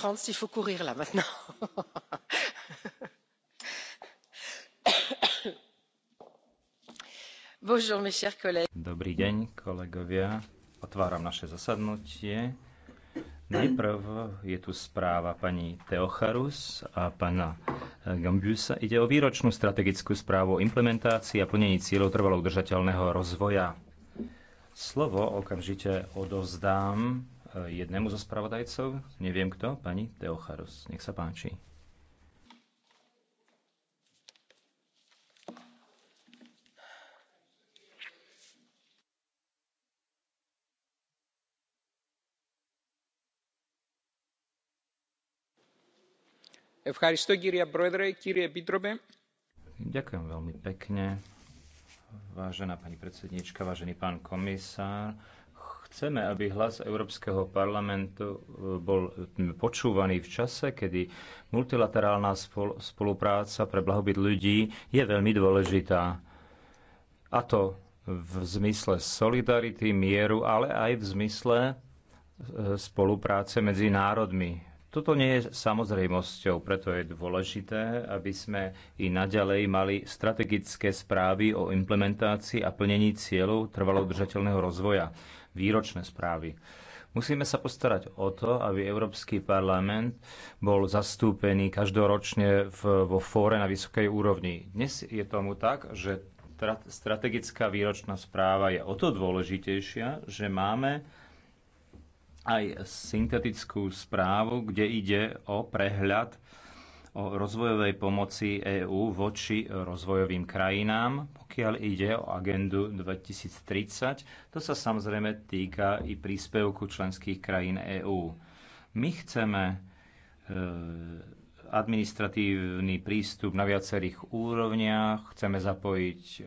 Dobrý deň, kolegovia. Otváram naše zasadnutie. Najprv je tu správa pani Teocharus a pána Gambusa. Ide o výročnú strategickú správu o implementácii a plnení cieľov trvalo udržateľného rozvoja. Slovo okamžite odozdám Eh, jednému zo spravodajcov. Neviem kto, pani Teocharus. Nech sa páči. Ďakujem veľmi pekne, vážená pani predsedníčka, vážený pán komisár. Chceme, aby hlas Európskeho parlamentu e, bol počúvaný v čase, kedy multilaterálna spolupráca pre blahobyt ľudí je veľmi dôležitá. A to v zmysle solidarity, mieru, ale aj v zmysle e, spolupráce medzi národmi. Toto nie je samozrejmosťou, preto je dôležité, aby sme i naďalej mali strategické správy o implementácii a plnení cieľov trvalo udržateľného rozvoja výročné správy. Musíme sa postarať o to, aby Európsky parlament bol zastúpený každoročne v, vo fóre na vysokej úrovni. Dnes je tomu tak, že strategická výročná správa je o to dôležitejšia, že máme aj syntetickú správu, kde ide o prehľad o rozvojovej pomoci EÚ voči rozvojovým krajinám, pokiaľ ide o agendu 2030. To sa samozrejme týka i príspevku členských krajín EÚ. My chceme e, administratívny prístup na viacerých úrovniach, chceme zapojiť e,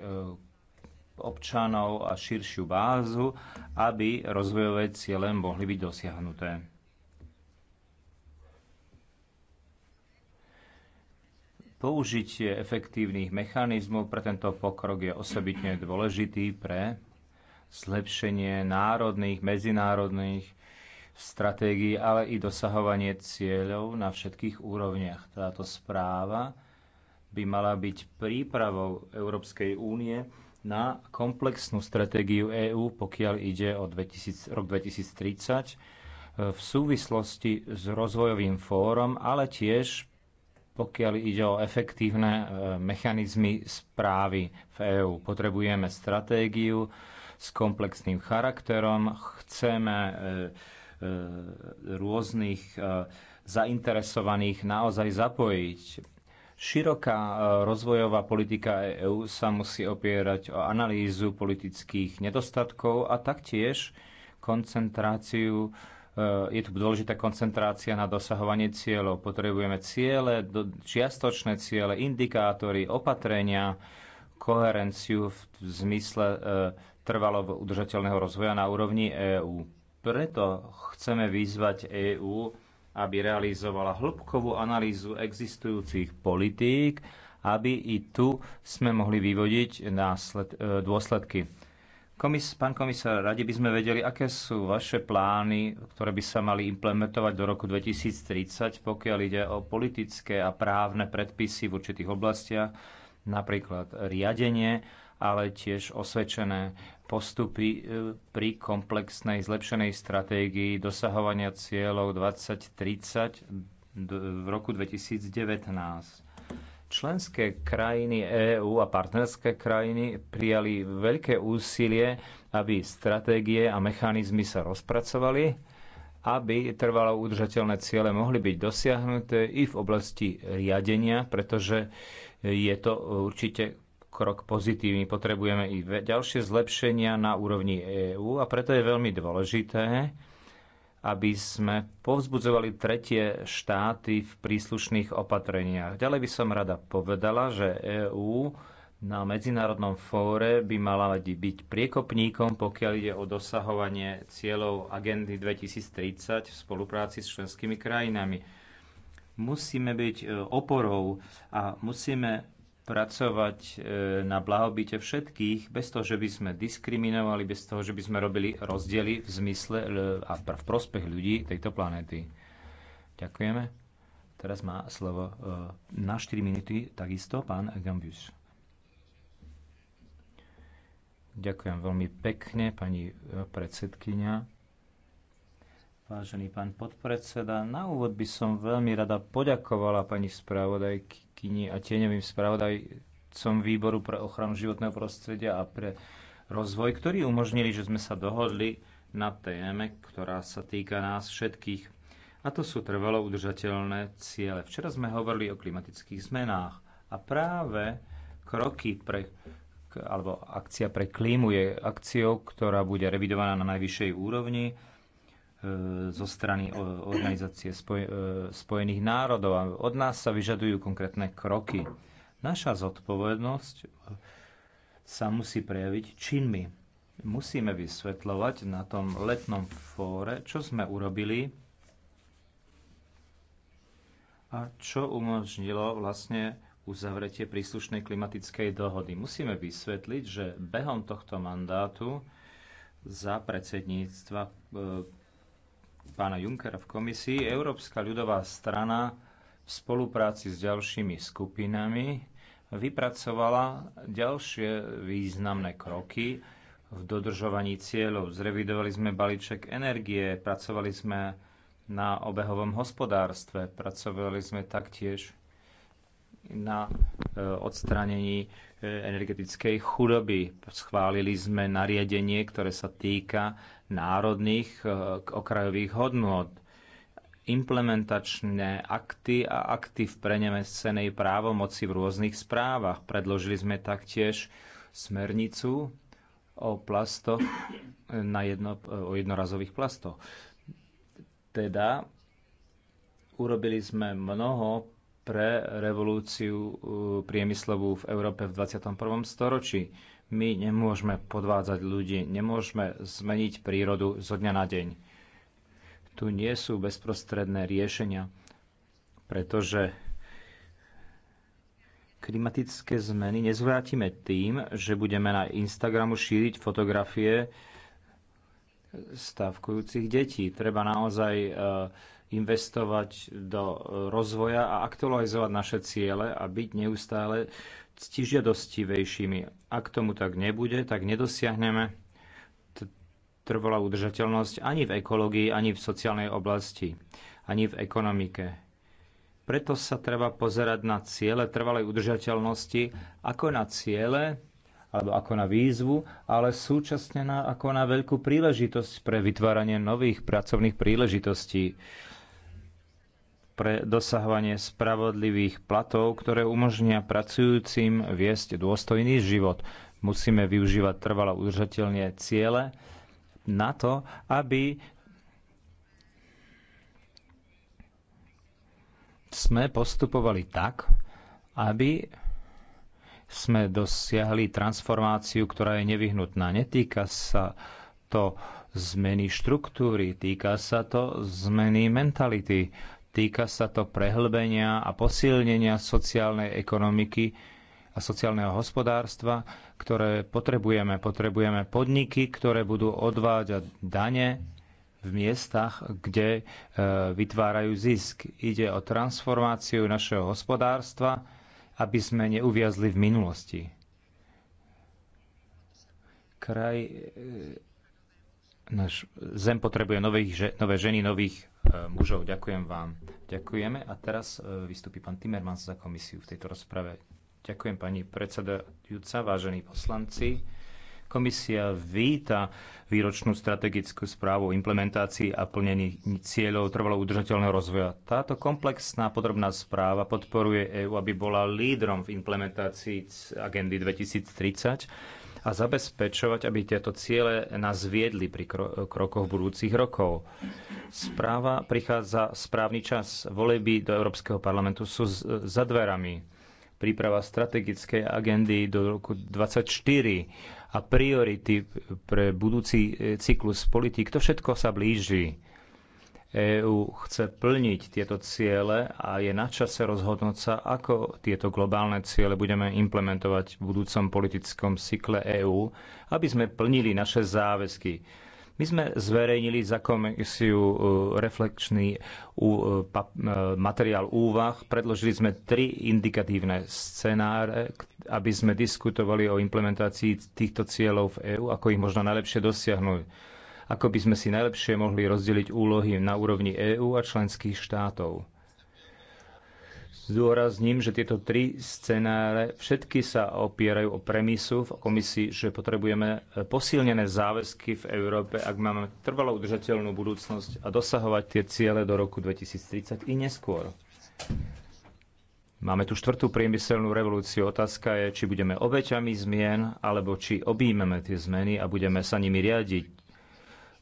občanov a širšiu bázu, aby rozvojové ciele mohli byť dosiahnuté Použitie efektívnych mechanizmov pre tento pokrok je osobitne dôležitý pre zlepšenie národných, medzinárodných stratégií, ale i dosahovanie cieľov na všetkých úrovniach. Táto správa by mala byť prípravou Európskej únie na komplexnú stratégiu EÚ, pokiaľ ide o 2000, rok 2030 v súvislosti s rozvojovým fórom, ale tiež pokiaľ ide o efektívne e, mechanizmy správy v EÚ. Potrebujeme stratégiu s komplexným charakterom, chceme e, e, rôznych zainteresovaných naozaj zapojiť. Široká rozvojová politika EÚ sa musí opierať o analýzu politických nedostatkov a taktiež koncentráciu je tu dôležitá koncentrácia na dosahovanie cieľov. Potrebujeme ciele, čiastočné ciele, indikátory, opatrenia, koherenciu v zmysle e, trvalo udržateľného rozvoja na úrovni EÚ. Preto chceme vyzvať EÚ, aby realizovala hĺbkovú analýzu existujúcich politík, aby i tu sme mohli vyvodiť násled, e, dôsledky Komis, pán komisár, radi by sme vedeli, aké sú vaše plány, ktoré by sa mali implementovať do roku 2030, pokiaľ ide o politické a právne predpisy v určitých oblastiach, napríklad riadenie, ale tiež osvedčené postupy e, pri komplexnej zlepšenej stratégii dosahovania cieľov 2030 v roku 2019. Členské krajiny EÚ a partnerské krajiny prijali veľké úsilie, aby stratégie a mechanizmy sa rozpracovali, aby trvalo udržateľné ciele mohli byť dosiahnuté i v oblasti riadenia, pretože je to určite krok pozitívny. Potrebujeme i ďalšie zlepšenia na úrovni EÚ a preto je veľmi dôležité, aby sme povzbudzovali tretie štáty v príslušných opatreniach. Ďalej by som rada povedala, že EÚ na medzinárodnom fóre by mala byť priekopníkom, pokiaľ ide o dosahovanie cieľov agendy 2030 v spolupráci s členskými krajinami. Musíme byť e, oporou a musíme pracovať e, na blahobite všetkých, bez toho, že by sme diskriminovali, bez toho, že by sme robili rozdiely v zmysle e, a v prospech ľudí tejto planéty. Ďakujeme. Teraz má slovo e, na 4 minúty takisto pán Gambius. Ďakujem veľmi pekne, pani predsedkynia. Vážený pán podpredseda, na úvod by som veľmi rada poďakovala pani spravodajky poslankyni a tieňovým spravodajcom výboru pre ochranu životného prostredia a pre rozvoj, ktorí umožnili, že sme sa dohodli na téme, ktorá sa týka nás všetkých. A to sú trvalo udržateľné ciele. Včera sme hovorili o klimatických zmenách a práve kroky pre alebo akcia pre klímu je akciou, ktorá bude revidovaná na najvyššej úrovni E, zo strany e, Organizácie e, spojených národov a od nás sa vyžadujú konkrétne kroky. Naša zodpovednosť sa musí prejaviť činmi. Musíme vysvetľovať na tom letnom fóre, čo sme urobili a čo umožnilo vlastne uzavretie príslušnej klimatickej dohody. Musíme vysvetliť, že behom tohto mandátu za predsedníctva pána Junckera v komisii, Európska ľudová strana v spolupráci s ďalšími skupinami vypracovala ďalšie významné kroky v dodržovaní cieľov. Zrevidovali sme balíček energie, pracovali sme na obehovom hospodárstve, pracovali sme taktiež na e, odstranení E, energetickej chudoby. Schválili sme nariadenie, ktoré sa týka národných e, okrajových hodnot, Implementačné akty a akty v prenemescenej právomoci v rôznych správach. Predložili sme taktiež smernicu o plastoch e, na jedno, o jednorazových plastoch. Teda urobili sme mnoho pre revolúciu uh, priemyslovú v Európe v 21. storočí. My nemôžeme podvádzať ľudí, nemôžeme zmeniť prírodu zo dňa na deň. Tu nie sú bezprostredné riešenia, pretože klimatické zmeny nezvrátime tým, že budeme na Instagramu šíriť fotografie stavkujúcich detí. Treba naozaj uh, investovať do rozvoja a aktualizovať naše ciele a byť neustále ctižiadostivejšími. Ak tomu tak nebude, tak nedosiahneme trvalá udržateľnosť ani v ekológii, ani v sociálnej oblasti, ani v ekonomike. Preto sa treba pozerať na ciele trvalej udržateľnosti ako na ciele alebo ako na výzvu, ale súčasne na, ako na veľkú príležitosť pre vytváranie nových pracovných príležitostí pre dosahovanie spravodlivých platov, ktoré umožnia pracujúcim viesť dôstojný život. Musíme využívať trvalo udržateľne ciele na to, aby sme postupovali tak, aby sme dosiahli transformáciu, ktorá je nevyhnutná. Netýka sa to zmeny štruktúry, týka sa to zmeny mentality. Týka sa to prehlbenia a posilnenia sociálnej ekonomiky a sociálneho hospodárstva, ktoré potrebujeme. Potrebujeme podniky, ktoré budú odvádzať dane v miestach, kde e, vytvárajú zisk. Ide o transformáciu našeho hospodárstva, aby sme neuviazli v minulosti. Kraj, e, náš zem potrebuje nových, nové ženy, nových Eh, mužov. Ďakujem vám. Ďakujeme. A teraz eh, vystúpi pán Timmermans za komisiu v tejto rozprave. Ďakujem pani predsedajúca, vážení poslanci. Komisia víta výročnú strategickú správu o implementácii a plnení cieľov trvalo udržateľného rozvoja. Táto komplexná podrobná správa podporuje EÚ, aby bola lídrom v implementácii agendy 2030 a zabezpečovať, aby tieto ciele nás viedli pri krokoch budúcich rokov. Správa prichádza správny čas. Voleby do Európskeho parlamentu sú za dverami. Príprava strategickej agendy do roku 2024 a priority pre budúci e, cyklus politík, to všetko sa blíži EÚ chce plniť tieto ciele a je na čase rozhodnúť sa, ako tieto globálne ciele budeme implementovať v budúcom politickom cykle EÚ, aby sme plnili naše záväzky. My sme zverejnili za komisiu e, reflekčný e, e, materiál úvah. Predložili sme tri indikatívne scenáre, aby sme diskutovali o implementácii týchto cieľov v EÚ, ako ich možno najlepšie dosiahnuť ako by sme si najlepšie mohli rozdeliť úlohy na úrovni EÚ a členských štátov. Zdôrazním, že tieto tri scenáre všetky sa opierajú o premisu v komisii, že potrebujeme posilnené záväzky v Európe, ak máme trvalo udržateľnú budúcnosť a dosahovať tie ciele do roku 2030 i neskôr. Máme tu štvrtú priemyselnú revolúciu. Otázka je, či budeme obeťami zmien, alebo či objímeme tie zmeny a budeme sa nimi riadiť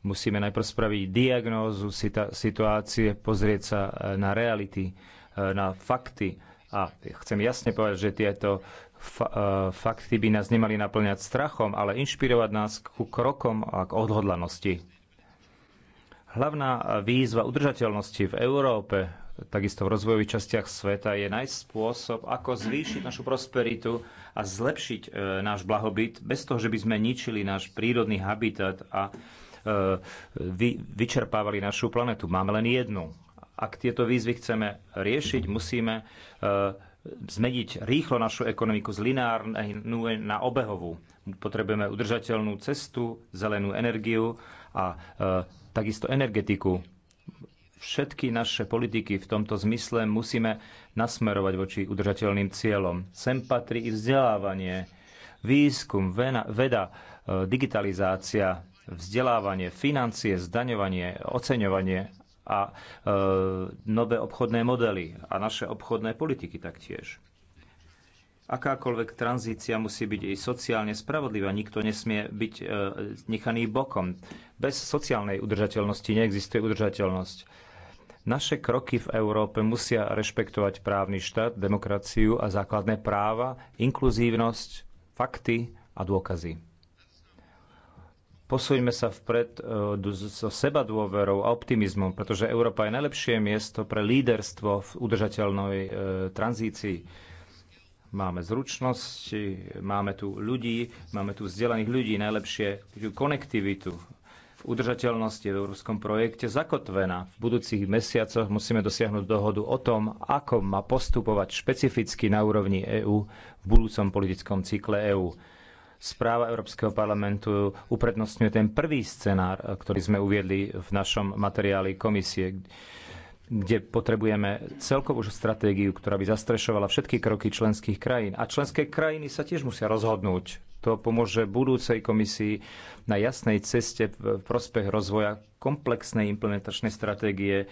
Musíme najprv spraviť diagnózu situácie, pozrieť sa e, na reality, e, na fakty. A chcem jasne povedať, že tieto e, fakty by nás nemali naplňať strachom, ale inšpirovať nás ku krokom a k odhodlanosti. Hlavná výzva udržateľnosti v Európe, takisto v rozvojových častiach sveta, je nájsť spôsob, ako zvýšiť našu prosperitu a zlepšiť e, náš blahobyt bez toho, že by sme ničili náš prírodný habitat a E, vy, vyčerpávali našu planetu. Máme len jednu. Ak tieto výzvy chceme riešiť, musíme e, zmeniť rýchlo našu ekonomiku z lineárnu na obehovú. Potrebujeme udržateľnú cestu, zelenú energiu a e, takisto energetiku. Všetky naše politiky v tomto zmysle musíme nasmerovať voči udržateľným cieľom. Sem patrí i vzdelávanie, výskum, veda, e, digitalizácia, vzdelávanie, financie, zdaňovanie, oceňovanie a e, nové obchodné modely a naše obchodné politiky taktiež. Akákoľvek tranzícia musí byť i sociálne spravodlivá. Nikto nesmie byť e, nechaný bokom. Bez sociálnej udržateľnosti neexistuje udržateľnosť. Naše kroky v Európe musia rešpektovať právny štát, demokraciu a základné práva, inkluzívnosť, fakty a dôkazy. Posujme sa vpred e, so seba dôverou a optimizmom, pretože Európa je najlepšie miesto pre líderstvo v udržateľnej e, tranzícii. Máme zručnosti, máme tu ľudí, máme tu vzdelaných ľudí, najlepšie konektivitu. Udržateľnosť je v európskom projekte zakotvená. V budúcich mesiacoch musíme dosiahnuť dohodu o tom, ako má postupovať špecificky na úrovni EÚ v budúcom politickom cykle EÚ správa Európskeho parlamentu uprednostňuje ten prvý scenár, eh, ktorý sme uviedli v našom materiáli komisie, kde potrebujeme celkovú stratégiu, ktorá by zastrešovala všetky kroky členských krajín. A členské krajiny sa tiež musia rozhodnúť. To pomôže budúcej komisii na jasnej ceste v prospech rozvoja komplexnej implementačnej stratégie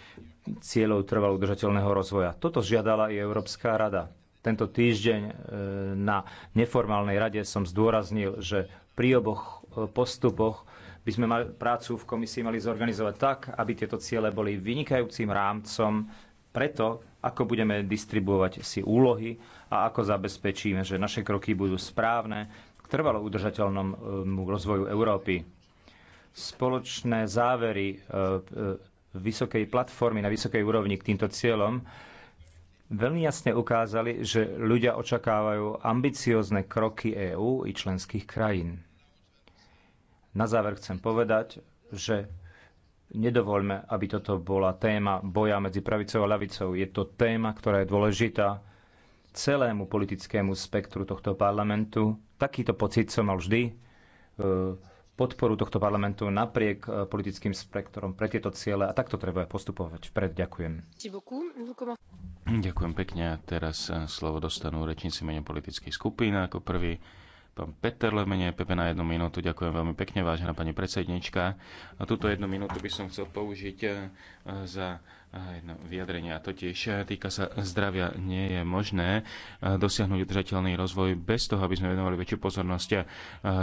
cieľov trvalo udržateľného rozvoja. Toto žiadala i Európska rada. Tento týždeň e, na neformálnej rade som zdôraznil, že pri oboch e, postupoch by sme mali, prácu v komisii mali zorganizovať tak, aby tieto ciele boli vynikajúcim rámcom preto, ako budeme distribuovať si úlohy a ako zabezpečíme, že naše kroky budú správne k trvalo udržateľnomu rozvoju Európy. Spoločné závery e, vysokej platformy na vysokej úrovni k týmto cieľom veľmi jasne ukázali, že ľudia očakávajú ambiciozne kroky EÚ i členských krajín. Na záver chcem povedať, že nedovoľme, aby toto bola téma boja medzi pravicou a ľavicou. Je to téma, ktorá je dôležitá celému politickému spektru tohto parlamentu. Takýto pocit som mal vždy e, podporu tohto parlamentu napriek e, politickým spektrom pre tieto ciele a takto treba postupovať vpred. Ďakujem. Ďakujem pekne. Teraz e, slovo dostanú rečníci mene politických skupín ako prvý pán Peter Lemene, Pepe na jednu minútu. Ďakujem veľmi pekne, vážená pani predsednička. A túto jednu minútu by som chcel použiť e, za jedno vyjadrenie a totiž eh, týka sa zdravia. Nie je možné eh, dosiahnuť udržateľný rozvoj bez toho, aby sme venovali väčšiu pozornosť eh,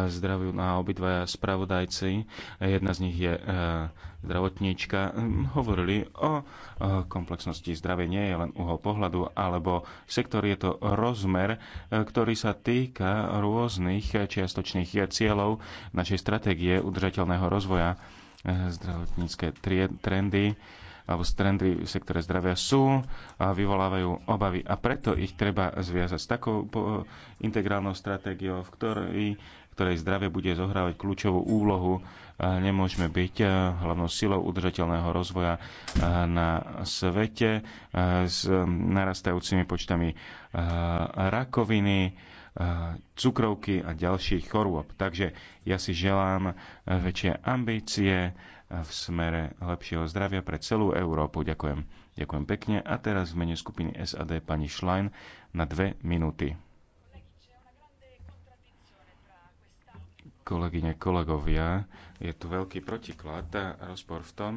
zdraviu na obidvaja spravodajci. Jedna z nich je zdravotníčka. Hm, hovorili o komplexnosti zdravia. Nie je len uhol pohľadu alebo sektor, je to rozmer, ktorý sa týka rôznych čiastočných cieľov našej stratégie udržateľného rozvoja zdravotnícke trendy alebo strendy v sektore zdravia sú a vyvolávajú obavy. A preto ich treba zviazať s takou integrálnou stratégiou, v ktorej, ktorej zdravie bude zohrávať kľúčovú úlohu. Nemôžeme byť hlavnou silou udržateľného rozvoja na svete s narastajúcimi počtami rakoviny, cukrovky a ďalších chorôb. Takže ja si želám väčšie ambície, v smere lepšieho zdravia pre celú Európu. Ďakujem. Ďakujem pekne. A teraz v mene skupiny SAD pani Schlein na dve minúty. Kolegyne, kolegovia, je tu veľký protiklad a rozpor v tom,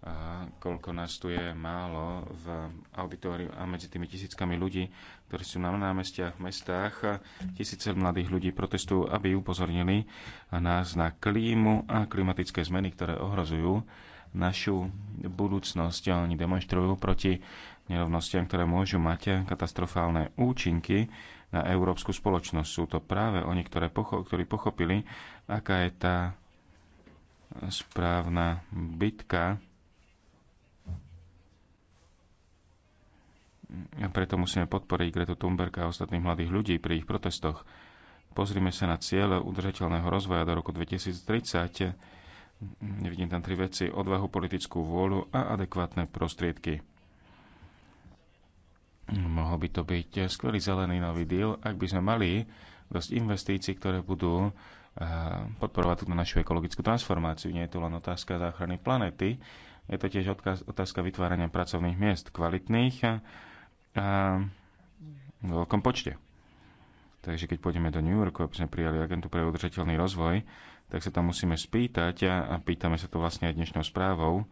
a koľko nás tu je málo v auditóriu a medzi tými tisíckami ľudí, ktorí sú na námestiach, v mestách. A tisíce mladých ľudí protestujú, aby upozornili nás na klímu a klimatické zmeny, ktoré ohrozujú našu budúcnosť. A oni demonstrujú proti nerovnostiam, ktoré môžu mať katastrofálne účinky na európsku spoločnosť. Sú to práve oni, ktoré pocho- ktorí pochopili, aká je tá správna bitka a preto musíme podporiť Gretu Thunberg a ostatných mladých ľudí pri ich protestoch. Pozrime sa na cieľ udržateľného rozvoja do roku 2030. Nevidím tam tri veci. Odvahu, politickú vôľu a adekvátne prostriedky. Mohol by to byť skvelý zelený nový deal, ak by sme mali dosť investícií, ktoré budú eh, podporovať túto našu ekologickú transformáciu. Nie je to len otázka záchrany planety, je to tiež otázka vytvárania pracovných miest kvalitných a v veľkom počte. Takže keď pôjdeme do New Yorku, aby sme prijali agentu pre udržateľný rozvoj, tak sa tam musíme spýtať a pýtame sa to vlastne aj dnešnou správou,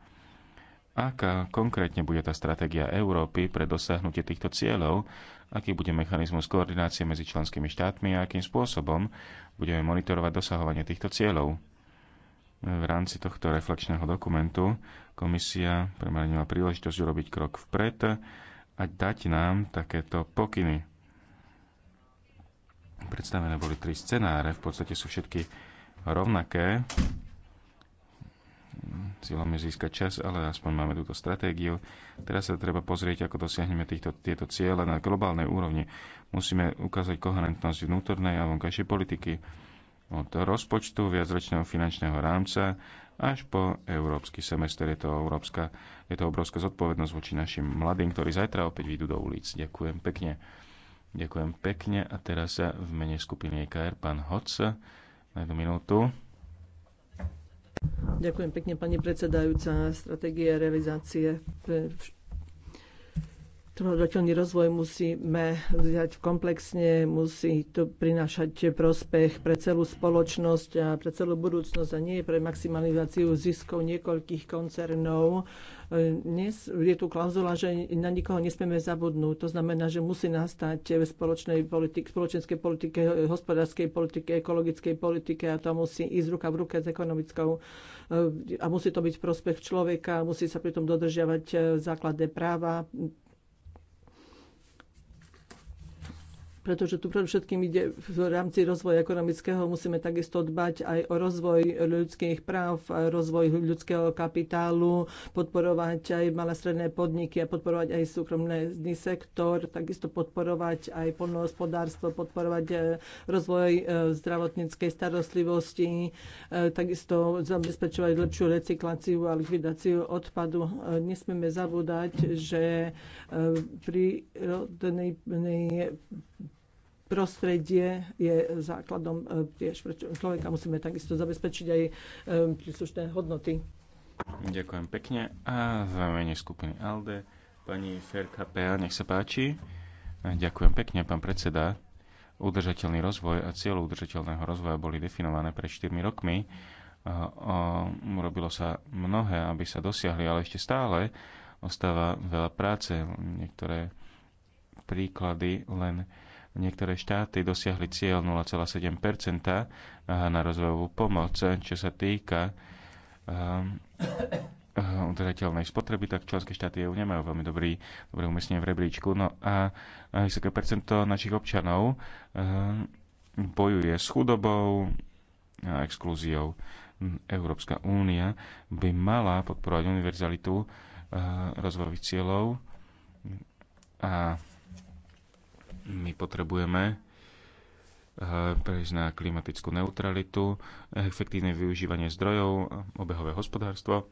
aká konkrétne bude tá stratégia Európy pre dosiahnutie týchto cieľov, aký bude mechanizmus koordinácie medzi členskými štátmi a akým spôsobom budeme monitorovať dosahovanie týchto cieľov. V rámci tohto reflekčného dokumentu komisia premenila príležitosť urobiť krok vpred a dať nám takéto pokyny. Predstavené boli tri scenáre, v podstate sú všetky rovnaké. Cieľom je získať čas, ale aspoň máme túto stratégiu. Teraz sa treba pozrieť, ako dosiahneme týchto, tieto ciele na globálnej úrovni. Musíme ukázať koherentnosť vnútornej a vonkajšej politiky od rozpočtu viacročného finančného rámca až po európsky semester. Je to, európska, je to obrovská zodpovednosť voči našim mladým, ktorí zajtra opäť vyjdú do ulic. Ďakujem pekne. Ďakujem pekne a teraz sa v mene skupiny EKR pán Hoc na jednu minútu. Ďakujem pekne, pani predsedajúca. Stratégia realizácie Trvalodateľný rozvoj musíme vziať komplexne, musí to prinášať prospech pre celú spoločnosť a pre celú budúcnosť a nie pre maximalizáciu ziskov niekoľkých koncernov. Dnes je tu klauzula, že na nikoho nesmieme zabudnúť. To znamená, že musí nastať v spoločnej politik, spoločenskej politike, hospodárskej politike, ekologickej politike a to musí ísť ruka v ruke s ekonomickou a musí to byť prospech človeka, musí sa pritom dodržiavať eh, základné práva, pretože tu všetkým ide v rámci rozvoja ekonomického, musíme takisto dbať aj o rozvoj ľudských práv, rozvoj ľudského kapitálu, podporovať aj malé stredné podniky a podporovať aj súkromný sektor, takisto podporovať aj poľnohospodárstvo, podporovať eh, rozvoj eh, zdravotníckej starostlivosti, eh, takisto zabezpečovať lepšiu recykláciu a likvidáciu odpadu. Nesmieme zabúdať, že prírodný prostredie je základom e, tiež prečo človeka. Musíme takisto zabezpečiť aj e, príslušné hodnoty. Ďakujem pekne. A za mene skupiny ALDE, pani Ferka PL, nech sa páči. E, ďakujem pekne, pán predseda. Udržateľný rozvoj a cieľ udržateľného rozvoja boli definované pred 4 rokmi. Urobilo sa mnohé, aby sa dosiahli, ale ešte stále ostáva veľa práce. Niektoré príklady len Niektoré štáty dosiahli cieľ 0,7 eh, na rozvojovú pomoc. Čo sa týka um, udržateľnej spotreby, tak členské štáty EU nemajú veľmi dobrý, dobré umiestnenie v rebríčku. No a vysoké percento našich občanov bojuje s chudobou a exklúziou. Európska únia by mala podporovať univerzalitu rozvojových cieľov a my potrebujeme eh, prejsť na klimatickú neutralitu, efektívne využívanie zdrojov, obehové hospodárstvo.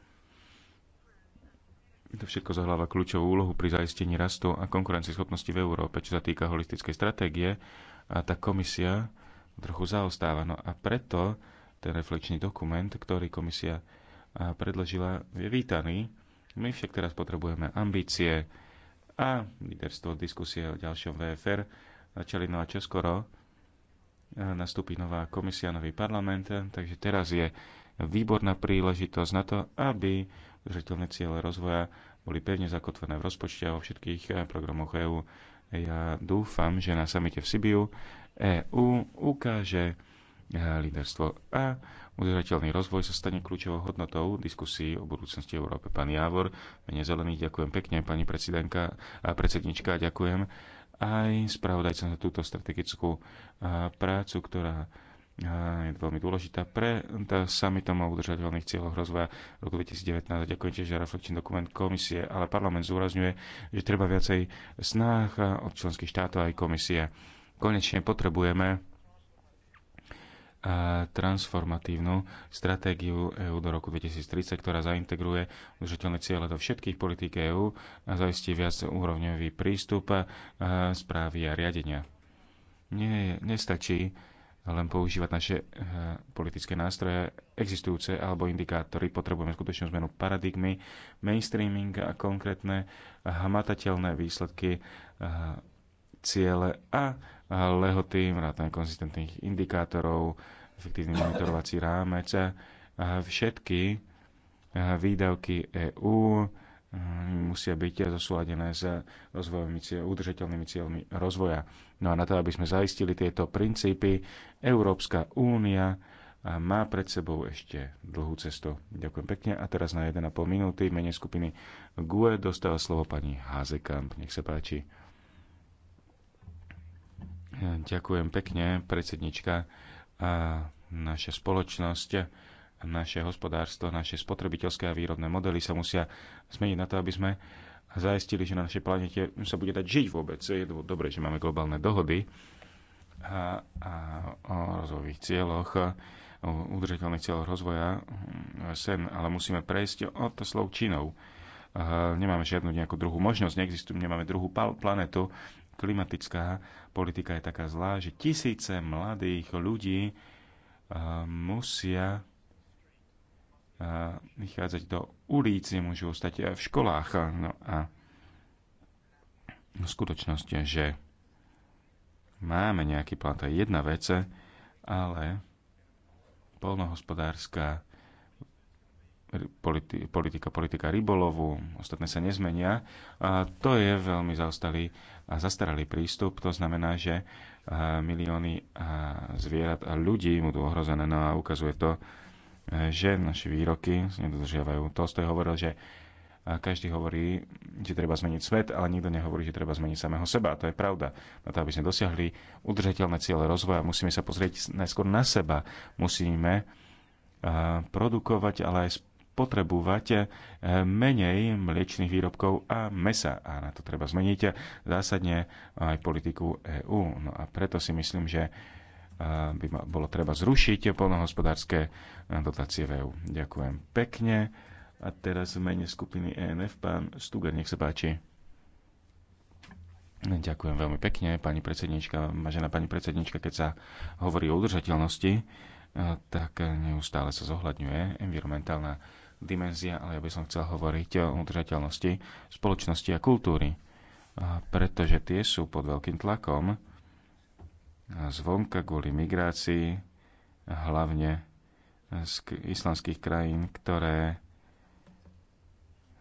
To všetko zahláva kľúčovú úlohu pri zaistení rastu a konkurencieschopnosti v Európe, čo sa týka holistickej stratégie. A tá komisia trochu zaostáva. No a preto ten reflekčný dokument, ktorý komisia eh, predložila, je vítaný. My však teraz potrebujeme ambície, a líderstvo diskusie o ďalšom VFR začali no a čoskoro e, nastúpi nová komisia, nový parlament, takže teraz je výborná príležitosť na to, aby držateľné ciele rozvoja boli pevne zakotvené v rozpočte a vo všetkých e, programoch EÚ. Ja dúfam, že na samite v Sibiu EÚ ukáže e, líderstvo a Udržateľný rozvoj sa stane kľúčovou hodnotou diskusí o budúcnosti Európy. Pán Jávor, mene zelený, ďakujem pekne, pani predsedníčka, a predsednička, ďakujem aj spravodajcom za túto strategickú prácu, ktorá je veľmi dôležitá pre summitom o udržateľných cieľoch rozvoja roku 2019. Ďakujem tiež za reflekčný dokument komisie, ale parlament zúrazňuje, že treba viacej snách od členských štátov aj komisie. Konečne potrebujeme transformatívnu stratégiu EÚ do roku 2030, ktorá zaintegruje udržateľné ciele do všetkých politík EÚ a zaistí viac úrovňový prístup a správy a riadenia. Nie, nestačí len používať naše e, politické nástroje existujúce alebo indikátory. Potrebujeme skutočnú zmenu paradigmy, mainstreaming a konkrétne hmatateľné výsledky e, ciele a lehoty, vrátane konzistentných indikátorov, efektívny monitorovací rámec, všetky výdavky EÚ musia byť zosúladené s rozvojovými cieľ, udržateľnými cieľmi rozvoja. No a na to, aby sme zaistili tieto princípy, Európska únia má pred sebou ešte dlhú cestu. Ďakujem pekne. A teraz na 1,5 minúty v mene skupiny GUE dostáva slovo pani Hazekamp. Nech sa páči. Ďakujem pekne, predsednička a naša spoločnosť, naše hospodárstvo, naše spotrebiteľské a výrobné modely sa musia zmeniť na to, aby sme zaistili, že na našej planete sa bude dať žiť vôbec. Je dobré, že máme globálne dohody a, a o rozvojových cieľoch, o udržateľných cieľoch rozvoja hm, sen, ale musíme prejsť od slov činov. Nemáme žiadnu nejakú druhú možnosť, neexistujú, nemáme druhú planetu, klimatická politika je taká zlá, že tisíce mladých ľudí eh, musia eh, vychádzať do ulic, nemôžu ostať eh, v školách. No a skutočnosť je, že máme nejaký plán, to je jedna vec, ale polnohospodárska politi- politika, politika rybolovu, ostatné sa nezmenia. A to je veľmi zaostalý a zastaralý prístup. To znamená, že milióny zvierat a ľudí budú ohrozené. No a ukazuje to, e, že naše výroky nedodržiavajú. Tolstoj hovoril, že každý hovorí, že treba zmeniť svet, ale nikto nehovorí, že treba zmeniť samého seba. A to je pravda. Na to, aby sme dosiahli udržateľné ciele rozvoja, musíme sa pozrieť najskôr na seba. Musíme produkovať, ale aj potrebovať eh, menej mliečných výrobkov a mesa. A na to treba zmeniť zásadne aj politiku EÚ. No a preto si myslím, že eh, by bolo treba zrušiť polnohospodárske eh, dotácie v EU. Ďakujem pekne. A teraz v mene skupiny ENF pán Stuger, nech sa páči. Ďakujem veľmi pekne, pani predsednička. Vážená pani predsednička, keď sa hovorí o udržateľnosti, tak neustále sa zohľadňuje environmentálna dimenzia, ale ja by som chcel hovoriť o udržateľnosti spoločnosti a kultúry, pretože tie sú pod veľkým tlakom zvonka kvôli migrácii, hlavne z islamských krajín, ktoré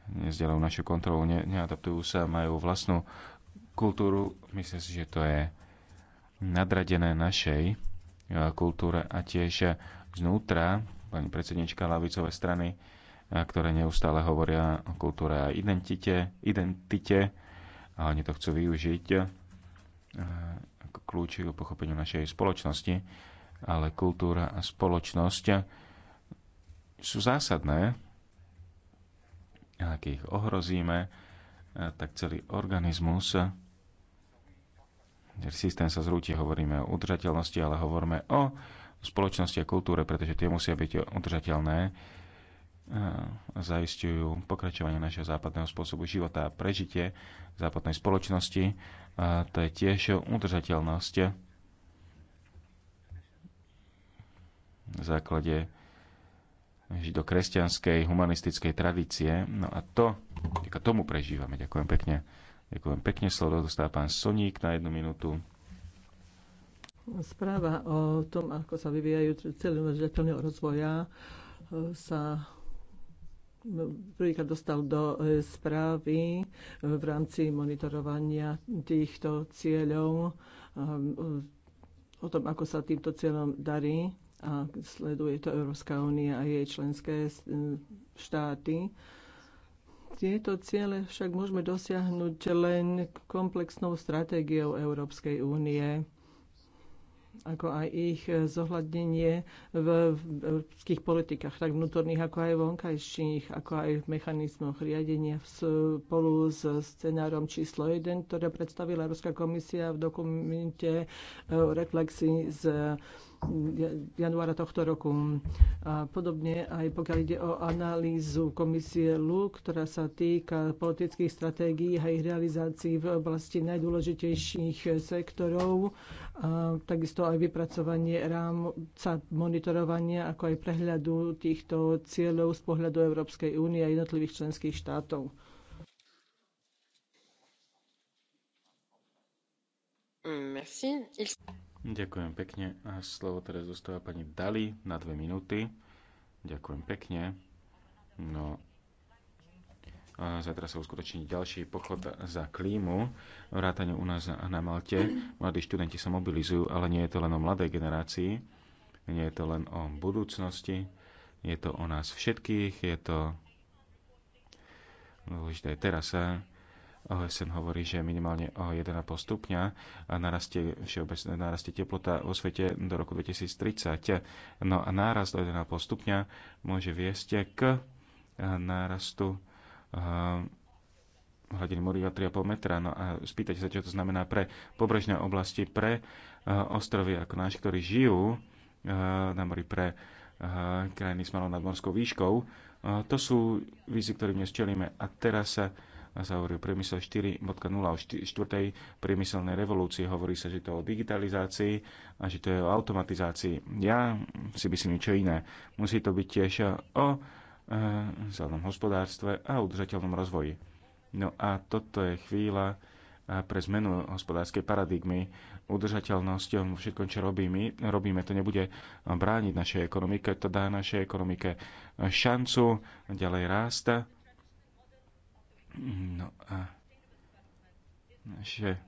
nezdelajú našu kontrolu, ne, neadaptujú sa, majú vlastnú kultúru. Myslím si, že to je nadradené našej e, kultúre a tiež znútra pani predsednička lavicovej strany ktoré neustále hovoria o kultúre a identite, identite a oni to chcú využiť ako kľúč k pochopeniu našej spoločnosti, ale kultúra a spoločnosť sú zásadné. A ak ich ohrozíme, tak celý organizmus systém sa zrúti, hovoríme o udržateľnosti, ale hovoríme o spoločnosti a kultúre, pretože tie musia byť udržateľné zaistujú pokračovanie našeho západného spôsobu života a prežitie západnej spoločnosti. A to je tiež udržateľnosť v základe židokresťanskej humanistickej tradície. No a to, k tomu prežívame. Ďakujem pekne. Ďakujem pekne. Slovo dostáva pán Soník na jednu minútu. Správa o tom, ako sa vyvíjajú celé rozvoja, sa prvýkrát dostal do e, správy e, v rámci monitorovania týchto cieľov, e, o tom, ako sa týmto cieľom darí a sleduje to Európska únia a jej členské štáty. Tieto ciele však môžeme dosiahnuť len komplexnou stratégiou Európskej únie ako aj ich e, zohľadnenie v európskych politikách, tak vnútorných, ako aj vonkajších, ako aj v mechanizmoch riadenia v spolu s scenárom číslo 1, ktoré predstavila Európska komisia v dokumente o reflexii z januára tohto roku. A podobne aj pokiaľ ide o analýzu komisie LU, ktorá sa týka politických stratégií a ich realizácií v oblasti najdôležitejších sektorov, a takisto aj vypracovanie rámca monitorovania, ako aj prehľadu týchto cieľov z pohľadu Európskej únie a jednotlivých členských štátov. Merci. Il... Ďakujem pekne. A slovo teraz zostáva pani Dali na dve minúty. Ďakujem pekne. No, a zajtra sa uskutoční ďalší pochod za klímu. Vrátane u nás na Malte. Mladí študenti sa mobilizujú, ale nie je to len o mladej generácii. Nie je to len o budúcnosti. Je to o nás všetkých. Je to dôležité teraz. OSN hovorí, že minimálne o 1,5 stupňa a narastie, všeobecne, narastie teplota vo svete do roku 2030. No a nárast o 1,5 stupňa môže viesť k nárastu eh, hladiny mori 3,5 metra. No a spýtajte sa, čo to znamená pre pobrežné oblasti, pre eh, ostrovy ako náš, ktorí žijú eh, na mori, pre krajiny s malou nadmorskou výškou. To sú výzvy, ktorým dnes čelíme. A teraz sa sa hovorí o priemysle 4.0, o 4. priemyselnej revolúcii. Hovorí sa, že to o digitalizácii a že to je o automatizácii. Ja si myslím niečo iné. Musí to byť tiež o e, zelenom hospodárstve a udržateľnom rozvoji. No a toto je chvíľa e, pre zmenu hospodárskej paradigmy, udržateľnosť vo e, všetkom, čo robíme, robíme, to nebude brániť našej ekonomike, to dá našej ekonomike šancu ďalej rásta No a naše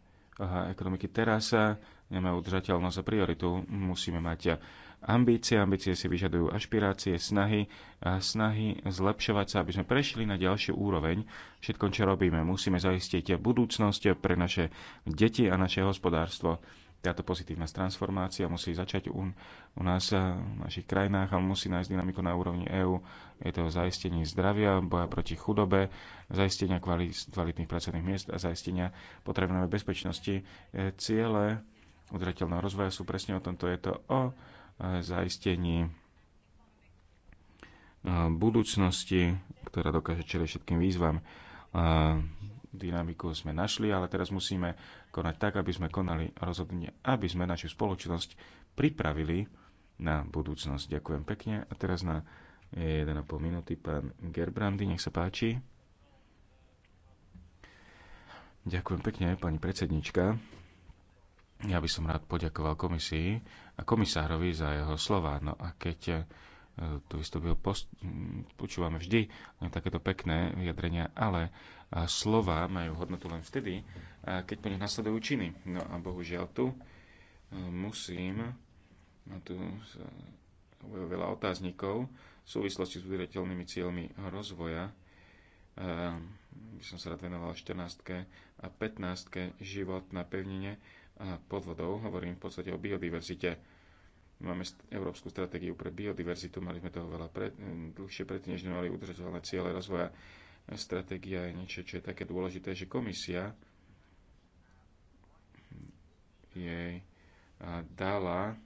ekonomiky teraz eh, nemajú udržateľnosť a prioritu. Musíme mať eh, ambície, ambície si vyžadujú ašpirácie, snahy, a snahy zlepšovať sa, aby sme prešli na ďalšiu úroveň. Všetko, čo robíme, musíme zaistiť budúcnosť pre naše deti a naše hospodárstvo. Táto pozitívna transformácia musí začať u, u nás eh, v našich krajinách a musí nájsť dynamiku na úrovni EÚ. Je to zaistenie zdravia, boja proti chudobe, zaistenia kvalitných pracovných miest a zaistenia potrebnej bezpečnosti. Eh, ciele udržateľného rozvoja sú presne o tomto. Je to o eh, zaistení budúcnosti, ktorá dokáže čeliť všetkým výzvam dynamiku sme našli, ale teraz musíme konať tak, aby sme konali rozhodne, aby sme našu spoločnosť pripravili na budúcnosť. Ďakujem pekne. A teraz na 1,5 minúty pán Gerbrandy, nech sa páči. Ďakujem pekne, pani predsednička. Ja by som rád poďakoval komisii a komisárovi za jeho slova. No a keď e, tu vystúpil post, počúvame vždy no, takéto pekné vyjadrenia, ale slova majú hodnotu len vtedy, keď po nich nasledujú činy. No a bohužiaľ tu e, musím, tu veľa otáznikov v súvislosti s udriteľnými cieľmi rozvoja. E, by som sa rád venoval 14. a 15. život na pevnine a podvodov. Hovorím v podstate o biodiverzite máme európsku stratégiu pre biodiverzitu, mali sme toho veľa pred, dlhšie predtým, než sme mali udržateľné ciele rozvoja stratégia je niečo, čo je také dôležité, že komisia jej dala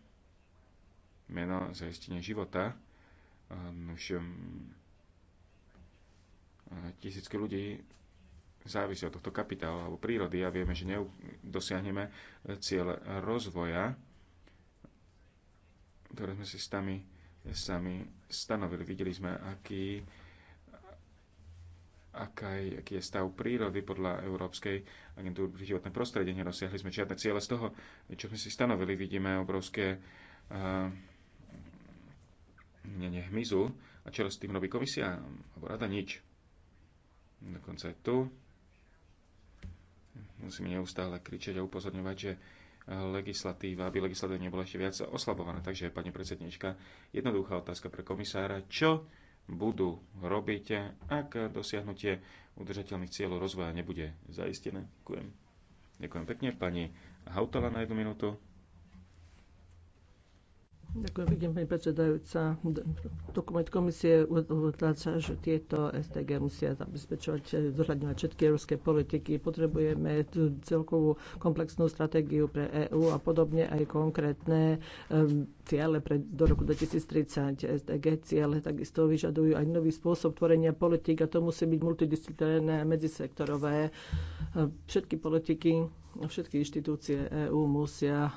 meno zaistenie života. Už um, tisícky ľudí závisí od tohto kapitálu alebo prírody a vieme, že dosiahneme e, cieľ rozvoja, ktoré sme si sami, sami stanovili. Videli sme, aký aká je, aký je stav prírody podľa Európskej agentúry pre životné prostredie. Nerozsiahli sme žiadne ciele z toho, čo sme si stanovili. Vidíme obrovské uh, eh, ne, hmyzu. A čo s tým robí komisia? Alebo rada nič. Dokonca aj tu. Musíme neustále kričať a upozorňovať, že legislatíva, aby legislatíva nebola ešte viac oslabovaná. Takže, pani predsednička, jednoduchá otázka pre komisára. Čo budú robiť, ak dosiahnutie udržateľných cieľov rozvoja nebude zaistené. Ďakujem. Ďakujem pekne. Pani Hautala na jednu minútu. Ďakujem pekne, pani predsedajúca. Dokument komisie uvádza, že tieto STG musia zabezpečovať, zohľadňovať všetky európske politiky. Potrebujeme celkovú komplexnú stratégiu pre EÚ a podobne aj konkrétne um, ciele pre, do roku 2030. STG ciele takisto vyžadujú aj nový spôsob tvorenia politik a to musí byť multidisciplinárne a medzisektorové. Všetky politiky všetky inštitúcie EÚ musia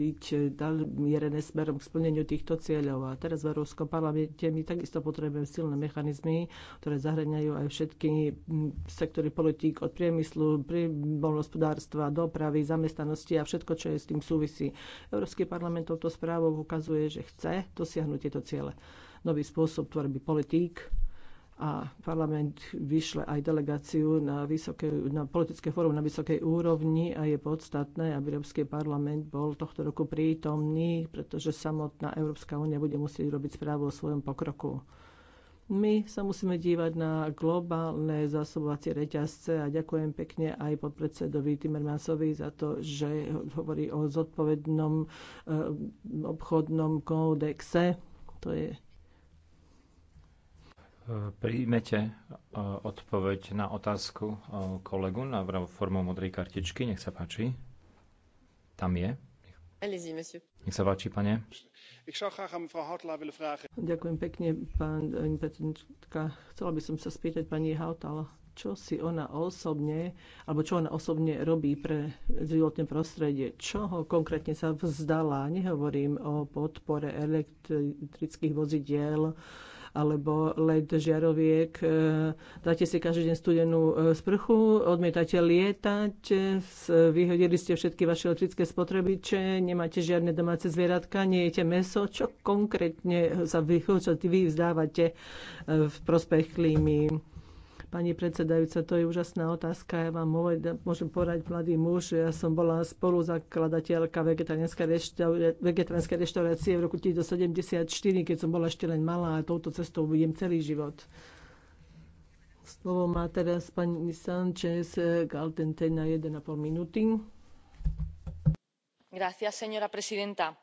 byť mierené smerom k splneniu týchto cieľov. A teraz v Európskom parlamente my takisto potrebujeme silné mechanizmy, ktoré zahraňajú aj všetky sektory politík od priemyslu, hospodárstva, dopravy, zamestnanosti a všetko, čo je s tým súvisí. Európsky parlament touto správou ukazuje, že chce dosiahnuť tieto ciele. Nový spôsob tvorby politík, a parlament vyšle aj delegáciu na, vysoké, na politické fórum na vysokej úrovni a je podstatné, aby Európsky parlament bol tohto roku prítomný, pretože samotná Európska únia bude musieť robiť správu o svojom pokroku. My sa musíme dívať na globálne zásobovacie reťazce a ďakujem pekne aj podpredsedovi Timmermansovi za to, že hovorí o zodpovednom eh, obchodnom kódexe. To je Príjmete e, odpoveď na otázku e, kolegu na formou modrej kartičky. Nech sa páči. Tam je. Nech sa páči, pane. Ďakujem pekne, pani predsednička. Chcela by som sa spýtať pani Hautala, čo si ona osobne, alebo čo ona osobne robí pre životné prostredie. Čoho konkrétne sa vzdala? Nehovorím o podpore elektrických vozidiel, alebo led žiaroviek. E, Dáte si každý deň studenú e, sprchu, odmietate lietať, e, vyhodili ste všetky vaše elektrické spotrebiče, nemáte žiadne domáce zvieratka, nejete meso. Čo konkrétne sa vy, vy vzdávate v prospech klímy? Pani predsedajúca, to je úžasná otázka. Ja vám môžem porať mladý muž. Ja som bola spoluzakladateľka vegetariánskej reštaurácie, v roku 1974, keď som bola ešte len malá a touto cestou budem celý život. Slovo má teraz pani Sanchez Galtente na 1,5 minúty. Gracias, señora presidenta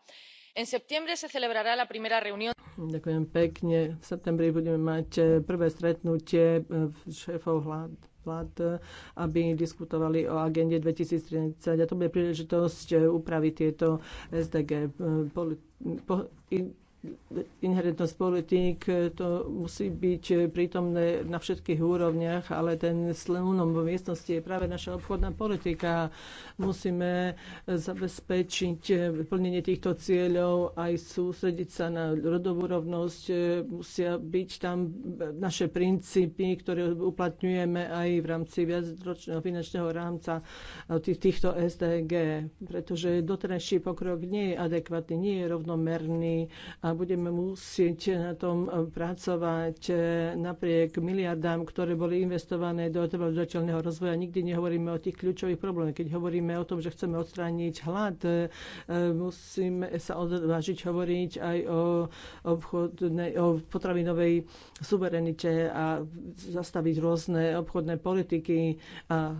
En septiembre se celebrará la primera reunión. Ďakujem pekne. V septembri budeme mať eh, prvé stretnutie eh, šéfov vlád vlád, eh, aby diskutovali o agende 2030 a to bude príležitosť upraviť tieto SDG. Po, po, inherentnosť politík, to musí byť prítomné na všetkých úrovniach, ale ten slunom vo miestnosti je práve naša obchodná politika. Musíme zabezpečiť plnenie týchto cieľov, aj sústrediť sa na rodovú rovnosť. Musia byť tam naše princípy, ktoré uplatňujeme aj v rámci viacročného finančného rámca týchto SDG, pretože doterajší pokrok nie je adekvátny, nie je rovnomerný a a budeme musieť na tom eh, pracovať eh, napriek miliardám, ktoré boli investované do trvalodržateľného rozvoja. Nikdy nehovoríme o tých kľúčových problémoch. Keď hovoríme o tom, že chceme odstrániť hlad, eh, musíme sa odvážiť hovoriť aj o, obchodnej, o potravinovej suverenite a zastaviť rôzne obchodné politiky a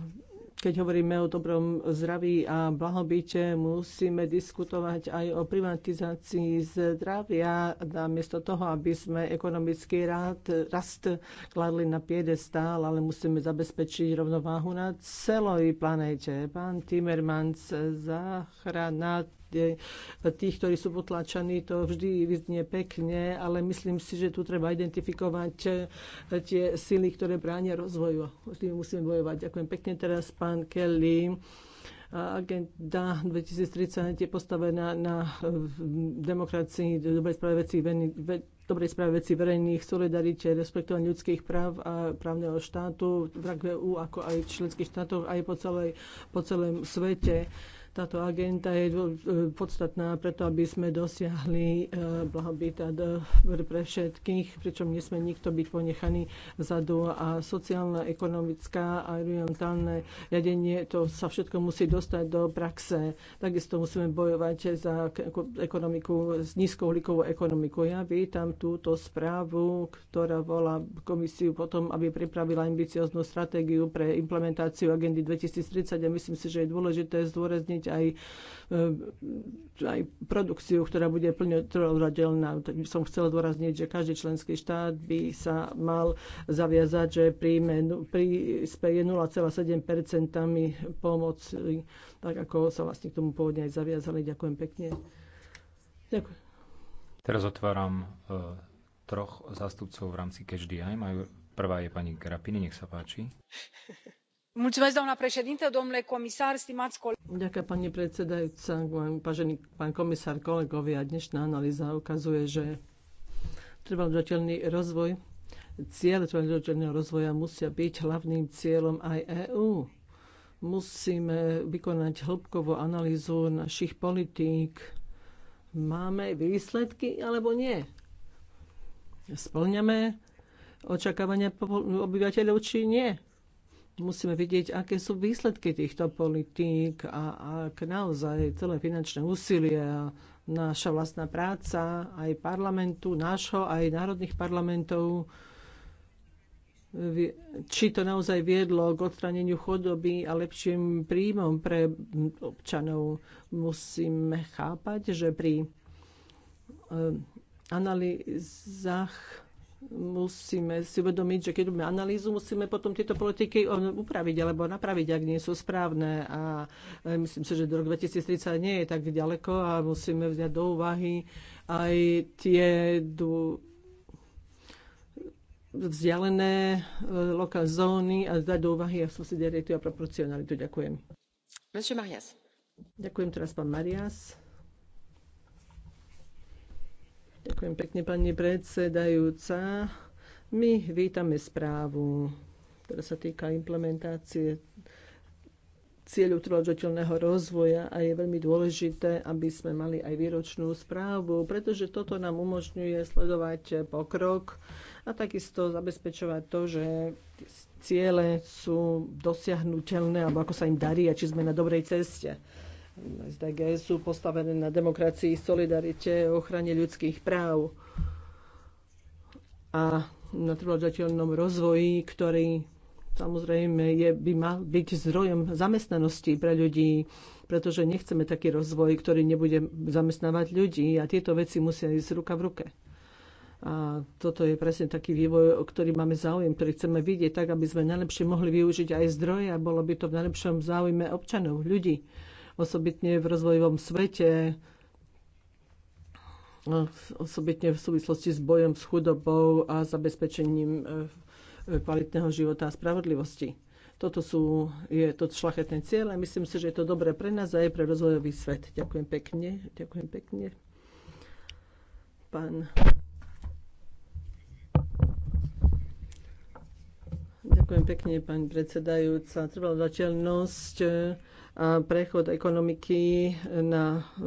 keď hovoríme o dobrom zdraví a blahobite, musíme diskutovať aj o privatizácii zdravia, namiesto toho, aby sme ekonomický rád, rast kladli na piedestál, ale musíme zabezpečiť rovnováhu na celej planéte. Pán Timmermans, záchrana tých, ktorí sú potlačaní, to vždy vyznie pekne, ale myslím si, že tu treba identifikovať eh, tie sily, ktoré bránia rozvoju. S tým musíme bojovať. Ďakujem pekne teraz, pán Kelly agenda 2030 je postavená na eh, demokracii, dobrej správe veci, dobrej správe veci verejných, solidarite, respektovanie ľudských práv a právneho štátu v EU ako aj v členských štátoch, aj po, celej, po celom svete. Táto agenda je e, podstatná preto, aby sme dosiahli e, blahobyt pre všetkých, pričom nesme nikto byť ponechaný vzadu a sociálna, ekonomická a orientálne riadenie, to sa všetko musí dostať do praxe. Takisto musíme bojovať za ekonomiku, z nízkouhlíkovú ekonomiku. Ja vítam túto správu, ktorá volá komisiu potom, aby pripravila ambicioznú stratégiu pre implementáciu agendy 2030 a myslím si, že je dôležité zdôrazniť chrániť aj, e, aj produkciu, ktorá bude plne trojradelná. Tak by som chcela dôrazniť, že každý členský štát by sa mal zaviazať, že príjme, príspeje 0,7 pomoci, tak ako sa vlastne k tomu pôvodne aj zaviazali. Ďakujem pekne. Ďakujem. Teraz otváram uh, troch zástupcov v rámci Catch the Majú, prvá je pani Grapini, nech sa páči. doamnă președintă domnule comisar stimați colegi pani predsedajúca vážený pán komisár kolegovia dnešná analýza ukazuje že trvalodržateľný rozvoj ciele trvalodržateľného rozvoja musia byť hlavným cieľom aj eú. Musíme vykonať hĺbkovú analýzu našich politík. Máme výsledky alebo nie? Splňame očakávania obyvateľov či nie? musíme vidieť, aké sú výsledky týchto politík a ak naozaj celé finančné úsilie a naša vlastná práca aj parlamentu, nášho, aj národných parlamentov, či to naozaj viedlo k odstraneniu chodoby a lepším príjmom pre občanov. Musíme chápať, že pri eh, analýzach musíme si uvedomiť, že keď robíme analýzu, musíme potom tieto politiky upraviť alebo napraviť, ak nie sú správne. A e, myslím si, že do roku 2030 nie je tak ďaleko a musíme vziať do úvahy aj tie vzdialené e, lokal zóny a vzdať do úvahy a subsidiaritu a proporcionalitu. Ďakujem. Ďakujem teraz pán Marias. Ďakujem pekne, pani predsedajúca. My vítame správu, ktorá sa týka implementácie cieľu trojročilného rozvoja a je veľmi dôležité, aby sme mali aj výročnú správu, pretože toto nám umožňuje sledovať pokrok a takisto zabezpečovať to, že ciele sú dosiahnutelné alebo ako sa im darí a či sme na dobrej ceste. SDG sú postavené na demokracii, solidarite, ochrane ľudských práv a na trvodateľnom rozvoji, ktorý samozrejme je, by mal byť zdrojom zamestnanosti pre ľudí, pretože nechceme taký rozvoj, ktorý nebude zamestnávať ľudí a tieto veci musia ísť ruka v ruke. A toto je presne taký vývoj, o ktorý máme záujem, ktorý chceme vidieť tak, aby sme najlepšie mohli využiť aj zdroje a bolo by to v najlepšom záujme občanov, ľudí osobitne v rozvojovom svete, osobitne v súvislosti s bojom s chudobou a zabezpečením e, kvalitného života a spravodlivosti. Toto sú, je to šlachetné cieľ a myslím si, že je to dobré pre nás a aj pre rozvojový svet. Ďakujem pekne. Ďakujem pekne. Pán Ďakujem pekne, pani predsedajúca. Trvalá dateľnosť a prechod ekonomiky na e,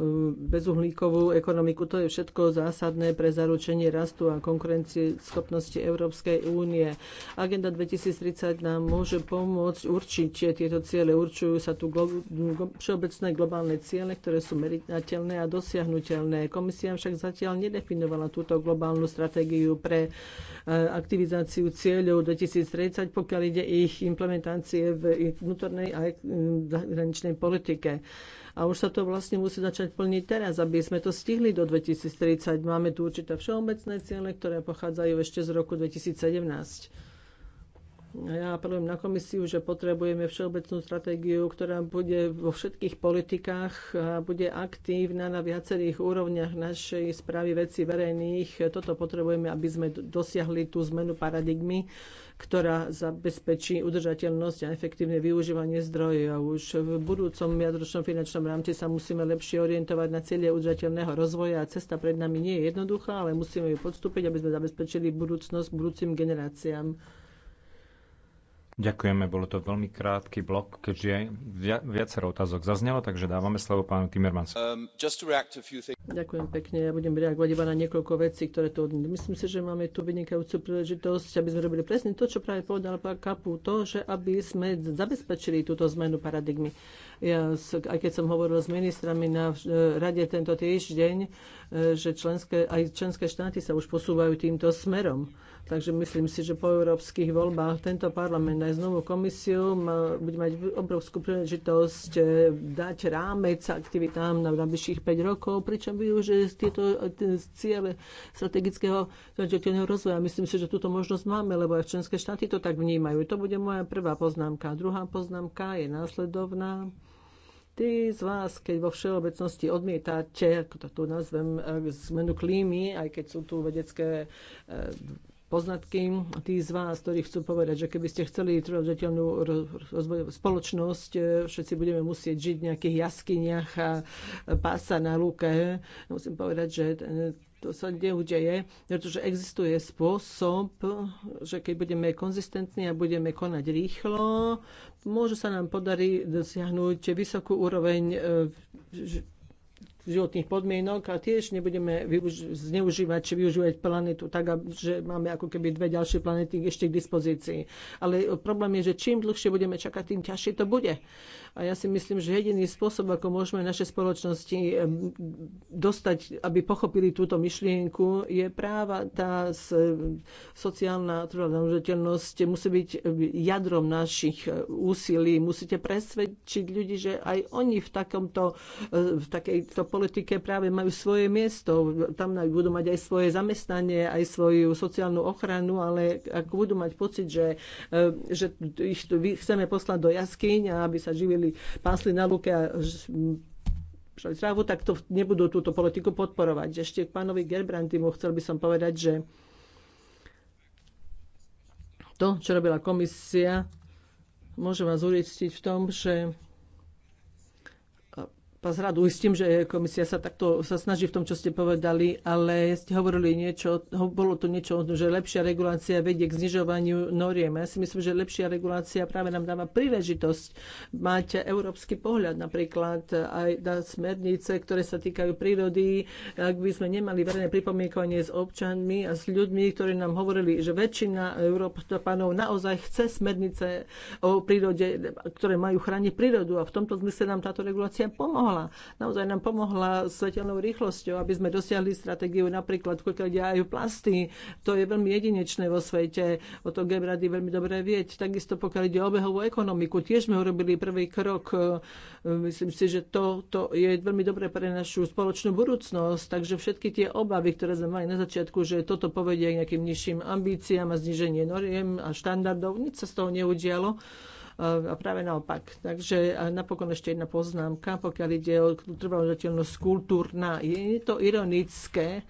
bezuhlíkovú ekonomiku. To je všetko zásadné pre zaručenie rastu a konkurencie schopnosti Európskej únie. Agenda 2030 nám môže pomôcť určiť tieto ciele. Určujú sa tu glo- všeobecné globálne ciele, ktoré sú meritateľné a dosiahnutelné. Komisia však zatiaľ nedefinovala túto globálnu stratégiu pre e, aktivizáciu cieľov 2030, pokiaľ ide ich implementácie v vnútornej a zahraničnej zahraničnej politike. A už sa to vlastne musí začať plniť teraz, aby sme to stihli do 2030. Máme tu určité všeobecné ciele, ktoré pochádzajú ešte z roku 2017. Ja apelujem na komisiu, že potrebujeme všeobecnú stratégiu, ktorá bude vo všetkých politikách a bude aktívna na viacerých úrovniach našej správy veci verejných. Toto potrebujeme, aby sme dosiahli tú zmenu paradigmy, ktorá zabezpečí udržateľnosť a efektívne využívanie zdrojov. Už v budúcom jadročnom finančnom rámci sa musíme lepšie orientovať na cieľe udržateľného rozvoja cesta pred nami nie je jednoduchá, ale musíme ju podstúpiť, aby sme zabezpečili budúcnosť budúcim generáciám. Ďakujeme, bolo to veľmi krátky blok, keďže aj viacero otázok zaznelo, takže dávame slovo pánu Timmermans. Um, Ďakujem pekne, ja budem reagovať iba na niekoľko vecí, ktoré tu odnú. Myslím si, že máme tu vynikajúcu príležitosť, aby sme robili presne to, čo práve povedal pán Kapu, to, že aby sme zabezpečili túto zmenu paradigmy. Ja, aj keď som hovoril s ministrami na e, rade tento týždeň, e, že členské, aj členské štáty sa už posúvajú týmto smerom. Takže myslím si, že po európskych voľbách tento parlament aj znovu komisiu má, bude mať obrovskú príležitosť eh, dať rámec aktivitám na najbližších 5 rokov, pričom už tieto eh, ciele strategického rozvoja. Myslím si, že túto možnosť máme, lebo aj členské štáty to tak vnímajú. To bude moja prvá poznámka. Druhá poznámka je následovná. Tí z vás, keď vo všeobecnosti odmietate, ako to tu nazvem, eh, zmenu klímy, aj keď sú tu vedecké poznatky. Tí z vás, ktorí chcú povedať, že keby ste chceli trojodžateľnú spoločnosť, e, všetci budeme musieť žiť v nejakých jaskyniach a pása na lúke. Musím povedať, že to sa neudeje, pretože existuje spôsob, že keď budeme konzistentní a budeme konať rýchlo, môže sa nám podarí dosiahnuť vysokú úroveň e, životných podmienok a tiež nebudeme zneužívať či využívať planetu tak, že máme ako keby dve ďalšie planety ešte k dispozícii. Ale problém je, že čím dlhšie budeme čakať, tým ťažšie to bude. A ja si myslím, že jediný spôsob, ako môžeme naše spoločnosti dostať, aby pochopili túto myšlienku, je práva tá sociálna udržateľnosť musí byť jadrom našich e, úsilí. Musíte presvedčiť ľudí, že aj oni v, takomto, e, v takejto politike práve majú svoje miesto. Tam budú mať aj svoje zamestnanie, aj svoju sociálnu ochranu, ale ak budú mať pocit, že, e, že ich chceme poslať do jaskyň, aby sa živili robili pásli na luke a trávu, tak to nebudú túto politiku podporovať. Ešte k pánovi Gerbrandimu chcel by som povedať, že to, čo robila komisia, môžem vás uistiť v tom, že vás zradu istím, že komisia sa takto sa snaží v tom, čo ste povedali, ale ste hovorili niečo, bolo to niečo, že lepšia regulácia vedie k znižovaniu noriem. Ja si myslím, že lepšia regulácia práve nám dáva príležitosť mať európsky pohľad napríklad aj na smernice, ktoré sa týkajú prírody. Ak by sme nemali verejné pripomienkovanie s občanmi a s ľuďmi, ktorí nám hovorili, že väčšina Európanov naozaj chce smernice o prírode, ktoré majú chrániť prírodu a v tomto zmysle nám táto regulácia pomohla pomohla. Naozaj nám pomohla svetelnou rýchlosťou, aby sme dosiahli stratégiu napríklad, pokiaľ ide aj plasty. To je veľmi jedinečné vo svete. O to Gebrady veľmi dobre vieť. Takisto pokiaľ ide o obehovú ekonomiku, tiež sme urobili prvý krok. E, myslím si, že to, to je veľmi dobre pre našu spoločnú budúcnosť. Takže všetky tie obavy, ktoré sme mali na začiatku, že toto povedie aj nejakým nižším ambíciám a zniženie noriem a štandardov, nič sa z toho neudialo a práve naopak. Takže napokon ešte jedna poznámka, pokiaľ ide o trvalú kultúrna. Je to ironické,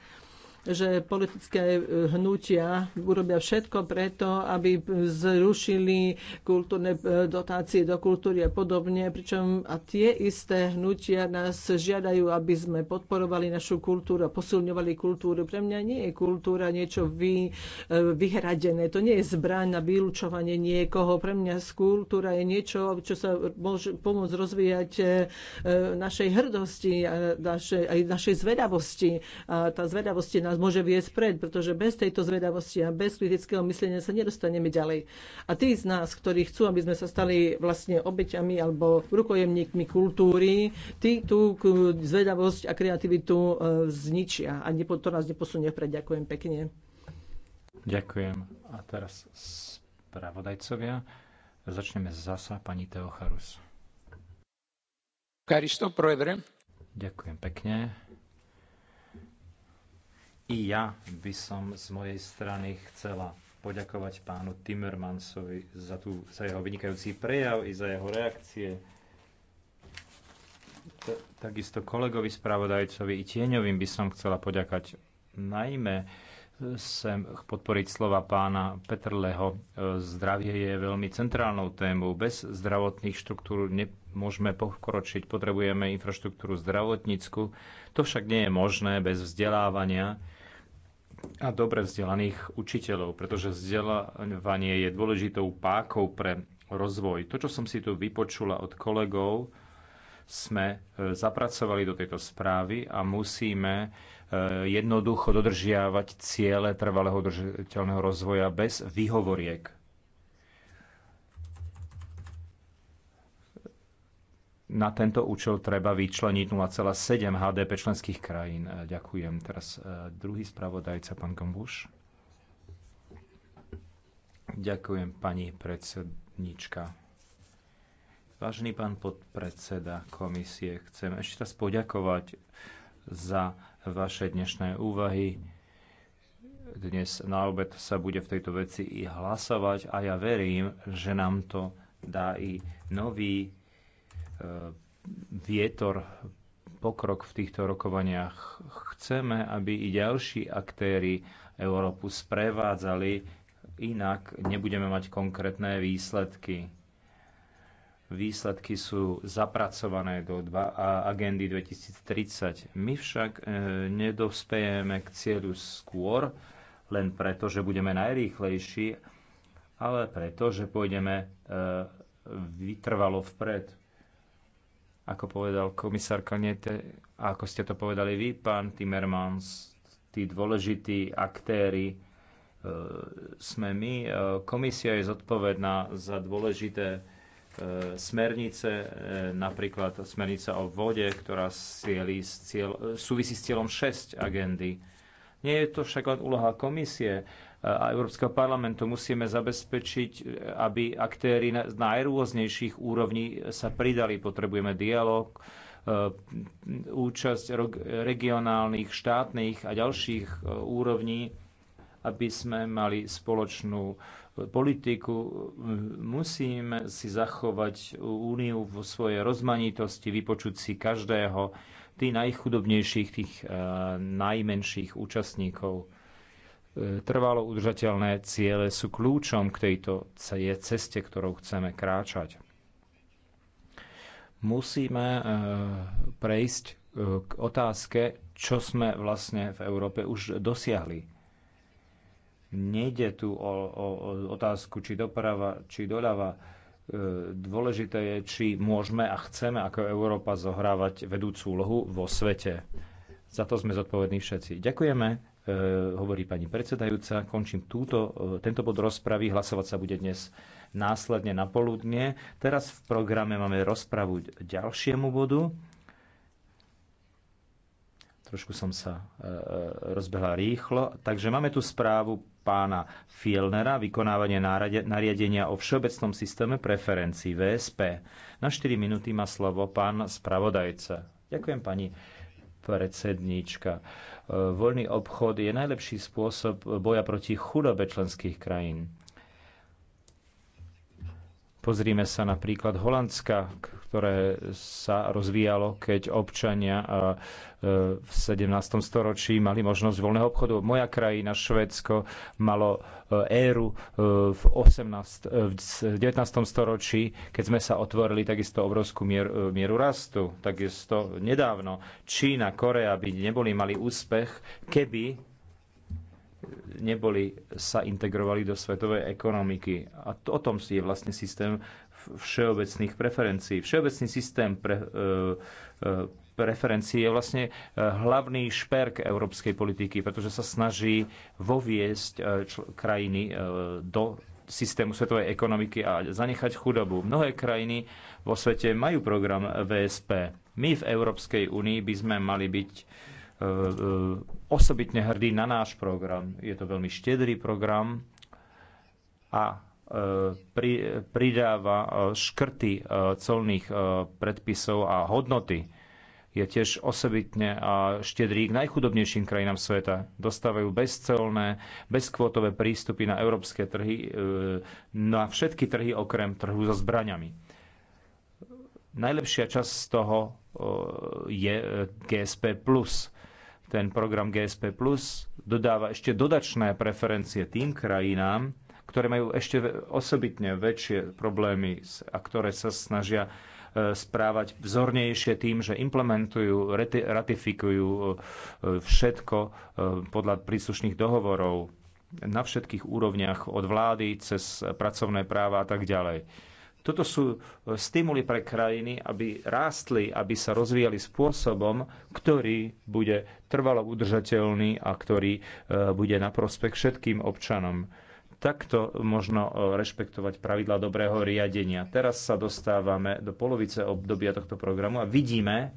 že politické eh, hnutia urobia všetko preto, aby zrušili kultúrne eh, dotácie do kultúry a podobne, pričom a tie isté hnutia nás žiadajú, aby sme podporovali našu kultúru a posilňovali kultúru. Pre mňa nie je kultúra niečo vy, eh, vyhradené, to nie je zbraň na vylúčovanie niekoho. Pre mňa kultúra je niečo, čo sa môže pomôcť rozvíjať našej hrdosti a našej, aj našej zvedavosti. A tá zvedavosť je nás nás môže viesť pred, pretože bez tejto zvedavosti a bez kritického myslenia sa nedostaneme ďalej. A tí z nás, ktorí chcú, aby sme sa stali vlastne obeťami alebo rukojemníkmi kultúry, tí tú zvedavosť a kreativitu e, zničia a to nás neposunie vpred. Ďakujem pekne. Ďakujem. A teraz spravodajcovia. Začneme zasa pani Teocharus. Ďakujem pekne. I ja by som z mojej strany chcela poďakovať pánu Timmermansovi za, tú, za jeho vynikajúci prejav i za jeho reakcie. T- takisto kolegovi spravodajcovi i tieňovým by som chcela poďakať. Najmä e, sem podporiť slova pána Petrleho. E, zdravie je veľmi centrálnou témou. Bez zdravotných štruktúr nemôžeme pokročiť. Potrebujeme infraštruktúru zdravotnícku. To však nie je možné bez vzdelávania a dobre vzdelaných učiteľov, pretože vzdelávanie je dôležitou pákou pre rozvoj. To, čo som si tu vypočula od kolegov, sme e, zapracovali do tejto správy a musíme e, jednoducho dodržiavať ciele trvalého držiteľného rozvoja bez výhovoriek. na tento účel treba vyčleniť 0,7 HDP členských krajín. E, ďakujem. Teraz e, druhý spravodajca, pán Gombuš. Ďakujem, pani predsednička. Vážený pán podpredseda komisie, chcem ešte raz poďakovať za vaše dnešné úvahy. Dnes na obed sa bude v tejto veci i hlasovať a ja verím, že nám to dá i nový E, vietor, pokrok v týchto rokovaniach. Chceme, aby i ďalší aktéry Európu sprevádzali, inak nebudeme mať konkrétne výsledky. Výsledky sú zapracované do dva, a agendy 2030. My však e, nedospejeme k cieľu skôr, len preto, že budeme najrýchlejší, ale preto, že pôjdeme e, vytrvalo vpred. Ako povedal komisár Kalniete a ako ste to povedali vy, pán Timmermans, tí dôležití aktéry e, sme my. E, komisia je zodpovedná za dôležité e, smernice, napríklad smernica o vode, ktorá cieli s cieľ, súvisí s cieľom 6 agendy. Nie je to však len úloha komisie, a Európskeho parlamentu musíme zabezpečiť, aby aktéry z najrôznejších úrovní sa pridali. Potrebujeme dialog, e, účasť regionálnych, štátnych a ďalších e, úrovní, aby sme mali spoločnú politiku. Musíme si zachovať úniu vo svojej rozmanitosti, vypočuť si každého, tých najchudobnejších, tých e, najmenších účastníkov. Trvalo udržateľné ciele sú kľúčom k tejto ceste, ktorou chceme kráčať. Musíme e, prejsť e, k otázke, čo sme vlastne v Európe už dosiahli. Nejde tu o, o, o otázku, či doprava, či doľava. E, dôležité je, či môžeme a chceme ako Európa zohrávať vedúcu úlohu vo svete. Za to sme zodpovední všetci. Ďakujeme. Eh, hovorí pani predsedajúca. Končím túto, eh, tento bod rozpravy. Hlasovať sa bude dnes následne na poludne. Teraz v programe máme rozpravu ďalšiemu bodu. Trošku som sa eh, rozbehla rýchlo. Takže máme tu správu pána Fielnera, vykonávanie nariadenia o všeobecnom systéme preferencií VSP. Na 4 minúty má slovo pán spravodajca. Ďakujem pani predsedníčka Eh, voľný obchod je najlepší spôsob boja proti chudobe členských krajín. Pozrime sa napríklad Holandska, ktoré sa rozvíjalo, keď občania e, v 17. storočí mali možnosť voľného obchodu. Moja krajina, Švédsko, malo e, éru e, v, 18, v 19. storočí, keď sme sa otvorili takisto obrovskú mier, mieru rastu. Takisto nedávno Čína, Korea by neboli mali úspech, keby neboli, sa integrovali do svetovej ekonomiky. A to, o tom si je vlastne systém všeobecných preferencií. Všeobecný systém pre, e, e, preferencií je vlastne e, hlavný šperk európskej politiky, pretože sa snaží voviesť krajiny do systému svetovej ekonomiky a zanechať chudobu. Mnohé krajiny vo svete majú program VSP. My v Európskej únii by sme mali byť osobitne hrdí na náš program. Je to veľmi štedrý program a E, pri, pridáva e, škrty e, colných predpisov a hodnoty. Je tiež osobitne štedrý k najchudobnejším krajinám sveta. Dostávajú bezcelné, bezkvotové prístupy na európske trhy, na všetky trhy okrem trhu so zbraňami. Najlepšia časť z toho je GSP+. Ten program GSP+, dodáva ešte dodačné preferencie tým krajinám, ktoré majú ešte osobitne väčšie problémy a ktoré sa snažia e, správať vzornejšie tým, že implementujú, ratifikujú e, všetko e, podľa príslušných dohovorov na všetkých úrovniach od vlády cez pracovné práva a tak ďalej. Toto sú stimuly pre krajiny, aby rástli, aby sa rozvíjali spôsobom, ktorý bude trvalo udržateľný a ktorý bude na prospech všetkým občanom. Takto možno e, rešpektovať pravidla dobrého riadenia. Teraz sa dostávame do polovice obdobia tohto programu a vidíme,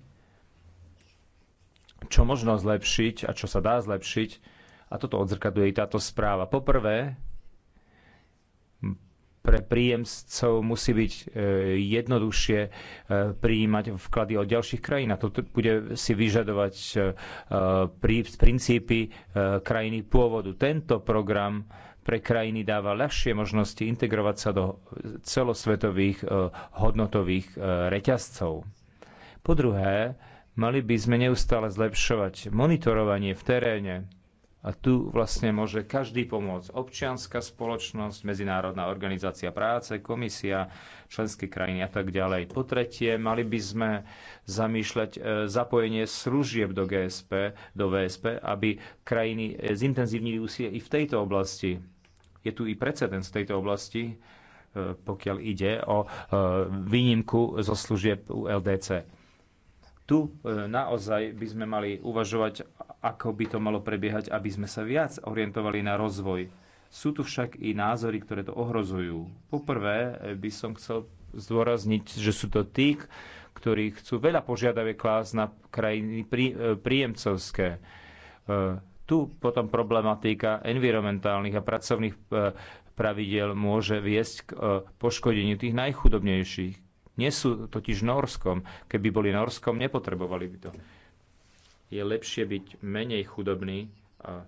čo možno zlepšiť a čo sa dá zlepšiť. A toto odzrkaduje i táto správa. Poprvé, pre príjemcov musí byť e, jednoduchšie e, prijímať vklady od ďalších krajín. A to bude si vyžadovať princípy krajiny pôvodu. Tento program pre krajiny dáva ľahšie možnosti integrovať sa do celosvetových e, hodnotových e, reťazcov. Po druhé, mali by sme neustále zlepšovať monitorovanie v teréne. A tu vlastne môže každý pomôcť. Občianská spoločnosť, Medzinárodná organizácia práce, komisia, členské krajiny a tak ďalej. Po tretie, mali by sme zamýšľať e, zapojenie služieb do GSP, do VSP, aby krajiny zintenzívnili úsilie i v tejto oblasti je tu i precedens v tejto oblasti, e, pokiaľ ide o e, výnimku zo služieb u LDC. Tu e, naozaj by sme mali uvažovať, ako by to malo prebiehať, aby sme sa viac orientovali na rozvoj. Sú tu však i názory, ktoré to ohrozujú. Poprvé by som chcel zdôrazniť, že sú to tí, ktorí chcú veľa požiadaviek klásť na krajiny prí, príjemcovské. Tu potom problematika environmentálnych a pracovných e, pravidel môže viesť k e, poškodeniu tých najchudobnejších. Nie sú totiž Norskom. Keby boli Norskom, nepotrebovali by to. Je lepšie byť menej chudobný a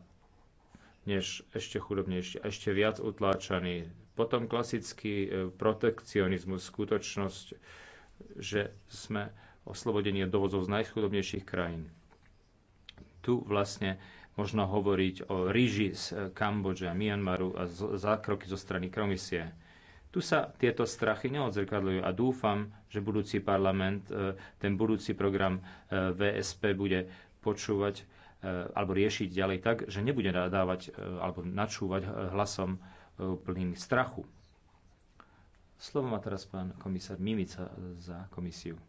než ešte chudobnejší a ešte viac utláčaný. Potom klasický e, protekcionizmus, skutočnosť, že sme oslobodení od dovozov z najchudobnejších krajín. Tu vlastne Možno hovoriť o ríži z eh, Kambodže, Myanmaru a zákroky zo strany komisie. Tu sa tieto strachy neodzrkadľujú a dúfam, že budúci parlament, eh, ten budúci program eh, VSP bude počúvať alebo riešiť ďalej tak, že nebude dávať alebo načúvať hlasom plným strachu. Slovo má teraz pán komisár Mimica za komisiu.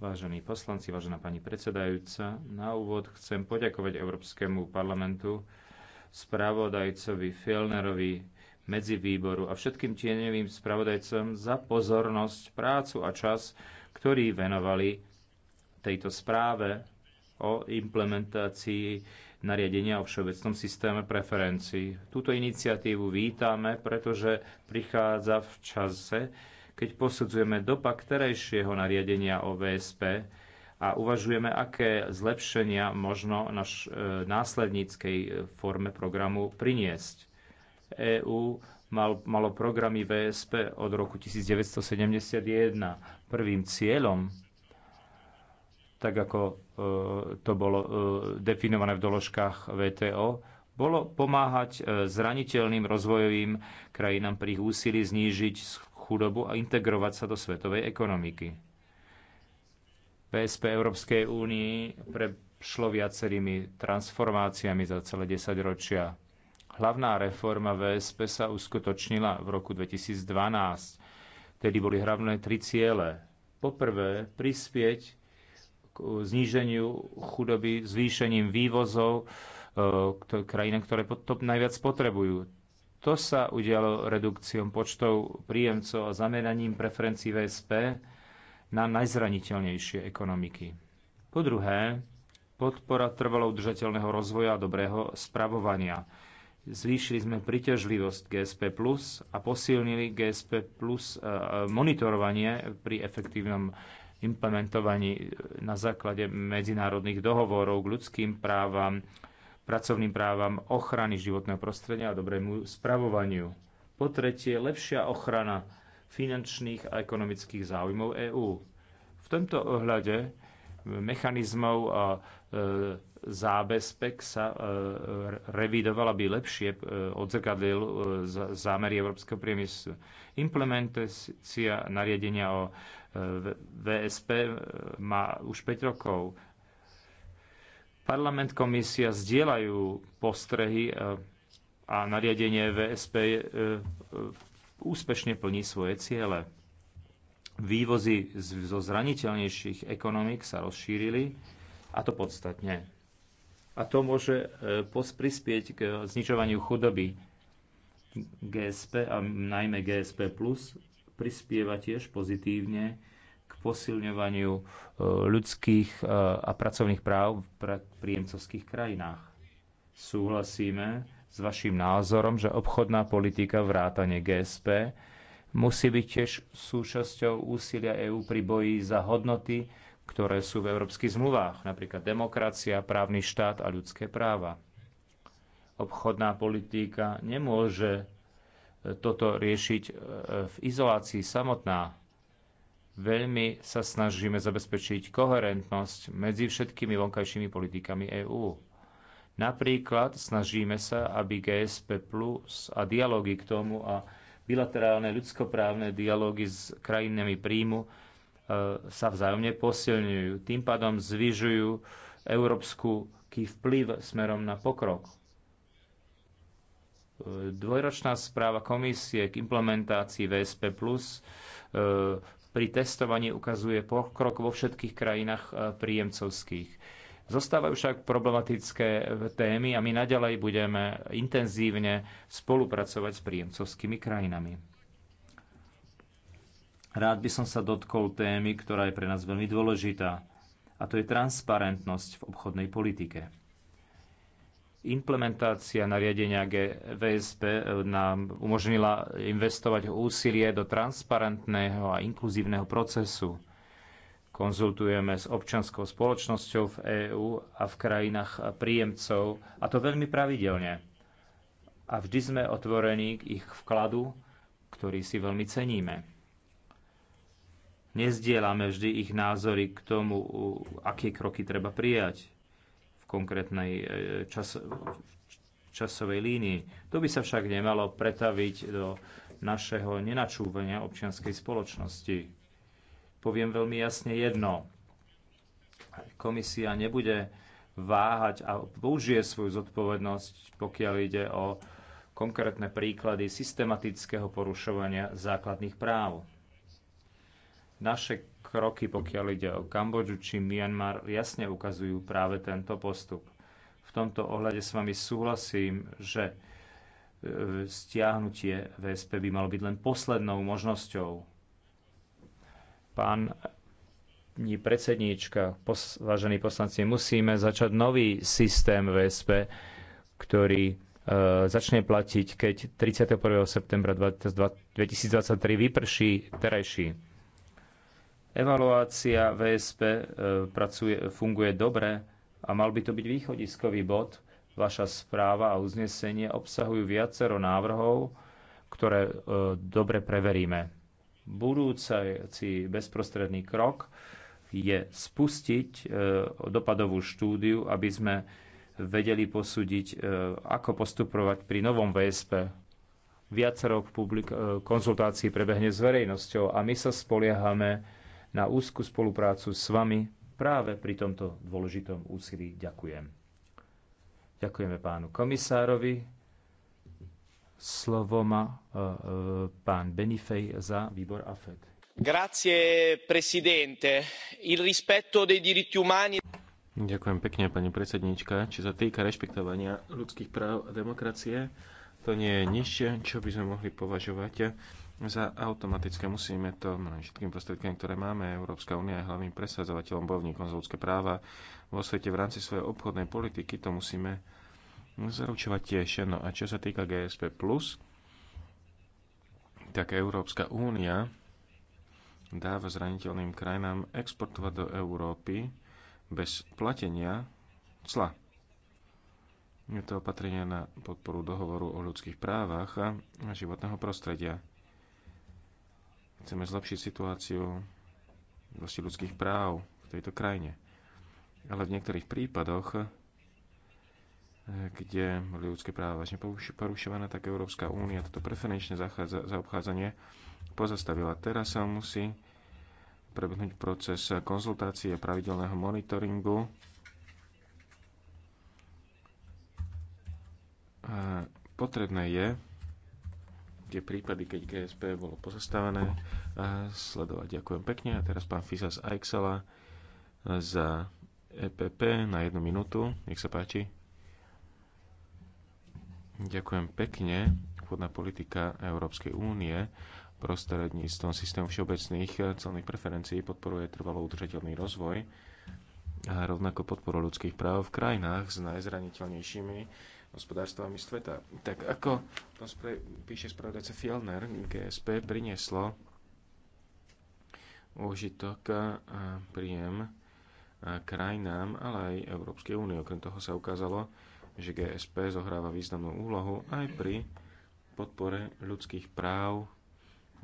Vážení poslanci, vážená pani predsedajúca, na úvod chcem poďakovať Európskemu parlamentu, spravodajcovi Fielnerovi, medzivýboru a všetkým tieňovým spravodajcom za pozornosť, prácu a čas, ktorý venovali tejto správe o implementácii nariadenia o všeobecnom systéme preferencií. Túto iniciatívu vítame, pretože prichádza v čase, keď posudzujeme dopad terajšieho nariadenia o VSP a uvažujeme, aké zlepšenia možno naš e, následníckej e, forme programu priniesť. EÚ mal, malo programy VSP od roku 1971. Prvým cieľom, tak ako e, to bolo e, definované v doložkách VTO, bolo pomáhať e, zraniteľným rozvojovým krajinám pri ich úsilí znížiť chudobu a integrovať sa do svetovej ekonomiky. PSP Európskej únii prešlo viacerými transformáciami za celé 10 ročia. Hlavná reforma VSP sa uskutočnila v roku 2012. Tedy boli hlavné tri ciele. Poprvé, prispieť k zníženiu chudoby zvýšením vývozov e, krajín, ktoré to najviac potrebujú. To sa udialo redukciou počtov príjemcov a zameraním preferencií VSP na najzraniteľnejšie ekonomiky. Po druhé, podpora trvalo udržateľného rozvoja a dobrého spravovania. Zvýšili sme priťažlivosť GSP Plus a posilnili GSP Plus e, e, monitorovanie pri efektívnom implementovaní na základe medzinárodných dohovorov k ľudským právam, pracovným právam, ochrany životného prostredia a dobrému spravovaniu. Po tretie, lepšia ochrana finančných a ekonomických záujmov EÚ. V tomto ohľade e, mechanizmov a e, zábezpek sa e, revidoval, aby lepšie odzrkadlil zámery európskeho priemyslu. Implementácia nariadenia o VSP má už 5 rokov. Parlament, komisia zdieľajú postrehy e, a nariadenie VSP e, e, úspešne plní svoje ciele. Vývozy zo zraniteľnejších ekonomik sa rozšírili a to podstatne. A to môže prispieť k znižovaniu chudoby. GSP a najmä GSP Plus prispieva tiež pozitívne posilňovaniu e, ľudských e, a pracovných práv v príjemcovských krajinách. Súhlasíme s vašim názorom, že obchodná politika vrátane GSP musí byť tiež súčasťou úsilia EÚ pri boji za hodnoty, ktoré sú v európskych zmluvách, napríklad demokracia, právny štát a ľudské práva. Obchodná politika nemôže e, toto riešiť v izolácii samotná Veľmi sa snažíme zabezpečiť koherentnosť medzi všetkými vonkajšími politikami EÚ. Napríklad snažíme sa, aby GSP Plus a dialógy k tomu a bilaterálne ľudskoprávne dialógy s krajinami príjmu e, sa vzájomne posilňujú. Tým pádom zvyžujú európsku vplyv smerom na pokrok. E, dvojročná správa komisie k implementácii VSP Plus e, pri testovaní ukazuje pokrok vo všetkých krajinách e, príjemcovských. Zostávajú však problematické témy a my naďalej budeme intenzívne spolupracovať s príjemcovskými krajinami. Rád by som sa dotkol témy, ktorá je pre nás veľmi dôležitá, a to je transparentnosť v obchodnej politike. Implementácia nariadenia VSP eh, nám umožnila investovať úsilie do transparentného a inkluzívneho procesu. Konzultujeme s občanskou spoločnosťou v EÚ a v krajinách príjemcov, a to veľmi pravidelne. A vždy sme otvorení k ich vkladu, ktorý si veľmi ceníme. Nezdielame vždy ich názory k tomu, aké kroky treba prijať konkrétnej e, čas, časovej línii. To by sa však nemalo pretaviť do našeho nenačúvania občianskej spoločnosti. Poviem veľmi jasne jedno. Komisia nebude váhať a použije svoju zodpovednosť, pokiaľ ide o konkrétne príklady systematického porušovania základných práv. Naše kroky, pokiaľ ide o Kambodžu či Myanmar, jasne ukazujú práve tento postup. V tomto ohľade s vami súhlasím, že e, stiahnutie VSP by malo byť len poslednou možnosťou. Pán pani predsedníčka, pos, vážení poslanci, musíme začať nový systém VSP, ktorý e, začne platiť, keď 31. septembra 2023 vyprší terajší. Evaluácia VSP e, pracuje, funguje dobre a mal by to byť východiskový bod. Vaša správa a uznesenie obsahujú viacero návrhov, ktoré e, dobre preveríme. Budúci bezprostredný krok je spustiť e, dopadovú štúdiu, aby sme vedeli posúdiť, ako postupovať pri novom VSP. Viacero publik- konzultácií prebehne s verejnosťou a my sa spoliehame na úzku spoluprácu s vami práve pri tomto dôležitom úsilí. Ďakujem. Ďakujeme pánu komisárovi. Slovo má e, e, pán Benifej za výbor AFED. Grazie, presidente. Il rispetto dei diritti umani... Ďakujem pekne, pani predsednička. Či sa týka rešpektovania ľudských práv a demokracie, to nie je nižšie, čo by sme mohli považovať za automatické. Musíme to všetkým prostriedkami, ktoré máme. Európska únia je hlavným presadzovateľom bojovníkom za ľudské práva vo svete v rámci svojej obchodnej politiky. To musíme zaručovať tiež. No a čo sa týka GSP+, tak Európska únia dáva zraniteľným krajinám exportovať do Európy bez platenia cla. Je to opatrenie na podporu dohovoru o ľudských právach a životného prostredia. Chceme zlepšiť situáciu vlastne ľudských práv v tejto krajine. Ale v niektorých prípadoch, eh, kde boli ľudské práva vlastne porušované, tak Európska únia toto preferenčné zaobchádzanie pozastavila. Teraz sa musí prebehnúť proces konzultácie a pravidelného monitoringu potrebné je tie prípady, keď GSP bolo pozastavené, a sledovať. Ďakujem pekne. A teraz pán Fisas Aixela za EPP na jednu minútu. Nech sa páči. Ďakujem pekne. Obchodná politika Európskej únie prostredníctvom systému všeobecných celných preferencií podporuje trvalo udržateľný rozvoj a rovnako podporu ľudských práv v krajinách s najzraniteľnejšími hospodárstvami sveta. Tak ako to spre, píše spravodajca Fielner, GSP prinieslo užitok a príjem a krajinám, ale aj Európskej únie. Okrem toho sa ukázalo, že GSP zohráva významnú úlohu aj pri podpore ľudských práv,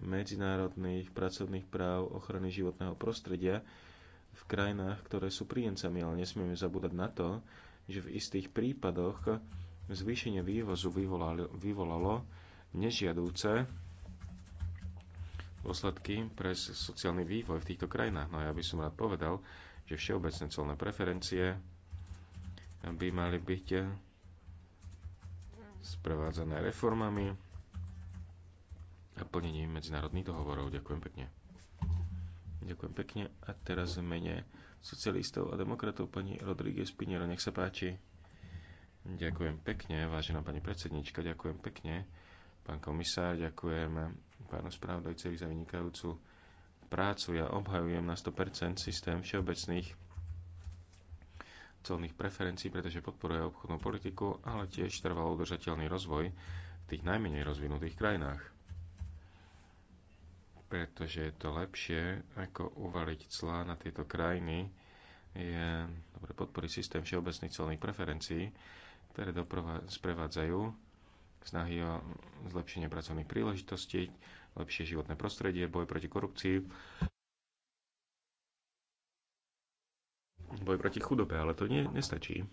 medzinárodných pracovných práv, ochrany životného prostredia v krajinách, ktoré sú príjemcami, ale nesmieme zabúdať na to, že v istých prípadoch Zvýšenie vývozu vyvolalo, vyvolalo nežiadúce dôsledky pre sociálny vývoj v týchto krajinách. No a ja by som rád povedal, že všeobecné colné preferencie by mali byť sprevádzané reformami a plnením medzinárodných dohovorov. Ďakujem pekne. Ďakujem pekne. A teraz v mene socialistov a demokratov pani Rodríguez Pinero. Nech sa páči. Ďakujem pekne, vážená pani predsednička, ďakujem pekne, pán komisár, ďakujem pánu spravodajcovi za vynikajúcu prácu. Ja obhajujem na 100% systém všeobecných colných preferencií, pretože podporuje obchodnú politiku, ale tiež trvalo udržateľný rozvoj v tých najmenej rozvinutých krajinách. Pretože je to lepšie, ako uvaliť clá na tieto krajiny, je dobre podporiť systém všeobecných colných preferencií, ktoré sprevádzajú snahy o zlepšenie pracovných príležitostí, lepšie životné prostredie, boj proti korupcii, boj proti chudobe, ale to nie, nestačí.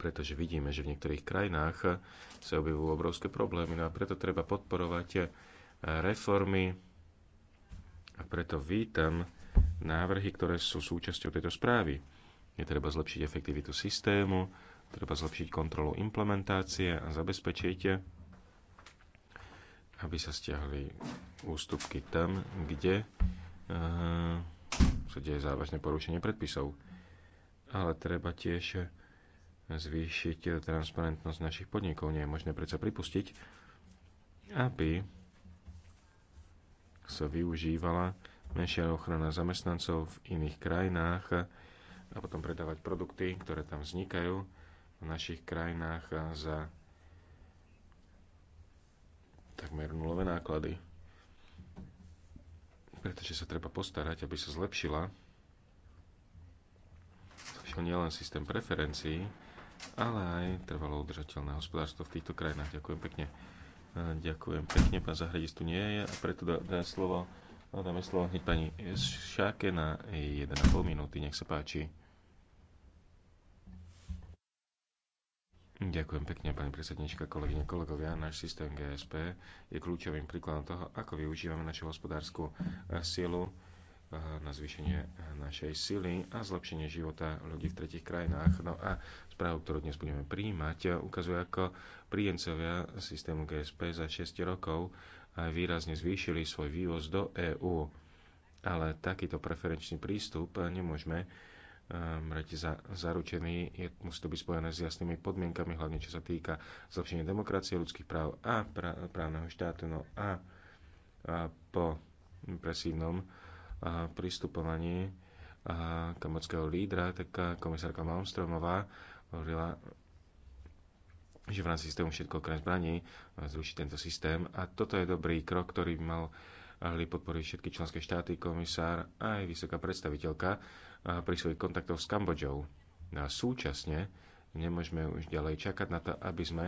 Pretože vidíme, že v niektorých krajinách sa objavujú obrovské problémy, no a preto treba podporovať eh, reformy a preto vítam návrhy, ktoré sú súčasťou tejto správy. Je treba zlepšiť efektivitu systému, Treba zlepšiť kontrolu implementácie a zabezpečiť, aby sa stiahli ústupky tam, kde uh, eh, sa deje závažné porušenie predpisov. Ale treba tiež zvýšiť transparentnosť našich podnikov. Nie je možné predsa pripustiť, aby sa využívala menšia ochrana zamestnancov v iných krajinách a potom predávať produkty, ktoré tam vznikajú v našich krajinách eh, za takmer nulové náklady. Pretože sa treba postarať, aby sa zlepšila zlepšil nielen systém preferencií, ale aj trvalo udržateľné hospodárstvo v týchto krajinách. Ďakujem pekne. Eh, ďakujem pekne, pán Zahradis tu nie je a preto dám slovo, dáme slovo hneď pani Šáke na 1,5 eh, minúty. Nech sa páči. Ďakujem pekne, pani predsednička, kolegyne, kolegovia. Náš systém GSP je kľúčovým príkladom toho, ako využívame našu hospodárskú eh, silu eh, na zvýšenie eh, našej sily a zlepšenie života ľudí v tretich krajinách. No a správu, ktorú dnes budeme príjmať, ukazuje, ako príjemcovia systému GSP za 6 rokov aj výrazne zvýšili svoj vývoz do EÚ. Ale takýto preferenčný prístup nemôžeme mať ehm, za, zaručený, je, musí to byť spojené s jasnými podmienkami, hlavne čo sa týka zlepšenia demokracie, ľudských práv a pra, právneho štátu. No a, a po presívnom a, pristupovaní a, lídra, tak komisárka Malmstromová hovorila, že v rámci systému všetko okrem zbraní zruší tento systém a toto je dobrý krok, ktorý by mal podporiť všetky členské štáty, komisár aj vysoká predstaviteľka pri svojich kontaktoch s Kambodžou. A súčasne nemôžeme už ďalej čakať na to, aby sme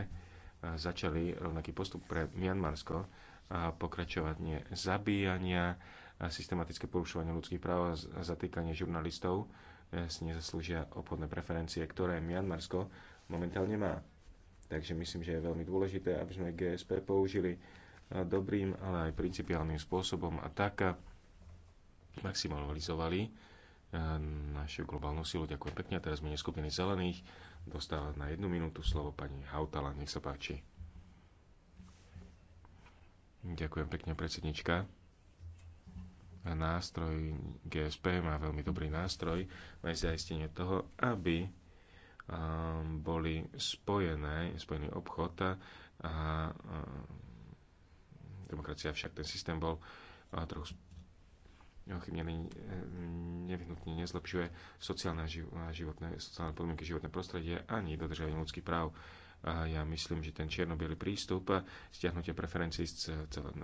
začali rovnaký postup pre Mianmarsko a pokračovanie zabíjania, a systematické porušovanie ľudských práv a zatýkanie žurnalistov e, si nezaslúžia obchodné preferencie, ktoré Mianmarsko momentálne má. Takže myslím, že je veľmi dôležité, aby sme GSP použili dobrým, ale aj principiálnym spôsobom a tak maximalizovali našu globálnu silu. Ďakujem pekne. A teraz mene skupiny zelených dostáva na jednu minútu slovo pani Hautala. Nech sa páči. Ďakujem pekne, predsednička. Nástroj GSP má veľmi dobrý nástroj na zaistenie toho, aby um, boli spojené, spojený obchod a, a demokracia však ten systém bol trochu neochybnený eh, nevyhnutne nezlepšuje sociálne životné, sociálne podmienky, životné prostredie ani dodržiavanie ľudských práv. A ja myslím, že ten čierno prístup a eh, stiahnutie preferencií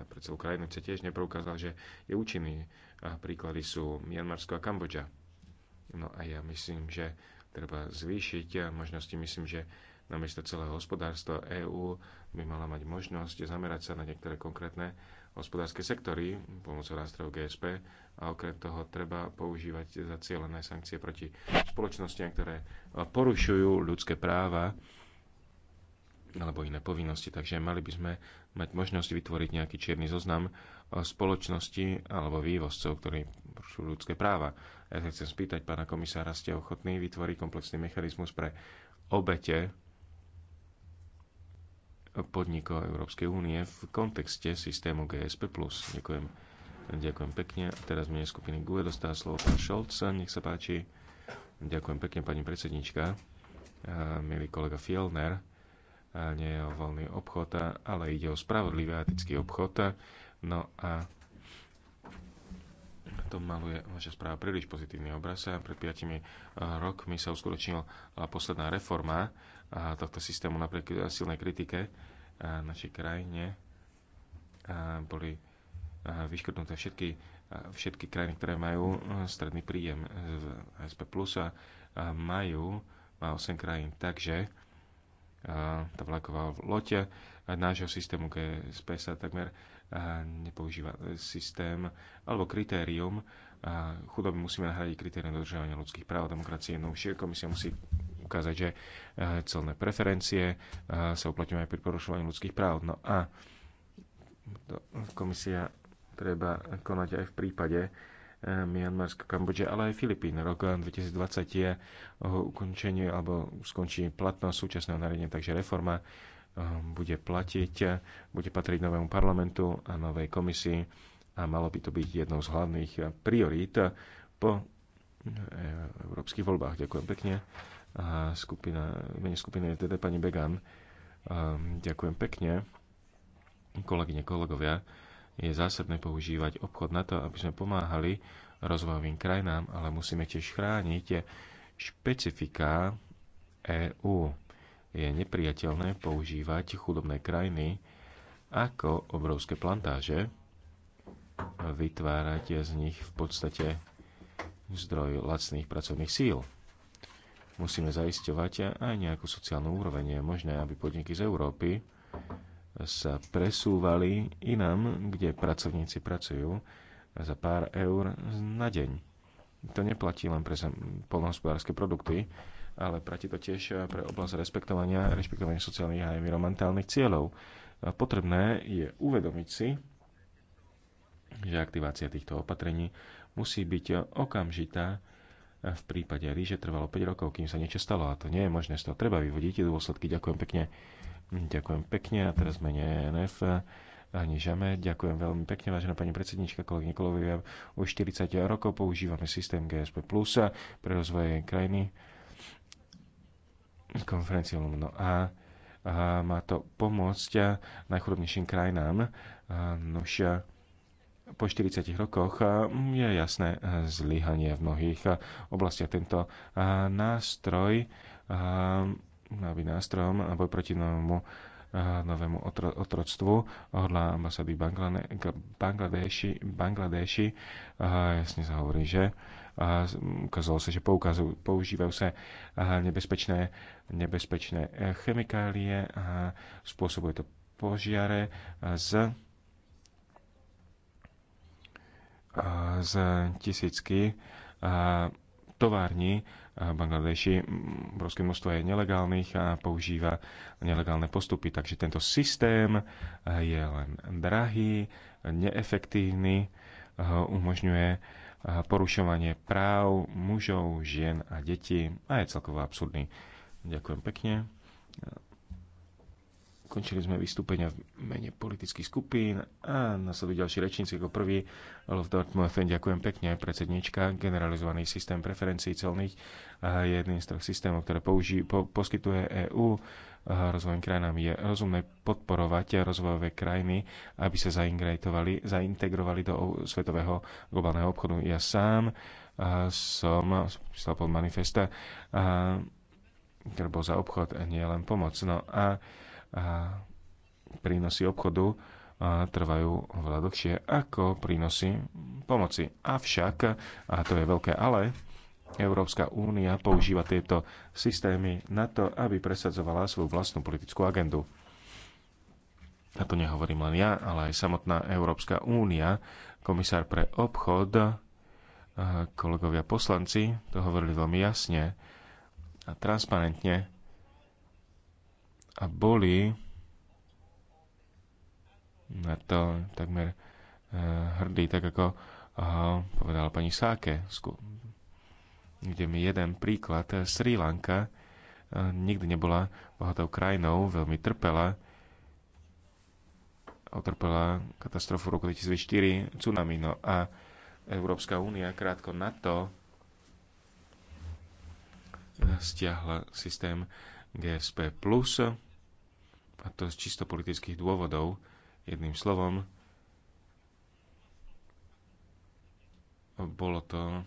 pre celú krajinu sa tiež nepreukázal, že je účinný. A príklady sú Mianmarsko a Kambodža. No a ja myslím, že treba zvýšiť eh, možnosti. Myslím, že namiesto celého hospodárstva EÚ by mala mať možnosť zamerať sa na niektoré konkrétne hospodárske sektory pomocou nástrojov GSP a okrem toho treba používať zacielené sankcie proti spoločnostiam, ktoré porušujú ľudské práva alebo iné povinnosti. Takže mali by sme mať možnosť vytvoriť nejaký čierny zoznam spoločnosti alebo vývozcov, ktorí porušujú ľudské práva. Ja sa chcem spýtať pána komisára, ste ochotní vytvoriť komplexný mechanizmus pre obete podnikov Európskej únie v kontexte systému GSP+. Ďakujem. Ďakujem pekne. A teraz mene skupiny GUE dostáva slovo pán Šolc. Nech sa páči. Ďakujem pekne, pani predsednička. Milý kolega Fielner, nie je o voľný obchod, ale ide o spravodlivý etický obchod. No a to maluje vaša správa príliš pozitívny obraz. Pred 5 rokmi sa uskutočnila posledná reforma tohto systému napriek eh, silnej kritike eh, našej krajine eh, boli vyškrtnuté všetky, všetky krajiny, ktoré majú stredný príjem z SP+, a majú, má 8 krajín, takže tá vlaková loď nášho systému GSP sa takmer nepoužíva systém alebo kritérium. Chudoby musíme nahradiť kritérium dodržiavania ľudských práv a demokracie. No už komisia musí ukázať, že eh, celné preferencie eh, sa uplatňujú aj pri porušovaní ľudských práv. No a komisia treba konať aj v prípade eh, Mianmarska, Kambodže, ale aj Filipín. Rok 2020 je ukončenie alebo skončí platnosť súčasného nariadenia, takže reforma bude platiť, bude patriť novému parlamentu a novej komisii a malo by to byť jednou z hlavných priorít po európskych voľbách. Ďakujem pekne a skupina, menej skupiny je teda pani Began. Ehm, ďakujem pekne, kolegyne, kolegovia. Je zásadné používať obchod na to, aby sme pomáhali rozvojovým krajinám, ale musíme tiež chrániť špecifika EÚ. Je nepriateľné používať chudobné krajiny ako obrovské plantáže, vytvárať z nich v podstate zdroj lacných pracovných síl musíme zaisťovať aj nejakú sociálnu úroveň. Je možné, aby podniky z Európy sa presúvali inam, kde pracovníci pracujú za pár eur na deň. To neplatí len pre polnohospodárske produkty, ale platí to tiež pre oblasť respektovania, rešpektovania sociálnych a environmentálnych cieľov. Potrebné je uvedomiť si, že aktivácia týchto opatrení musí byť okamžitá v prípade ríže trvalo 5 rokov, kým sa niečo stalo a to nie je možné, z toho treba vyvodiť dôsledky. Ďakujem pekne. Ďakujem pekne a teraz mene NF. Ani žame. Ďakujem veľmi pekne, vážená pani predsednička, kolegyne, kolegovia. Už 40 rokov používame systém GSP Plus pre rozvoj krajiny. Konferencia Lumno A. A má to pomôcť najchudobnejším krajinám. Nošia po 40 rokoch mm, je jasné e, zlyhanie v mnohých e, oblastiach. Tento e, nástroj má byť nástrojom boj proti novému, novému otro, otroctvu hodla ambasády Bangladeši, Bangladeši jasne sa hovorí, že a ukázalo sa, že používajú sa nebezpečné, nebezpečné chemikálie a spôsobuje to požiare z z tisícky tovární v Bangladeši. Obrovské množstvo je nelegálnych a používa nelegálne postupy. Takže tento systém je len drahý, neefektívny, umožňuje porušovanie práv mužov, žien a detí a je celkovo absurdný. Ďakujem pekne. Skončili sme vystúpenia v mene politických skupín a nasledujú ďalší rečníci ako prvý. Lov Dortmund, ďakujem pekne, predsednička. Generalizovaný systém preferencií celných je jedným z troch systémov, ktoré použí, po- poskytuje EÚ rozvojom krajinám. Je rozumné podporovať rozvojové krajiny, aby sa zaintegrovali, zaintegrovali do svetového globálneho obchodu. Ja sám som písal pod manifesta, ktorý bol za obchod, nie len pomoc. No a prínosy obchodu trvajú oveľa dlhšie ako prínosy pomoci. Avšak, a to je veľké ale, Európska únia používa tieto systémy na to, aby presadzovala svoju vlastnú politickú agendu. A to nehovorím len ja, ale aj samotná Európska únia, komisár pre obchod, kolegovia poslanci, to hovorili veľmi jasne a transparentne a boli na to takmer eh, hrdí, tak ako povedala pani Sáke. Kde mi jeden príklad, eh, Sri Lanka eh, nikdy nebola bohatou krajinou, veľmi trpela, otrpela katastrofu roku 2004 tsunami. No a Európska únia krátko na to stiahla systém GSP+, plus, a to z čisto politických dôvodov, jedným slovom, bolo to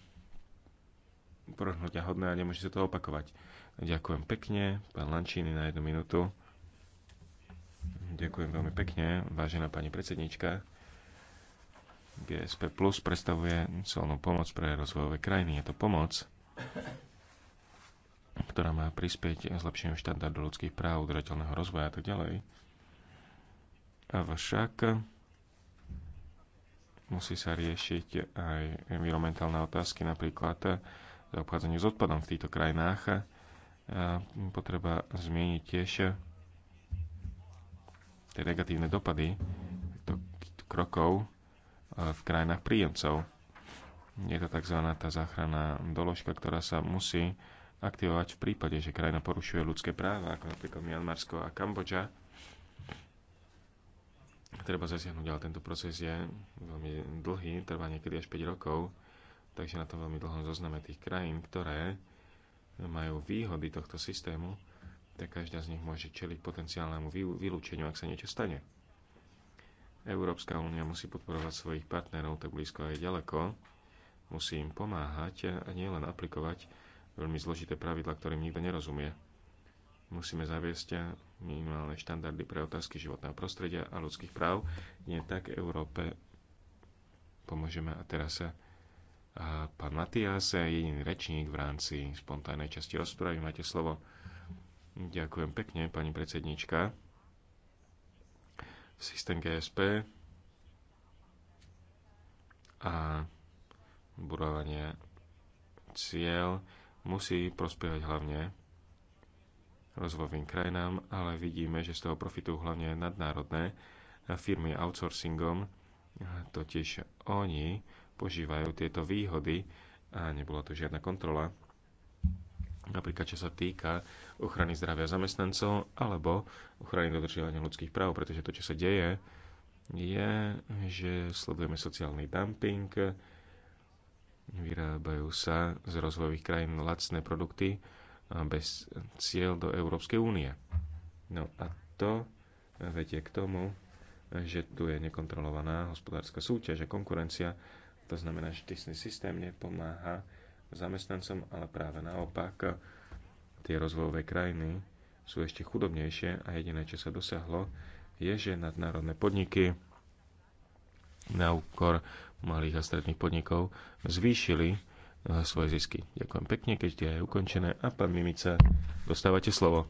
prohnutia hodné a nemôže sa to opakovať. Ďakujem pekne, pán Lančíny na jednu minútu. Ďakujem veľmi pekne, vážená pani predsednička. GSP Plus predstavuje celnú pomoc pre rozvojové krajiny. Je to pomoc, ktorá má prispieť zlepšeniu štandardu ľudských práv, udržateľného rozvoja a tak ďalej. Avšak musí sa riešiť aj environmentálne otázky, napríklad obchádzanie s odpadom v týchto krajinách. A potreba zmieniť tiež tie negatívne dopady týchto krokov v krajinách príjemcov. Je to tzv. tá záchranná doložka, ktorá sa musí aktivovať v prípade, že krajina porušuje ľudské práva, ako napríklad Mianmarsko a Kambodža. Treba zasiahnuť, ale tento proces je veľmi dlhý, trvá niekedy až 5 rokov, takže na to veľmi dlhom zozname tých krajín, ktoré majú výhody tohto systému, tak každá z nich môže čeliť potenciálnemu vylúčeniu, ak sa niečo stane. Európska únia musí podporovať svojich partnerov tak blízko aj ďaleko, musí im pomáhať a nielen aplikovať veľmi zložité pravidla, ktorým nikto nerozumie. Musíme zaviesť minimálne štandardy pre otázky životného prostredia a ľudských práv. Nie tak Európe pomôžeme. A teraz sa eh, a pán Matias, eh, jediný rečník v rámci spontánnej časti rozpravy. Máte slovo. Ďakujem pekne, pani predsednička. Systém GSP a budovanie cieľ musí prospievať hlavne rozvojovým krajinám, ale vidíme, že z toho profitujú hlavne nadnárodné firmy outsourcingom, totiž oni požívajú tieto výhody a nebola tu žiadna kontrola, napríklad čo sa týka ochrany zdravia zamestnancov alebo ochrany dodržiavania ľudských práv, pretože to, čo sa deje, je, že sledujeme sociálny dumping, Vyrábajú sa z rozvojových krajín lacné produkty bez cieľ do Európskej únie. No a to vedie k tomu, že tu je nekontrolovaná hospodárska súťaž a konkurencia. To znamená, že tisný systém nepomáha zamestnancom, ale práve naopak tie rozvojové krajiny sú ešte chudobnejšie a jediné, čo sa dosiahlo, je, že nadnárodné podniky na úkor malých a stredných podnikov zvýšili eh, svoje zisky. Ďakujem pekne, keď je aj ukončené. A pán Mimica, dostávate slovo.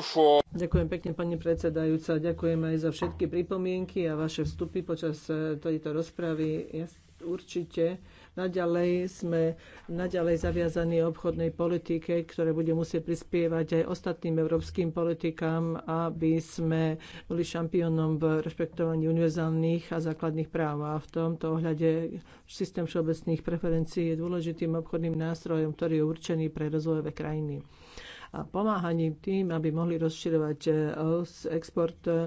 For... Ďakujem pekne, pani predsedajúca. Ďakujem aj za všetky pripomienky a vaše vstupy počas eh, tejto rozpravy. Ja určite Naďalej sme naďalej zaviazaní obchodnej politike, ktoré bude musieť prispievať aj ostatným európskym politikám, aby sme boli šampiónom v rešpektovaní univerzálnych a základných práv. A v tomto ohľade systém všeobecných preferencií je dôležitým obchodným nástrojom, ktorý je určený pre rozvojové krajiny a pomáhaním tým, aby mohli rozširovať e, export e,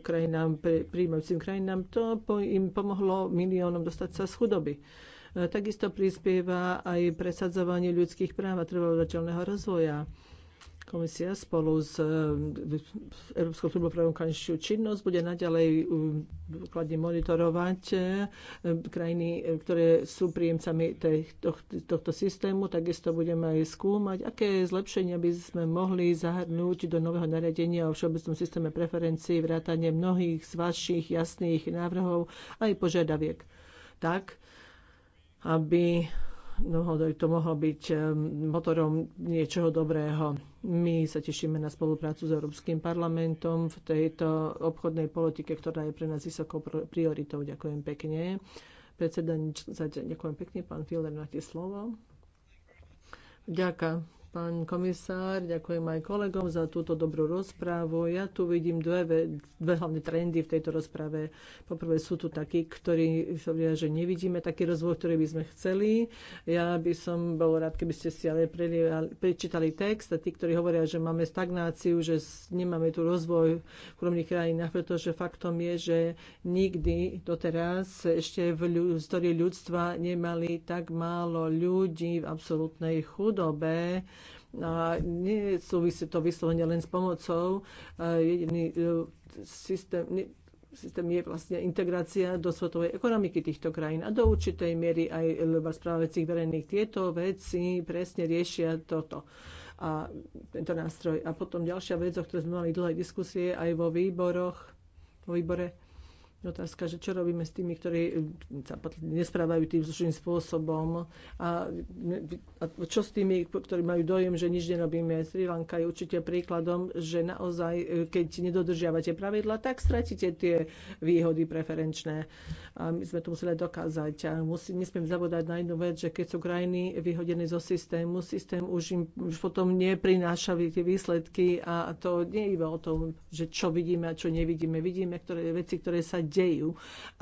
krajinám, príjmajúcim krajinám, to im pomohlo miliónom dostať sa z chudoby takisto prispieva aj presadzovanie ľudských práv a trvalodateľného rozvoja. Komisia spolu e, s Európskou službou pre vonkajšiu činnosť bude naďalej e, kladne monitorovať e, krajiny, ktoré sú príjemcami tohto systému. Takisto budeme aj skúmať, aké zlepšenia by sme mohli zahrnúť do nového nariadenia o všeobecnom systéme preferencií, vrátanie mnohých z vašich jasných návrhov aj požiadaviek. Tak, aby dohodoj no, to mohlo byť eh, motorom niečoho dobrého. My sa tešíme na spoluprácu s Európskym parlamentom v tejto obchodnej politike, ktorá je pre nás vysokou prioritou. Ďakujem pekne. Predseda, ďakujem pekne. Pán na máte slovo. Ďakujem pán komisár, ďakujem aj kolegom za túto dobrú rozprávu. Ja tu vidím dve, dve hlavné trendy v tejto rozprave. Poprvé sú tu takí, ktorí hovoria, že nevidíme taký rozvoj, ktorý by sme chceli. Ja by som bol rád, keby ste si ale prečítali text a tí, ktorí hovoria, že máme stagnáciu, že nemáme tu rozvoj v kromných krajinách, pretože faktom je, že nikdy doteraz ešte v histórii ľudstva nemali tak málo ľudí v absolútnej chudobe No a nie súvisí to vyslovene len s pomocou. Jediný e, systém, systém je vlastne integrácia do svetovej ekonomiky týchto krajín a do určitej miery aj správecích verejných tieto veci presne riešia toto a tento nástroj. A potom ďalšia vec, o ktorej sme mali dlhé diskusie aj vo výboroch, vo výbore, Otázka, že čo robíme s tými, ktorí eh, sa nesprávajú tým zlušným spôsobom a, a čo s tými, ktorí majú dojem, že nič nerobíme. Sri Lanka je určite príkladom, že naozaj, eh, keď nedodržiavate pravidla, tak stratíte tie výhody preferenčné. A my sme to museli dokázať. A musí, nesmiem zabodať na jednu vec, že keď sú krajiny vyhodené zo systému, systém už im už potom neprináša tie výsledky a to nie je iba o tom, že čo vidíme a čo nevidíme. Vidíme ktoré, veci, ktoré sa dejú.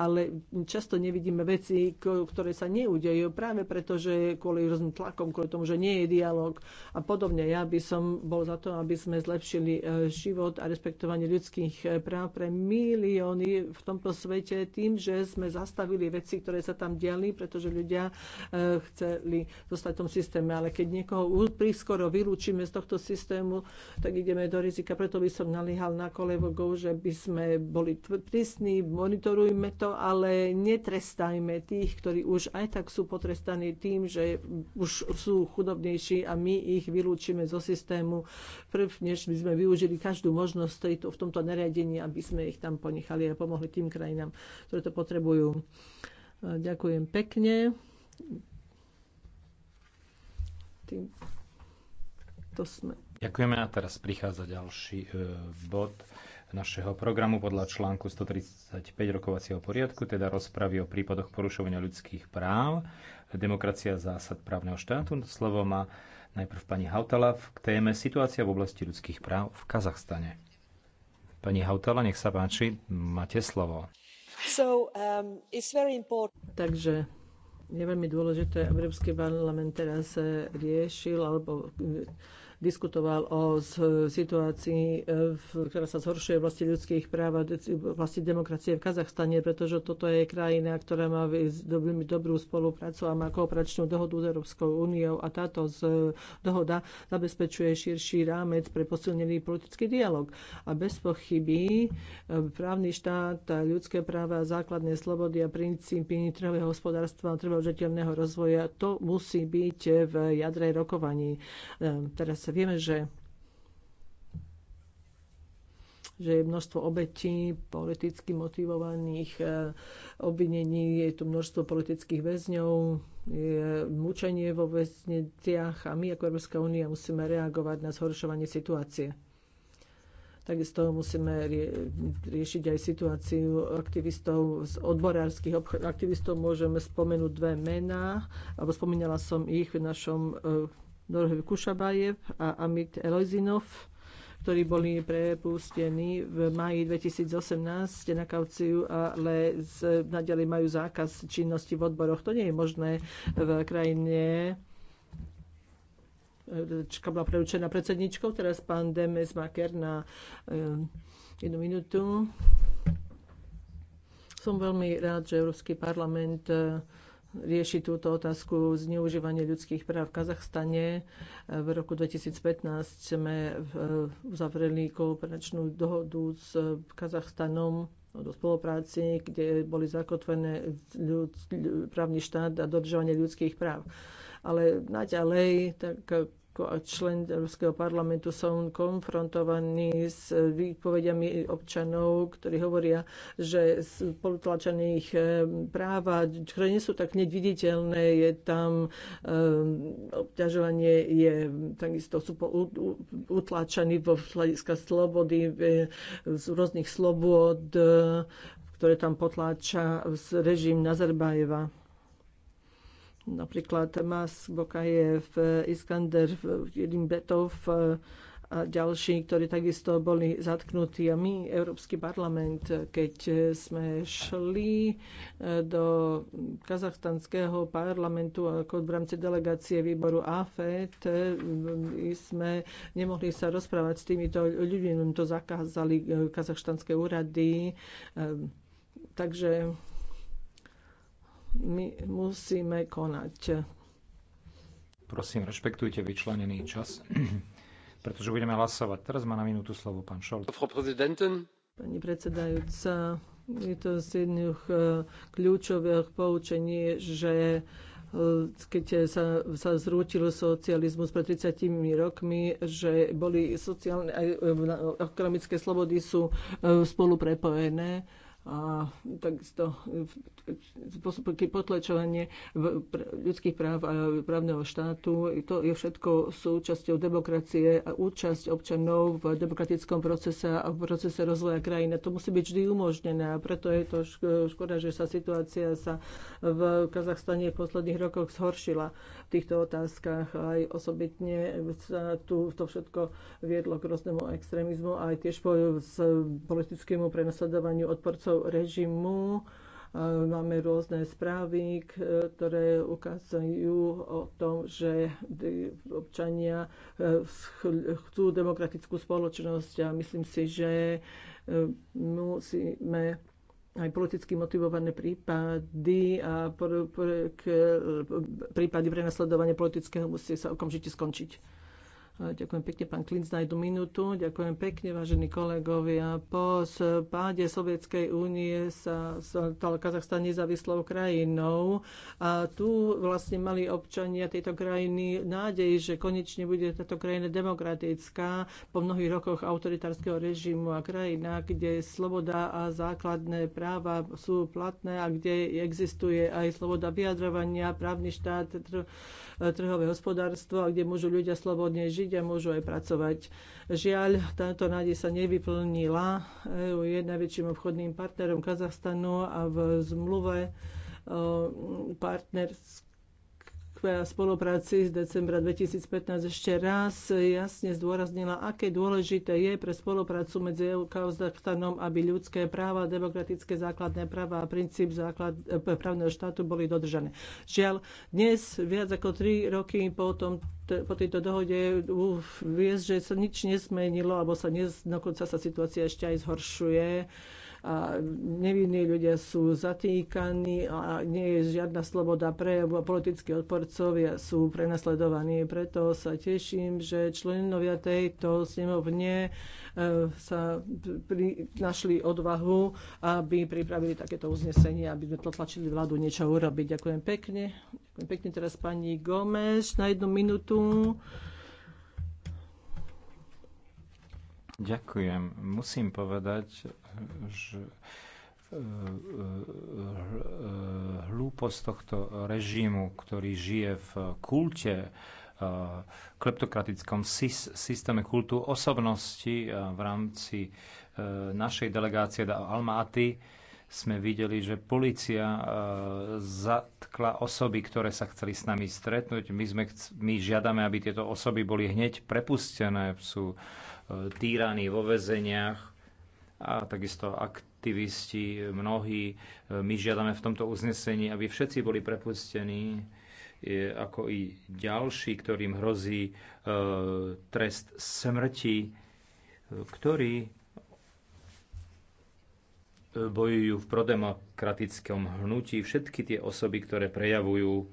Ale často nevidíme veci, ktoré sa neudejú práve preto, že kvôli rôznym tlakom, kvôli tomu, že nie je dialog a podobne. Ja by som bol za to, aby sme zlepšili e, život a respektovanie ľudských e, práv pre milióny v tomto svete tým, že sme zastavili veci, ktoré sa tam diali, pretože ľudia e, chceli zostať v tom systéme. Ale keď niekoho prískoro vylúčime z tohto systému, tak ideme do rizika. Preto by som nalíhal na kolegov, že by sme boli prísni, monitorujme to, ale netrestajme tých, ktorí už aj tak sú potrestaní tým, že už sú chudobnejší a my ich vylúčime zo systému, prv než by sme využili každú možnosť tejto, v tomto nariadení, aby sme ich tam ponechali a pomohli tým krajinám, ktoré to potrebujú. Ďakujem pekne. Tým to sme. Ďakujeme a teraz prichádza ďalší e, bod našeho programu podľa článku 135 rokovacieho poriadku, teda rozpravy o prípadoch porušovania ľudských práv, demokracia zásad právneho štátu. Slovo má najprv pani Hautala v téme Situácia v oblasti ľudských práv v Kazachstane. Pani Hautala, nech sa páči, máte slovo. So, um, it's very Takže je veľmi dôležité, Európsky parlament teraz eh, riešil alebo eh, diskutoval o situácii, e, ktorá sa zhoršuje v vlasti ľudských práv a vlasti demokracie v Kazachstane, pretože toto je krajina, ktorá má veľmi dobrú spoluprácu a má kooperačnú dohodu s Európskou úniou a táto z, dohoda zabezpečuje širší rámec pre posilnený politický dialog. A bez pochyby e, právny štát, ľudské práva, základné slobody a princípy trhového hospodárstva a trvého rozvoja, to musí byť v jadre rokovaní. E, teraz sa Vieme, že že je množstvo obetí politicky motivovaných e, obvinení, je tu množstvo politických väzňov, je mučenie vo väzniciach a my ako Európska únia musíme reagovať na zhoršovanie situácie. Takisto musíme rie- riešiť aj situáciu aktivistov z odborárskych aktivistov. Môžeme spomenúť dve mená, alebo spomínala som ich v našom e, Norhev Kušabajev a Amit Elozinov, ktorí boli prepustení v maji 2018 na kauciu, ale naďalej majú zákaz činnosti v odboroch. To nie je možné v krajine eh, Čka bola preučená predsedničkou, teraz pán Demes Maker na eh, jednu minútu. Som veľmi rád, že Európsky parlament eh, rieši túto otázku zneužívania ľudských práv v Kazachstane. V roku 2015 sme e, uzavreli kooperačnú dohodu s Kazachstanom do spolupráci, kde boli zakotvené ľud, ľud, právny štát a dodržovanie ľudských práv. Ale naďalej tak a člen Európskeho parlamentu som konfrontovaný s výpovediami občanov, ktorí hovoria, že z polutlačených eh, práva, ktoré nie sú tak viditeľné, je tam eh, obťažovanie, je, takisto sú utlačení vo hľadiska slobody, eh, z rôznych slobod, ktoré tam potláča režim Nazarbájeva Napríklad Mas Bokajev, eh, Iskander, eh, Jedin Betov eh, a ďalší, ktorí takisto boli zatknutí. A my, Európsky parlament, keď sme šli do kazachstanského parlamentu ako v rámci delegácie výboru AFET, sme nemohli sa rozprávať s týmito ľuďmi, to zakázali kazachstanské úrady. Takže my musíme konať. Prosím, rešpektujte vyčlenený čas, pretože budeme hlasovať. Teraz má na minútu slovo pán Šolt. Pani predsedajúca, je to z jedných e, kľúčových poučení, že e, keď sa, sa zrútil socializmus pred 30 rokmi, že boli sociálne e, a ekonomické slobody sú spolu prepojené a takisto postupky potlačovanie ľudských práv a právneho štátu. To je všetko súčasťou demokracie a účasť občanov v demokratickom procese a v procese rozvoja krajiny. To musí byť vždy umožnené a preto je to škoda, že sa situácia sa v Kazachstane v posledných rokoch zhoršila v týchto otázkach. Aj osobitne sa tu to všetko viedlo k rôznemu extrémizmu a aj tiež po, s politickému prenasledovaniu odporcov zástupcov režimu. E, máme rôzne správy, e, ktoré ukazujú o tom, že občania e, chcú demokratickú spoločnosť a myslím si, že musíme aj politicky motivované prípady a prípady pre nasledovanie prenasledovania politického musia sa okamžite skončiť. Ďakujem pekne, pán Klinc, na jednu minútu. Ďakujem pekne, vážení kolegovia. Po páde Sovietskej únie sa stal Kazachstan nezávislou krajinou a tu vlastne mali občania tejto krajiny nádej, že konečne bude táto krajina demokratická po mnohých rokoch autoritárskeho režimu a krajina, kde sloboda a základné práva sú platné a kde existuje aj sloboda vyjadrovania, právny štát, trhové hospodárstvo a kde môžu ľudia slobodne žiť žiť a môžu aj pracovať. Žiaľ, táto nádej sa nevyplnila. EU je najväčším obchodným partnerom Kazachstanu a v zmluve e, partners a spolupráci z decembra 2015 ešte raz jasne zdôraznila, aké dôležité je pre spoluprácu medzi EU a Kazachstanom, aby ľudské práva, demokratické základné práva a princíp základ, e, právneho štátu boli dodržané. Žiaľ, dnes viac ako tri roky po, tom, po tejto dohode viesť, že sa nič nezmenilo, alebo sa dnes, dokonca sa situácia ešte aj zhoršuje a nevinní ľudia sú zatýkaní a nie je žiadna sloboda prejavu a politickí odporcovia sú prenasledovaní. Preto sa teším, že členovia tejto snemovne e, sa pri, našli odvahu, aby pripravili takéto uznesenie, aby sme tlačili vládu niečo urobiť. Ďakujem pekne. Ďakujem pekne teraz pani Gomes na jednu minútu. Ďakujem. Musím povedať, že e, e, hlúposť tohto režimu, ktorý žije v kulte, e, kleptokratickom systéme kultu osobnosti v rámci našej delegácie do Almaty sme videli, že policia zatkla osoby, ktoré sa chceli s nami stretnúť. My, sme, my žiadame, aby tieto osoby boli hneď prepustené. Sú týraní vo väzeniach a takisto aktivisti mnohí. E, my žiadame v tomto uznesení, aby všetci boli prepustení, e, ako i ďalší, ktorým hrozí e, trest smrti, ktorí bojujú v prodemokratickom hnutí všetky tie osoby, ktoré prejavujú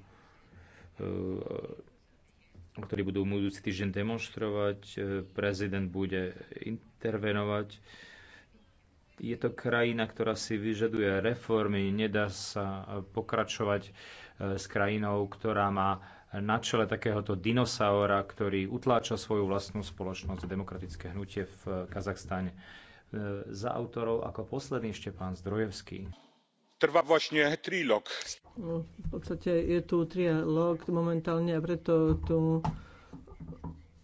ktorí budú budúci týždeň demonstrovať, e, prezident bude intervenovať. Je to krajina, ktorá si vyžaduje reformy, nedá sa pokračovať e, s krajinou, ktorá má na čele takéhoto dinosaura, ktorý utláča svoju vlastnú spoločnosť demokratické hnutie v Kazachstane. E, za autorov ako posledný Štepán Zdrojevský trvá vlastne trilog. V podstate je tu trilog momentálne a preto tu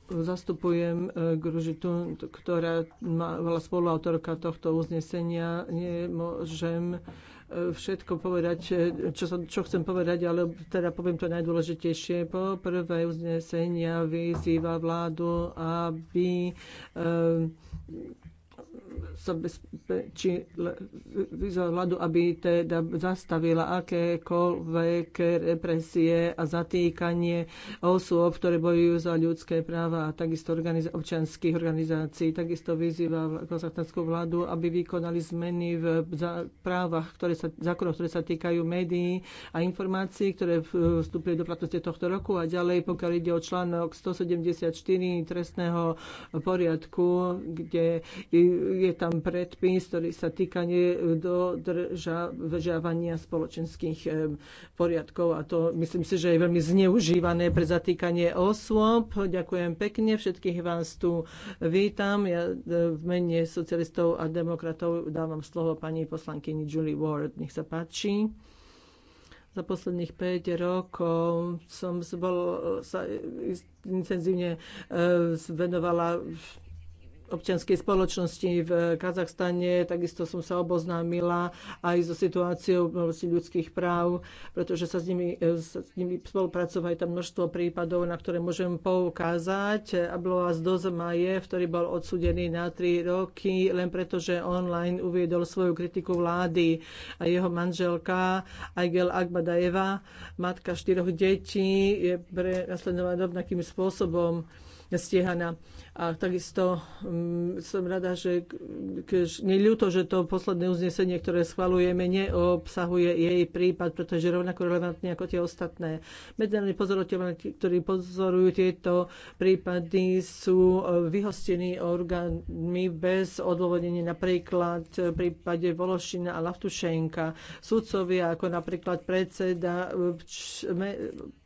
zastupujem e, Gružitu, ktorá má, bola spoluautorka tohto uznesenia. Nemôžem e, všetko povedať, e, čo, som, čo chcem povedať, ale teda poviem to najdôležitejšie. Po prvé uznesenia vyzýva vládu, aby um, vyzval vládu, aby teda zastavila akékoľvek represie a zatýkanie osôb, ktoré bojujú za ľudské práva a takisto organiz- občanských organizácií. Takisto vyzýva kazachstanskú vládu, aby vykonali zmeny v právach, ktoré sa, zákonoch, ktoré sa týkajú médií a informácií, ktoré vstúpili do platnosti tohto roku a ďalej, pokiaľ ide o článok 174 trestného poriadku, kde je tam tam predpis, ktorý sa týka dodržiavania spoločenských eh, poriadkov a to myslím si, že je veľmi zneužívané pre zatýkanie osôb. Ďakujem pekne, všetkých vás tu vítam. Ja eh, v mene socialistov a demokratov dávam slovo pani poslankyni Julie Ward. Nech sa páči za posledných 5 rokov som bol, sa intenzívne eh, venovala občianskej spoločnosti v Kazachstane. Takisto som sa oboznámila aj so situáciou ľudských práv, pretože sa s nimi, sa s nimi spolupracovali tam množstvo prípadov, na ktoré môžem poukázať. do Dozmajev, ktorý bol odsudený na tri roky len preto, že online uviedol svoju kritiku vlády a jeho manželka Aigel Akbadajeva, matka štyroch detí, je nasledovaná rovnakým spôsobom stiehaná. A takisto mm, som rada, že neľúto, že to posledné uznesenie, ktoré schvalujeme, neobsahuje jej prípad, pretože rovnako relevantný ako tie ostatné. Medzinárodní pozorovateľe, ktorí pozorujú tieto prípady, sú e, vyhostení orgánmi bez odôvodnenia, napríklad e, v prípade Vološina a Laftušenka. Súdcovia, ako napríklad predseda e,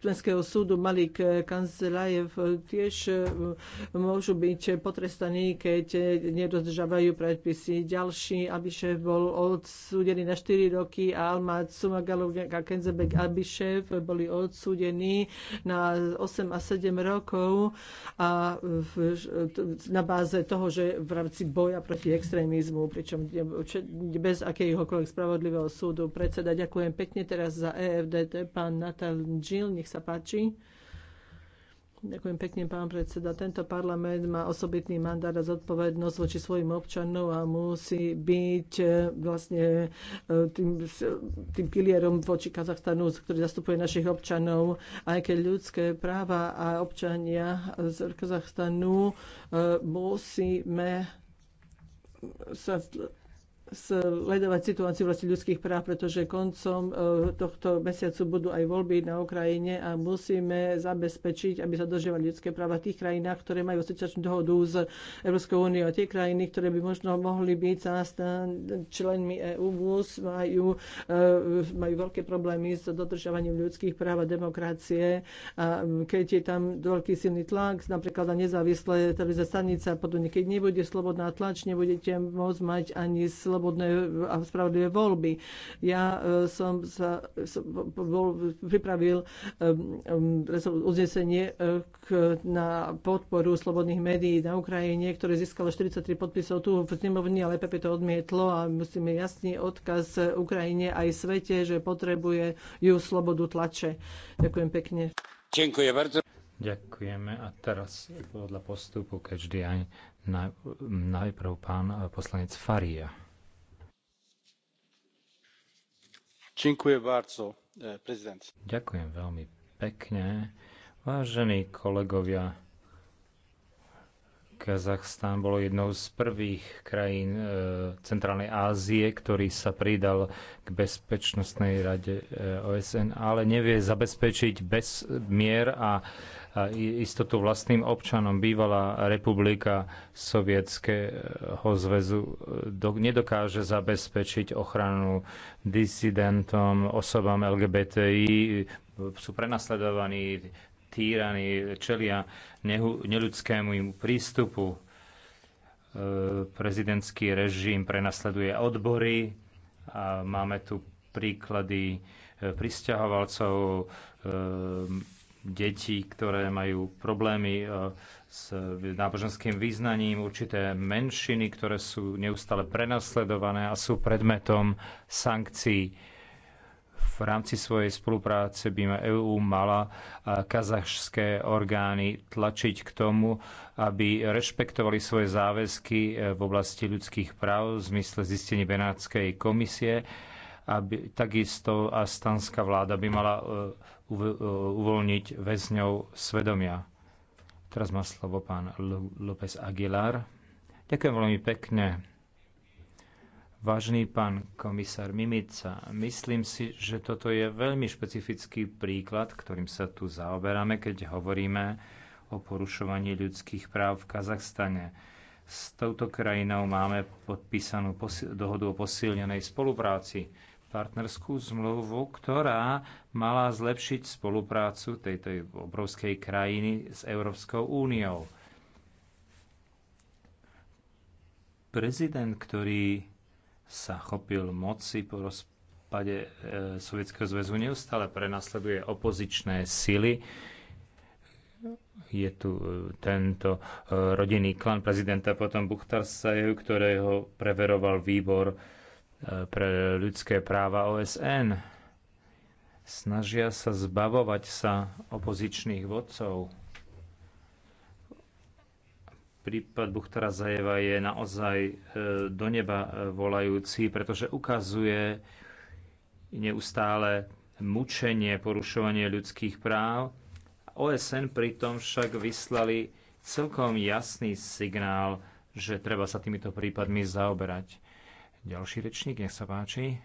Mestského súdu Malik Kanzelajev, tiež môžu byť potrestaní, keď nedodržavajú predpisy. Ďalší Abišev bol odsúdený na 4 roky a Almat Sumagalov a Kenzebek Abišev boli odsúdení na 8 a 7 rokov a v, na báze toho, že v rámci boja proti extrémizmu, pričom bez akéhokoľvek spravodlivého súdu. Predseda, ďakujem pekne teraz za EFDT, pán Natal Gil, nech sa páči. Ďakujem pekne, pán predseda. Tento parlament má osobitný mandát a zodpovednosť voči svojim občanom a musí byť e, vlastne e, tým, tým pilierom voči Kazachstanu, ktorý zastupuje našich občanov, aj keď ľudské práva a občania z Kazachstanu e, musíme sa sledovať situáciu vlastne ľudských práv, pretože koncom e, tohto mesiacu budú aj voľby na Ukrajine a musíme zabezpečiť, aby sa dožívali ľudské práva v tých krajinách, ktoré majú asociačnú dohodu s Európskou úniou. A tie krajiny, ktoré by možno mohli byť členmi EÚ, majú, e, majú veľké problémy s dodržiavaním ľudských práv a demokracie. A keď je tam veľký silný tlak, napríklad na nezávislé televízne stanice a podobne, keď nebude slobodná tlač, nebudete môcť mať ani slobodná slobodné a spravodlivé voľby. Ja e, som sa som bol, pripravil e, e, uznesenie k, na podporu slobodných médií na Ukrajine, ktoré získalo 43 podpisov tu v snemovni, ale Pepe to odmietlo a musíme jasný odkaz Ukrajine aj svete, že potrebuje ju slobodu tlače. Ďakujem pekne. Ďakujem bardzo. Ďakujeme. A teraz podľa postupu každý aj najprv pán poslanec Faria. E, Ďakujem veľmi pekne. Vážení kolegovia, Kazachstán bolo jednou z prvých krajín e, Centrálnej Ázie, ktorý sa pridal k Bezpečnostnej rade e, OSN, ale nevie zabezpečiť bez mier a istotu vlastným občanom. Bývalá republika Sovietského zväzu e, nedokáže zabezpečiť ochranu disidentom, osobám LGBTI, sú prenasledovaní, týraní, čelia neľudskému prístupu. E, prezidentský režim prenasleduje odbory a máme tu príklady e, pristahovalcov, deti, ktoré majú problémy e, s e, náboženským význaním, určité menšiny, ktoré sú neustále prenasledované a sú predmetom sankcií. V rámci svojej spolupráce by ma EU mala e, kazachské orgány tlačiť k tomu, aby rešpektovali svoje záväzky v oblasti ľudských práv v zmysle zistení Benátskej komisie aby takisto astanská vláda by mala E, uvoľniť väzňov svedomia. Teraz má slovo pán López Aguilar. Ďakujem veľmi pekne. Vážený pán komisár Mimica, myslím si, že toto je veľmi špecifický príklad, ktorým sa tu zaoberáme, keď hovoríme o porušovaní ľudských práv v Kazachstane. S touto krajinou máme podpísanú dohodu o posilnenej spolupráci partnerskú zmluvu, ktorá mala zlepšiť spoluprácu tejto obrovskej krajiny s Európskou úniou. Prezident, ktorý sa chopil moci po rozpade e, zväzu, neustále prenasleduje opozičné sily. Je tu e, tento e, rodinný klan prezidenta, potom Buchtar Sajev, ktorého preveroval výbor pre ľudské práva OSN. Snažia sa zbavovať sa opozičných vodcov. Prípad Buchtara Zajeva je naozaj e, do neba e, volajúci, pretože ukazuje neustále mučenie, porušovanie ľudských práv. OSN pritom však vyslali celkom jasný signál, že treba sa týmito prípadmi zaoberať ďalší rečník, nech sa páči.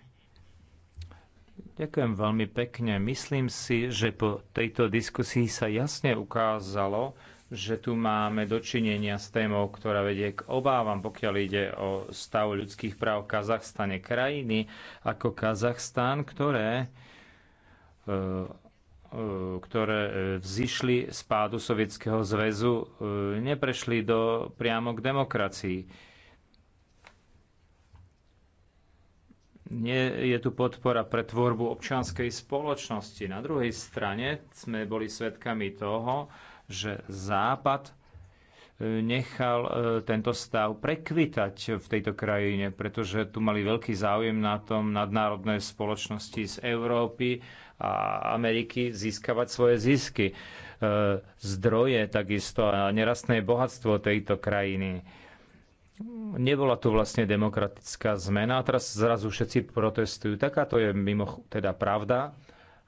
Ďakujem veľmi pekne. Myslím si, že po tejto diskusii sa jasne ukázalo, že tu máme dočinenia s témou, ktorá vedie k obávam, pokiaľ ide o stav ľudských práv v Kazachstane. Krajiny ako Kazachstan, ktoré e, e, ktoré e, vzýšli z pádu Sovietskeho zväzu, neprešli do, priamo k demokracii Nie je tu podpora pre tvorbu občianskej spoločnosti. Na druhej strane sme boli svedkami toho, že Západ e, nechal e, tento stav prekvitať v tejto krajine, pretože tu mali veľký záujem na tom nadnárodné spoločnosti z Európy a Ameriky získavať svoje zisky, e, zdroje takisto a nerastné bohatstvo tejto krajiny nebola tu vlastne demokratická zmena a teraz zrazu všetci protestujú. Taká to je mimo teda pravda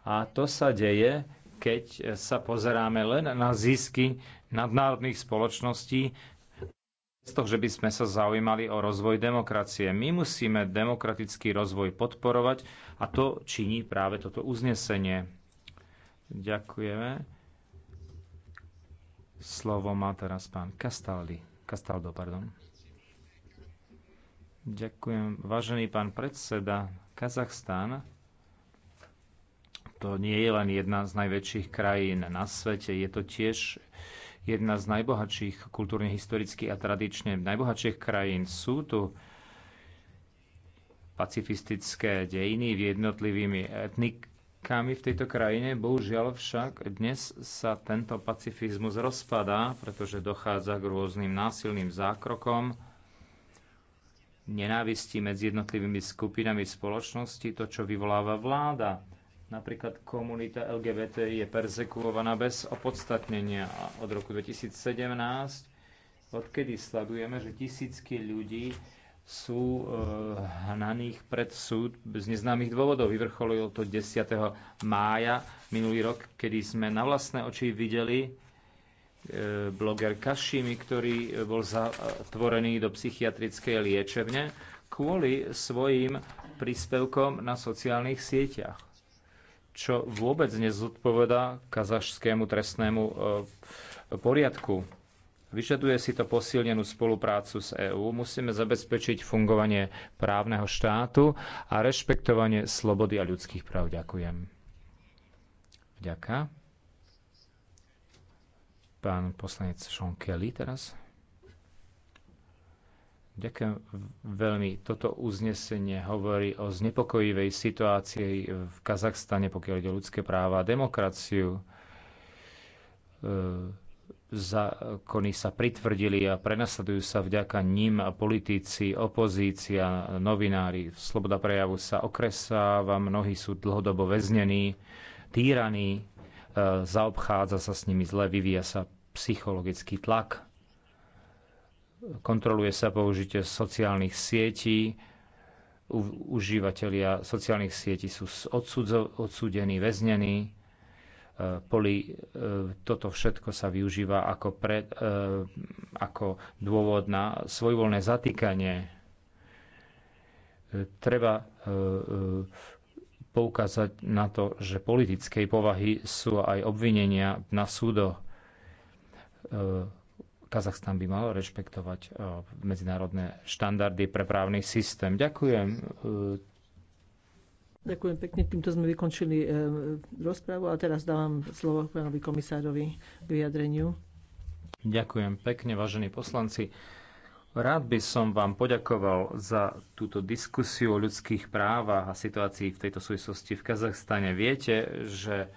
a to sa deje, keď sa pozeráme len na zisky nadnárodných spoločností, z toho, že by sme sa zaujímali o rozvoj demokracie. My musíme demokratický rozvoj podporovať a to činí práve toto uznesenie. Ďakujeme. Slovo má teraz pán Castaldi. Castaldo, pardon. Ďakujem. Vážený pán predseda, Kazachstan to nie je len jedna z najväčších krajín na svete, je to tiež jedna z najbohatších kultúrne, historicky a tradične najbohatších krajín. Sú tu pacifistické dejiny v jednotlivými etnikami v tejto krajine. Bohužiaľ však dnes sa tento pacifizmus rozpadá, pretože dochádza k rôznym násilným zákrokom, nenávisti medzi jednotlivými skupinami spoločnosti, to, čo vyvoláva vláda. Napríklad komunita LGBT je persekuovaná bez opodstatnenia a od roku 2017, odkedy sledujeme, že tisícky ľudí sú e, hnaných pred súd z neznámych dôvodov. Vyvrcholilo to 10. mája minulý rok, kedy sme na vlastné oči videli, E, bloger Kašimi, ktorý e, bol zatvorený do psychiatrickej liečebne kvôli svojim príspevkom na sociálnych sieťach, čo vôbec nezodpoveda kazašskému trestnému e, poriadku. Vyžaduje si to posilnenú spoluprácu s EÚ. Musíme zabezpečiť fungovanie právneho štátu a rešpektovanie slobody a ľudských práv. Ďakujem. Ďakujem. Pán poslanec Sean Kelly teraz. Ďakujem veľmi. Toto uznesenie hovorí o znepokojivej situácii v Kazachstane, pokiaľ ide o ľudské práva a demokraciu. E, zákony sa pritvrdili a prenasledujú sa vďaka ním politici, opozícia, novinári. Sloboda prejavu sa okresáva, mnohí sú dlhodobo väznení, týraní, e, zaobchádza sa s nimi zle, vyvíja sa psychologický tlak. Kontroluje sa použitie sociálnych sietí. Užívateľia sociálnych sietí sú odsúdení, väznení. E, poli, e, toto všetko sa využíva ako, pre, e, ako dôvod na svojvoľné zatýkanie. Treba poukázať na to, že politickej povahy sú aj obvinenia na súdoch E, Kazachstan by mal rešpektovať e, medzinárodné štandardy pre právny systém. Ďakujem. E, Ďakujem pekne. Týmto sme vykončili rozprávu a teraz dávam slovo pánovi komisárovi k vyjadreniu. Ďakujem pekne, vážení poslanci. Rád by som vám poďakoval za túto diskusiu o ľudských právach a situácii v tejto súvislosti v Kazachstane. Viete, že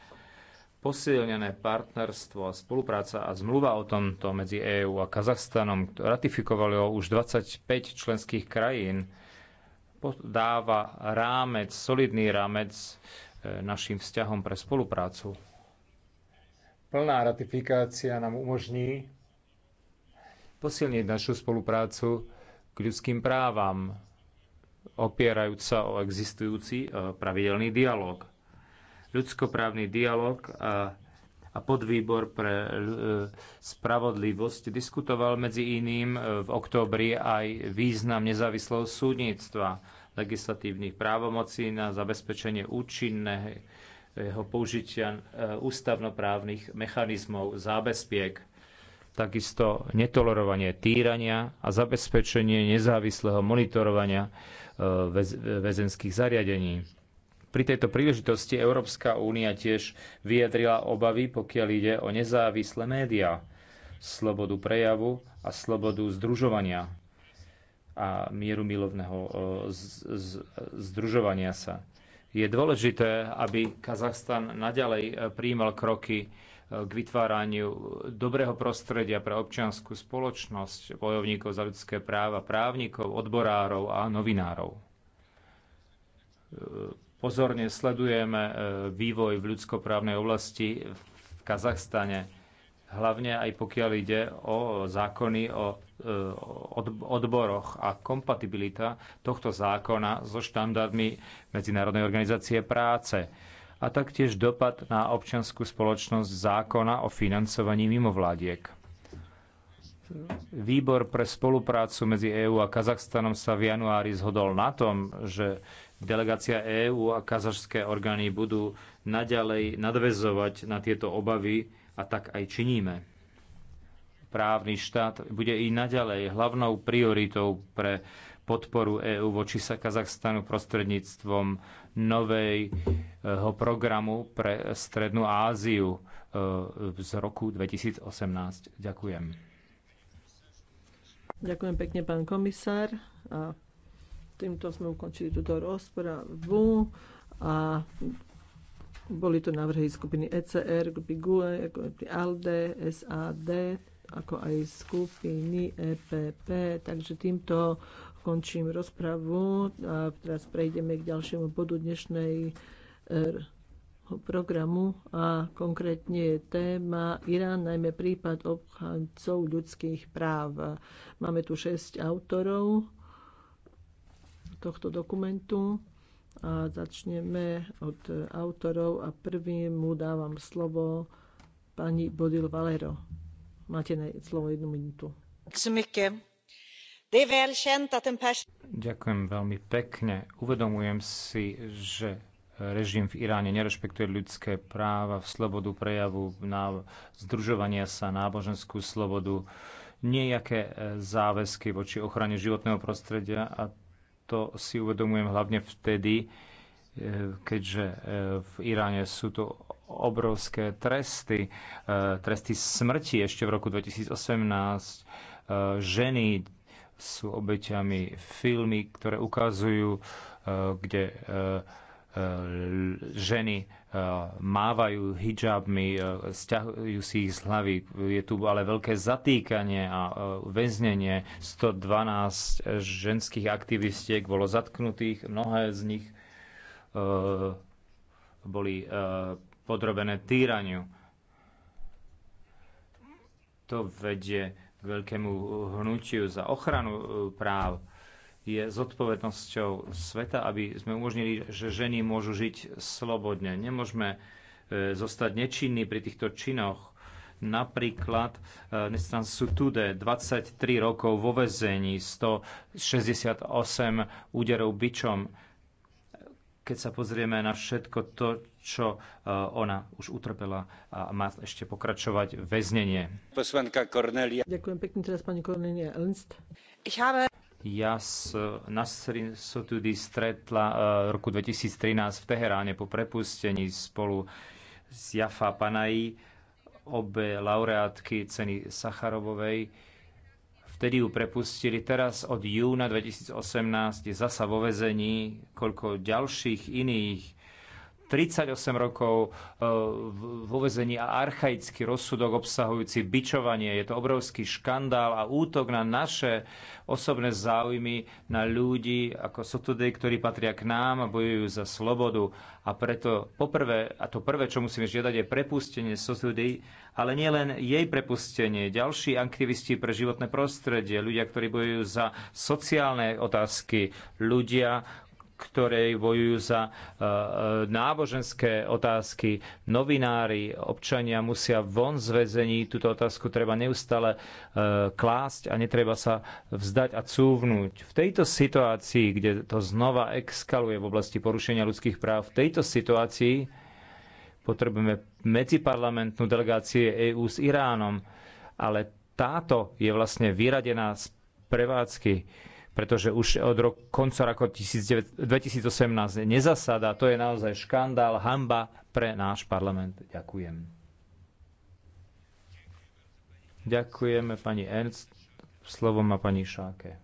posilnené partnerstvo a spolupráca a zmluva o tomto medzi EÚ a Kazachstanom, ratifikovali ho už 25 členských krajín, dáva rámec, solidný rámec e, našim vzťahom pre spoluprácu. Plná ratifikácia nám umožní posilniť našu spoluprácu k ľudským právam, opierajúc sa o existujúci e, pravidelný dialog ľudskoprávny dialog a, a podvýbor pre e, spravodlivosť diskutoval medzi iným e, v októbri aj význam nezávislého súdnictva, legislatívnych právomocí na zabezpečenie účinného použitia použitia e, ústavnoprávnych mechanizmov zábezpiek, takisto netolerovanie týrania a zabezpečenie nezávislého monitorovania väzenských zariadení pri tejto príležitosti Európska únia tiež vyjadrila obavy, pokiaľ ide o nezávislé médiá, slobodu prejavu a slobodu združovania a mieru milovného e, združovania sa. Je dôležité, aby Kazachstan naďalej e, príjmal kroky e, k vytváraniu dobrého prostredia pre občianskú spoločnosť, bojovníkov za ľudské práva, právnikov, odborárov a novinárov Pozorne sledujeme e, vývoj v ľudskoprávnej oblasti v Kazachstane, hlavne aj pokiaľ ide o zákony o e, odboroch a kompatibilita tohto zákona so štandardmi Medzinárodnej organizácie práce a taktiež dopad na občianskú spoločnosť zákona o financovaní mimovládiek. Výbor pre spoluprácu medzi EÚ a Kazachstanom sa v januári zhodol na tom, že Delegácia EÚ a kazašské orgány budú naďalej nadvezovať na tieto obavy a tak aj činíme. Právny štát bude i naďalej hlavnou prioritou pre podporu EÚ voči sa Kazachstanu prostredníctvom nového programu pre Strednú Áziu e, z roku 2018. Ďakujem. Ďakujem pekne, pán komisár. A týmto sme ukončili túto rozpravu a boli to návrhy skupiny ECR, grupy GUE, ALDE, SAD, ako aj skupiny EPP. Takže týmto končím rozpravu a teraz prejdeme k ďalšiemu bodu dnešnej e, programu a konkrétne je téma Irán, najmä prípad obchádzov ľudských práv. Máme tu šesť autorov tohto dokumentu a začneme od autorov a prvým mu dávam slovo pani Bodil Valero. Máte na slovo jednu minútu. Ďakujem veľmi pekne. Uvedomujem si, že režim v Iráne nerešpektuje ľudské práva, slobodu prejavu, na združovania sa, náboženskú slobodu, nejaké e, záväzky voči ochrane životného prostredia a to si uvedomujem hlavne vtedy, e, keďže e, v Iráne sú to obrovské tresty, e, tresty smrti ešte v roku 2018. Ženy sú obeťami filmy, ktoré ukazujú, kde E, ženy e, mávajú hijabmi, e, stiahujú si ich z hlavy. Je tu ale veľké zatýkanie a väznenie. 112 ženských aktivistiek bolo zatknutých, mnohé z nich boli podrobené týraniu. To vedie k veľkému hnutiu za ochranu práv je zodpovednosťou sveta, aby sme umožnili, že ženy môžu žiť slobodne. Nemôžeme e, zostať nečinní pri týchto činoch. Napríklad e, Nestan Sutude 23 rokov vo vezení, 168 úderov bičom. Keď sa pozrieme na všetko to, čo e, ona už utrpela a má ešte pokračovať väznenie. Poslanka Cornelia. Ďakujem pekne teraz pani Cornelia Ernst. Ich habe ja s eh, Nasrin Sotudi stretla v eh, roku 2013 v Teheráne po prepustení spolu s Jafa Panají, obe laureátky ceny Sacharovovej. Vtedy ju prepustili, teraz od júna 2018 je zasa vo vezení, koľko ďalších iných 38 rokov e, vo vezení a archaický rozsudok obsahujúci bičovanie. Je to obrovský škandál a útok na naše osobné záujmy, na ľudí, ako sú tu ktorí patria k nám a bojujú za slobodu. A preto poprvé, a to prvé, čo musíme žiadať, je prepustenie ľudí, ale nie len jej prepustenie. Ďalší aktivisti pre životné prostredie, ľudia, ktorí bojujú za sociálne otázky, ľudia, ktorej bojujú za e, e, náboženské otázky. Novinári, občania musia von z väzení. Túto otázku treba neustále e, klásť a netreba sa vzdať a cúvnuť. V tejto situácii, kde to znova exkaluje v oblasti porušenia ľudských práv, v tejto situácii potrebujeme medziparlamentnú delegáciu EÚ s Iránom, ale táto je vlastne vyradená z prevádzky pretože už od roku, konca roku 2018 nezasada. To je naozaj škandál, hamba pre náš parlament. Ďakujem. Ďakujeme pani Ernst. Slovo má pani Šáke.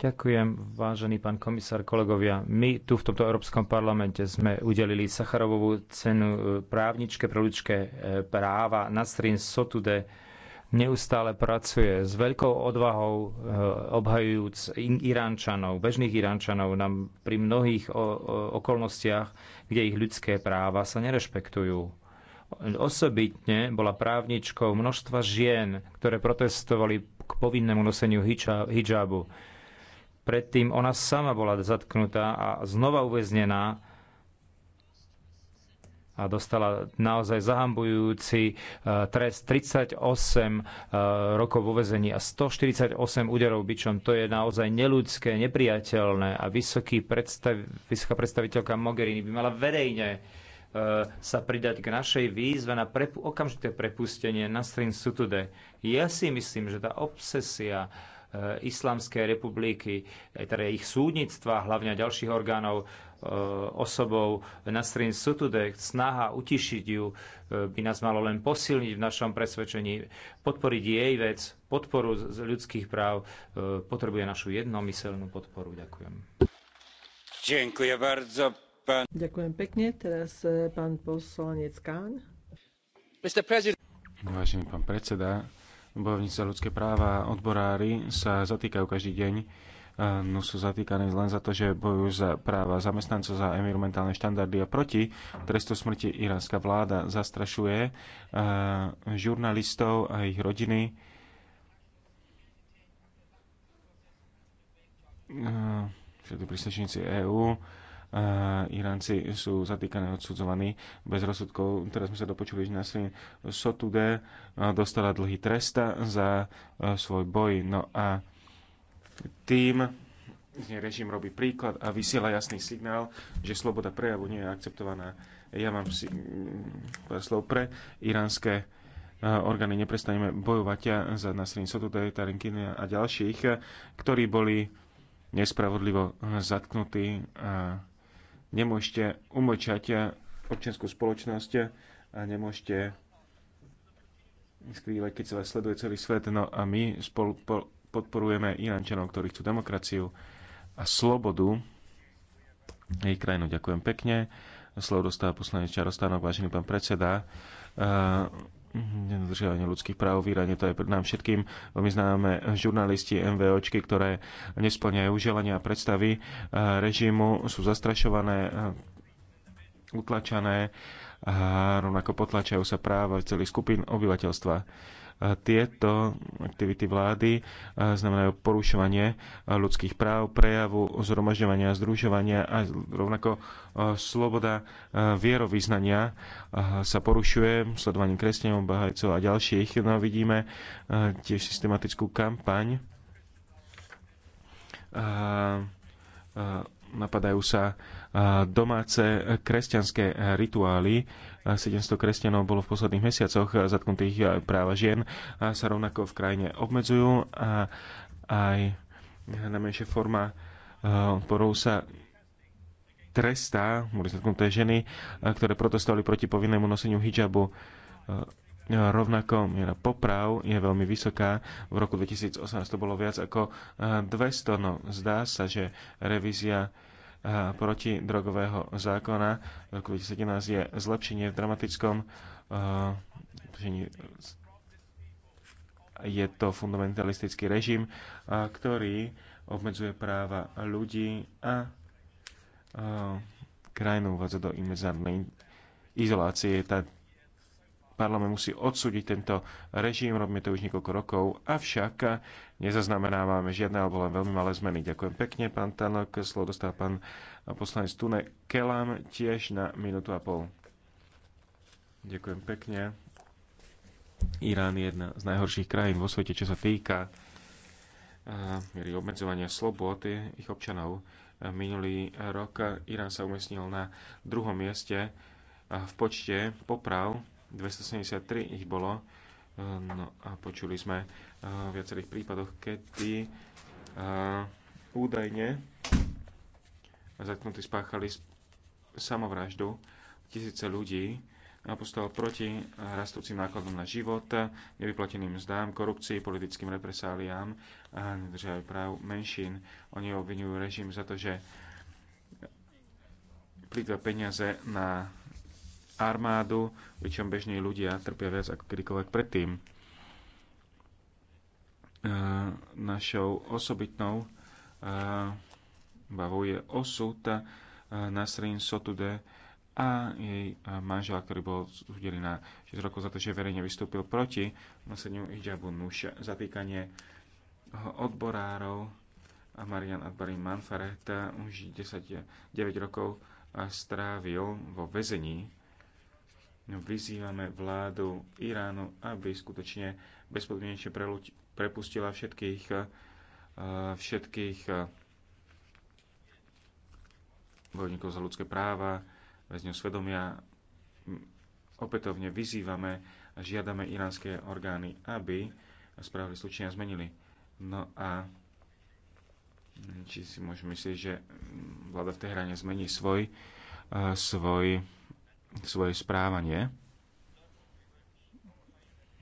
Ďakujem, vážený pán komisár, kolegovia. My tu v tomto Európskom parlamente sme udelili Sacharovovú cenu e, právničke pre ľudské e, práva Nasrin Sotude. Neustále pracuje s veľkou odvahou, e, obhajujúc Iránčanov, bežných Iránčanov nám pri mnohých okolnostiach, kde ich ľudské práva sa nerešpektujú. Osobitne bola právničkou množstva žien, ktoré protestovali k povinnému noseniu hijab, hijabu Predtým ona sama bola zatknutá a znova uväznená a dostala naozaj zahambujúci e, trest 38 e, rokov vo vezení a 148 úderov bičom. To je naozaj neludské, nepriateľné a vysoký predstav, vysoká predstaviteľka Mogherini by mala verejne e, sa pridať k našej výzve na prepu- okamžité prepustenie Nasrin Sutude. Ja si myslím, že tá obsesia uh, Eh, Islamskej republiky, teda ich súdnictva, hlavne ďalších orgánov, eh, osobou Nasrin Sutudek, snaha utišiť ju eh, by nás malo len posilniť v našom presvedčení, podporiť jej vec, podporu ľudských práv, potrebuje našu jednomyselnú podporu. Ďakujem. Ďakujem bardzo. Pán... Ďakujem pekne. Teraz pán poslanec Kán. Vážený pán predseda, bojovníci za ľudské práva, odborári sa zatýkajú každý deň. No sú zatýkaní len za to, že bojujú za práva zamestnancov, za environmentálne štandardy a proti trestu smrti iránska vláda zastrašuje žurnalistov a ich rodiny. Všetci príslušníci EÚ Iránci sú zatýkaní, odsudzovaní bez rozsudkov. Teraz sme sa dopočuli, že Nasrin Sotude e, dostala dlhý trest za e, svoj boj. No a tým režim robí príklad a vysiela jasný signál, že sloboda prejavu nie je akceptovaná. Ja mám slov pre iránske e, orgány neprestaneme bojovať za Nasrin Sotude, Tarin a ďalších, ktorí boli nespravodlivo zatknutí a nemôžete umlčať občianskú spoločnosť a nemôžete skrývať, keď sa vás sleduje celý svet. No a my spolu podporujeme Iránčanov, ktorí chcú demokraciu a slobodu jej krajinu. Ďakujem pekne. Slovo dostáva poslanec Čarostánok, vážený pán predseda nedodržiavanie ľudských práv v Iráne. To je pred nám všetkým veľmi známe žurnalisti MVOčky, ktoré nesplňajú želania a predstavy eh, režimu, sú zastrašované, eh, utlačané a eh, rovnako potlačajú sa práva celých skupín obyvateľstva tieto aktivity vlády znamenajú porušovanie ľudských práv, prejavu, zhromažďovania, združovania a rovnako sloboda vierovýznania sa porušuje sledovaním kresťanov, bahajcov a ďalších. No vidíme tiež systematickú kampaň napadajú sa domáce kresťanské rituály. 700 kresťanov bolo v posledných mesiacoch zatknutých práva žien a sa rovnako v krajine obmedzujú a aj najmenšia forma odporov sa trestá, boli zatknuté ženy, ktoré protestovali proti povinnému noseniu hijabu Rovnako miera poprav je veľmi vysoká. V roku 2018 to bolo viac ako 200. Eh, no, zdá sa, že revízia eh, proti drogového zákona v roku 2017 je zlepšenie v dramatickom eh, je to fundamentalistický režim, ktorý obmedzuje práva ľudí a krajinu uvádza do imezárnej izolácie. Tá Parlament musí odsúdiť tento režim, robíme to už niekoľko rokov, avšak nezaznamenávame žiadne alebo len veľmi malé zmeny. Ďakujem pekne, pán Tanok. Slovo dostáva pán poslanec Tune Kelam tiež na minútu a pol. Ďakujem pekne. Irán je jedna z najhorších krajín vo svete, čo sa týka eh, miery obmedzovania slobod ich občanov. Minulý rok Irán sa umiestnil na druhom mieste v počte poprav 273 ich bolo. E, no a počuli sme e, v viacerých prípadoch, kedy e, údajne zatknutí spáchali samovraždu. Tisíce ľudí postalo proti rastúcim nákladom na život, nevyplateným zdám, korupcii, politickým represáliám a nedržajú práv menšín. Oni obvinujú režim za to, že plýtva peniaze na armádu, pričom bežní ľudia trpia viac ako kedykoľvek predtým. E, našou osobitnou e, bavou je osud e, Nasrin Sotude a jej manžela, ktorý bol súdený na 6 rokov za to, že verejne vystúpil proti noseniu hijabu nuša, zatýkanie odborárov a Marian Adbari Manfaret už 10, 9 rokov strávil vo väzení No, vyzývame vládu Iránu, aby skutočne bezpodmienečne prepustila všetkých, eh, všetkých eh, bojovníkov za ľudské práva, väzňov svedomia. Mm, opätovne vyzývame a žiadame iránske orgány, aby správy slučenia zmenili. No a mm, či si môžeme myslieť, že mm, vláda v Tehrane zmení svoj, eh, svoj svoje správanie.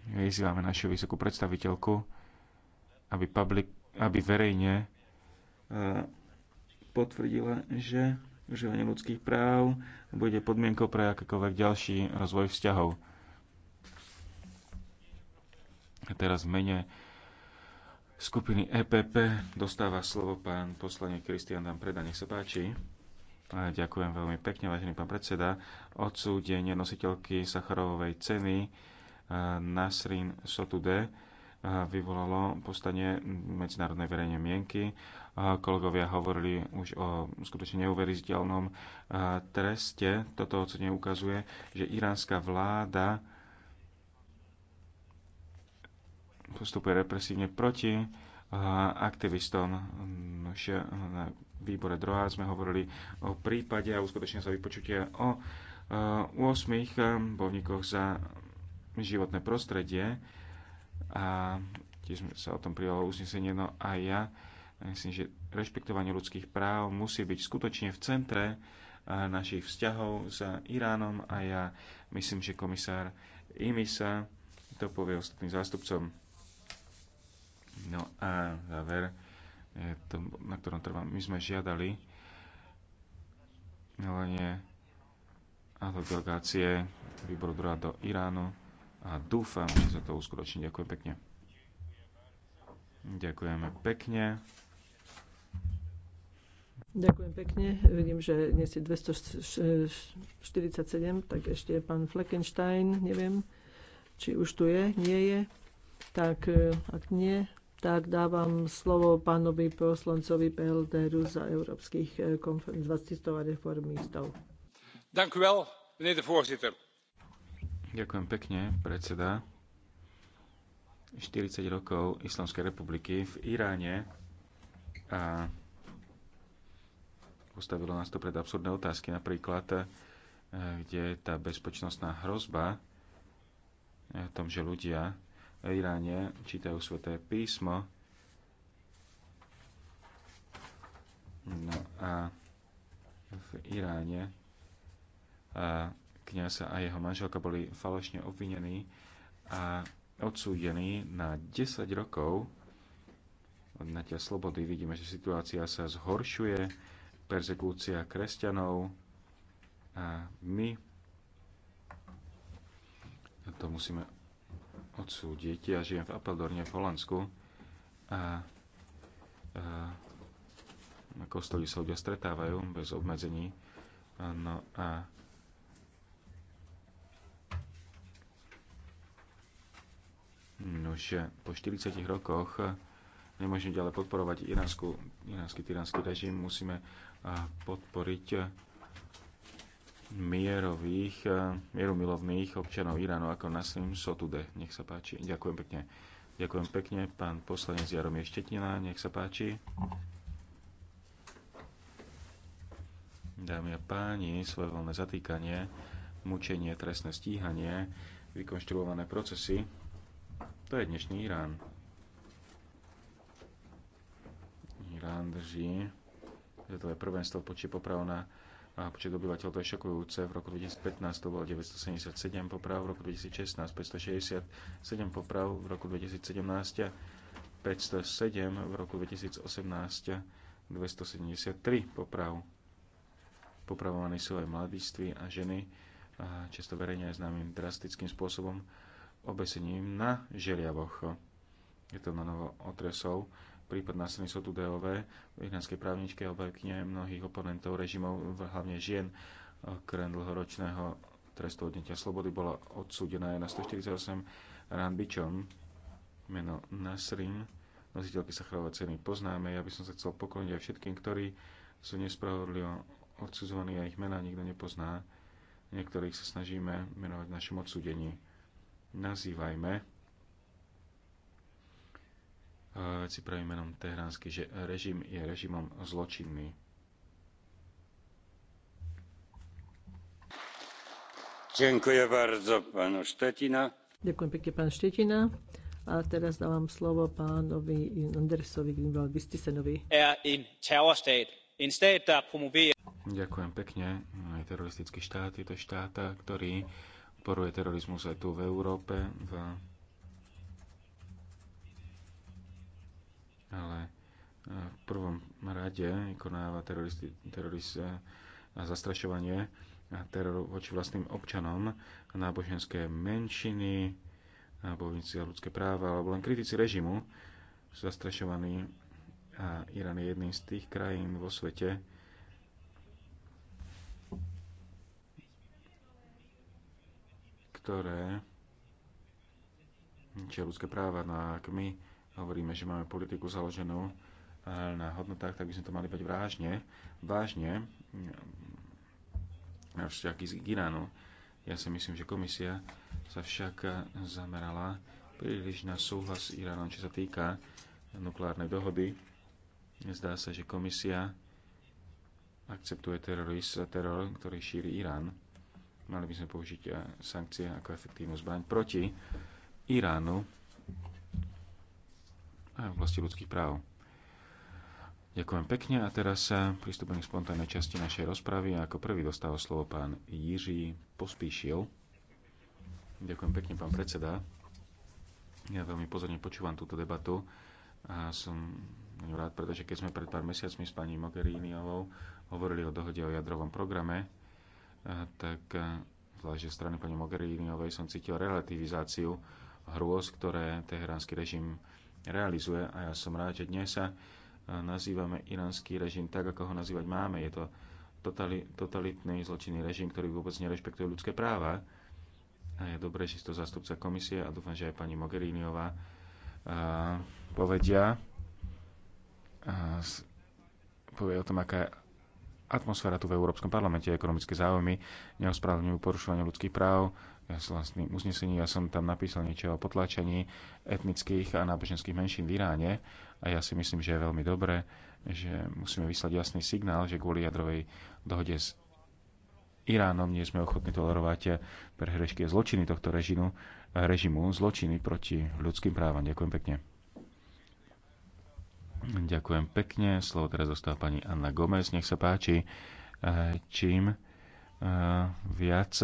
Vyzývame našu vysokú predstaviteľku, aby, public, aby verejne e, potvrdila, že užívanie ľudských práv bude podmienkou pre akýkoľvek ďalší rozvoj vzťahov. A teraz v mene skupiny EPP dostáva slovo pán poslanec Kristian Dan Preda. Nech sa páči. Ďakujem veľmi pekne, vážený pán predseda. Odsúdenie nositeľky Sacharovej ceny e, Nasrin Sotude e, vyvolalo postanie medzinárodnej verejnej mienky. E, kolegovia hovorili už o skutočne neuveriteľnom treste. Toto odsúdenie ukazuje, že iránska vláda postupuje represívne proti aktivistom výbore Droha sme hovorili o prípade a uskutočne sa vypočutia o 8 eh, eh, bojovníkoch za životné prostredie a tiež sa o tom prijalo uznesenie, no a ja myslím, že rešpektovanie ľudských práv musí byť skutočne v centre eh, našich vzťahov s Iránom a ja myslím, že komisár Imisa to povie ostatným zástupcom. No a záver na ktorom trvám. My sme žiadali milenie len delegácie výboru druhá do Iránu a dúfam, že sa to uskutoční. Ďakujem pekne. Ďakujeme pekne. Ďakujem pekne. Vidím, že dnes je 247, tak ešte je pán Fleckenstein, neviem, či už tu je, nie je. Tak e, ak nie, tak dávam slovo pánovi poslancovi Pelderu za európskych eh, konferencistov a reformistov. Ďakujem pekne, predseda. 40 rokov Islamskej republiky v Iráne a postavilo nás to pred absurdné otázky, napríklad, eh, kde je tá bezpečnostná hrozba eh, v tom, že ľudia Iráne čítajú sveté písmo. No a v Iráne a kniaz a jeho manželka boli falošne obvinení a odsúdení na 10 rokov odnatia slobody. Vidíme, že situácia sa zhoršuje, persekúcia kresťanov a my to musíme odsúdiť. Ja žijem v Apeldorne v Holandsku a, a kostoli sa ľudia stretávajú bez obmedzení. No a že po 40 rokoch nemôžeme ďalej podporovať iránsky tyranský režim. Musíme podporiť mierových, eh, mierumilovných občanov Iránu ako Naslim Sotude. Nech sa páči. Ďakujem pekne. Ďakujem pekne. Pán poslanec Jaromír Štetina, nech sa páči. Dámy a páni, voľné zatýkanie, mučenie, trestné stíhanie, vykonštruované procesy, to je dnešný Irán. Irán drží je prvenstvo počí popravná. A počet obyvateľov, to je šokujúce. V roku 2015 to bolo 977 poprav, v roku 2016 567 poprav, v roku 2017 507, v roku 2018 273 poprav. Popravovaní sú aj mladiství a ženy, a často verejne aj známym drastickým spôsobom obesením na želiavoch. Je to na novo otresov prípad násilný súdu DOV, iránskej právničke a mnohých oponentov režimov, hlavne žien, krem dlhoročného trestu odnetia slobody bola odsúdená na 148 rán bičom. Meno Nasrin, nositeľky Sacharovej ceny poznáme. Ja by som sa chcel pokloniť aj všetkým, ktorí sú nespravodlivo odsudzovaní a ich mená nikto nepozná. Niektorých sa snažíme menovať v našom odsúdení. Nazývajme si pravým menom tehránsky, že režim je režimom zločinný. Ďakujem bardzo, pánu Štetina. Ďakujem pekne, pán Štetina. A teraz dávam slovo pánovi Andersovi Grimwald-Vistisenovi. in er terrorstat. En stat, der Ďakujem pekne. Aj teroristický štát je to štát, ktorý poruje terorizmus aj tu v Európe, v ale e, v prvom rade konáva teroristi, terorist e, a zastrašovanie a teror voči vlastným občanom, náboženské menšiny, bojovníci a ľudské práva, alebo len kritici režimu sú zastrašovaní a Irán je jedným z tých krajín vo svete, ktoré čo ľudské práva, no a ak my hovoríme, že máme politiku založenú eh, na hodnotách, tak by sme to mali bať vážne, vážne na vzťahy z Iránu. Ja si myslím, že komisia sa však zamerala príliš na súhlas s Iránom, čo sa týka nukleárnej dohody. Zdá sa, že komisia akceptuje terorist, teror, ktorý šíri Irán. Mali by sme použiť eh, sankcie ako efektívnu zbraň proti Iránu aj v oblasti ľudských práv. Ďakujem pekne a teraz sa pristúpim k spontánnej časti našej rozpravy a ako prvý dostal slovo pán Jiří Pospíšil. Ďakujem pekne, pán predseda. Ja veľmi pozorne počúvam túto debatu a som rád, pretože keď sme pred pár mesiacmi s pani Mogheriniovou hovorili o dohode o jadrovom programe, tak zvlášť zo strany pani Mogheriniovej som cítil relativizáciu hrôz, ktoré teheránsky režim realizuje. A ja som rád, že dnes sa e, nazývame iránsky režim tak, ako ho nazývať máme. Je to totalitný zločinný režim, ktorý vôbec nerešpektuje ľudské práva. A je dobré, že to zástupca komisie a dúfam, že aj pani Mogheriniová e, povedia, a povie o tom, aká je atmosféra tu v Európskom parlamente, ekonomické záujmy neospravedlňujú porušovanie ľudských práv, ja som vlastným uznesením, ja som tam napísal niečo o potlačení etnických a náboženských menšín v Iráne a ja si myslím, že je veľmi dobré, že musíme vyslať jasný signál, že kvôli jadrovej dohode s Iránom nie sme ochotní tolerovať prehrešky a zločiny tohto režimu, režimu, zločiny proti ľudským právam. Ďakujem pekne. Ďakujem pekne. Slovo teraz dostáva pani Anna Gomez. Nech sa páči. Eh, čím eh, viac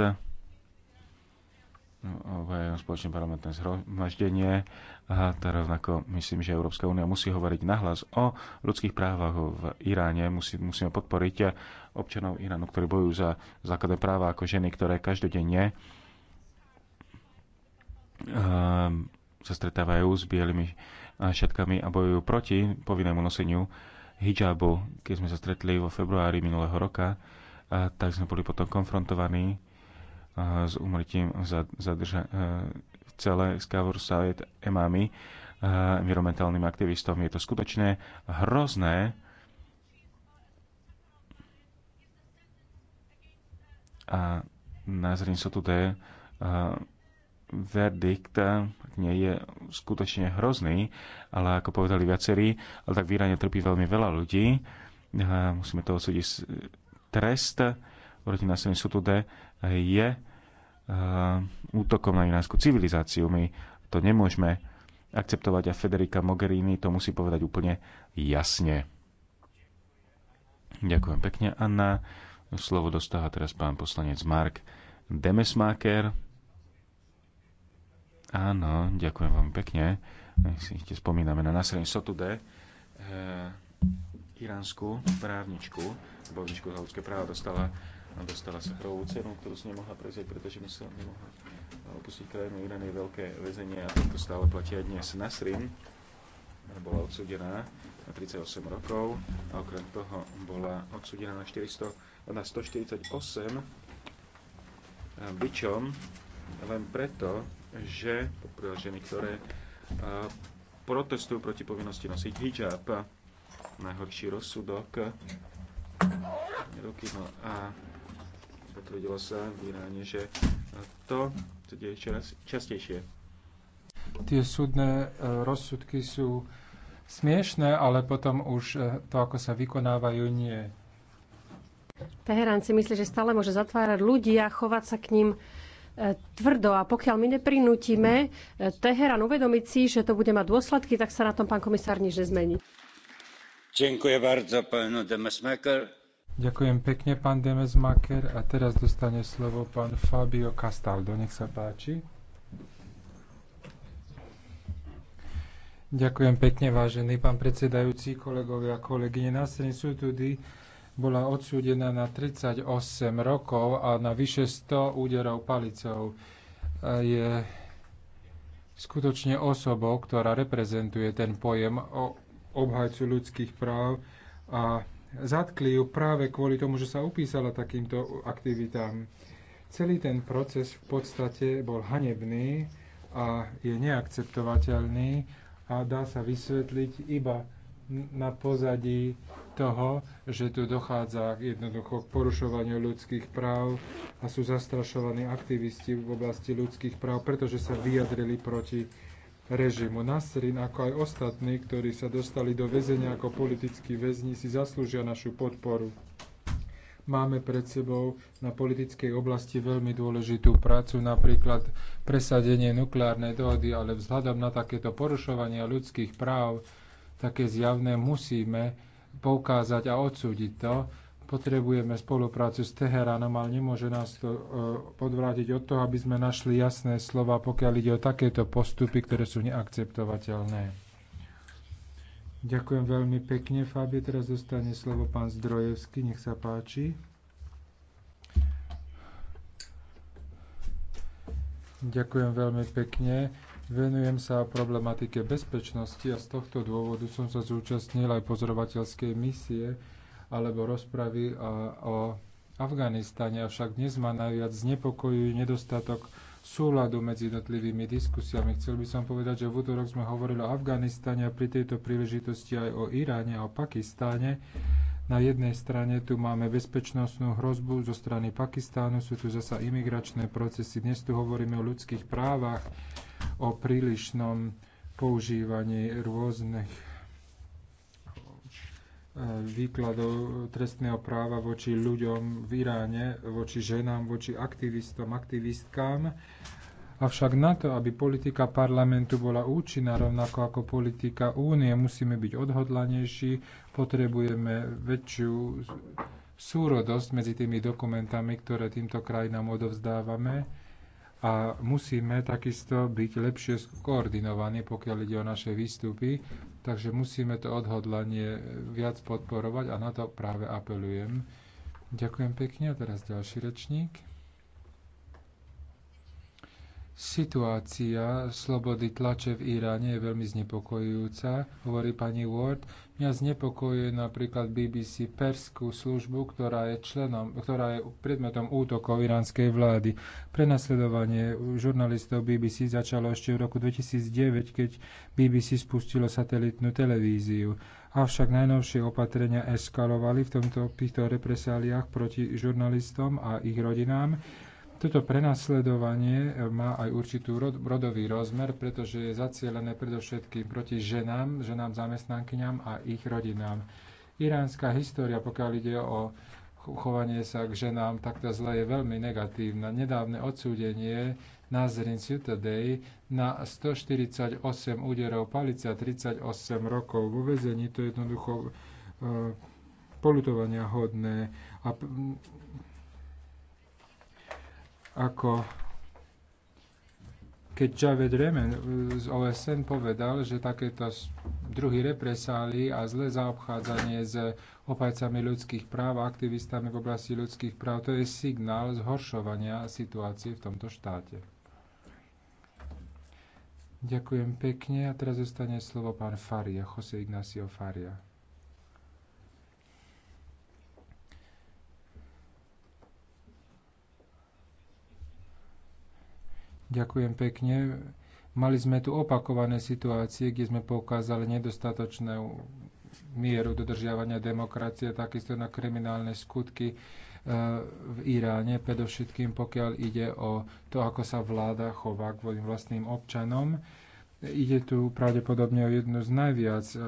No, spoločné parlamentné zhromaždenie. A to rovnako myslím, že Európska únia musí hovoriť nahlas o ľudských právach v Iráne. Musí, musíme podporiť občanov Iránu, ktorí bojujú za základné práva ako ženy, ktoré každodenne um, sa stretávajú s bielými šatkami a bojujú proti povinnému noseniu hijabu. Keď sme sa stretli vo februári minulého roka, a tak sme boli potom konfrontovaní s umrtím zadrža- eh, celé Skavur Sajet Emami, eh, environmentálnym aktivistom. Je to skutočne hrozné. A tu Sotude eh, verdikt nie je skutočne hrozný, ale ako povedali viacerí, ale tak výrane trpí veľmi veľa ľudí. Musíme to odsúdiť trest proti násilím Sutude je eh, útokom na iránsku civilizáciu. My to nemôžeme akceptovať a Federica Mogherini to musí povedať úplne jasne. Ďakujem pekne, Anna. Slovo dostáva teraz pán poslanec Mark Demesmaker. Áno, ďakujem vám pekne. My si ešte spomíname na násilím Sotude, e, eh, iránsku právničku, bojovničku za ľudské práva, dostala dostala Sacharovú cenu, ktorú si nemohla prezrieť, pretože musela nemohla eh, opustiť krajinu. Irán je veľké väzenie a to stále platí aj dnes. Nasrin eh, bola odsudená na 38 rokov a okrem toho bola odsudená na, 400, na 148 eh, byčom len preto, že poprvé ženy, ktoré protestujú proti povinnosti nosiť hijab. Najhorší rozsudok roky, no a potvrdilo sa v Iráne, že to sa deje čoraz častejšie. Tie súdne e, rozsudky sú smiešné, ale potom už e, to, ako sa vykonávajú, nie. Teherán si myslí, že stále môže zatvárať ľudí a chovať sa k ním e, tvrdo. A pokiaľ my neprinútime Teherán uvedomiť si, že to bude mať dôsledky, tak sa na tom pán komisár nič nezmení. Ďakujem bardzo pánu Demesmaker. Ďakujem pekne, pán Demesmaker. A teraz dostane slovo pán Fabio Castaldo. Nech sa páči. Ďakujem pekne, vážený pán predsedajúci, kolegovia a kolegyne. sú tudy bola odsúdená na 38 rokov a na vyše 100 úderov palicou. Je skutočne osobou, ktorá reprezentuje ten pojem o obhajcu ľudských práv a zatkli ju práve kvôli tomu, že sa upísala takýmto aktivitám. Celý ten proces v podstate bol hanebný a je neakceptovateľný a dá sa vysvetliť iba na pozadí toho, že tu dochádza jednoducho k porušovaniu ľudských práv a sú zastrašovaní aktivisti v oblasti ľudských práv, pretože sa vyjadrili proti režimu. Nasrin, ako aj ostatní, ktorí sa dostali do väzenia ako politickí väzni, si zaslúžia našu podporu. Máme pred sebou na politickej oblasti veľmi dôležitú prácu, napríklad presadenie nukleárnej dohody, ale vzhľadom na takéto porušovania ľudských práv, také zjavné, musíme poukázať a odsúdiť to, potrebujeme spoluprácu s Teheránom, ale nemôže nás to e, podvrátiť od toho, aby sme našli jasné slova, pokiaľ ide o takéto postupy, ktoré sú neakceptovateľné. Ďakujem veľmi pekne, Fabie. Teraz dostane slovo pán Zdrojevský. Nech sa páči. Ďakujem veľmi pekne. Venujem sa problematike bezpečnosti a z tohto dôvodu som sa zúčastnil aj pozorovateľskej misie, alebo rozpravy o Afganistane, avšak dnes ma najviac znepokojujú nedostatok súladu medzi jednotlivými diskusiami. Chcel by som povedať, že v útorok sme hovorili o Afganistane a pri tejto príležitosti aj o Iráne a o Pakistáne. Na jednej strane tu máme bezpečnostnú hrozbu zo strany Pakistánu, sú tu zasa imigračné procesy. Dnes tu hovoríme o ľudských právach, o prílišnom používaní rôznych výkladov trestného práva voči ľuďom v Iráne, voči ženám, voči aktivistom, aktivistkám. Avšak na to, aby politika parlamentu bola účinná, rovnako ako politika únie, musíme byť odhodlanejší, potrebujeme väčšiu súrodosť medzi tými dokumentami, ktoré týmto krajinám odovzdávame a musíme takisto byť lepšie skoordinovaní, pokiaľ ide o naše výstupy, takže musíme to odhodlanie viac podporovať a na to práve apelujem. Ďakujem pekne a teraz ďalší rečník. Situácia slobody tlače v Iráne je veľmi znepokojujúca, hovorí pani Ward Mňa znepokojuje napríklad BBC Perskú službu, ktorá je, členom, ktorá je predmetom útokov iránskej vlády. Prenasledovanie žurnalistov BBC začalo ešte v roku 2009, keď BBC spustilo satelitnú televíziu. Avšak najnovšie opatrenia eskalovali v tomto, týchto represáliách proti žurnalistom a ich rodinám toto prenasledovanie má aj určitú rod, rodový rozmer, pretože je zacielené predovšetkým proti ženám, ženám zamestnankyňam a ich rodinám. Iránska história, pokiaľ ide o chovanie sa k ženám takto zle, je veľmi negatívna. Nedávne odsúdenie Nazrin Sutadej na 148 úderov a 38 rokov vo väzení, to je jednoducho e, polutovania hodné. A ako keď Javed Remen z OSN povedal, že takéto druhy represály a zlé zaobchádzanie s opajcami ľudských práv a aktivistami v oblasti ľudských práv, to je signál zhoršovania situácie v tomto štáte. Ďakujem pekne a teraz zostane slovo pán Faria, Jose Ignacio Faria. Ďakujem pekne. Mali sme tu opakované situácie, kde sme poukázali nedostatočnú mieru dodržiavania demokracie, takisto na kriminálne skutky eh, v Iráne, predovšetkým pokiaľ ide o to, ako sa vláda chová k vlastným občanom. Ide tu pravdepodobne o jednu z najviac eh,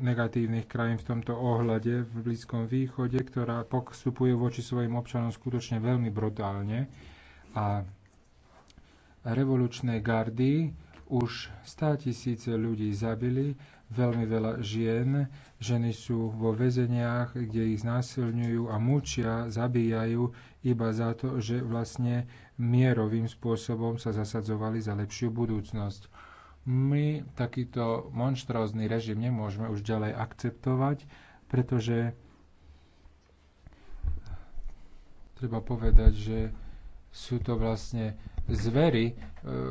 negatívnych krajín v tomto ohľade v Blízkom východe, ktorá postupuje voči svojim občanom skutočne veľmi brutálne. A revolučnej gardy už 100 ľudí zabili, veľmi veľa žien. Ženy sú vo väzeniach, kde ich znásilňujú a mučia, zabíjajú iba za to, že vlastne mierovým spôsobom sa zasadzovali za lepšiu budúcnosť. My takýto monštrózny režim nemôžeme už ďalej akceptovať, pretože treba povedať, že sú to vlastne zvery, e,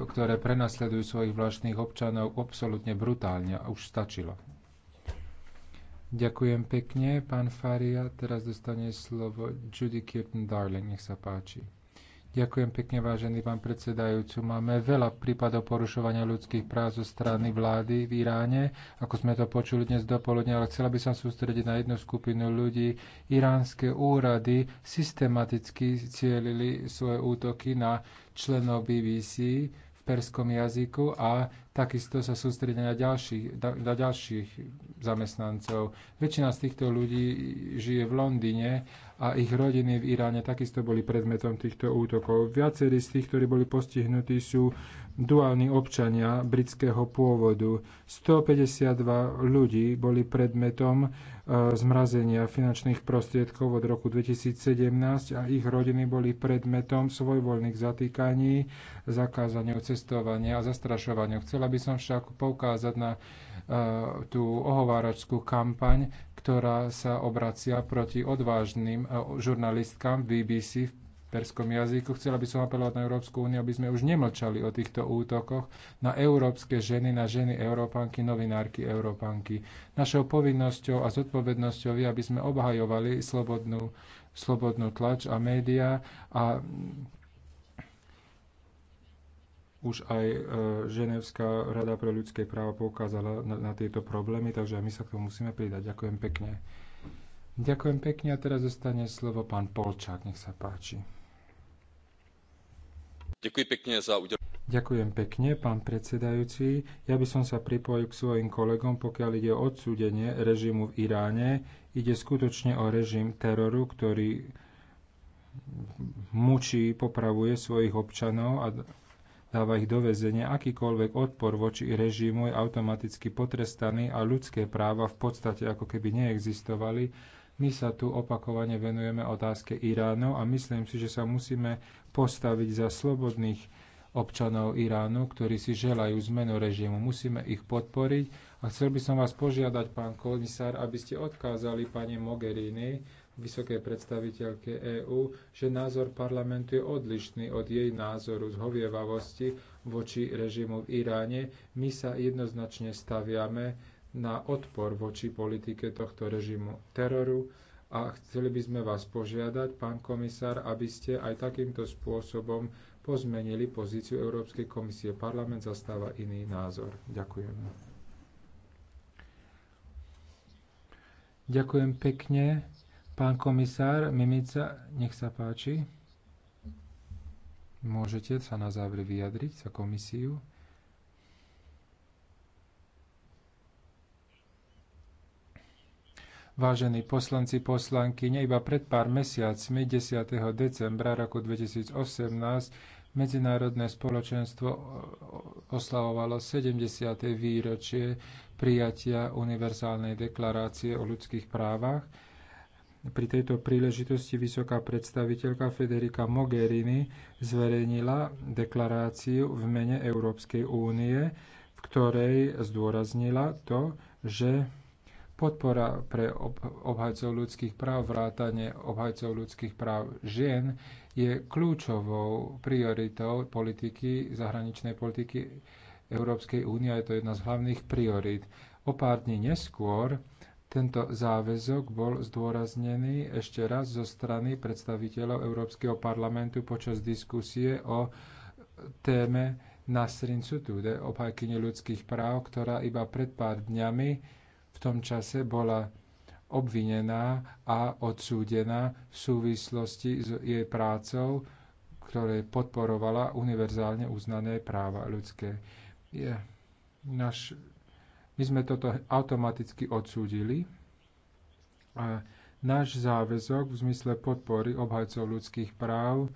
ktoré prenasledujú svojich vlastných občanov absolútne brutálne a už stačilo. Ďakujem pekne, pán Faria. Teraz dostane slovo Judy Kirton Darling. Nech sa páči. Ďakujem pekne, vážený pán predsedajúcu. Máme veľa prípadov porušovania ľudských práv zo strany vlády v Iráne, ako sme to počuli dnes dopoludne, ale chcela by som sústrediť na jednu skupinu ľudí. Iránske úrady systematicky cielili svoje útoky na členov BBC, perskom jazyku a takisto sa sústredia na ďalších, na ďalších zamestnancov. Väčšina z týchto ľudí žije v Londýne a ich rodiny v Iráne takisto boli predmetom týchto útokov. Viacerí z tých, ktorí boli postihnutí, sú duálni občania britského pôvodu. 152 ľudí boli predmetom e, zmrazenia finančných prostriedkov od roku 2017 a ich rodiny boli predmetom svojvoľných zatýkaní, zakázania, cestovania a zastrašovania. Chcela by som však poukázať na e, tú ohováračskú kampaň, ktorá sa obracia proti odvážnym e, žurnalistkám BBC v perskom jazyku. Chcela by som apelovať na Európsku úniu, aby sme už nemlčali o týchto útokoch na európske ženy, na ženy európanky, novinárky európanky. Našou povinnosťou a zodpovednosťou je, aby sme obhajovali slobodnú, slobodnú tlač a médiá a už aj e, Ženevská rada pre ľudské práva poukázala na, na tieto problémy, takže my sa k tomu musíme pridať. Ďakujem pekne. Ďakujem pekne a teraz zostane slovo pán Polčák, nech sa páči. Ďakujem pekne, pán predsedajúci. Ja by som sa pripojil k svojim kolegom, pokiaľ ide o odsúdenie režimu v Iráne. Ide skutočne o režim teroru, ktorý mučí, popravuje svojich občanov a dáva ich do väzenia. Akýkoľvek odpor voči režimu je automaticky potrestaný a ľudské práva v podstate ako keby neexistovali. My sa tu opakovane venujeme otázke Iránu a myslím si, že sa musíme postaviť za slobodných občanov Iránu, ktorí si želajú zmenu režimu. Musíme ich podporiť a chcel by som vás požiadať, pán komisár, aby ste odkázali pani Mogherini, vysokej predstaviteľke EÚ, že názor parlamentu je odlišný od jej názoru zhovievavosti voči režimu v Iráne. My sa jednoznačne staviame na odpor voči politike tohto režimu teroru, a chceli by sme vás požiadať, pán komisár, aby ste aj takýmto spôsobom pozmenili pozíciu Európskej komisie. Parlament zastáva iný názor. Ďakujem. Ďakujem pekne. Pán komisár Mimica, nech sa páči. Môžete sa na záver vyjadriť za komisiu. Vážení poslanci, poslanky, iba pred pár mesiacmi, 10. decembra roku 2018, medzinárodné spoločenstvo oslavovalo 70. výročie prijatia Univerzálnej deklarácie o ľudských právach. Pri tejto príležitosti vysoká predstaviteľka Federica Mogherini zverejnila deklaráciu v mene Európskej únie, v ktorej zdôraznila to, že Podpora pre obhajcov ľudských práv, vrátanie obhajcov ľudských práv žien je kľúčovou prioritou politiky, zahraničnej politiky Európskej únie a je to jedna z hlavných priorít. O pár dní neskôr tento záväzok bol zdôraznený ešte raz zo strany predstaviteľov Európskeho parlamentu počas diskusie o téme Nasrin Sotoudeh, obhajkyne ľudských práv, ktorá iba pred pár dňami v tom čase bola obvinená a odsúdená v súvislosti s jej prácou, ktoré podporovala univerzálne uznané práva ľudské. Je, naš, my sme toto automaticky odsúdili a náš záväzok v zmysle podpory obhajcov ľudských práv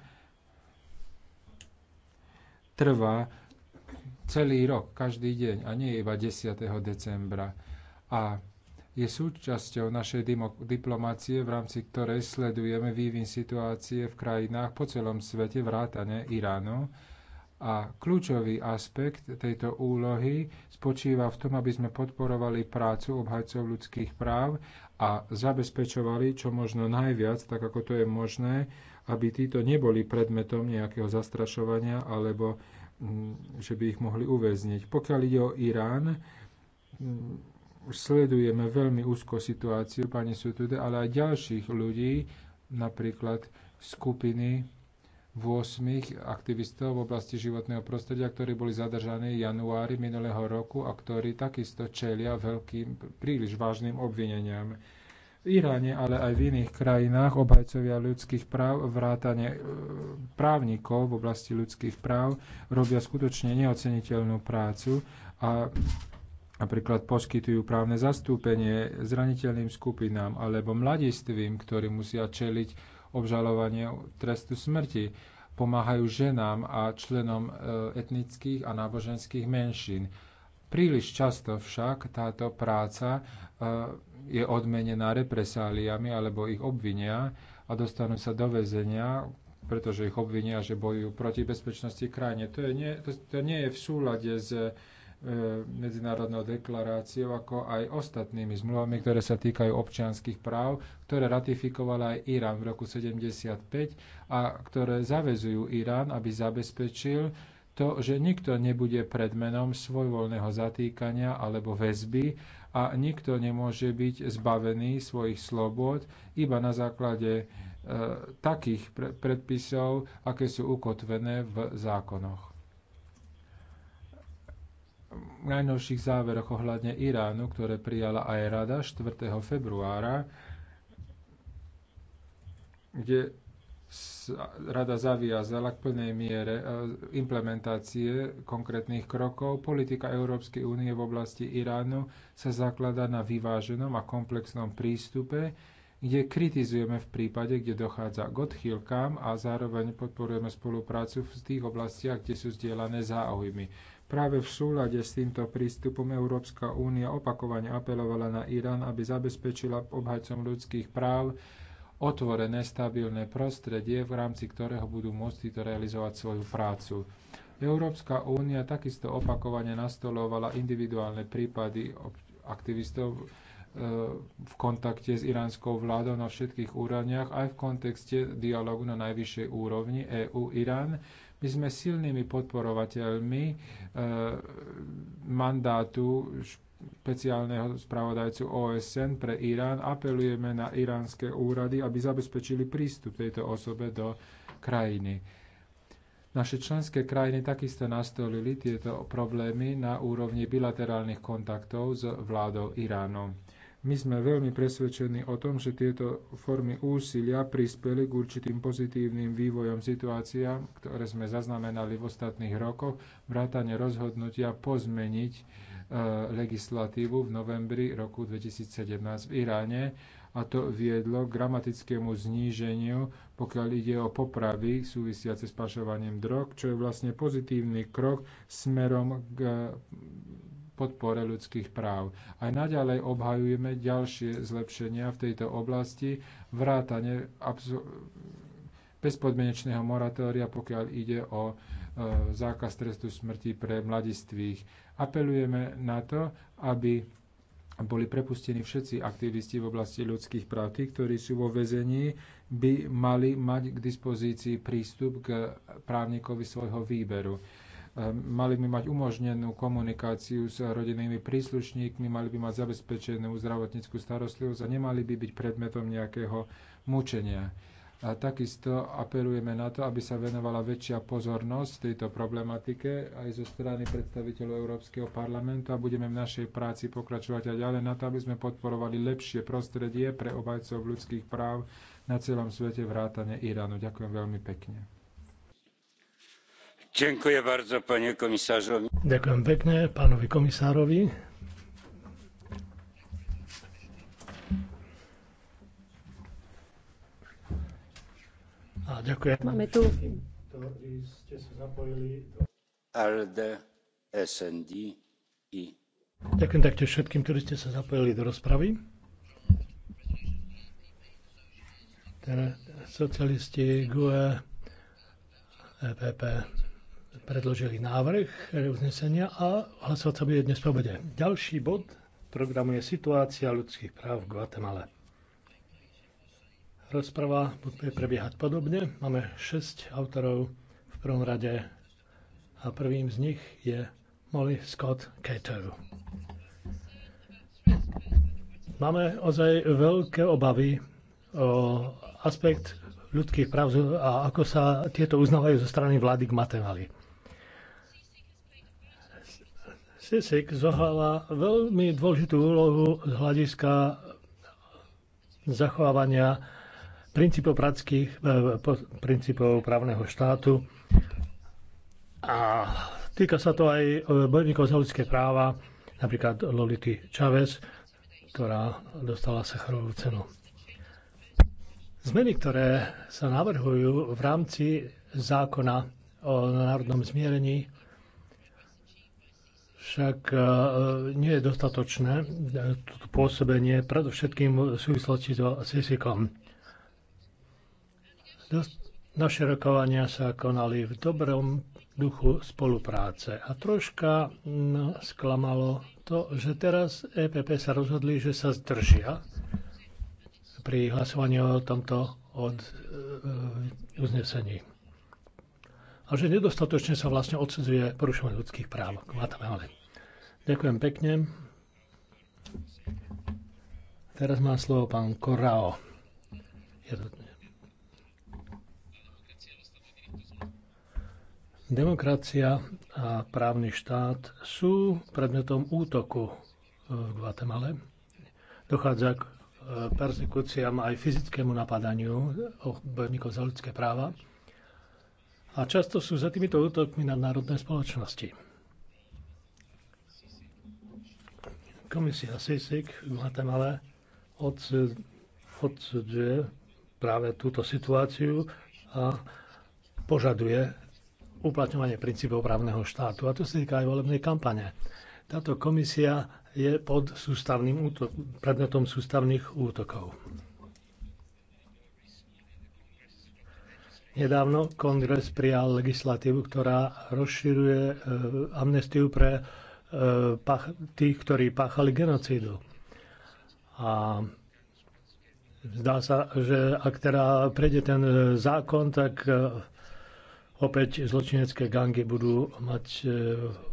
trvá celý rok, každý deň a nie iba 10. decembra a je súčasťou našej diplomacie, v rámci ktorej sledujeme vývin situácie v krajinách po celom svete, vrátane Iránu. A kľúčový aspekt tejto úlohy spočíva v tom, aby sme podporovali prácu obhajcov ľudských práv a zabezpečovali čo možno najviac, tak ako to je možné, aby títo neboli predmetom nejakého zastrašovania alebo mm, že by ich mohli uväzniť. Pokiaľ ide o Irán, mm, sledujeme veľmi úzko situáciu pani Sutude, ale aj ďalších ľudí, napríklad skupiny 8 aktivistov v oblasti životného prostredia, ktorí boli zadržaní v januári minulého roku a ktorí takisto čelia veľkým, príliš vážnym obvineniam. V Iráne, ale aj v iných krajinách obhajcovia ľudských práv, vrátane e, právnikov v oblasti ľudských práv robia skutočne neoceniteľnú prácu a napríklad poskytujú právne zastúpenie zraniteľným skupinám alebo mladistvým, ktorí musia čeliť obžalovanie trestu smrti. Pomáhajú ženám a členom e, etnických a náboženských menšín. Príliš často však táto práca e, je odmenená represáliami alebo ich obvinia a dostanú sa do väzenia, pretože ich obvinia, že bojujú proti bezpečnosti krajine. To, je nie, to, to nie je v súlade s E, medzinárodnou deklaráciou, ako aj ostatnými zmluvami, ktoré sa týkajú občianských práv, ktoré ratifikoval aj Irán v roku 75 a ktoré zavezujú Irán, aby zabezpečil to, že nikto nebude predmenom svojvoľného zatýkania alebo väzby a nikto nemôže byť zbavený svojich slobôd iba na základe e, takých pre predpisov, aké sú ukotvené v zákonoch najnovších záveroch ohľadne Iránu, ktoré prijala aj Rada 4. februára, kde rada zaviazala k plnej miere e, implementácie konkrétnych krokov. Politika Európskej únie v oblasti Iránu sa zakladá na vyváženom a komplexnom prístupe, kde kritizujeme v prípade, kde dochádza k odchýlkám a zároveň podporujeme spoluprácu v tých oblastiach, kde sú zdieľané záujmy. Práve v súlade s týmto prístupom Európska únia opakovane apelovala na Irán, aby zabezpečila obhajcom ľudských práv otvorené stabilné prostredie, v rámci ktorého budú môcť títo realizovať svoju prácu. Európska únia takisto opakovane nastolovala individuálne prípady aktivistov e, v kontakte s iránskou vládou na všetkých úrovniach aj v kontexte dialógu na najvyššej úrovni EU-Irán, my sme silnými podporovateľmi e, mandátu špeciálneho spravodajcu OSN pre Irán. Apelujeme na iránske úrady, aby zabezpečili prístup tejto osobe do krajiny. Naše členské krajiny takisto nastolili tieto problémy na úrovni bilaterálnych kontaktov s vládou Iránu. My sme veľmi presvedčení o tom, že tieto formy úsilia prispeli k určitým pozitívnym vývojom situáciám, ktoré sme zaznamenali v ostatných rokoch, vrátane rozhodnutia pozmeniť e, legislatívu v novembri roku 2017 v Iráne a to viedlo k dramatickému zníženiu, pokiaľ ide o popravy súvisiace s pašovaním drog, čo je vlastne pozitívny krok smerom k podpore ľudských práv. Aj naďalej obhajujeme ďalšie zlepšenia v tejto oblasti, vrátane bezpodmienečného moratória, pokiaľ ide o e, zákaz trestu smrti pre mladistvých. Apelujeme na to, aby boli prepustení všetci aktivisti v oblasti ľudských práv. Tí, ktorí sú vo väzení, by mali mať k dispozícii prístup k právnikovi svojho výberu mali by mať umožnenú komunikáciu s rodinnými príslušníkmi, mali by mať zabezpečenú zdravotníckú starostlivosť a nemali by byť predmetom nejakého mučenia. A takisto apelujeme na to, aby sa venovala väčšia pozornosť tejto problematike aj zo strany predstaviteľov Európskeho parlamentu a budeme v našej práci pokračovať aj ďalej na to, aby sme podporovali lepšie prostredie pre obajcov ľudských práv na celom svete vrátane Iránu. Ďakujem veľmi pekne. Ďakujem bardzo, pane komisážovi. Ďakujem pekne pánovi komisárovi. A ďakujem Máme tu... ktorí ste sa zapojili do... ALDE, SND i... Ďakujem taktiež všetkým, ktorí ste sa zapojili do rozpravy. Teda socialisti, GUE, EPP, predložili návrh uznesenia a hlasovať sa bude dnes po obede. Ďalší bod programu je situácia ľudských práv v Guatemale. Rozprava bude prebiehať podobne. Máme 6 autorov v prvom rade a prvým z nich je Molly Scott Cato. Máme ozaj veľké obavy o aspekt ľudských práv a ako sa tieto uznávajú zo strany vlády k Matemali. Sisik zohrala veľmi dôležitú úlohu z hľadiska zachovávania princípov, pradských, eh, princípov právneho štátu a týka sa to aj eh, bojovníkov za ľudské práva, napríklad Lolity Chavez, ktorá dostala Sacharovú cenu. Zmeny, ktoré sa navrhujú v rámci zákona o národnom zmierení, však e, nie je dostatočné e, toto pôsobenie, predovšetkým v súvislosti so Sisikom. Naše rokovania sa konali v dobrom duchu spolupráce a troška sklamalo to, že teraz EPP sa rozhodli, že sa zdržia pri hlasovaní o tomto od e, uznesení a že nedostatočne sa vlastne odsudzuje porušovanie ľudských práv v Guatemala. Ďakujem pekne. Teraz má slovo pán Korao. Je to... Demokracia a právny štát sú predmetom útoku e, v Guatemale. Dochádza k e, persekúciám aj fyzickému napadaniu obojníkov za ľudské práva. A často sú za týmito útokmi na národné spoločnosti. Komisia SISIC v Guatemala odsudzuje práve túto situáciu a požaduje uplatňovanie princípov právneho štátu. A to sa týka aj volebnej kampane. Táto komisia je pod sústavným útok, predmetom sústavných útokov. Nedávno kongres prijal legislatívu, ktorá rozširuje e, amnestiu pre e, tých, ktorí páchali genocídu. A zdá sa, že ak teda prejde ten e, zákon, tak opäť zločinecké gangy budú mať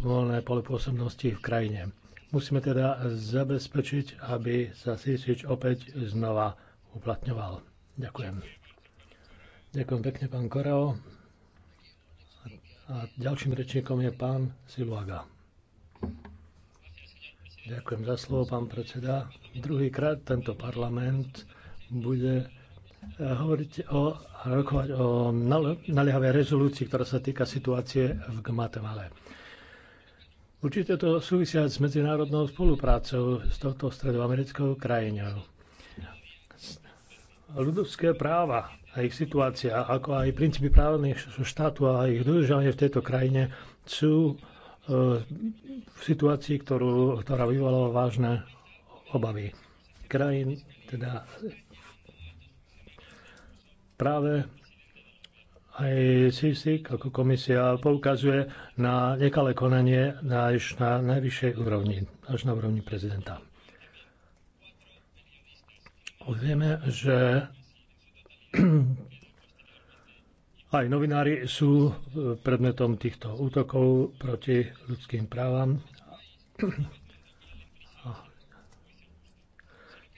voľné pole pôsobnosti v krajine. Musíme teda zabezpečiť, aby sa Sisič opäť znova uplatňoval. Ďakujem. Ďakujem pekne, pán Koreo. A ďalším rečníkom je pán Siluaga. Ďakujem za slovo, pán predseda. Druhýkrát tento parlament bude eh, hovoriť o, rokovať o naliehavej rezolúcii, ktorá sa týka situácie v Gmatemale. Určite to súvisia s medzinárodnou spoluprácou s touto stredoamerickou krajinou. Ľudovské práva a ich situácia, ako aj princípy právnych štátu a ich dodržanie v tejto krajine sú e, v situácii, ktorú, ktorá vyvolala vážne obavy. Krajín, teda práve aj CISIC ako komisia poukazuje na nekalé konanie na, až na najvyššej úrovni, až na úrovni prezidenta. Vieme, že Aj novinári sú e, predmetom týchto útokov proti ľudským právam.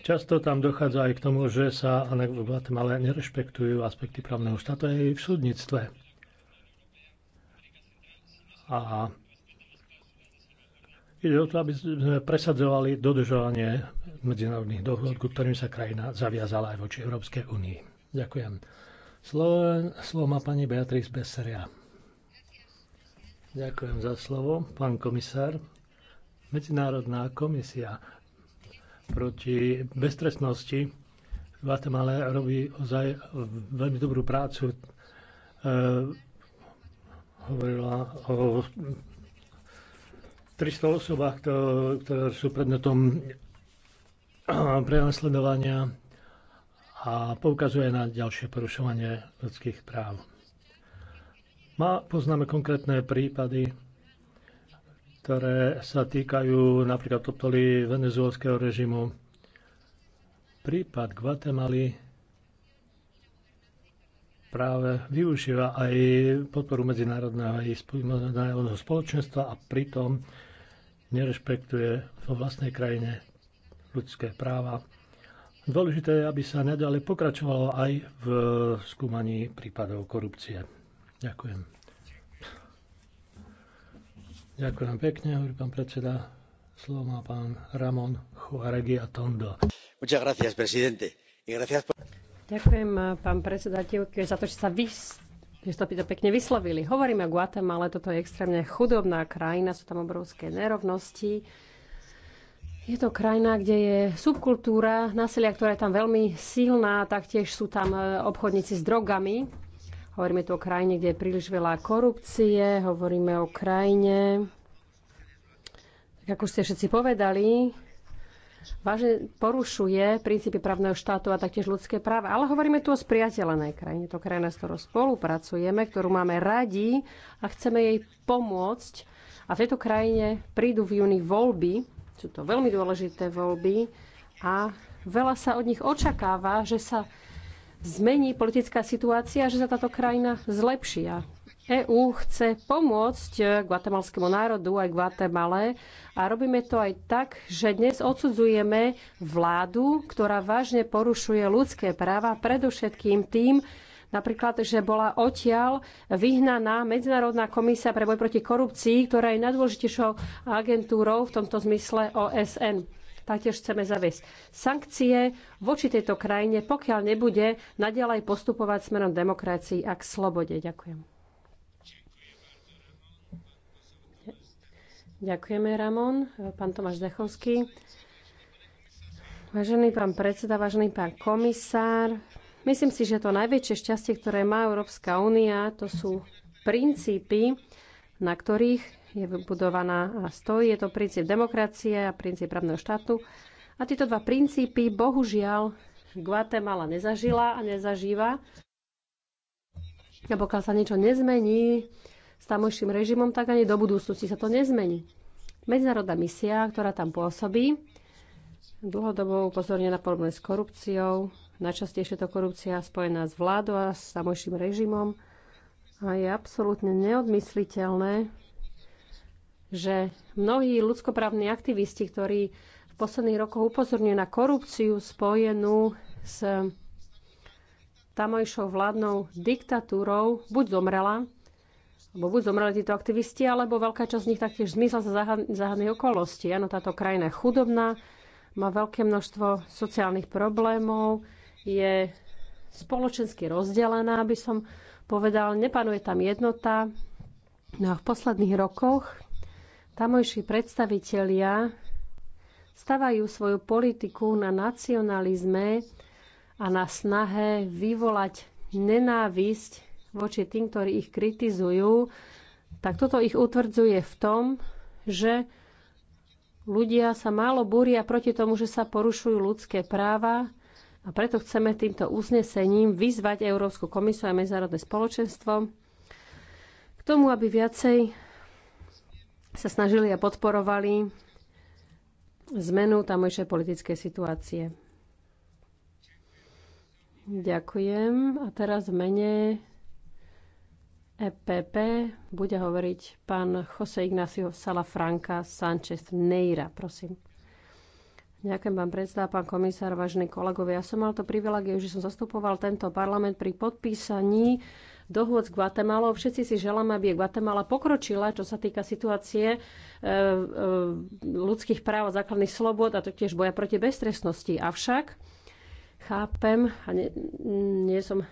Často tam dochádza aj k tomu, že sa v Guatemala nerešpektujú aspekty právneho štátu aj v súdnictve. A ide o to, aby sme presadzovali dodržovanie medzinárodných dohôd, ku ktorým sa krajina zaviazala aj voči Európskej únii. Ďakujem. Slovo, slovo má pani Beatrice Besseria. Ďakujem za slovo, pán komisár. Medzinárodná komisia proti beztrestnosti v Guatemala robí ozaj veľmi dobrú prácu. E, hovorila o 300 osobách, ktoré sú predmetom prenasledovania a poukazuje na ďalšie porušovanie ľudských práv. Má, poznáme konkrétne prípady, ktoré sa týkajú napríklad podpory venezuelského režimu. Prípad Guatemaly práve využíva aj podporu medzinárodného, medzinárodného spoločenstva a pritom nerešpektuje vo vlastnej krajine ľudské práva Dôležité je, aby sa nadalej pokračovalo aj v e, skúmaní prípadov korupcie. Ďakujem. Ďakujem pekne, hovorí pán predseda. Slovo má pán Ramon Juaregui Atondo. Muchas gracias, presidente. Y gracias por... Ďakujem, e, pán predseda, za to, že sa vy že to pekne vyslovili. Hovoríme o Guatemala, toto je extrémne chudobná krajina, sú tam obrovské nerovnosti je to krajina, kde je subkultúra násilia, ktorá je tam veľmi silná, taktiež sú tam e, obchodníci s drogami. Hovoríme tu o krajine, kde je príliš veľa korupcie, hovoríme o krajine, tak ako ste všetci povedali, vážne porušuje princípy právneho štátu a taktiež ľudské práva. Ale hovoríme tu o spriateľenej krajine. To krajina, s ktorou spolupracujeme, ktorú máme radi a chceme jej pomôcť. A v tejto krajine prídu v júni voľby sú to veľmi dôležité voľby a veľa sa od nich očakáva, že sa zmení politická situácia, že sa táto krajina zlepší. EÚ chce pomôcť guatemalskému národu aj Guatemale a robíme to aj tak, že dnes odsudzujeme vládu, ktorá vážne porušuje ľudské práva, predovšetkým tým, Napríklad, že bola odtiaľ vyhnaná Medzinárodná komisia pre boj proti korupcii, ktorá je najdôležitejšou agentúrou v tomto zmysle OSN. Taktiež chceme zaviesť sankcie voči tejto krajine, pokiaľ nebude nadalej postupovať smerom demokracii a k slobode. Ďakujem. Ďakujeme, Ramon. Pán Tomáš Dechovský. Vážený pán predseda, vážený pán komisár, Myslím si, že to najväčšie šťastie, ktoré má Európska únia, to sú princípy, na ktorých je vybudovaná a stojí. Je to princíp demokracie a princíp právneho štátu. A tieto dva princípy, bohužiaľ, Guatemala nezažila a nezažíva. A pokiaľ sa niečo nezmení s tamojším režimom, tak ani do budúcnosti sa to nezmení. Medzinárodná misia, ktorá tam pôsobí, dlhodobo upozornená na problém s korupciou, Najčastejšie to korupcia spojená s vládou a s samojším režimom. A je absolútne neodmysliteľné, že mnohí ľudskoprávni aktivisti, ktorí v posledných rokoch upozorňujú na korupciu spojenú s tamojšou vládnou diktatúrou, buď zomrela, alebo buď zomreli títo aktivisti, alebo veľká časť z nich taktiež zmizla za záhadnej okolosti. Áno, táto krajina je chudobná, má veľké množstvo sociálnych problémov, je spoločensky rozdelená, aby som povedal, nepanuje tam jednota. No a v posledných rokoch tamojší predstavitelia stavajú svoju politiku na nacionalizme a na snahe vyvolať nenávisť voči tým, ktorí ich kritizujú, tak toto ich utvrdzuje v tom, že ľudia sa málo búria proti tomu, že sa porušujú ľudské práva, a preto chceme týmto uznesením vyzvať Európsku komisiu a medzinárodné spoločenstvo k tomu, aby viacej sa snažili a podporovali zmenu tamojšej politickej situácie. Ďakujem. A teraz v mene EPP bude hovoriť pán Jose Ignacio Salafranca Sánchez Neira. Prosím. Ďakujem, pán predstav, pán komisár, vážení kolegovia. Ja som mal to privilegiu, že som zastupoval tento parlament pri podpísaní dohôd s Guatemalou. Všetci si želáme, aby Guatemala pokročila, čo sa týka situácie e, e, ľudských práv a základných slobod a taktiež boja proti beztrestnosti. Avšak chápem, a nie, nie som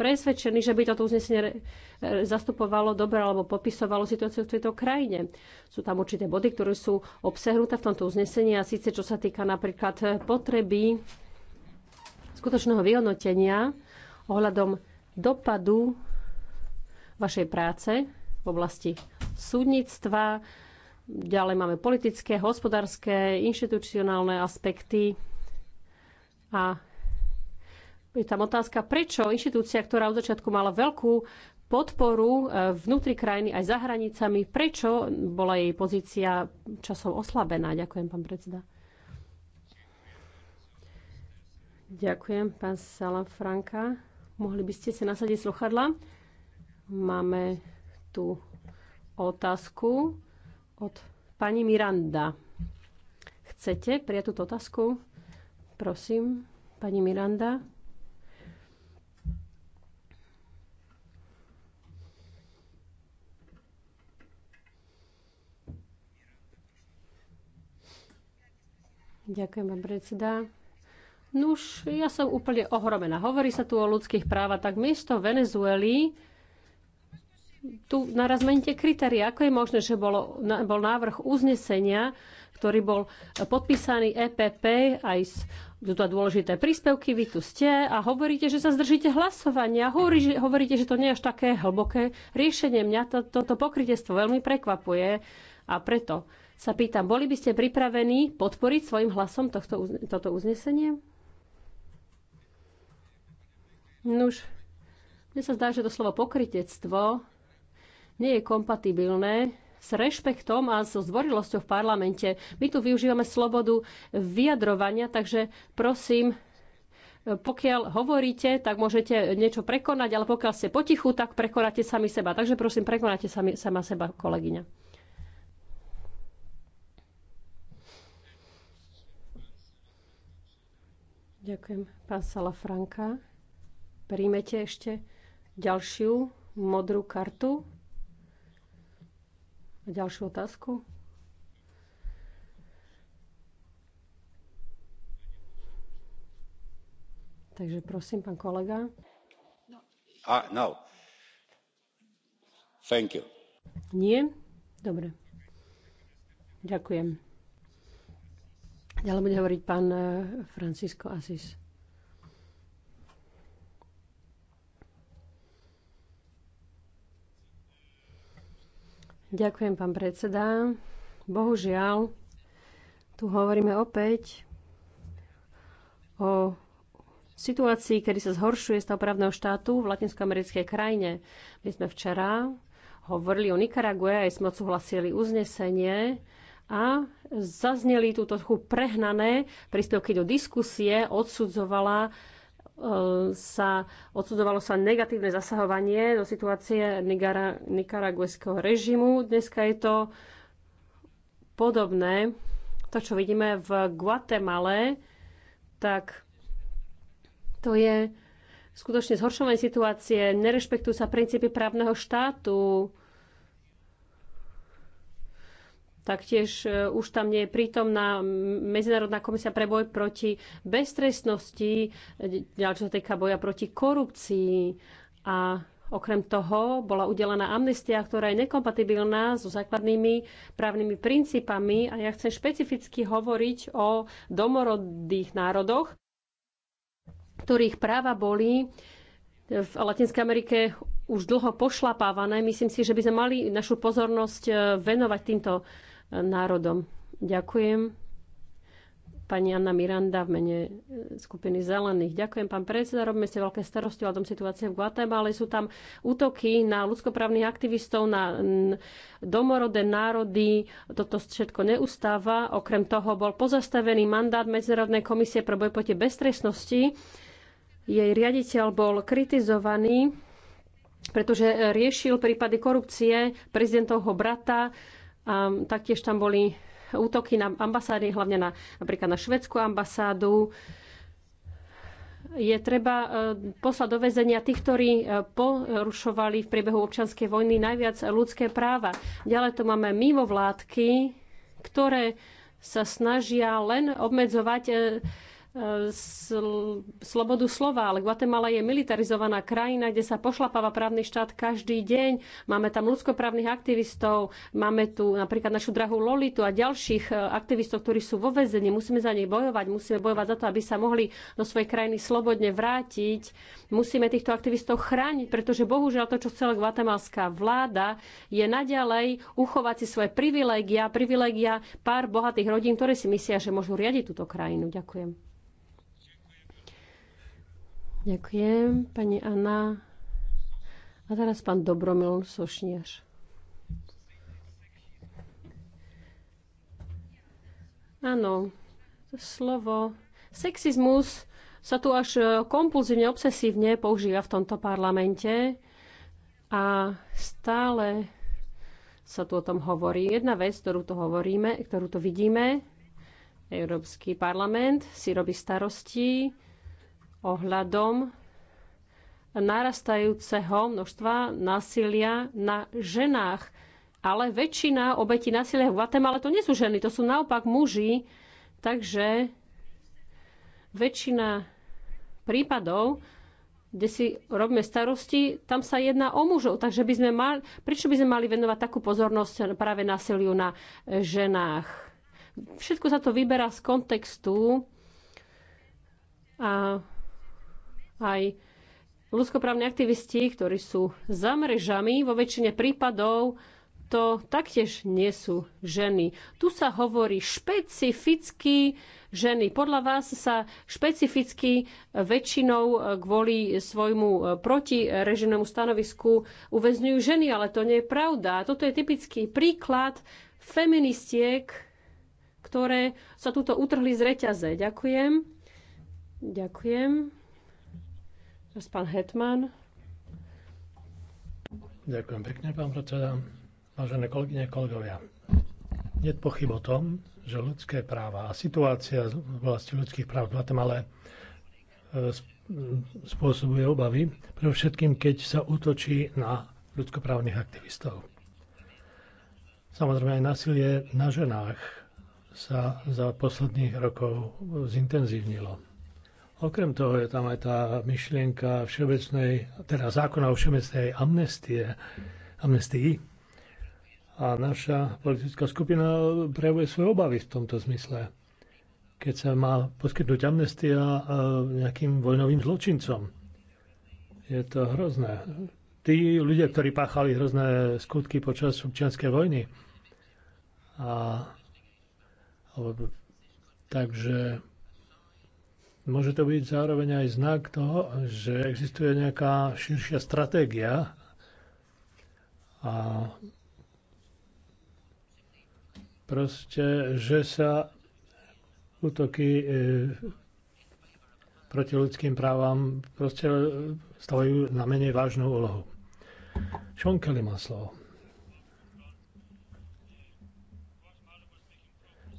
presvedčení, že by toto uznesenie zastupovalo dobre alebo popisovalo situáciu v tejto krajine. Sú tam určité body, ktoré sú obsahnuté v tomto uznesení a síce čo sa týka napríklad eh, potreby skutočného vyhodnotenia ohľadom dopadu vašej práce v oblasti súdnictva. Ďalej máme politické, hospodárske, inštitucionálne aspekty a je tam otázka, prečo inštitúcia, ktorá od začiatku mala veľkú podporu e, vnútri krajiny aj za hranicami, prečo bola jej pozícia časom oslabená? Ďakujem, pán predseda. Ďakujem, pán Franka. Mohli by ste si nasadiť sluchadla? Máme tu otázku od pani Miranda. Chcete prijať túto otázku? Prosím, pani Miranda. Ďakujem pán predseda. už ja som úplne ohromená. Hovorí sa tu o ľudských právach, tak miesto Venezuely tu naraz meníte kritéria. Ako je možné, že bolo, na, bol návrh uznesenia, ktorý bol podpísaný EPP aj s sú to dôležité príspevky, vy tu ste a hovoríte, že sa zdržíte hlasovania. Hovorí, že, hovoríte, že to nie je až také hlboké riešenie. Mňa to, toto pokrytiestvo veľmi prekvapuje a preto sa pýtam, boli by ste pripravení podporiť svojim hlasom tohto, toto uznesenie? Nuž, mne sa zdá, že to slovo pokritectvo nie je kompatibilné s rešpektom a so zdvorilosťou v parlamente. My tu využívame slobodu vyjadrovania, takže prosím, pokiaľ hovoríte, tak môžete niečo prekonať, ale pokiaľ ste potichu, tak prekonáte sami seba. Takže prosím, prekonáte sami, sama seba, kolegyňa. Ďakujem. Pán Sala Franka, príjmete ešte ďalšiu modrú kartu? A ďalšiu otázku? Takže prosím, pán kolega. No. Ah, no. Thank you. Nie? Dobre. Ďakujem. Ďalej bude hovoriť pán eh, Francisco Asis. Ďakujem, pán predseda. Bohužiaľ, tu hovoríme opäť o situácii, kedy sa zhoršuje stav právneho štátu v latinskoamerickej krajine. My sme včera hovorili o Nikarague, aj sme odsúhlasili uznesenie, a zazneli tu trochu prehnané príspevky do diskusie, odsudzovala e, sa, odsudzovalo sa negatívne zasahovanie do situácie Nigara, režimu. Dneska je to podobné. To, čo vidíme v Guatemale, tak to je skutočne zhoršovanie situácie, nerešpektujú sa princípy právneho štátu, Taktiež e, už tam nie je prítomná Medzinárodná komisia pre boj proti beztrestnosti, e, ďalšia týka boja proti korupcii a okrem toho bola udelená amnestia, ktorá je nekompatibilná so základnými právnymi princípami a ja chcem špecificky hovoriť o domorodých národoch, ktorých práva boli v Latinskej Amerike už dlho pošlapávané. Myslím si, že by sme mali našu pozornosť e, venovať týmto národom. Ďakujem. Pani Anna Miranda v mene e, skupiny Zelených. Ďakujem, pán predseda. Robíme si veľké starosti o tom situácie v Guatemala. Sú tam útoky na ľudskoprávnych aktivistov, na domorodé národy. Toto všetko neustáva. Okrem toho bol pozastavený mandát Medzinárodnej komisie pre boj proti beztrestnosti. Jej riaditeľ bol kritizovaný pretože riešil prípady korupcie prezidentovho brata, a taktiež tam boli útoky na ambasády, hlavne na, napríklad na švedskú ambasádu. Je treba e, poslať do väzenia tých, ktorí e, porušovali v priebehu občianskej vojny najviac ľudské práva. Ďalej tu máme mimo vládky, ktoré sa snažia len obmedzovať e, slobodu slova, ale Guatemala je militarizovaná krajina, kde sa pošlapáva právny štát každý deň. Máme tam ľudskoprávnych aktivistov, máme tu napríklad našu drahú Lolitu a ďalších e, aktivistov, ktorí sú vo väzení. Musíme za nej bojovať, musíme bojovať za to, aby sa mohli do svojej krajiny slobodne vrátiť. Musíme týchto aktivistov chrániť, pretože bohužiaľ to, čo chcela guatemalská vláda, je naďalej uchovať si svoje privilégia, privilégia pár bohatých rodín, ktoré si myslia, že môžu riadiť túto krajinu. Ďakujem. Ďakujem, pani Anna. A teraz pán Dobromil Sošniaš. Áno, slovo sexizmus sa tu až e, kompulzívne, obsesívne používa v tomto parlamente a stále sa tu o tom hovorí. Jedna vec, ktorú tu hovoríme, ktorú tu vidíme, Európsky parlament si robí starosti ohľadom narastajúceho množstva násilia na ženách. Ale väčšina obetí násilia v Guatemala to nie sú ženy, to sú naopak muži. Takže väčšina prípadov, kde si robíme starosti, tam sa jedná o mužov. Takže by sme mal, prečo by sme mali venovať takú pozornosť práve násiliu na ženách? Všetko sa to vyberá z kontextu a aj ľudskoprávni aktivisti, ktorí sú za mrežami, vo väčšine prípadov to taktiež nie sú ženy. Tu sa hovorí špecificky ženy. Podľa vás sa špecificky väčšinou kvôli svojmu protirežimnému stanovisku uväzňujú ženy, ale to nie je pravda. Toto je typický príklad feministiek, ktoré sa tuto utrhli z reťaze. Ďakujem. Ďakujem. Teraz pán Hetman. Ďakujem pekne, pán predseda. Vážené kolegyne, kolegovia. Je pochyb o tom, že ľudské práva a situácia v oblasti ľudských práv v Guatemala e, spôsobuje obavy, pre všetkým, keď sa útočí na ľudskoprávnych aktivistov. Samozrejme aj násilie na ženách sa za posledných rokov zintenzívnilo. Okrem toho je tam aj tá myšlienka všeobecnej, teda zákona o všeobecnej amnestie, amnestii. A naša politická skupina prejavuje svoje obavy v tomto zmysle, keď sa má poskytnúť amnestia e, nejakým vojnovým zločincom. Je to hrozné. Tí ľudia, ktorí páchali hrozné skutky počas občianskej vojny, a, takže môže to byť zároveň aj znak toho, že existuje nejaká širšia stratégia a proste, že sa útoky e, proti ľudským právam proste stavajú na menej vážnu úlohu. Šonkeli má slovo.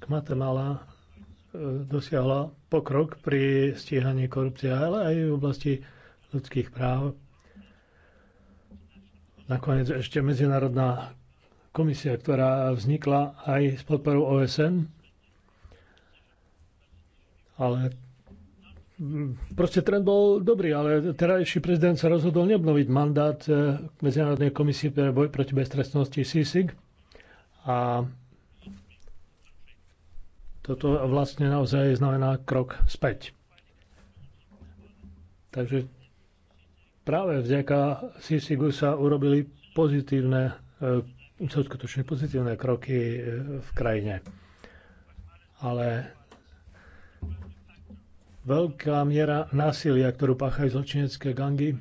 Kmatemala e, dosiahla pokrok pri stíhaní korupcie, ale aj v oblasti ľudských práv. Nakoniec ešte Medzinárodná komisia, ktorá vznikla aj s podporou OSN, ale proste trend bol dobrý, ale terajší prezident sa rozhodol neobnoviť mandát eh, Medzinárodnej komisie pre boj proti beztrestnosti SISIG a toto vlastne naozaj znamená krok späť. Takže práve vďaka Sisigu sa urobili pozitívne, e, sú skutočne pozitívne kroky e, v krajine. Ale veľká miera násilia, ktorú páchajú zločinecké gangy, e,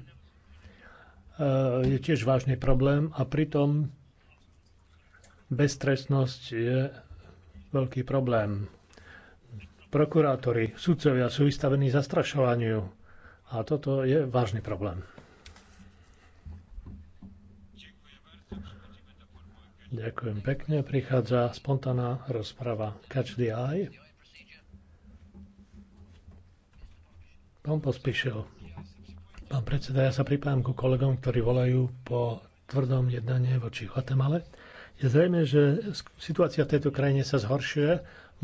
je tiež vážny problém a pritom beztrestnosť je veľký problém. Prokurátori, sudcovia sú vystavení zastrašovaniu a toto je vážny problém. Ďakujem pekne. Prichádza spontánna rozprava Catch the Eye. Pán pospíšil. Pán predseda, ja sa pripájam ku kolegom, ktorí volajú po tvrdom jednanie voči Guatemala. Je zrejme, že situácia v tejto krajine sa zhoršuje.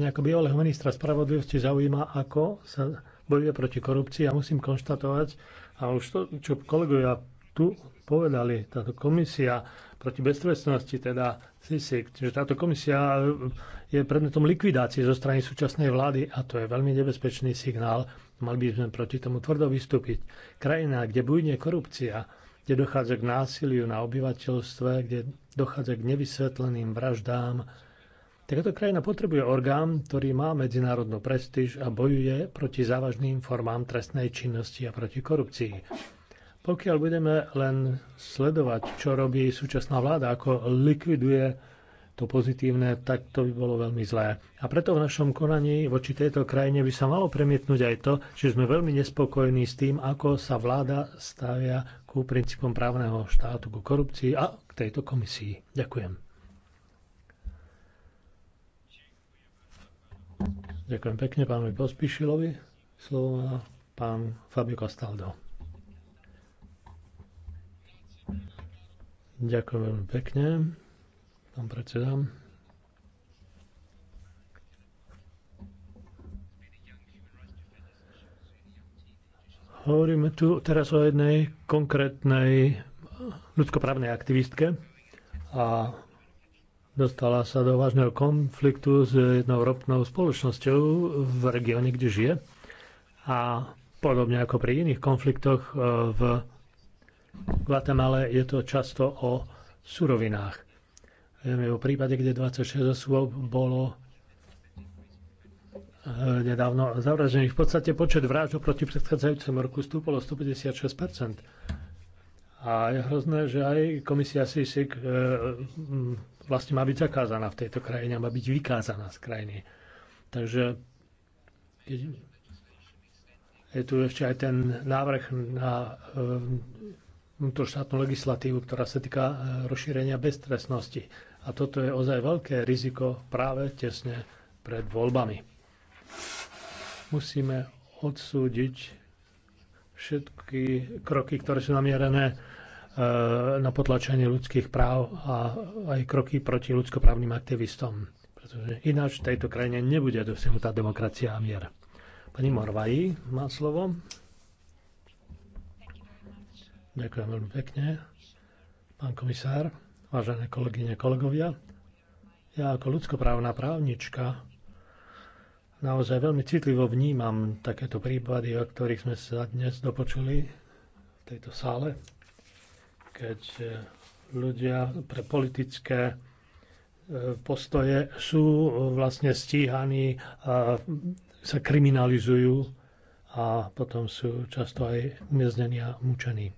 Mňa ako bývalého ministra spravodlivosti zaujíma, ako sa bojuje proti korupcii a musím konštatovať, a už to, čo kolegovia tu povedali, táto komisia proti bezstresnosti, teda SISIK, že táto komisia e, je predmetom likvidácie zo strany súčasnej vlády a to je veľmi nebezpečný signál. Mali by sme proti tomu tvrdo vystúpiť. Krajina, kde bujne korupcia, kde dochádza k násiliu na obyvateľstve, kde dochádza k nevysvetleným vraždám. Takáto krajina potrebuje orgán, ktorý má medzinárodnú prestíž a bojuje proti závažným formám trestnej činnosti a proti korupcii. Pokiaľ budeme len sledovať, čo robí súčasná vláda, ako likviduje to pozitívne, tak to by bolo veľmi zlé. A preto v našom konaní voči tejto krajine by sa malo premietnúť aj to, že sme veľmi nespokojní s tým, ako sa vláda stavia ku princípom právneho štátu, ku korupcii a tejto komisii. Ďakujem. Ďakujem pekne pánovi Pospišilovi. Slovo má pán Fabio Castaldo. Ďakujem veľmi pekne, pán predseda. Hovoríme tu teraz o jednej konkrétnej ľudskoprávnej aktivistke a dostala sa do vážneho konfliktu s jednou ropnou spoločnosťou v regióne, kde žije. A podobne ako pri iných konfliktoch e, v Guatemala je to často o surovinách. Vieme o prípade, kde 26 osôb bolo e, nedávno zavražených. V podstate počet vražd proti predchádzajúcemu roku stúpol o 156 a je hrozné, že aj komisia SISIC e, vlastne má byť zakázaná v tejto krajine, má byť vykázaná z krajiny. Takže je, je tu ešte aj ten návrh na e, vnútroštátnu legislatívu, ktorá sa týka e, rozšírenia beztresnosti. A toto je ozaj veľké riziko práve tesne pred voľbami. Musíme odsúdiť všetky kroky, ktoré sú namierené Eh, na potlačenie ľudských práv a aj kroky proti ľudskoprávnym aktivistom. Pretože ináč v tejto krajine nebude dosiahnutá demokracia a mier. Pani Morvají má slovo. Ďakujem veľmi pekne. Pán komisár, vážené kolegyne, kolegovia, ja ako ľudskoprávna právnička naozaj veľmi citlivo vnímam takéto prípady, o ktorých sme sa dnes dopočuli v tejto sále keď e, ľudia pre politické e, postoje sú e, vlastne stíhaní a sa kriminalizujú a potom sú často aj umiestnení a mučení.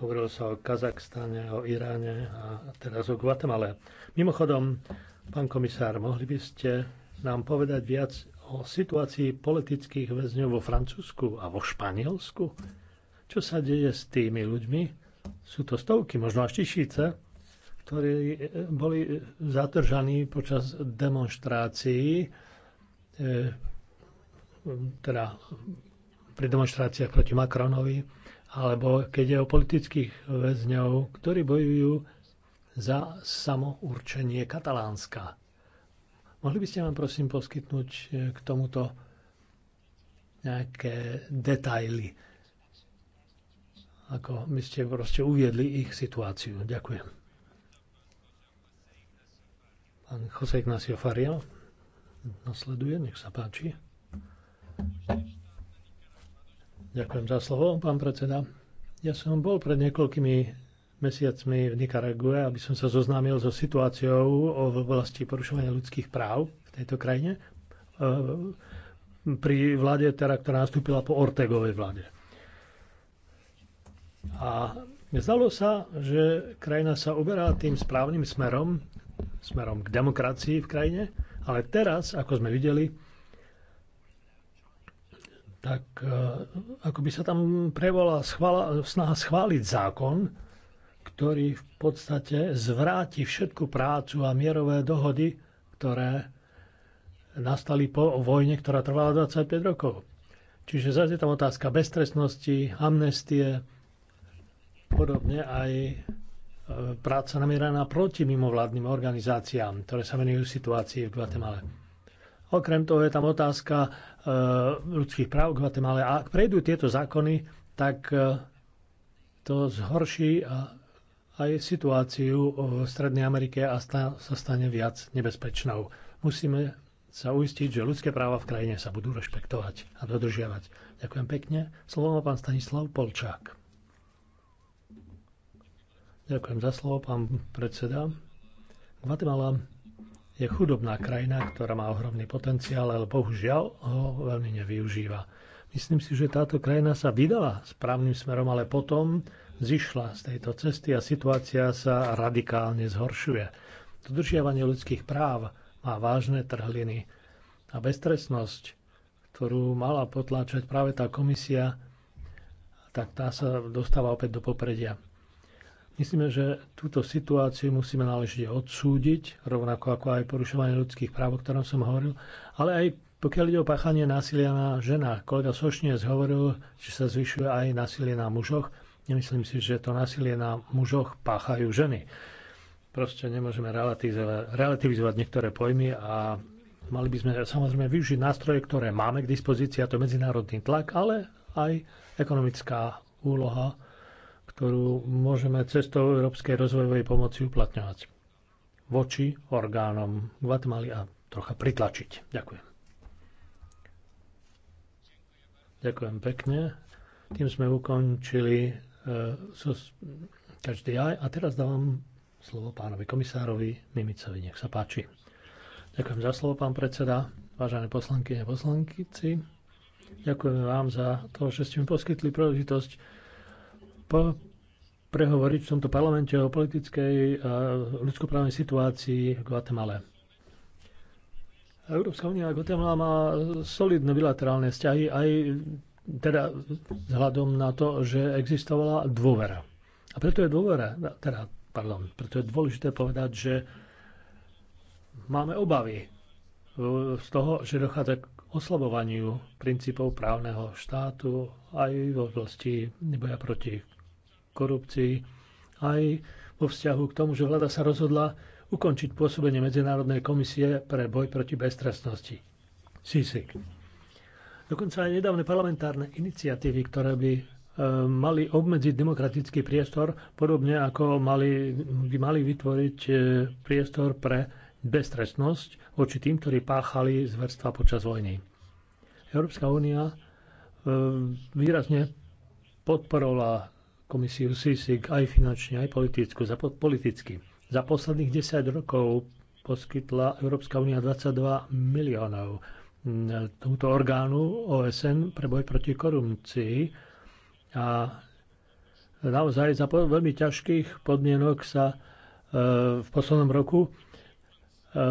Hovorilo sa o Kazachstane, o Iráne a teraz o Guatemale. Mimochodom, pán komisár, mohli by ste nám povedať viac o situácii politických väzňov vo Francúzsku a vo Španielsku? Čo sa deje s tými ľuďmi, sú to stovky, možno až tisíce, ktorí e, boli zadržaní počas demonstrácií, e, teda pri demonstráciách proti Macronovi, alebo keď je o politických väzňov, ktorí bojujú za samourčenie Katalánska. Mohli by ste vám prosím poskytnúť e, k tomuto nejaké detaily? ako by ste proste uviedli ich situáciu. Ďakujem. Pán Jose Ignacio Faria nasleduje, nech sa páči. Ďakujem za slovo, pán predseda. Ja som bol pred niekoľkými mesiacmi v Nikarague, aby som sa zoznámil so situáciou o oblasti porušovania ľudských práv v tejto krajine eh, pri vláde, teda, ktorá nastúpila po Ortegovej vláde. A zdalo sa, že krajina sa uberá tým správnym smerom, smerom k demokracii v krajine, ale teraz, ako sme videli, tak e, ako by sa tam prevolala snaha schváliť zákon, ktorý v podstate zvráti všetku prácu a mierové dohody, ktoré nastali po vojne, ktorá trvala 25 rokov. Čiže zase je tam otázka beztrestnosti, amnestie, Podobne aj e, práca namieraná proti mimovládnym organizáciám, ktoré sa venujú situácii v Guatemale. Okrem toho je tam otázka e, ľudských práv v Guatemale. A ak prejdú tieto zákony, tak e, to zhorší aj situáciu v Strednej Amerike a sa stane viac nebezpečnou. Musíme sa uistiť, že ľudské práva v krajine sa budú rešpektovať a dodržiavať. Ďakujem pekne. Slovo má pán Stanislav Polčák. Ďakujem za slovo, pán predseda. Guatemala je chudobná krajina, ktorá má ohromný potenciál, ale bohužiaľ ho veľmi nevyužíva. Myslím si, že táto krajina sa vydala správnym smerom, ale potom zišla z tejto cesty a situácia sa radikálne zhoršuje. Dodržiavanie ľudských práv má vážne trhliny a beztresnosť, ktorú mala potláčať práve tá komisia, tak tá sa dostáva opäť do popredia. Myslíme, že túto situáciu musíme náležite odsúdiť, rovnako ako aj porušovanie ľudských práv, o ktorom som hovoril, ale aj pokiaľ ide o páchanie násilia na ženách. Kolega Sošniec hovoril, že sa zvyšuje aj násilie na mužoch. Nemyslím si, že to násilie na mužoch páchajú ženy. Proste nemôžeme relativizovať, relativizovať niektoré pojmy a mali by sme samozrejme využiť nástroje, ktoré máme k dispozícii, a to medzinárodný tlak, ale aj ekonomická úloha ktorú môžeme cestou Európskej rozvojovej pomoci uplatňovať voči orgánom Guatemaly a trocha pritlačiť. Ďakujem. Ďakujem pekne. Tým sme ukončili e, so každý aj. A teraz dávam slovo pánovi komisárovi Mimicovi. Nech sa páči. Ďakujem za slovo, pán predseda. Vážené poslanky a poslankyci, ďakujem vám za to, že ste mi poskytli príležitosť po prehovoriť v tomto parlamente o politickej a ľudskoprávnej situácii v Guatemale. Európska únia a Guatemala má solidné bilaterálne vzťahy aj teda vzhľadom na to, že existovala dôvera. A preto je dôvera, teda, pardon, preto je dôležité povedať, že máme obavy e, z toho, že dochádza k oslabovaniu princípov právneho štátu aj v oblasti boja proti korupcii, aj vo vzťahu k tomu, že vláda sa rozhodla ukončiť pôsobenie Medzinárodnej komisie pre boj proti beztrestnosti. SISIK. Dokonca aj nedávne parlamentárne iniciatívy, ktoré by e, mali obmedziť demokratický priestor, podobne ako mali, by mali vytvoriť e, priestor pre beztrestnosť voči tým, ktorí páchali zverstva počas vojny. Európska únia e, výrazne podporovala komisiu SISIG aj finančne, aj politicky. Za, politicky. za posledných 10 rokov poskytla Európska únia 22 miliónov tomuto orgánu OSN pre boj proti korupcii a naozaj za veľmi ťažkých podmienok sa e, v poslednom roku e,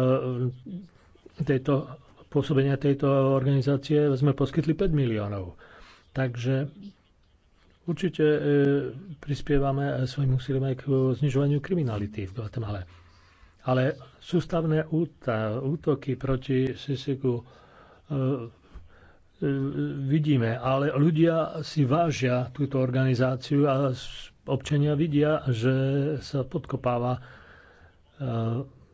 tejto, pôsobenia tejto organizácie sme poskytli 5 miliónov. Takže Určite e, prispievame e, svojim úsilím aj k e, znižovaniu kriminality v Guatemala. Ale sústavné útoky proti Sisiku vidíme, ale ľudia si vážia túto organizáciu a občania vidia, že sa podkopáva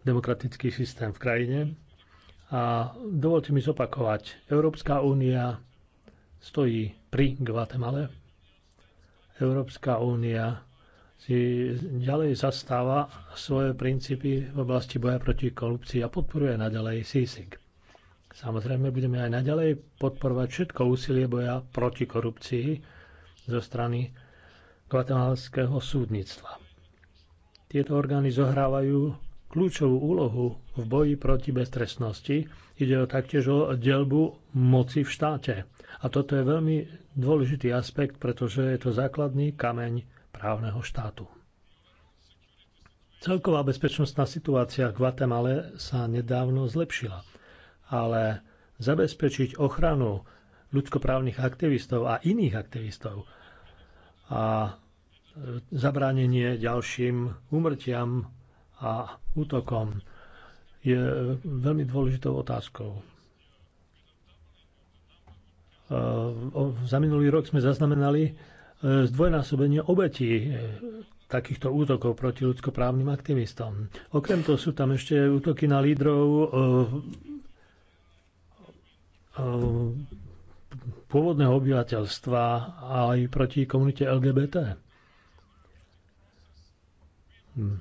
demokratický systém v krajine. A dovolte mi zopakovať, Európska únia stojí pri Guatemale Európska únia si ďalej zastáva svoje princípy v oblasti boja proti korupcii a podporuje naďalej CISIC. Samozrejme, budeme aj naďalej podporovať všetko úsilie boja proti korupcii zo strany guatemalského súdnictva. Tieto orgány zohrávajú kľúčovú úlohu v boji proti beztrestnosti. Ide o taktiež o delbu moci v štáte a toto je veľmi dôležitý aspekt, pretože je to základný kameň právneho štátu. Celková bezpečnostná situácia v Guatemale sa nedávno zlepšila, ale zabezpečiť ochranu ľudskoprávnych aktivistov a iných aktivistov a zabránenie ďalším úmrtiam a útokom je veľmi dôležitou otázkou. Eh, za minulý rok sme zaznamenali eh, zdvojnásobenie obetí eh, takýchto útokov proti ľudskoprávnym aktivistom. Okrem toho sú tam ešte útoky na lídrov pôvodného obyvateľstva a aj proti komunite LGBT. Hm.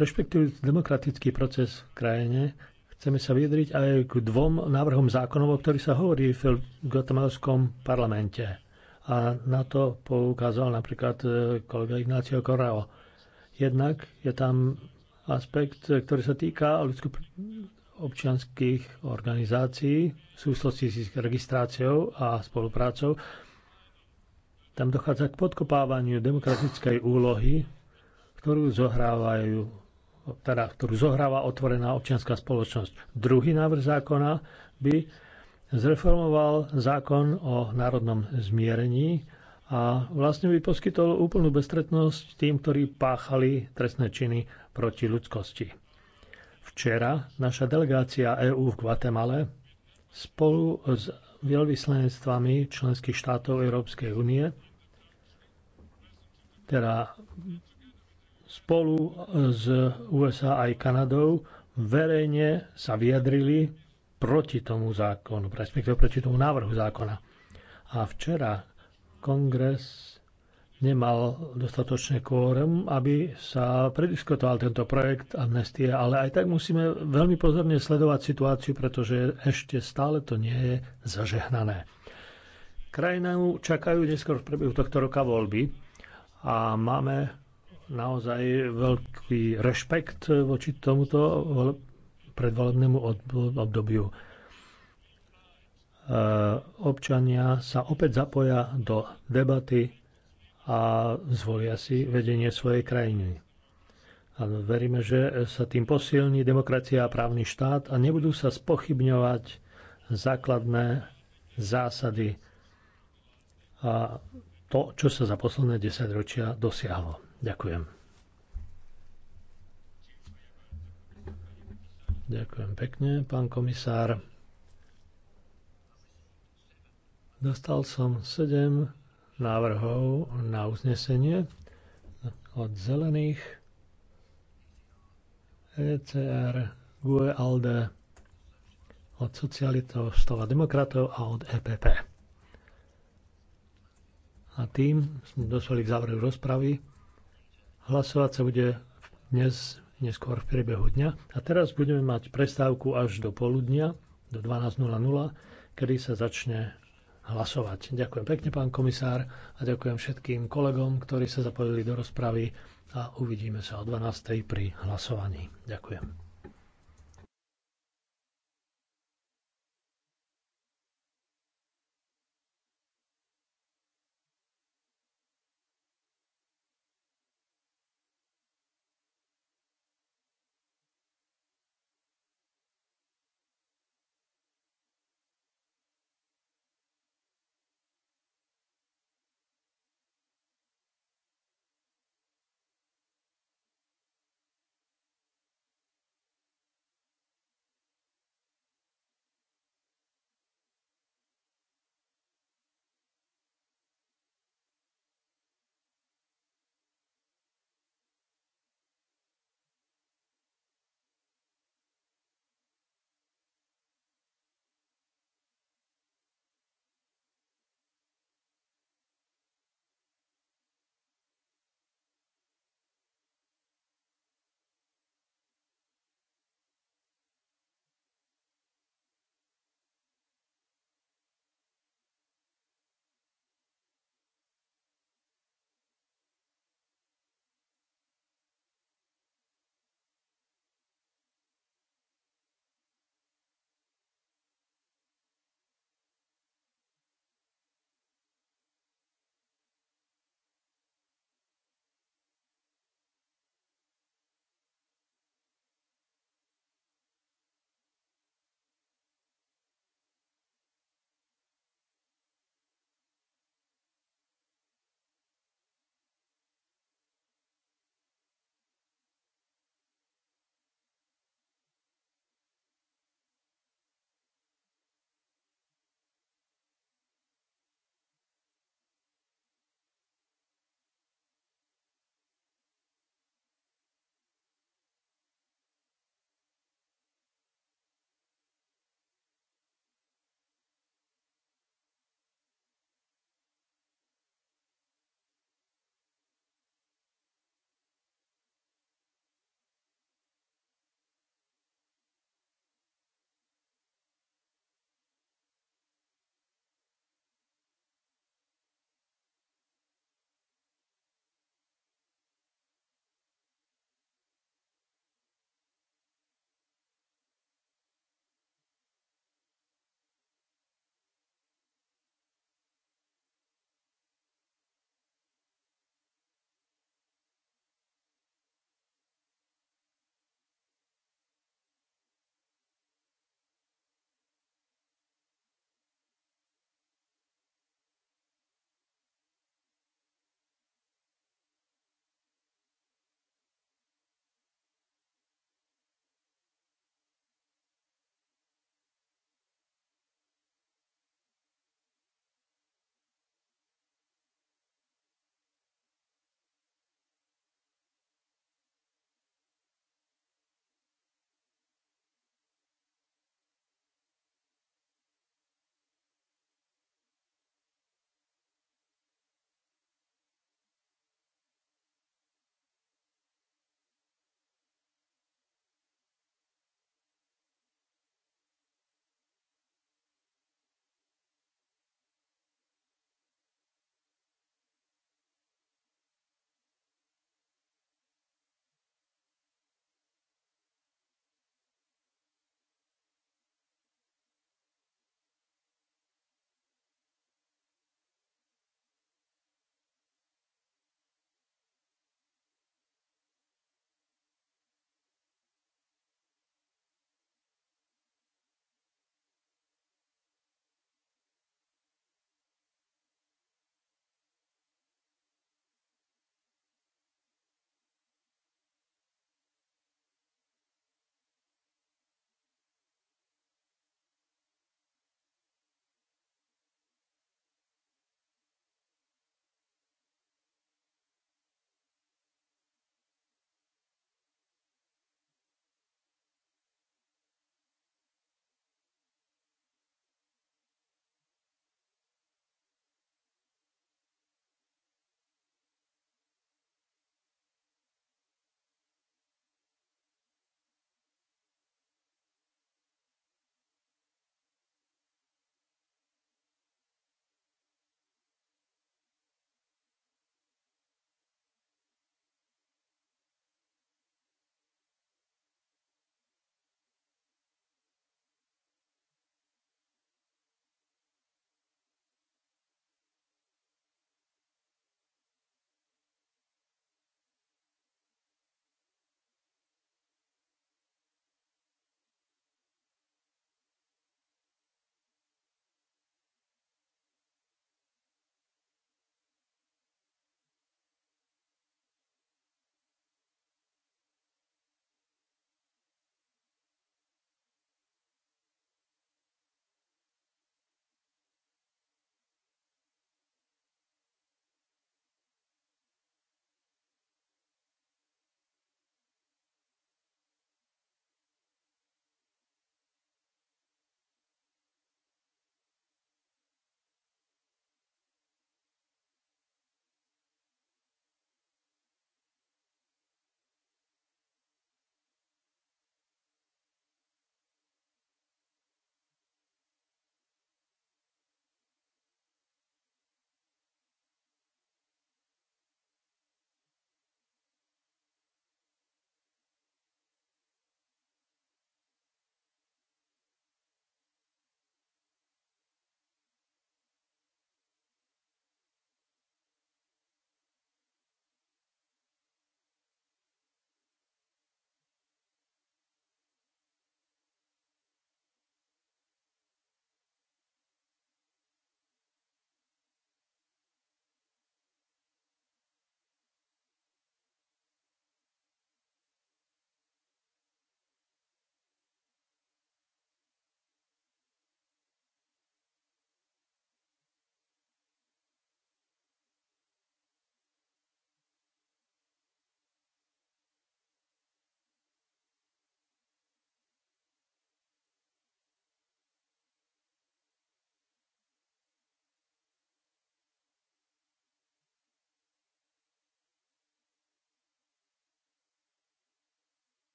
Rešpektujúc demokratický proces v krajine, Chceme sa vyjadriť aj k dvom návrhom zákonov, o ktorých sa hovorí v guatemalskom parlamente. A na to poukázal napríklad e, kolega Ignácio Corrao. Jednak je tam aspekt, ktorý sa týka ľudsko občianských organizácií v súvislosti s registráciou a spoluprácou. Tam dochádza k podkopávaniu demokratickej úlohy, ktorú zohrávajú teda, ktorú zohráva otvorená občianská spoločnosť. Druhý návrh zákona by zreformoval zákon o národnom zmierení a vlastne by poskytol úplnú bestretnosť tým, ktorí páchali trestné činy proti ľudskosti. Včera naša delegácia EÚ v Guatemale spolu s veľvyslenectvami členských štátov Európskej únie teda spolu e, s USA aj Kanadou verejne sa vyjadrili proti tomu zákonu, respektíve proti tomu návrhu zákona. A včera kongres nemal dostatočné kórum, aby sa prediskutoval tento projekt amnestie, ale aj tak musíme veľmi pozorne sledovať situáciu, pretože ešte stále to nie je zažehnané. Krajinu čakajú neskôr v priebehu tohto roka voľby a máme naozaj veľký rešpekt voči tomuto predvolebnému obdobiu. E, občania sa opäť zapoja do debaty a zvolia si vedenie svojej krajiny. A veríme, že sa tým posilní demokracia a právny štát a nebudú sa spochybňovať základné zásady a to, čo sa za posledné desaťročia dosiahlo. Ďakujem. Ďakujem pekne, pán komisár. Dostal som 7 návrhov na uznesenie od zelených ECR, GUE, ALDE, od socialitov, stova demokratov a od EPP. A tým sme dosvali k záveru rozpravy. Hlasovať sa bude dnes, neskôr v priebehu dňa. A teraz budeme mať prestávku až do poludnia, do 12.00, kedy sa začne hlasovať. Ďakujem pekne, pán komisár, a ďakujem všetkým kolegom, ktorí sa zapojili do rozpravy a uvidíme sa o 12.00 pri hlasovaní. Ďakujem.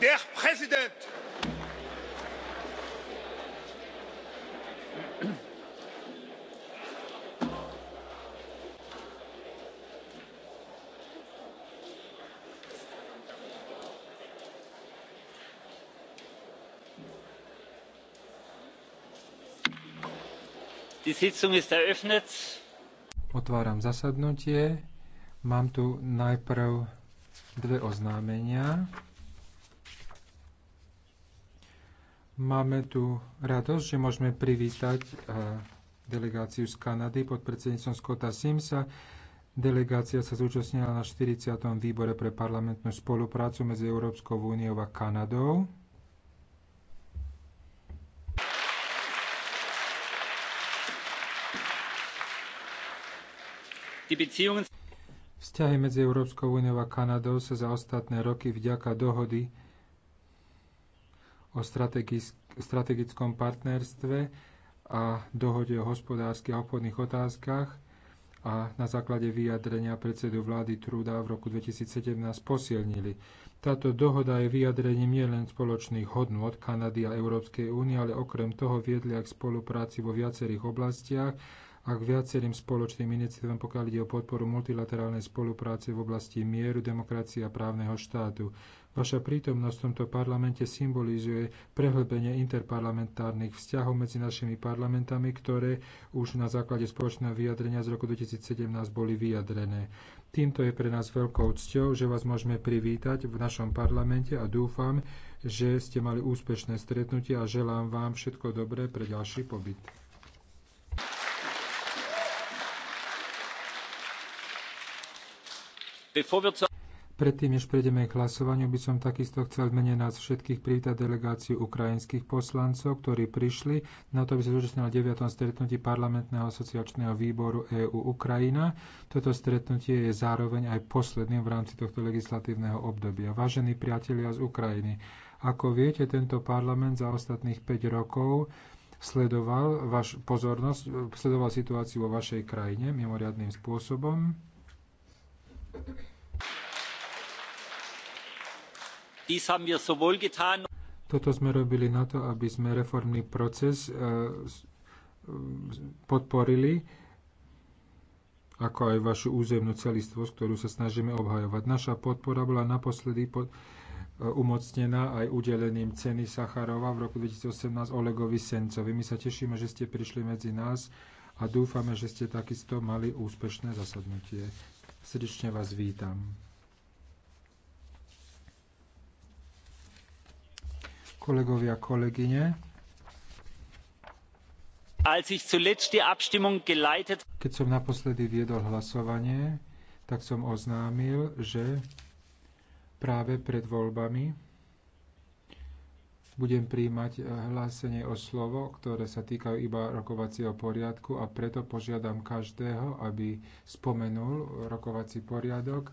der präsident! die sitzung ist eröffnet otváram zasadnutie mám tu najprv dve oznámenia. Máme tu radosť, že môžeme privítať eh, delegáciu z Kanady pod predsedníctvom Scotta Simsa. Delegácia sa zúčastnila na 40. výbore pre parlamentnú spoluprácu medzi Európskou úniou a Kanadou. Vzťahy medzi Európskou úniou a Kanadou sa za ostatné roky vďaka dohody o strategickom partnerstve a dohode o hospodárskych a obchodných otázkach a na základe vyjadrenia predsedu vlády Truda v roku 2017 posilnili. Táto dohoda je vyjadrením nielen spoločných hodnôt Kanady a Európskej únie, ale okrem toho viedli aj k spolupráci vo viacerých oblastiach a k viacerým spoločným iniciatívam, pokiaľ ide o podporu multilaterálnej spolupráce v oblasti mieru, demokracie a právneho štátu. Vaša prítomnosť v tomto parlamente symbolizuje prehlbenie interparlamentárnych vzťahov medzi našimi parlamentami, ktoré už na základe spoločného vyjadrenia z roku 2017 boli vyjadrené. Týmto je pre nás veľkou cťou, že vás môžeme privítať v našom parlamente a dúfam, že ste mali úspešné stretnutie a želám vám všetko dobré pre ďalší pobyt. Predtým, než prejdeme k hlasovaniu, by som takisto chcel v mene nás všetkých privítať delegáciu ukrajinských poslancov, ktorí prišli na to, aby sa zúčastnili 9. stretnutí parlamentného asociačného výboru EU Ukrajina. Toto stretnutie je zároveň aj posledným v rámci tohto legislatívneho obdobia. Vážení priatelia z Ukrajiny, ako viete, tento parlament za ostatných 5 rokov sledoval vaš pozornosť, sledoval situáciu vo vašej krajine mimoriadným spôsobom. Toto sme robili na to, aby sme reformný proces e, podporili, ako aj vašu územnú celistvosť, ktorú sa snažíme obhajovať. Naša podpora bola naposledy pod, e, umocnená aj udelením ceny Sacharova v roku 2018 Olegovi Sencovi. My sa tešíme, že ste prišli medzi nás a dúfame, že ste takisto mali úspešné zasadnutie. Srdečne vás vítam. kolegovia, kolegyne. Keď som naposledy viedol hlasovanie, tak som oznámil, že práve pred voľbami budem príjmať eh, hlásenie o slovo, ktoré sa týkajú iba rokovacieho poriadku a preto požiadam každého, aby spomenul rokovací poriadok.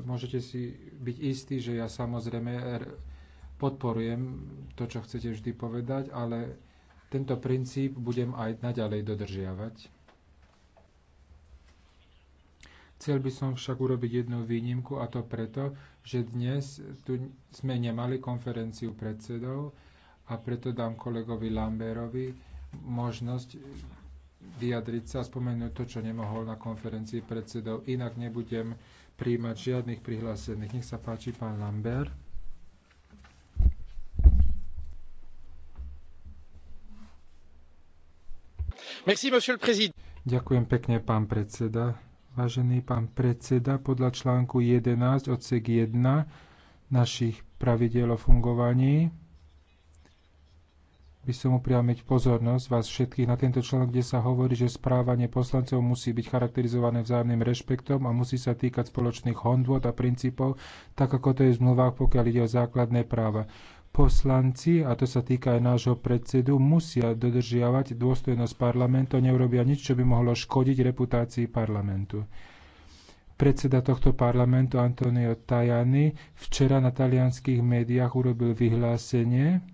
Môžete si byť istí, že ja samozrejme Podporujem to, čo chcete vždy povedať, ale tento princíp budem aj naďalej dodržiavať. Chcel by som však urobiť jednu výnimku a to preto, že dnes tu sme nemali konferenciu predsedov a preto dám kolegovi Lamberovi možnosť vyjadriť sa a spomenúť to, čo nemohol na konferencii predsedov. Inak nebudem príjmať žiadnych prihlásených. Nech sa páči, pán Lambert. Ďakujem pekne, pán predseda. Vážený pán predseda, podľa článku 11 odsek 1 našich pravidel o fungovaní by som upriamiť pozornosť vás všetkých na tento článok, kde sa hovorí, že správanie poslancov musí byť charakterizované vzájomným rešpektom a musí sa týkať spoločných hondvod a princípov, tak ako to je v zmluvách, pokiaľ ide o základné práva poslanci, a to sa týka aj nášho predsedu, musia dodržiavať dôstojnosť parlamentu a neurobia nič, čo by mohlo škodiť reputácii parlamentu. Predseda tohto parlamentu Antonio Tajani včera na talianských médiách urobil vyhlásenie,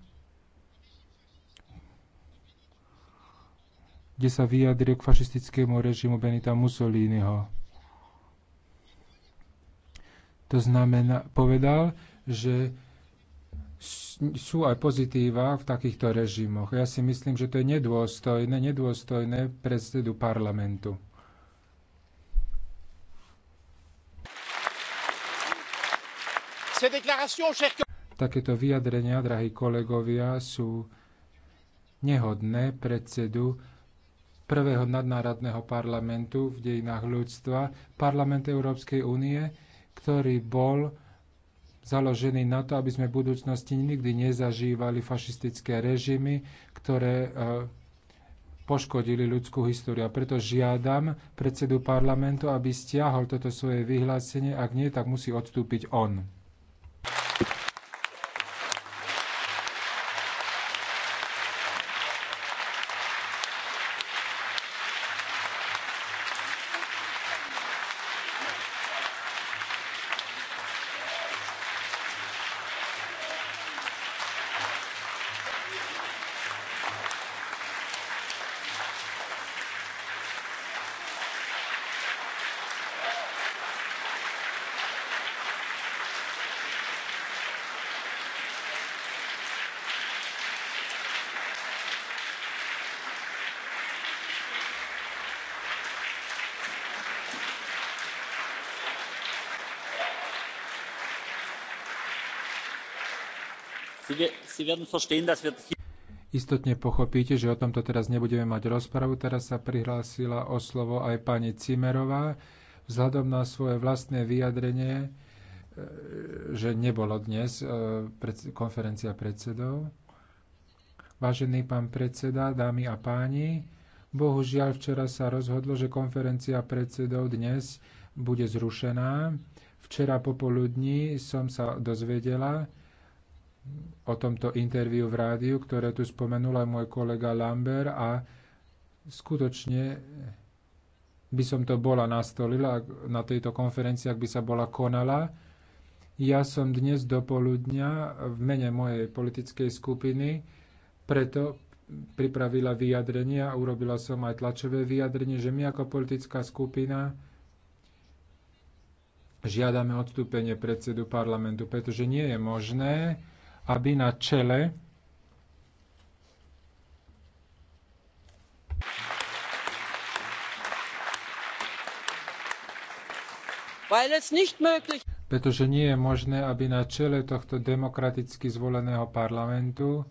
kde sa vyjadril k fašistickému režimu Benita Mussoliniho. To znamená, povedal, že sú aj pozitíva v takýchto režimoch. Ja si myslím, že to je nedôstojné, nedôstojné predsedu parlamentu. Takéto vyjadrenia, drahí kolegovia, sú nehodné predsedu prvého nadnárodného parlamentu v dejinách ľudstva, parlament Európskej únie, ktorý bol založený na to, aby sme v budúcnosti nikdy nezažívali fašistické režimy, ktoré eh, poškodili ľudskú históriu. A preto žiadam predsedu parlamentu, aby stiahol toto svoje vyhlásenie. Ak nie, tak musí odstúpiť on. Istotne pochopíte, že o tomto teraz nebudeme mať rozpravu. Teraz sa prihlásila o slovo aj pani Cimerová. Vzhľadom na svoje vlastné vyjadrenie, e, že nebolo dnes e, konferencia predsedov. Vážený pán predseda, dámy a páni, bohužiaľ včera sa rozhodlo, že konferencia predsedov dnes bude zrušená. Včera popoludní som sa dozvedela, o tomto interviu v rádiu, ktoré tu spomenul aj môj kolega Lambert a skutočne by som to bola nastolila na tejto konferencii, ak by sa bola konala. Ja som dnes do poludnia v mene mojej politickej skupiny preto pripravila vyjadrenie a urobila som aj tlačové vyjadrenie, že my ako politická skupina žiadame odstúpenie predsedu parlamentu, pretože nie je možné, aby na čele pretože nie je možné, aby na čele tohto demokraticky zvoleného parlamentu,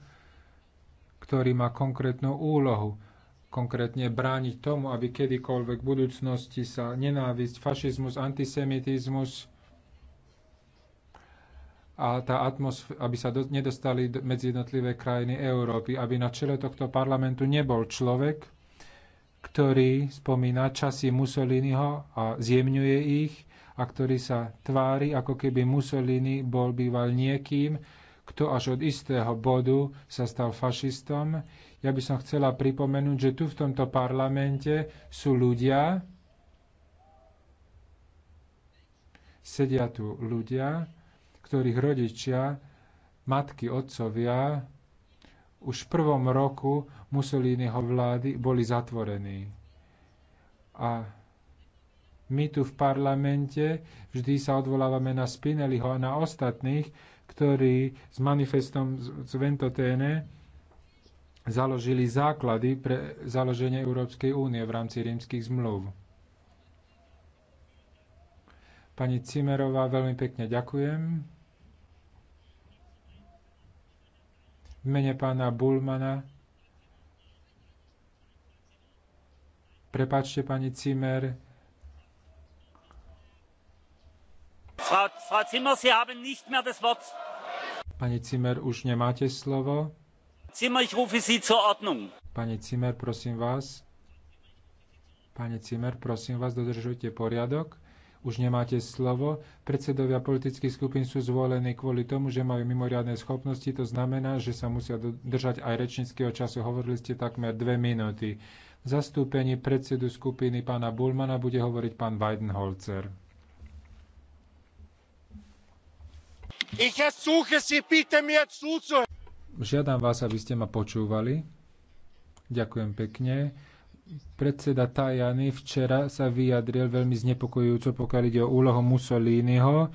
ktorý má konkrétnu úlohu, konkrétne brániť tomu, aby kedykoľvek v budúcnosti sa nenávisť, fašizmus, antisemitizmus a tá atmosf- aby sa do, nedostali medzi jednotlivé krajiny Európy, aby na čele tohto parlamentu nebol človek, ktorý spomína časy Mussoliniho a zjemňuje ich a ktorý sa tvári, ako keby Mussolini bol býval niekým, kto až od istého bodu sa stal fašistom. Ja by som chcela pripomenúť, že tu v tomto parlamente sú ľudia, sedia tu ľudia, ktorých rodičia, matky, otcovia už v prvom roku Mussoliniho vlády boli zatvorení. A my tu v parlamente vždy sa odvolávame na Spinelliho a na ostatných, ktorí s manifestom z Ventotene založili základy pre založenie Európskej únie v rámci rímskych zmluv. Pani Cimerová, veľmi pekne ďakujem. v mene pána Bulmana. Prepačte, pani Cimer. Frau, Frau Zimmer, Sie haben nicht mehr das Wort. Pani Cimer, už nemáte slovo. Zimmer, ich rufe Sie zur Ordnung. Pani Cimer, prosím vás. Pani Cimer, prosím vás, dodržujte poriadok už nemáte slovo. Predsedovia politických skupín sú zvolení kvôli tomu, že majú mimoriadne schopnosti. To znamená, že sa musia držať aj rečníckého času. Hovorili ste takmer dve minúty. V zastúpení predsedu skupiny pána Bulmana bude hovoriť pán Weidenholzer. Žiadam vás, aby ste ma počúvali. Ďakujem pekne. Predseda Tajany včera sa vyjadril veľmi znepokojujúco, pokiaľ ide o úlohu Mussoliniho.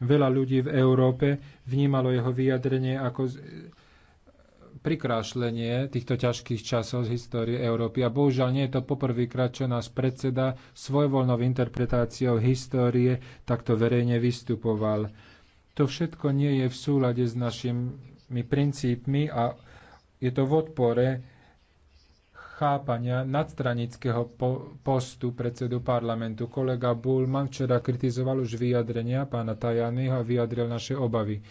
Veľa ľudí v Európe vnímalo jeho vyjadrenie ako prikrášlenie týchto ťažkých časov z histórie Európy. A bohužiaľ nie je to poprvýkrát, čo nás predseda svojvoľnou interpretáciou histórie takto verejne vystupoval. To všetko nie je v súlade s našimi princípmi a je to v odpore chápania nadstranického postu predsedu parlamentu. Kolega Bullman včera kritizoval už vyjadrenia pána Tajanyho a vyjadril naše obavy.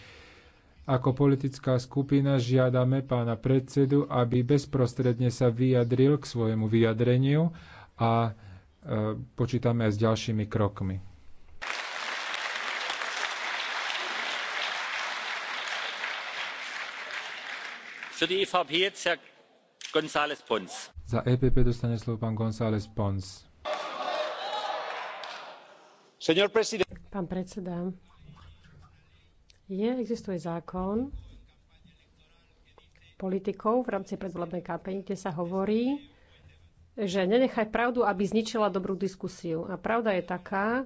Ako politická skupina žiadame pána predsedu, aby bezprostredne sa vyjadril k svojemu vyjadreniu a e, počítame aj s ďalšími krokmi. Für die EVP jetzt Herr González Pons. Za EPP dostane slovo pán González Pons. Pán predseda, je, existuje zákon politikov v rámci predvolebnej kampane, kde sa hovorí, že nenechaj pravdu, aby zničila dobrú diskusiu. A pravda je taká,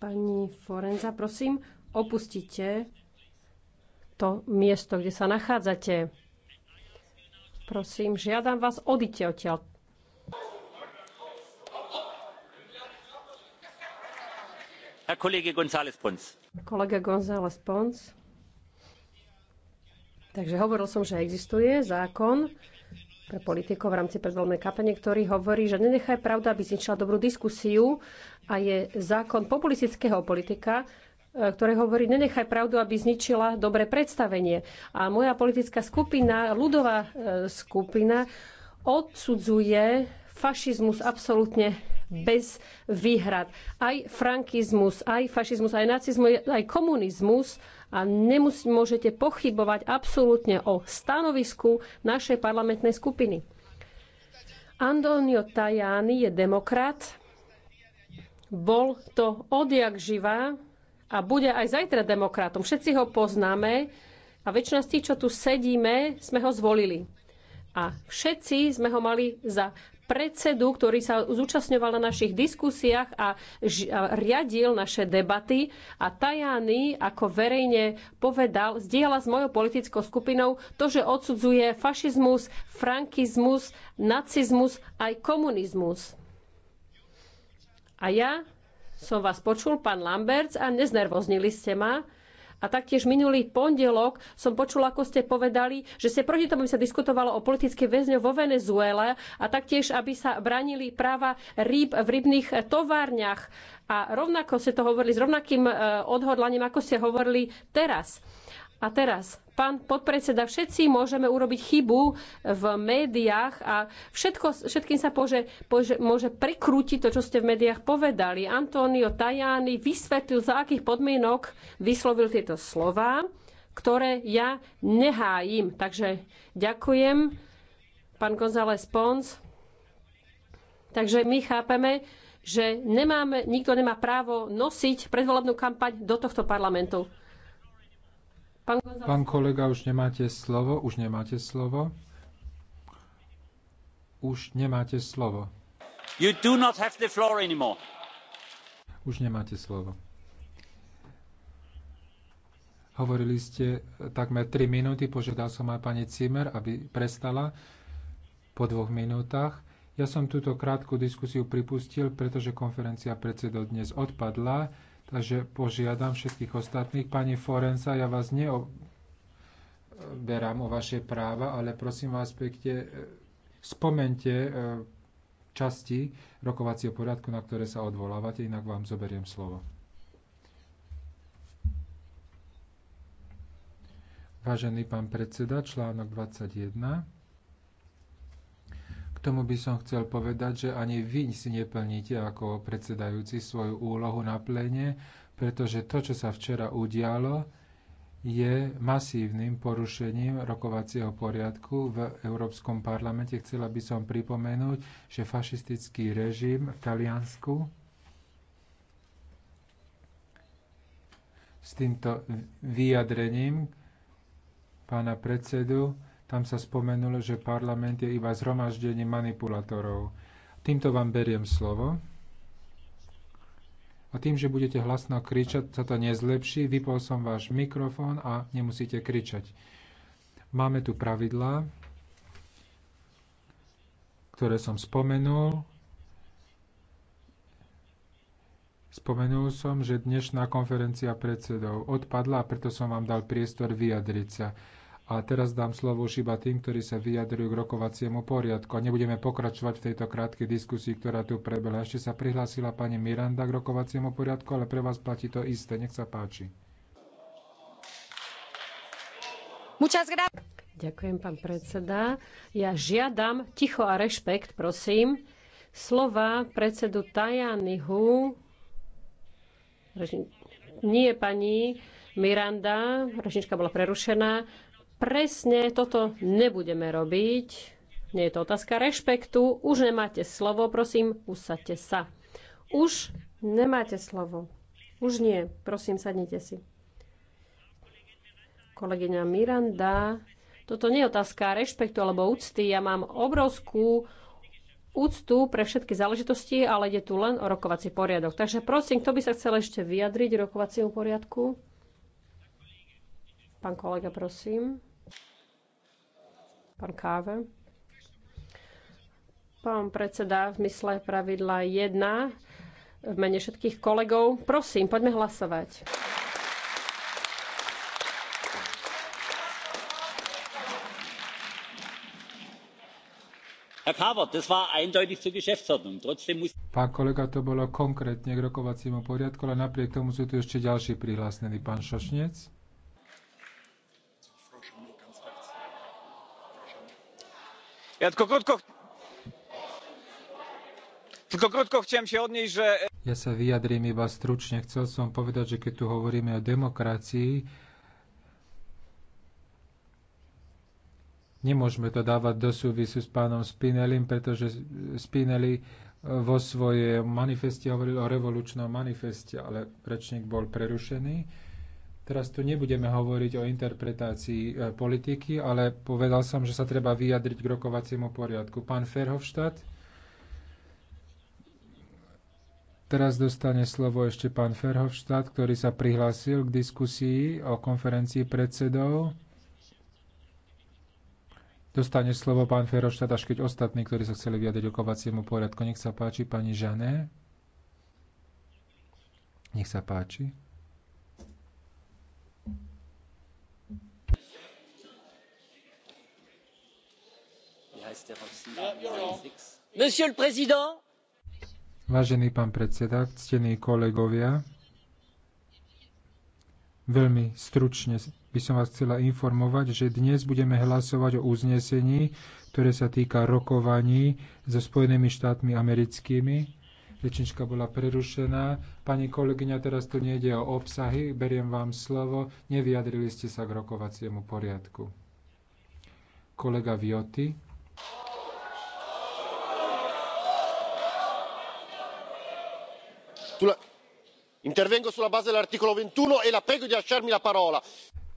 Pani Forenza, prosím, opustíte to miesto, kde sa nachádzate. Prosím, žiadam vás, odite odtiaľ. Kolega González Pons. Kolega González Pons. Takže hovoril som, že existuje zákon pre politikov v rámci predvoľnej kapene, ktorý hovorí, že nenechaj pravda, aby zničila dobrú diskusiu a je zákon populistického politika, E, ktoré hovorí, nenechaj pravdu, aby zničila dobré predstavenie. A moja politická skupina, ľudová e, skupina, odsudzuje fašizmus absolútne bez výhrad. Aj frankizmus, aj fašizmus, aj nacizmus, aj komunizmus a nemus- môžete pochybovať absolútne o stanovisku našej parlamentnej skupiny. Antonio Tajani je demokrat. Bol to odjak živá a bude aj zajtra demokratom. Všetci ho poznáme a väčšina z tých, čo tu sedíme, sme ho zvolili. A všetci sme ho mali za predsedu, ktorý sa zúčastňoval na našich diskusiách a, ž- a riadil naše debaty. A Tajany, ako verejne povedal, zdieľa s mojou politickou skupinou to, že odsudzuje fašizmus, frankizmus, nacizmus aj komunizmus. A ja som vás počul, pán Lamberts, a neznervoznili ste ma. A taktiež minulý pondelok som počul, ako ste povedali, že ste proti tomu, aby sa diskutovalo o politickej väzňo vo Venezuele a taktiež, aby sa bránili práva rýb v rybných továrniach. A rovnako ste to hovorili s rovnakým eh, odhodlaním, ako ste hovorili teraz. A teraz, pán podpredseda, všetci môžeme urobiť chybu v médiách a všetko, všetkým sa pože, pože, môže prikrútiť to, čo ste v médiách povedali. Antonio Tajani vysvetlil, za akých podmienok vyslovil tieto slova, ktoré ja nehájim. Takže ďakujem, pán González Pons. Takže my chápeme, že nemáme, nikto nemá právo nosiť predvolebnú kampaň do tohto parlamentu. Pán, Pán kolega, už nemáte slovo, už nemáte slovo. Už nemáte slovo. You do not have the floor anymore. Už nemáte slovo. Hovorili ste takmer 3 minúty, požiadal som aj pani Cimer, aby prestala po dvoch minútach. Ja som túto krátku diskusiu pripustil, pretože konferencia predsedov dnes odpadla Takže požiadam všetkých ostatných. Pani Forenca, ja vás neoberám o vaše práva, ale prosím vás pekne, e, spomente e, časti rokovacieho poriadku, na ktoré sa odvolávate, inak vám zoberiem slovo. Vážený pán predseda, článok 21 tomu by som chcel povedať, že ani vy si neplníte ako predsedajúci svoju úlohu na plene, pretože to, čo sa včera udialo, je masívnym porušením rokovacieho poriadku v Európskom parlamente. Chcela by som pripomenúť, že fašistický režim v Taliansku s týmto vyjadrením pána predsedu tam sa spomenulo, že parlament je iba zhromaždenie manipulátorov. Týmto vám beriem slovo. A tým, že budete hlasno kričať, sa to nezlepší. Vypol som váš mikrofón a nemusíte kričať. Máme tu pravidlá, ktoré som spomenul. Spomenul som, že dnešná konferencia predsedov odpadla a preto som vám dal priestor vyjadriť sa. A teraz dám slovo už iba tým, ktorí sa vyjadrujú k rokovaciemu poriadku. A nebudeme pokračovať v tejto krátkej diskusii, ktorá tu prebehla. Ešte sa prihlásila pani Miranda k rokovaciemu poriadku, ale pre vás platí to isté. Nech sa páči. Ďakujem, pán predseda. Ja žiadam ticho a rešpekt, prosím. Slova predsedu Tajanihu nie pani Miranda, rečnička bola prerušená, presne toto nebudeme robiť. Nie je to otázka rešpektu. Už nemáte slovo, prosím, usadte sa. Už nemáte slovo. Už nie. Prosím, sadnite si. Kolegyňa Miranda, toto nie je otázka rešpektu alebo úcty. Ja mám obrovskú úctu pre všetky záležitosti, ale ide tu len o rokovací poriadok. Takže prosím, kto by sa chcel ešte vyjadriť rokovaciemu poriadku? Pán kolega, prosím. Pán Káve. Pán predseda, v mysle pravidla 1, v mene všetkých kolegov, prosím, poďme hlasovať. Pán kolega, to bolo konkrétne k rokovaciemu poriadku, ale napriek tomu sú tu ešte ďalší prihlásení. Pán Šošnec. Ja tylko krótko... chciałem się odnieść, że... Ja sa vyjadrím iba stručne. Chcel som povedať, že keď tu hovoríme o demokracii, Nemôžeme to dávať do súvisu s pánom Spinelim, pretože Spinelli e, vo svojej manifeste hovoril o revolučnom manifeste, ale rečník bol prerušený. Teraz tu nebudeme hovoriť o interpretácii e, politiky, ale povedal som, že sa treba vyjadriť k rokovaciemu poriadku. Pán Ferhofštát, teraz dostane slovo ešte pán Ferhofštát, ktorý sa prihlásil k diskusii o konferencii predsedov. Dostane slovo pán Ferhofštát, až keď ostatní, ktorí sa chceli vyjadriť rokovaciemu poriadku. Nech sa páči, pani Žané. Nech sa páči. Vážený pán predseda, ctení kolegovia, veľmi stručne by som vás chcela informovať, že dnes budeme hlasovať o uznesení, ktoré sa týka rokovaní so Spojenými štátmi americkými rečnička bola prerušená. Pani kolegyňa, teraz tu nejde o obsahy, beriem vám slovo, nevyjadrili ste sa k rokovaciemu poriadku. Kolega Vioty. intervengo sulla base dell'articolo ventiuno e la prego di lasciarmi la parola.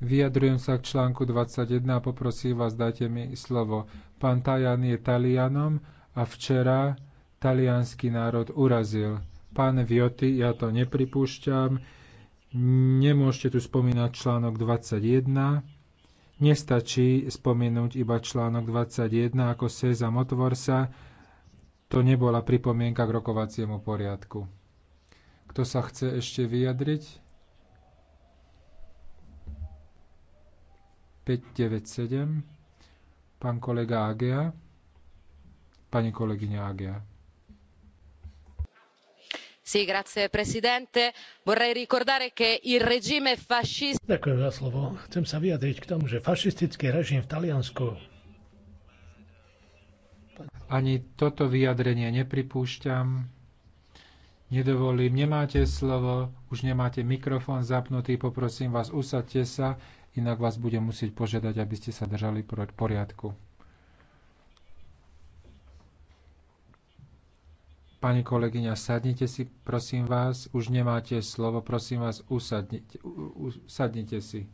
Vyjadrujem sa k článku 21 a poprosím vás, dajte mi slovo. Pán Tajan je Talianom a včera talianský národ urazil. Pán Vioty, ja to nepripúšťam. Nemôžete tu spomínať článok 21. Nestačí spomenúť iba článok 21 ako sezam otvor sa. To nebola pripomienka k rokovaciemu poriadku. Kto sa chce ešte vyjadriť? 597. Pán kolega Agea. Pani kolegyňa Agea. Sì, grazie Presidente. Vorrei ricordare che il regime fascista... Ďakujem za slovo. Chcem sa vyjadriť k tomu, že fašistický režim v Taliansku... Ani toto vyjadrenie nepripúšťam nedovolím. Nemáte slovo, už nemáte mikrofón zapnutý, poprosím vás, usadte sa, inak vás budem musieť požiadať, aby ste sa držali poriadku. Pani kolegyňa, sadnite si, prosím vás, už nemáte slovo, prosím vás, usadnite, usadnite si.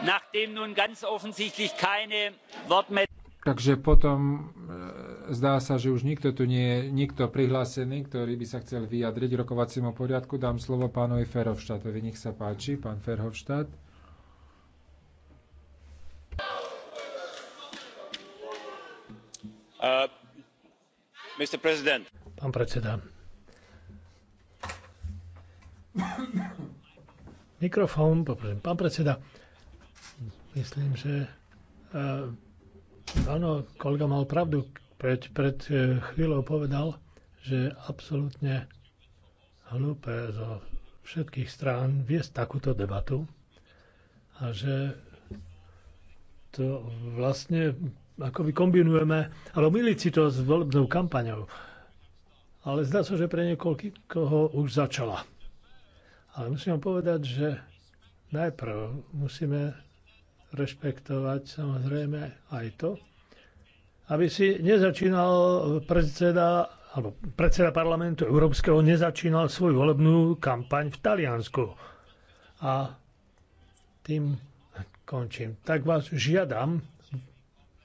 Nachdem nun ganz offensichtlich keine Wortmeldungen Takže potom e, zdá sa, že už nikto tu nie je, nikto prihlásený, ktorý by sa chcel vyjadriť rokovaciemu poriadku. Dám slovo pánovi Ferhovštátovi. Nech sa páči, pán Ferhovštát. Uh, Mr. President. Pán predseda. Mikrofón, poprosím. Pán predseda, myslím, že uh, Áno, kolega mal pravdu, keď pred e, chvíľou povedal, že je absolútne hlúpe zo všetkých strán viesť takúto debatu a že to vlastne ako kombinujeme, ale si to s volebnou kampaňou. Ale zdá sa, so, že pre niekoľkého už začala. Ale musím vám povedať, že najprv musíme rešpektovať samozrejme aj to, aby si nezačínal predseda alebo predseda parlamentu Európskeho nezačínal svoju volebnú kampaň v Taliansku. A tým končím. Tak vás žiadam,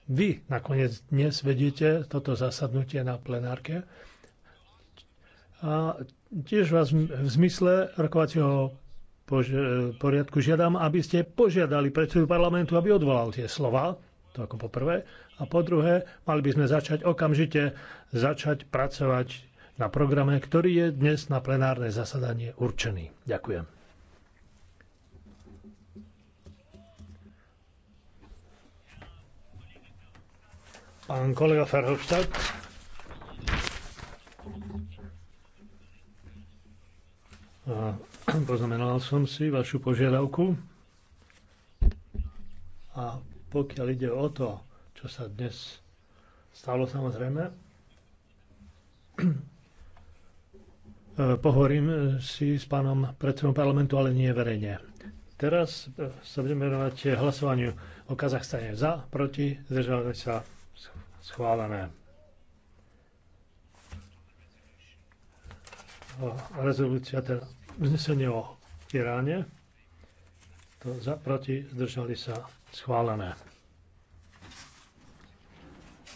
vy nakoniec dnes vedíte toto zasadnutie na plenárke a tiež vás v zmysle rokovacieho E, poriadku žiadam, aby ste požiadali predsedu parlamentu, aby odvolal tie slova, to ako poprvé, A po druhé, mali by sme začať okamžite začať pracovať na programe, ktorý je dnes na plenárne zasadanie určený. Ďakujem. Pán kolega Ferhofstadt. Aha. Poznamenal som si vašu požiadavku a pokiaľ ide o to, čo sa dnes stalo samozrejme, pohovorím si s pánom predsedom parlamentu, ale nie verejne. Teraz eh, sa budeme venovať hlasovaniu o Kazachstane za, proti, zdržali sa schválené. Eh, rezolúcia teda Uznesenie o Iráne. To za, proti, zdržali sa schválené.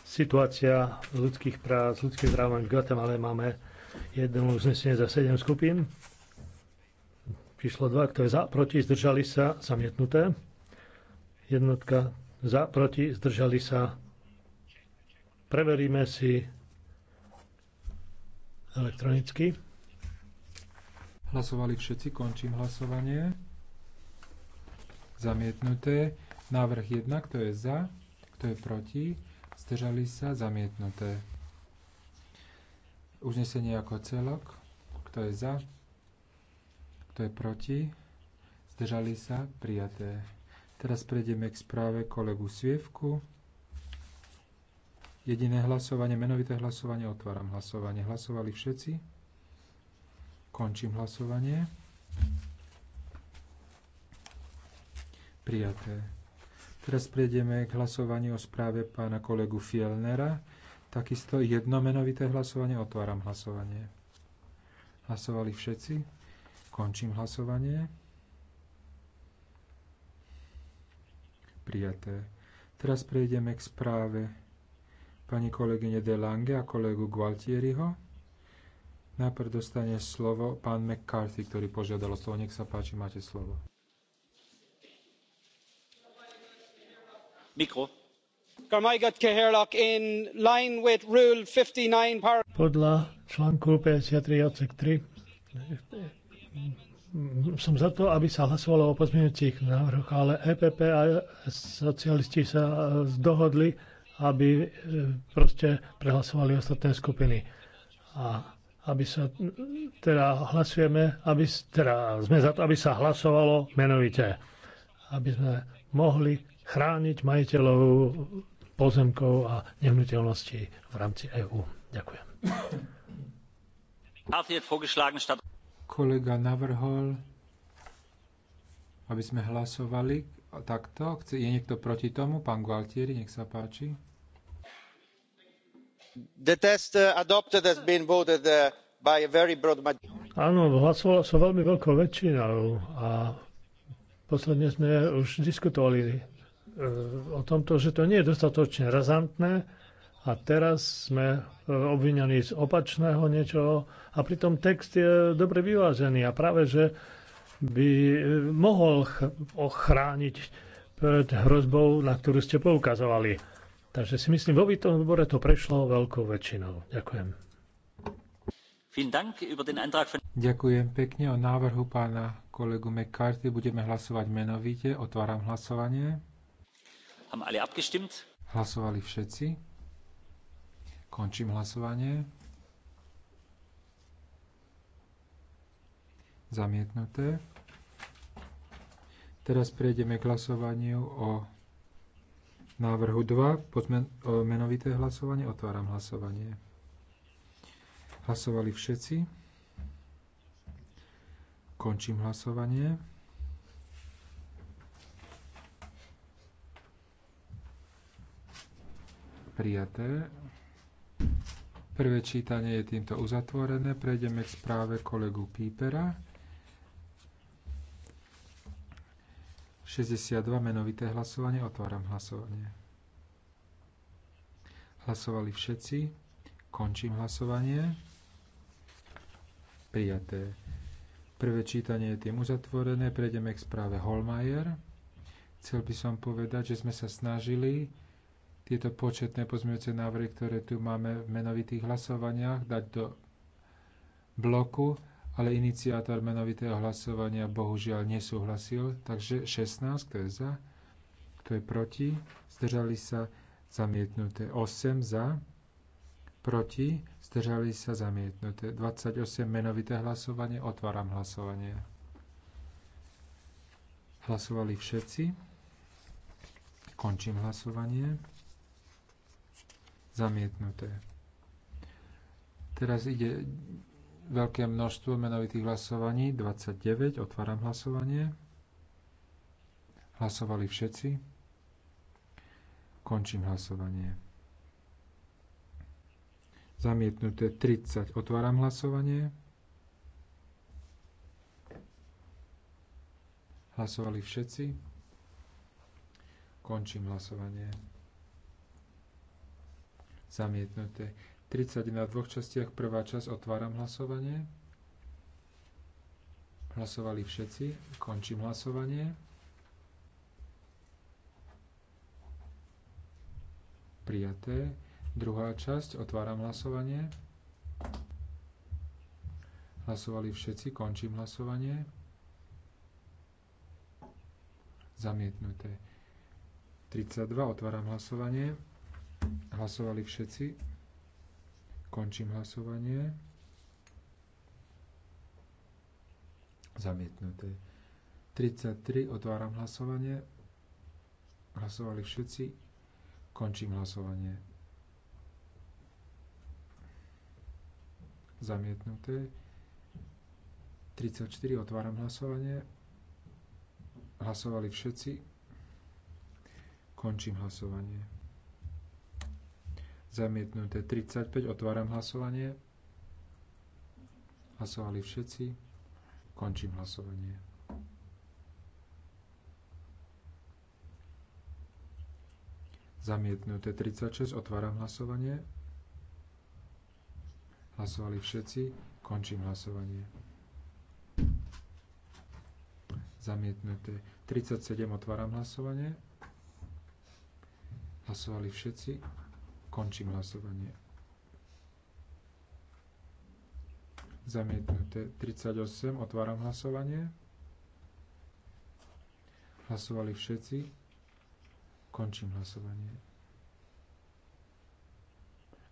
Situácia ľudských práv, ľudských práv v Guatemala máme jedno uznesenie za 7 skupín. Prišlo dva, kto je za, proti, zdržali sa, zamietnuté. Jednotka za, proti, zdržali sa. Preveríme si elektronicky. Hlasovali všetci, končím hlasovanie. Zamietnuté. Návrh 1, kto je za, kto je proti, zdržali sa, zamietnuté. Uznesenie ako celok, kto je za, kto je proti, zdržali sa, prijaté. Teraz prejdeme k správe kolegu Svievku. Jediné hlasovanie, menovité hlasovanie, otváram hlasovanie. Hlasovali všetci? Končím hlasovanie. Prijaté. Teraz prejdeme k hlasovaniu o správe pána kolegu Fielnera. Takisto jednomenovité hlasovanie. Otváram hlasovanie. Hlasovali všetci. Končím hlasovanie. Prijaté. Teraz prejdeme k správe pani kolegyne De Lange a kolegu Gualtieriho. Najprv dostane slovo pán McCarthy, ktorý požiadal o slovo. Nech sa páči, máte slovo. Mikro. Podľa článku 53 odsek 3 som za to, aby sa hlasovalo o pozmeňujúcich návrhoch, ale EPP a socialisti sa e, dohodli, aby e, proste prehlasovali ostatné skupiny. A aby sa teda hlasujeme, aby, teda sme za to, aby sa hlasovalo menovite. Aby sme mohli chrániť majiteľov pozemkov a nehnuteľností v rámci EÚ. Ďakujem. Kolega navrhol, aby sme hlasovali takto. Je niekto proti tomu? Pán Gualtieri, nech sa páči the text uh, adopted has been voted uh, by a very broad majority. Áno, hlasovalo sa veľmi veľkou väčšinou a posledne sme už diskutovali uh, o tomto, že to nie je dostatočne razantné a teraz sme obvinení z opačného niečoho a pritom text je dobre vyvážený a práve, že by mohol ochrániť pred hrozbou, na ktorú ste poukazovali. Takže si myslím, vo výtom výbore to prešlo veľkou väčšinou. Ďakujem. Ďakujem pekne. O návrhu pána kolegu McCarthy budeme hlasovať menovite. Otváram hlasovanie. Hlasovali všetci. Končím hlasovanie. Zamietnuté. Teraz prejdeme k hlasovaniu o návrhu 2, menovité hlasovanie, otváram hlasovanie. Hlasovali všetci. Končím hlasovanie. Prijaté. Prvé čítanie je týmto uzatvorené. Prejdeme k správe kolegu Pípera. 62 menovité hlasovanie. Otváram hlasovanie. Hlasovali všetci. Končím hlasovanie. Prijaté. Prvé čítanie je tým uzatvorené. Prejdeme k správe Holmajer. Chcel by som povedať, že sme sa snažili tieto početné pozmeňujúce návrhy, ktoré tu máme v menovitých hlasovaniach, dať do bloku ale iniciátor menovitého hlasovania bohužiaľ nesúhlasil. Takže 16, kto je za, kto je proti, zdržali sa zamietnuté. 8 za, proti, zdržali sa zamietnuté. 28 menovité hlasovanie, otváram hlasovanie. Hlasovali všetci. Končím hlasovanie. Zamietnuté. Teraz ide veľké množstvo menovitých hlasovaní, 29, otváram hlasovanie. Hlasovali všetci. Končím hlasovanie. Zamietnuté 30. Otváram hlasovanie. Hlasovali všetci. Končím hlasovanie. Zamietnuté 30 na dvoch častiach. Prvá časť otváram hlasovanie. Hlasovali všetci. Končím hlasovanie. Prijaté. Druhá časť. Otváram hlasovanie. Hlasovali všetci. Končím hlasovanie. Zamietnuté. 32. Otváram hlasovanie. Hlasovali všetci. Končím hlasovanie. Zamietnuté. 33. Otváram hlasovanie. Hlasovali všetci. Končím hlasovanie. Zamietnuté. 34. Otváram hlasovanie. Hlasovali všetci. Končím hlasovanie. Zamietnuté 35. Otváram hlasovanie. Hlasovali všetci. Končím hlasovanie. Zamietnuté 36. Otváram hlasovanie. Hlasovali všetci. Končím hlasovanie. Zamietnuté 37. Otváram hlasovanie. Hlasovali všetci. Končím hlasovanie. Zamietnuté 38. Otváram hlasovanie. Hlasovali všetci. Končím hlasovanie.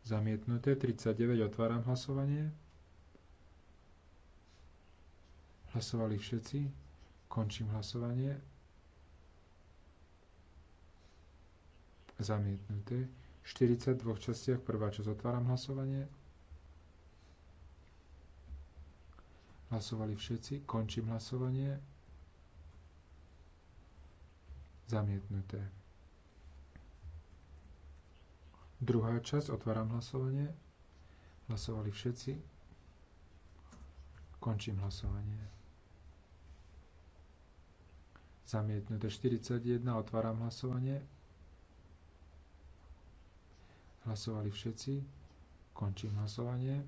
Zamietnuté 39. Otváram hlasovanie. Hlasovali všetci. Končím hlasovanie. Zamietnuté 42 častiach. Prvá časť otváram hlasovanie. Hlasovali všetci. Končím hlasovanie. Zamietnuté. Druhá časť. Otváram hlasovanie. Hlasovali všetci. Končím hlasovanie. Zamietnuté 41. Otváram hlasovanie. Hlasovali všetci. Končím hlasovanie.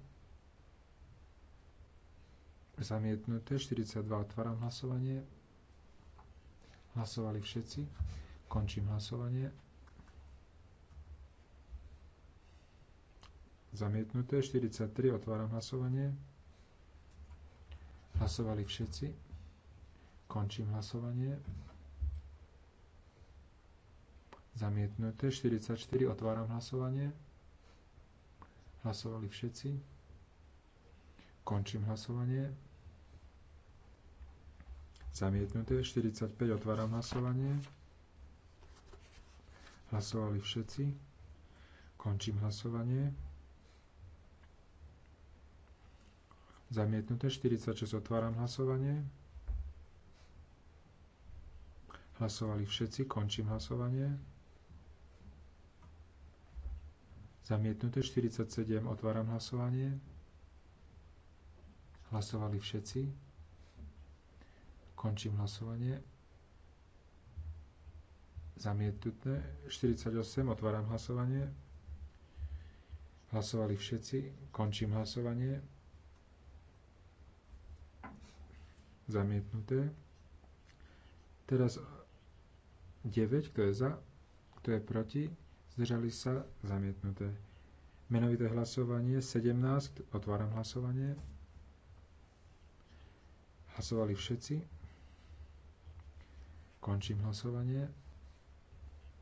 Zamietnuté. 42. Otváram hlasovanie. Hlasovali všetci. Končím hlasovanie. Zamietnuté. 43. Otváram hlasovanie. Hlasovali všetci. Končím hlasovanie. Zamietnuté. 44. Otváram hlasovanie. Hlasovali všetci. Končím hlasovanie. Zamietnuté. 45. Otváram hlasovanie. Hlasovali všetci. Končím hlasovanie. Zamietnuté. 46. Otváram hlasovanie. Hlasovali všetci. Končím hlasovanie. Zamietnuté 47. Otváram hlasovanie. Hlasovali všetci. Končím hlasovanie. Zamietnuté 48. Otváram hlasovanie. Hlasovali všetci. Končím hlasovanie. Zamietnuté. Teraz 9. Kto je za? Kto je proti? zdržali sa, zamietnuté. Menovité hlasovanie 17, otváram hlasovanie. Hlasovali všetci. Končím hlasovanie.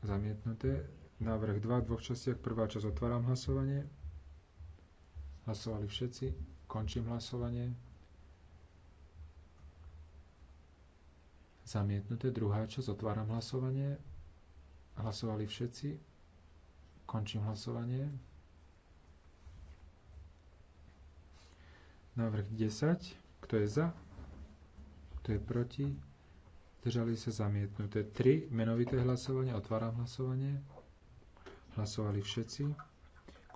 Zamietnuté. Návrh 2 v dvoch častiach. Prvá časť otváram hlasovanie. Hlasovali všetci. Končím hlasovanie. Zamietnuté. Druhá časť. Otváram hlasovanie. Hlasovali všetci. Končím hlasovanie. Návrh 10. Kto je za? Kto je proti? Držali sa zamietnuté. 3. Menovité hlasovanie. Otváram hlasovanie. Hlasovali všetci.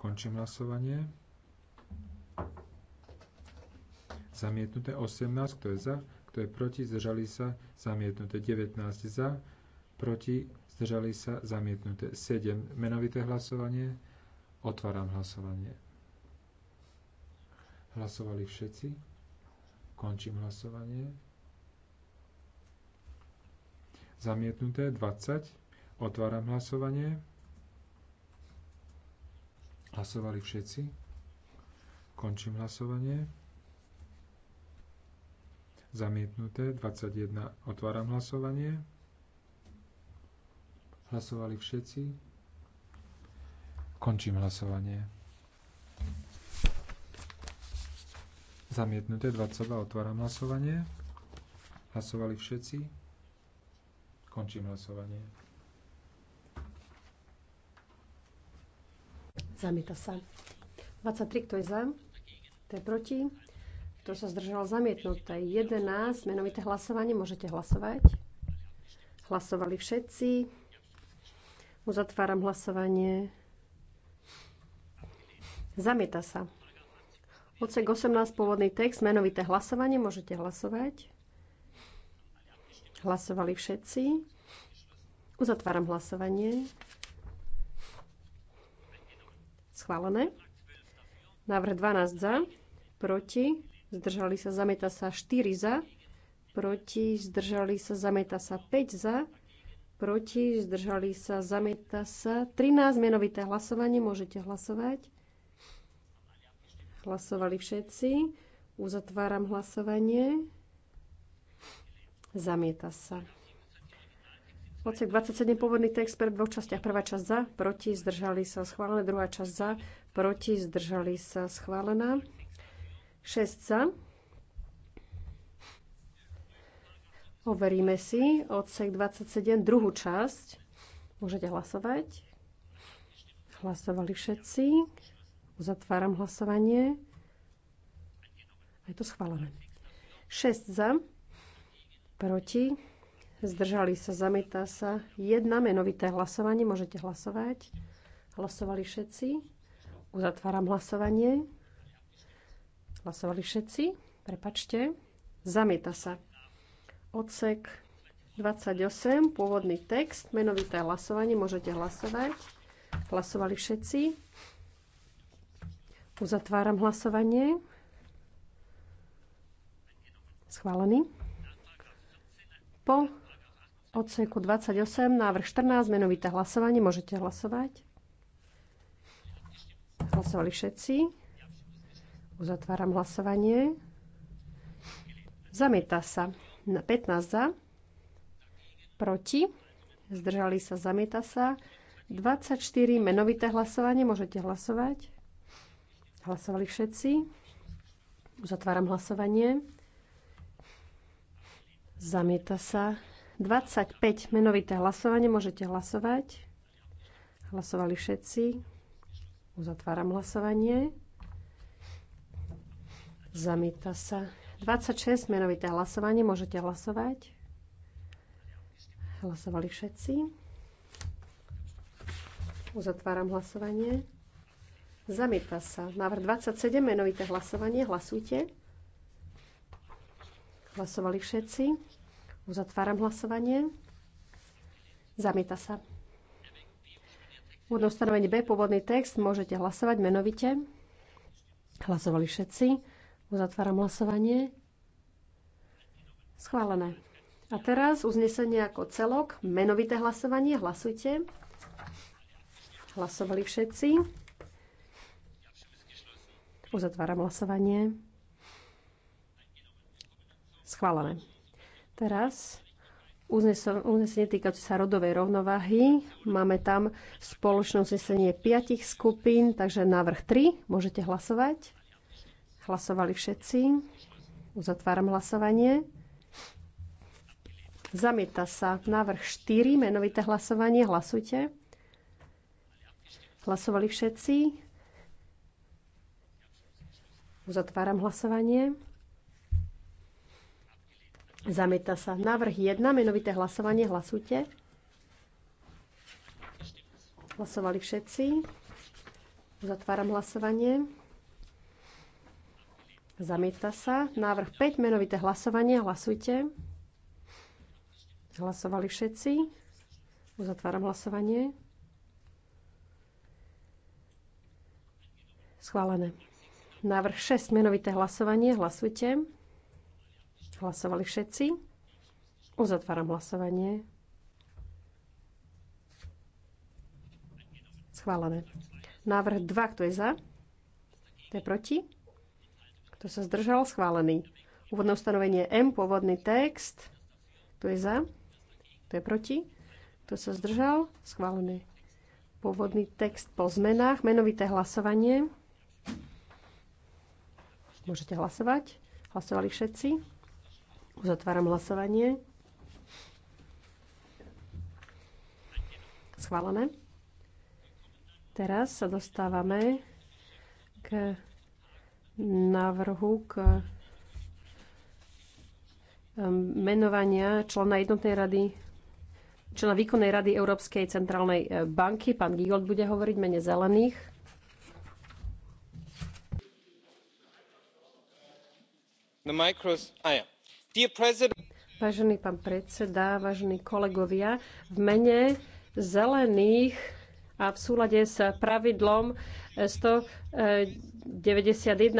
Končím hlasovanie. Zamietnuté 18. Kto je za? Kto je proti? Zdržali sa. Zamietnuté 19. Za. Proti zdržali sa, zamietnuté. 7. Menovité hlasovanie, otváram hlasovanie. Hlasovali všetci, končím hlasovanie. Zamietnuté 20, otváram hlasovanie. Hlasovali všetci, končím hlasovanie. Zamietnuté 21, otváram hlasovanie. Hlasovali všetci? Končím hlasovanie. Zamietnuté 22. Otváram hlasovanie. Hlasovali všetci? Končím hlasovanie. Zamieta sa. 23, kto je za? Kto je proti? Kto sa zdržal zamietnuté? 11, menovité hlasovanie, môžete hlasovať. Hlasovali všetci. Uzatváram hlasovanie. Zamieta sa. Odsek 18, pôvodný text, menovité hlasovanie. Môžete hlasovať. Hlasovali všetci. Uzatváram hlasovanie. Schválené. Návrh 12 za, proti, zdržali sa, zamieta sa 4 za, proti, zdržali sa, zamieta sa 5 za, proti, zdržali sa, zamieta sa. 13 menovité hlasovanie, môžete hlasovať. Hlasovali všetci. Uzatváram hlasovanie. Zamieta sa. Odsek 27, pôvodný text pre dvoch častiach. Prvá časť za, proti, zdržali sa, schválené. Druhá časť za, proti, zdržali sa, schválená. 6 za, Overíme si odsek 27, druhú časť. Môžete hlasovať. Hlasovali všetci. Uzatváram hlasovanie. je to schválené. 6 za, proti, zdržali sa, zamietá sa. Jedna menovité hlasovanie, môžete hlasovať. Hlasovali všetci. Uzatváram hlasovanie. Hlasovali všetci. Prepačte. Zamieta sa. Odsek 28, pôvodný text, menovité hlasovanie, môžete hlasovať. Hlasovali všetci. Uzatváram hlasovanie. Schválený. Po odseku 28, návrh 14, menovité hlasovanie, môžete hlasovať. Hlasovali všetci. Uzatváram hlasovanie. Zamieta sa. 15 za, proti, zdržali sa, zamieta sa. 24, menovité hlasovanie, môžete hlasovať. Hlasovali všetci. Uzatváram hlasovanie. Zamieta sa. 25, menovité hlasovanie, môžete hlasovať. Hlasovali všetci. Uzatváram hlasovanie. Zamieta sa. 26, menovité hlasovanie, môžete hlasovať. Hlasovali všetci. Uzatváram hlasovanie. Zamieta sa. Návrh 27, menovité hlasovanie. Hlasujte. Hlasovali všetci. Uzatváram hlasovanie. Zamieta sa. Úvodné ustanovenie B, pôvodný text, môžete hlasovať menovite. Hlasovali všetci. Uzatváram hlasovanie. Schválené. A teraz uznesenie ako celok, menovité hlasovanie. Hlasujte. Hlasovali všetci. Uzatváram hlasovanie. Schválené. Teraz uznesenie týkajúce sa rodovej rovnováhy. Máme tam spoločné uznesenie piatich skupín, takže návrh 3. Môžete hlasovať. Hlasovali všetci. Uzatváram hlasovanie. Zamieta sa návrh 4, menovité hlasovanie. Hlasujte. Hlasovali všetci. Uzatváram hlasovanie. Zamieta sa návrh 1, menovité hlasovanie. Hlasujte. Hlasovali všetci. Uzatváram hlasovanie. Zamieta sa. Návrh 5, menovité hlasovanie. Hlasujte. Hlasovali všetci. Uzatváram hlasovanie. Schválené. Návrh 6, menovité hlasovanie. Hlasujte. Hlasovali všetci. Uzatváram hlasovanie. Schválené. Návrh 2, kto je za? Kto je proti? Kto sa zdržal? Schválený. Úvodné ustanovenie M, pôvodný text. Kto je za? Kto je proti? Kto sa zdržal? Schválený. Pôvodný text po zmenách. Menovité hlasovanie. Môžete hlasovať. Hlasovali všetci. Uzatváram hlasovanie. Schválené. Teraz sa dostávame k návrhu k ehm, menovania člena jednotnej rady člena výkonnej rady Európskej centrálnej e, banky. Pán Gigold bude hovoriť mene zelených. Ah, Vážený pán predseda, vážení kolegovia, v mene zelených a v súlade s pravidlom 191 eh,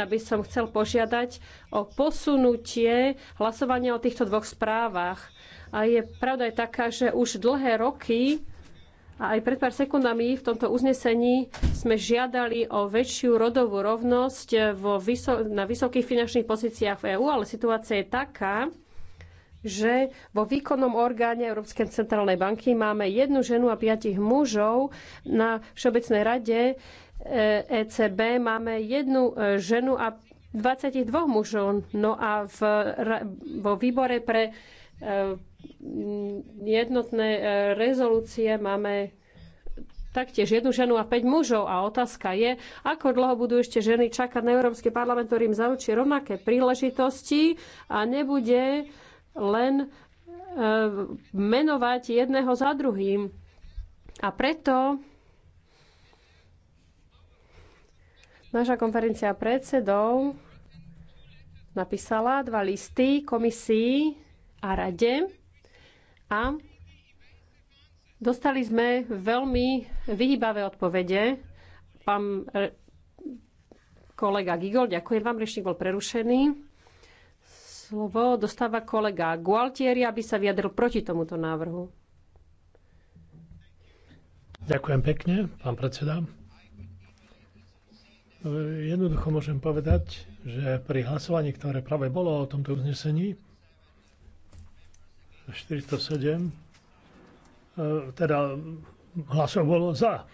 by som chcel požiadať o posunutie hlasovania o týchto dvoch správach. A je pravda je taká, že už dlhé roky a aj pred pár sekundami v tomto uznesení sme žiadali o väčšiu rodovú rovnosť vo vyso- na vysokých finančných pozíciách v EÚ, ale situácia je taká, že vo výkonnom orgáne Európskej centrálnej banky máme jednu ženu a piatich mužov. Na Všeobecnej rade ECB máme jednu e, ženu a 22 mužov. No a v, vo výbore pre e, jednotné e, rezolúcie máme taktiež jednu ženu a 5 mužov. A otázka je, ako dlho budú ešte ženy čakať na Európsky parlament, ktorý im zaručí rovnaké príležitosti a nebude len menovať jedného za druhým. A preto Naša konferencia predsedov napísala dva listy komisii a rade a dostali sme veľmi vyhýbavé odpovede. Pán eh, kolega Gigol, ďakujem vám, rečník bol prerušený. Slovo dostáva kolega Gualtieri, aby sa vyjadril proti tomuto návrhu. Ďakujem pekne, pán predseda. Eh, jednoducho môžem povedať, že pri hlasovaní, ktoré práve bolo o tomto uznesení, 407, eh, teda hlasov bolo za.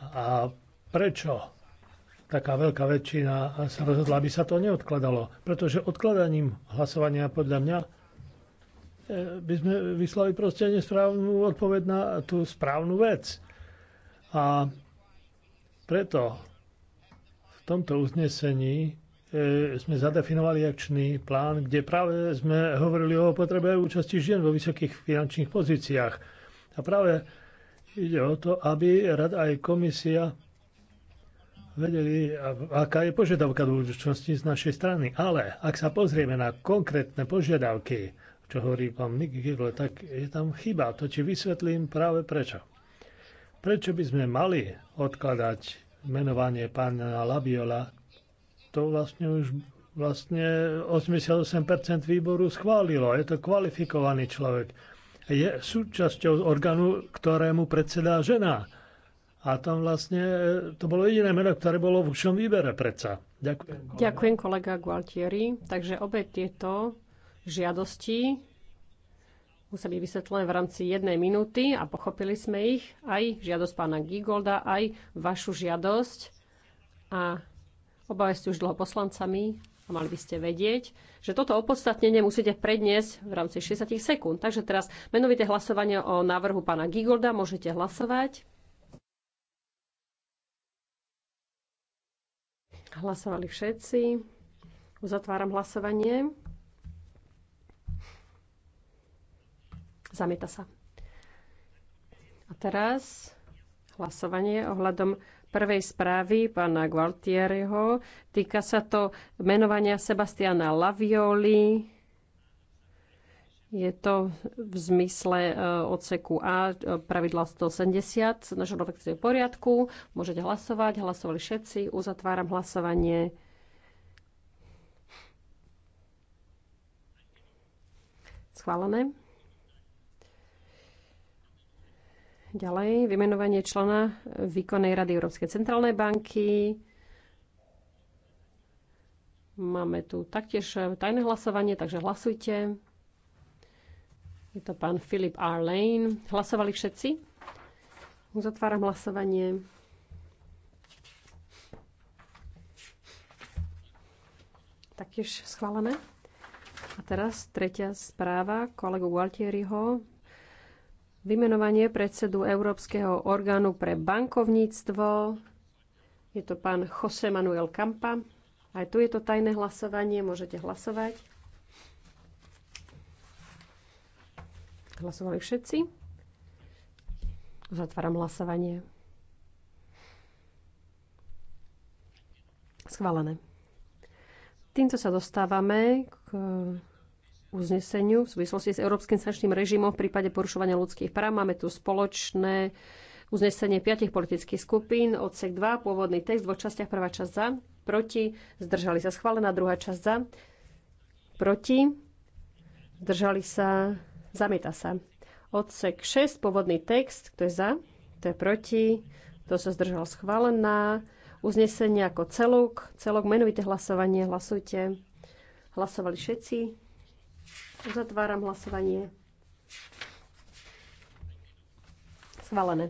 A prečo taká veľká väčšina sa rozhodla, aby sa to neodkladalo? Pretože odkladaním hlasovania podľa mňa eh, by sme vyslali proste nesprávnu odpoveď na tú správnu vec. A preto tomto uznesení e, sme zadefinovali akčný plán, kde práve sme hovorili o potrebe účasti žien vo vysokých finančných pozíciách. A práve ide o to, aby rada aj komisia vedeli, aká je požiadavka dôležitosti budúcnosti z našej strany. Ale ak sa pozrieme na konkrétne požiadavky, čo hovorí pán Nick tak je tam chyba. To ti vysvetlím práve prečo. Prečo by sme mali odkladať menovanie pána Labiola, to vlastne už vlastne 88% výboru schválilo. Je to kvalifikovaný človek. Je súčasťou orgánu, ktorému predsedá žena. A tam vlastne e, to bolo jediné meno, ktoré bolo v ušom výbere predsa. Ďakujem. Kolega. Ďakujem kolega Gualtieri. Takže obe tieto žiadosti musia byť vysvetlené v rámci jednej minúty a pochopili sme ich, aj žiadosť pána Gigolda, aj vašu žiadosť a obávajú ste už dlho poslancami a mali by ste vedieť, že toto opodstatnenie musíte predniesť v rámci 60 sekúnd. Takže teraz menovité hlasovanie o návrhu pána Gigolda môžete hlasovať. Hlasovali všetci. Uzatváram hlasovanie. Zamieta sa. A teraz hlasovanie ohľadom prvej správy pána Gualtieriho. Týka sa to menovania Sebastiana Lavioli. Je to v zmysle e, odseku A e, pravidla 180 našho rokovacieho poriadku. Môžete hlasovať. Hlasovali všetci. Uzatváram hlasovanie. Schválené. Ďalej, vymenovanie člena výkonnej rady Európskej centrálnej banky. Máme tu taktiež tajné hlasovanie, takže hlasujte. Je to pán Filip R. Lane. Hlasovali všetci? Uzatváram hlasovanie. Taktiež schválené. A teraz tretia správa kolegu Gualtieriho Vymenovanie predsedu Európskeho orgánu pre bankovníctvo. Je to pán Jose Manuel Campa. Aj tu je to tajné hlasovanie, môžete hlasovať. Hlasovali všetci. Zatváram hlasovanie. Schválené. Týmto sa dostávame k uzneseniu v súvislosti s Európskym sančným režimom v prípade porušovania ľudských práv. Máme tu spoločné uznesenie piatich politických skupín, odsek 2, pôvodný text, dvoch častiach, prvá časť za, proti, zdržali sa schválená, druhá časť za, proti, zdržali sa, zamieta sa. Odsek 6, pôvodný text, kto je za, kto je proti, kto sa zdržal schválená, uznesenie ako celok, celok menovité hlasovanie, hlasujte. Hlasovali všetci. Uzatváram hlasovanie. Schválené.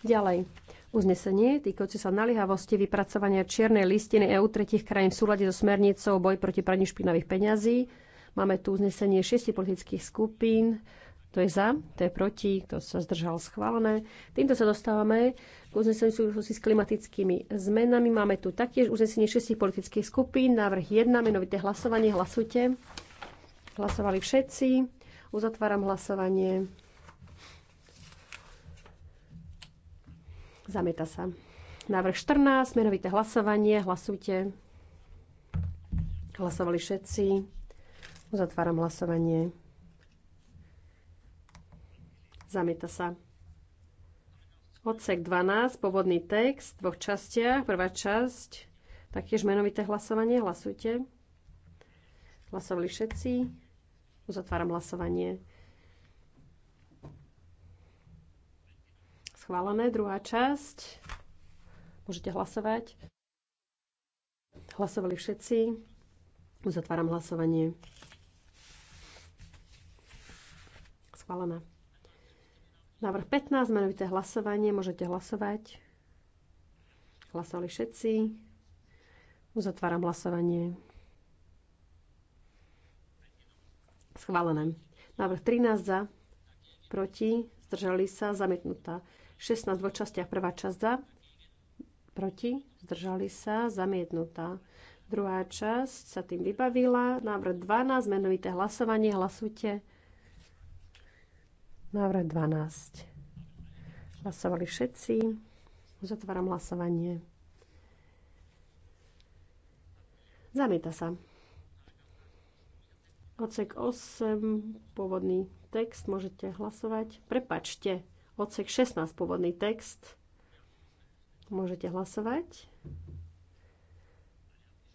Ďalej. Uznesenie týkajúce sa naliehavosti vypracovania čiernej listiny EÚ tretich krajín v súlade so smernicou boj proti praní špinavých peňazí. Máme tu uznesenie šiesti politických skupín. To je za, to je proti, to sa zdržal schválené. Týmto sa dostávame k uzneseniu súvislosti s klimatickými zmenami. Máme tu taktiež uznesenie šiestich politických skupín, návrh 1, menovité hlasovanie. Hlasujte. Hlasovali všetci. Uzatváram hlasovanie. Zamieta sa. Návrh 14, menovité hlasovanie. Hlasujte. Hlasovali všetci. Uzatváram hlasovanie. Zamieta sa. Odsek 12, pôvodný text v dvoch častiach. Prvá časť, taktiež menovité hlasovanie. Hlasujte. Hlasovali všetci. Uzatváram hlasovanie. Schválené. Druhá časť. Môžete hlasovať. Hlasovali všetci. Uzatváram hlasovanie. Schválené. Návrh 15, menovité hlasovanie. Môžete hlasovať. Hlasovali všetci. Uzatváram hlasovanie. Schválené. Návrh 13 za, proti, zdržali sa, zamietnutá. 16 v častiach, prvá časť za, proti, zdržali sa, zamietnutá. Druhá časť sa tým vybavila. Návrh 12, menovité hlasovanie, hlasujte. Návrh 12. Hlasovali všetci. Uzatváram hlasovanie. Zamieta sa. Odsek 8, pôvodný text, môžete hlasovať. Prepačte, odsek 16, pôvodný text, môžete hlasovať.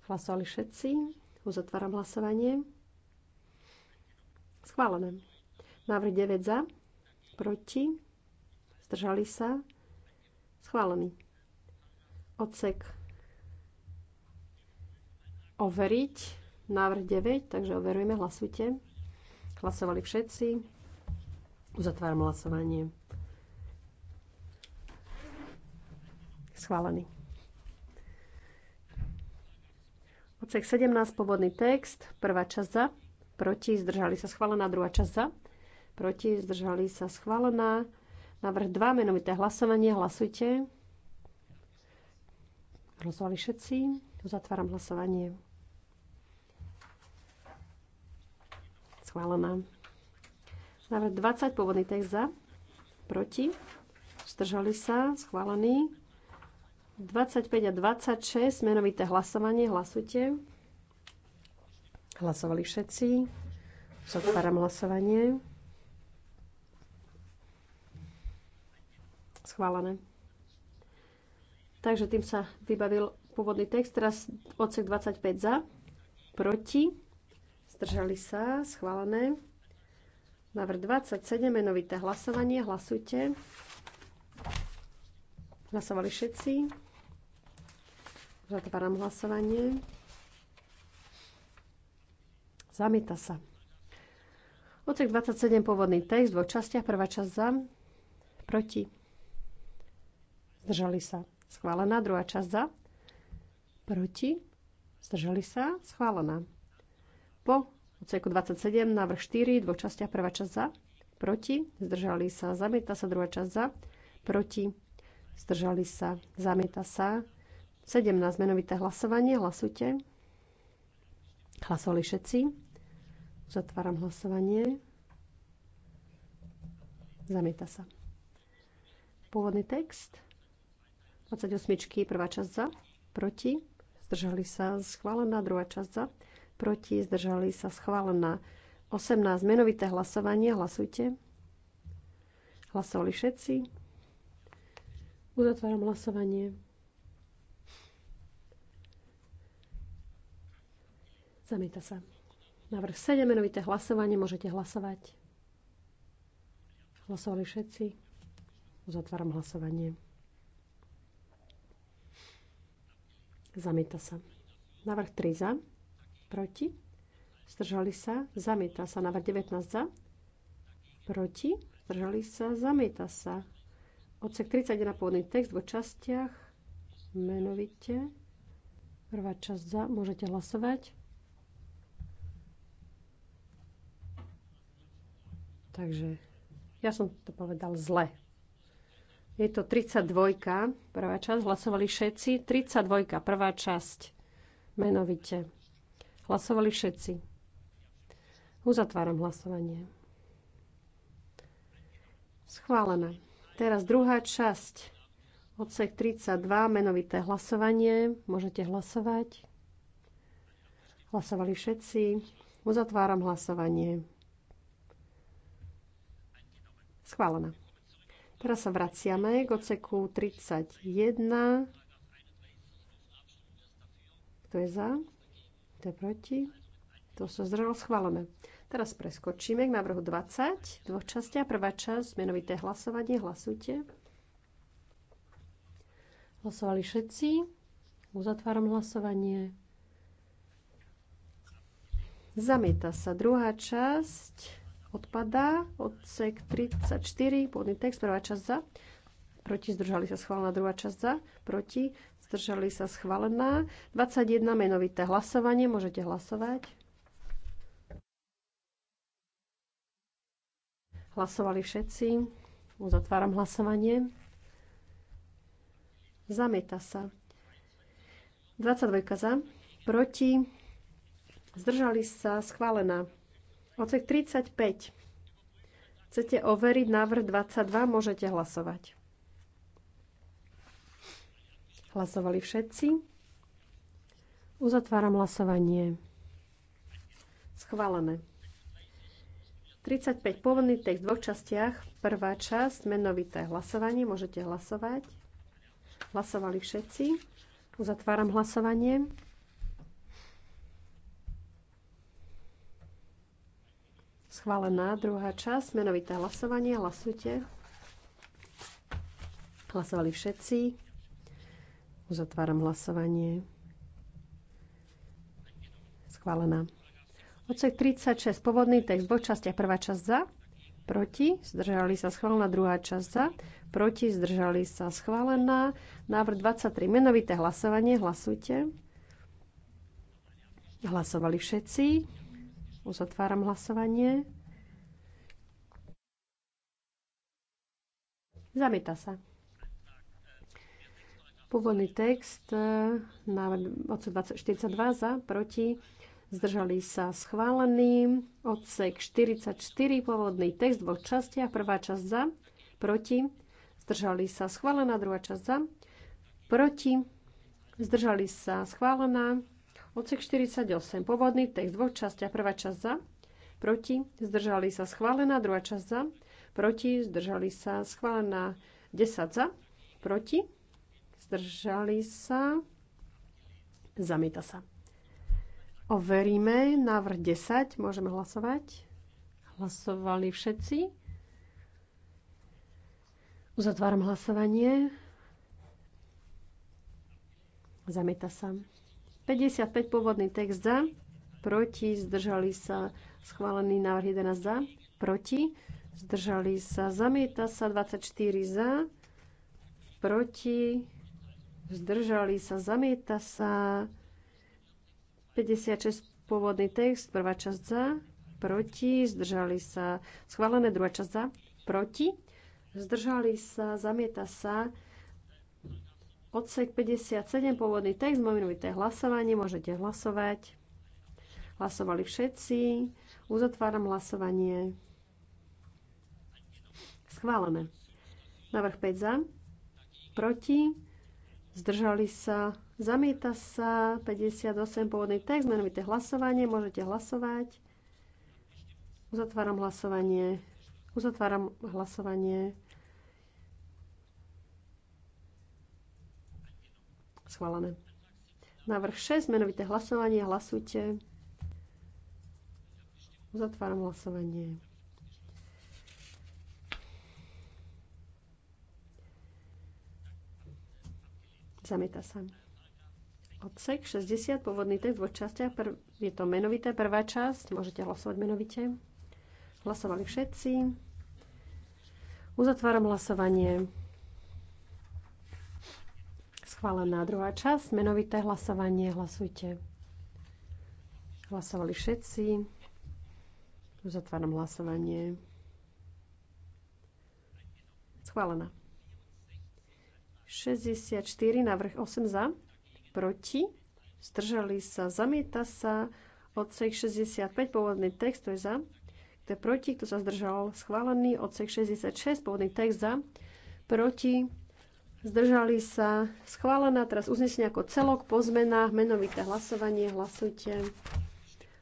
Hlasovali všetci. Uzatváram hlasovanie. Schválené. Návrh 9 za, proti, zdržali sa. Schválený. Odsek overiť Návrh 9, takže overujeme, hlasujte. Hlasovali všetci. Uzatváram hlasovanie. Schválený. Odsek 17, povodný text, prvá časť za, proti, zdržali sa schválená, druhá časť za, proti, zdržali sa schválená. Návrh 2, menovité hlasovanie, hlasujte. Hlasovali všetci. Uzatváram hlasovanie. schválená. Návrh 20, pôvodný text za, proti, zdržali sa, schválený. 25 a 26, menovité hlasovanie, hlasujte. Hlasovali všetci. Zotváram hlasovanie. Schválené. Takže tým sa vybavil pôvodný text. Teraz odsek 25 za, proti, Zdržali sa? Schválené. Návrh 27, menovité hlasovanie. Hlasujte. Hlasovali všetci. Zatváram hlasovanie. Zamieta sa. Odsek 27, pôvodný text, dvoch častiach. Prvá časť za, proti. Zdržali sa. Schválená. Druhá časť za, proti. Zdržali sa. Schválená. Po odseku 27, návrh 4, dvoch častiach, prvá časť za, proti, zdržali sa, zamieta sa, druhá časť za, proti, zdržali sa, zamieta sa. 17, menovité hlasovanie, hlasujte. Hlasovali všetci. Zatváram hlasovanie. Zamieta sa. Pôvodný text. 28. prvá časť za, proti, zdržali sa, schválená druhá časť za, proti, zdržali sa schválená. 18. Menovité hlasovanie, hlasujte. Hlasovali všetci. Uzatváram hlasovanie. Zamieta sa. Návrh 7, menovité hlasovanie, môžete hlasovať. Hlasovali všetci. Uzatváram hlasovanie. Zamieta sa. Navrh 3 za proti, zdržali sa, zamieta sa. Návrh 19 za, proti, zdržali sa, zamieta sa. Odsek 31 pôvodný text vo častiach, menovite. Prvá časť za, môžete hlasovať. Takže ja som to povedal zle. Je to 32, prvá časť, hlasovali všetci. 32, prvá časť, menovite. Hlasovali všetci. Uzatváram hlasovanie. Schválené. Teraz druhá časť. Odsek 32, menovité hlasovanie. Môžete hlasovať. Hlasovali všetci. Uzatváram hlasovanie. Schválené. Teraz sa vraciame k odseku 31. Kto je za? To je proti? To sa zdržal schválené. Teraz preskočíme k návrhu 20, dvoch častia. Prvá časť, menovité hlasovanie, hlasujte. Hlasovali všetci. Uzatváram hlasovanie. Zamieta sa druhá časť. Odpadá odsek 34, pôvodný text, prvá časť za. Proti zdržali sa schválená druhá časť za. Proti Zdržali sa schválená. 21 menovité hlasovanie. Môžete hlasovať. Hlasovali všetci. Uzatváram hlasovanie. Zamieta sa. 22 za. Proti. Zdržali sa. Schválená. Ocek 35. Chcete overiť návrh 22? Môžete hlasovať. Hlasovali všetci. Uzatváram hlasovanie. Schválené. 35. Pôvodný text v dvoch častiach. Prvá časť, menovité hlasovanie. Môžete hlasovať. Hlasovali všetci. Uzatváram hlasovanie. Schválená druhá časť, menovité hlasovanie. Hlasujte. Hlasovali všetci. Uzatváram hlasovanie. Schválená. Odsek 36. Pôvodný text. Dvoch častiach. Prvá časť za. Proti. Zdržali sa schválená. Druhá časť za. Proti. Zdržali sa schválená. Návrh 23. Menovité hlasovanie. Hlasujte. Hlasovali všetci. Uzatváram hlasovanie. Zamieta sa. Pôvodný text, e, návrh 42 za, proti, zdržali sa schválený. Odsek 44, pôvodný text dvoch častiach, prvá časť za, proti, zdržali sa schválená, druhá časť za, proti, zdržali sa schválená. Odsek 48, pôvodný text dvoch častiach, prvá časť za, proti, zdržali sa schválená, druhá časť za, proti, zdržali sa schválená 10 za, proti, zdržali sa, zamieta sa. Overíme návrh 10, môžeme hlasovať. Hlasovali všetci. Uzatváram hlasovanie. Zamieta sa. 55 pôvodný text za, proti, zdržali sa, schválený návrh 11 za, proti, zdržali sa, zamieta sa, 24 za, proti, zdržali sa, zamieta sa. 56 pôvodný text, prvá časť za, proti, zdržali sa, schválené druhá časť za, proti, zdržali sa, zamieta sa. Odsek 57, pôvodný text, mominujte hlasovanie, môžete hlasovať. Hlasovali všetci. Uzatváram hlasovanie. Schválené. Navrh 5 za, proti, zdržali sa, zamieta sa 58 pôvodný text, menovité hlasovanie, môžete hlasovať. Uzatváram hlasovanie. Uzatváram hlasovanie. Schválené. Návrh 6, menovité hlasovanie, hlasujte. Uzatváram hlasovanie. Zamieta sa. Odsek 60, pôvodný text dvoch častiach. Prv, je to menovité, prvá časť. Môžete hlasovať menovite. Hlasovali všetci. Uzatváram hlasovanie. Schválená druhá časť. Menovité hlasovanie. Hlasujte. Hlasovali všetci. Uzatváram hlasovanie. Schválená. 64, návrh 8 za, proti, zdržali sa, zamieta sa, odsek 65, pôvodný text, to je za, kto je proti, kto sa zdržal, schválený, odsek 66, pôvodný text za, proti, zdržali sa, schválená, teraz uznesenie ako celok po zmenách, menovité hlasovanie, hlasujte,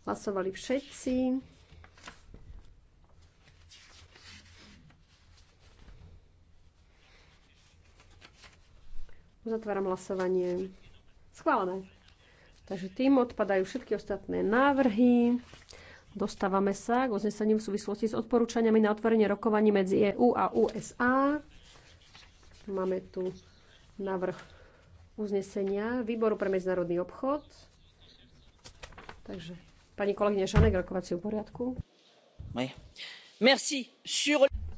hlasovali všetci. Uzatváram hlasovanie. Schválené. Takže tým odpadajú všetky ostatné návrhy. Dostávame sa k uzneseniu v súvislosti s odporúčaniami na otvorenie rokovaní medzi EU a USA. Máme tu návrh uznesenia Výboru pre medzinárodný obchod. Takže pani kolegyňa Šanek, rokovaciu poriadku.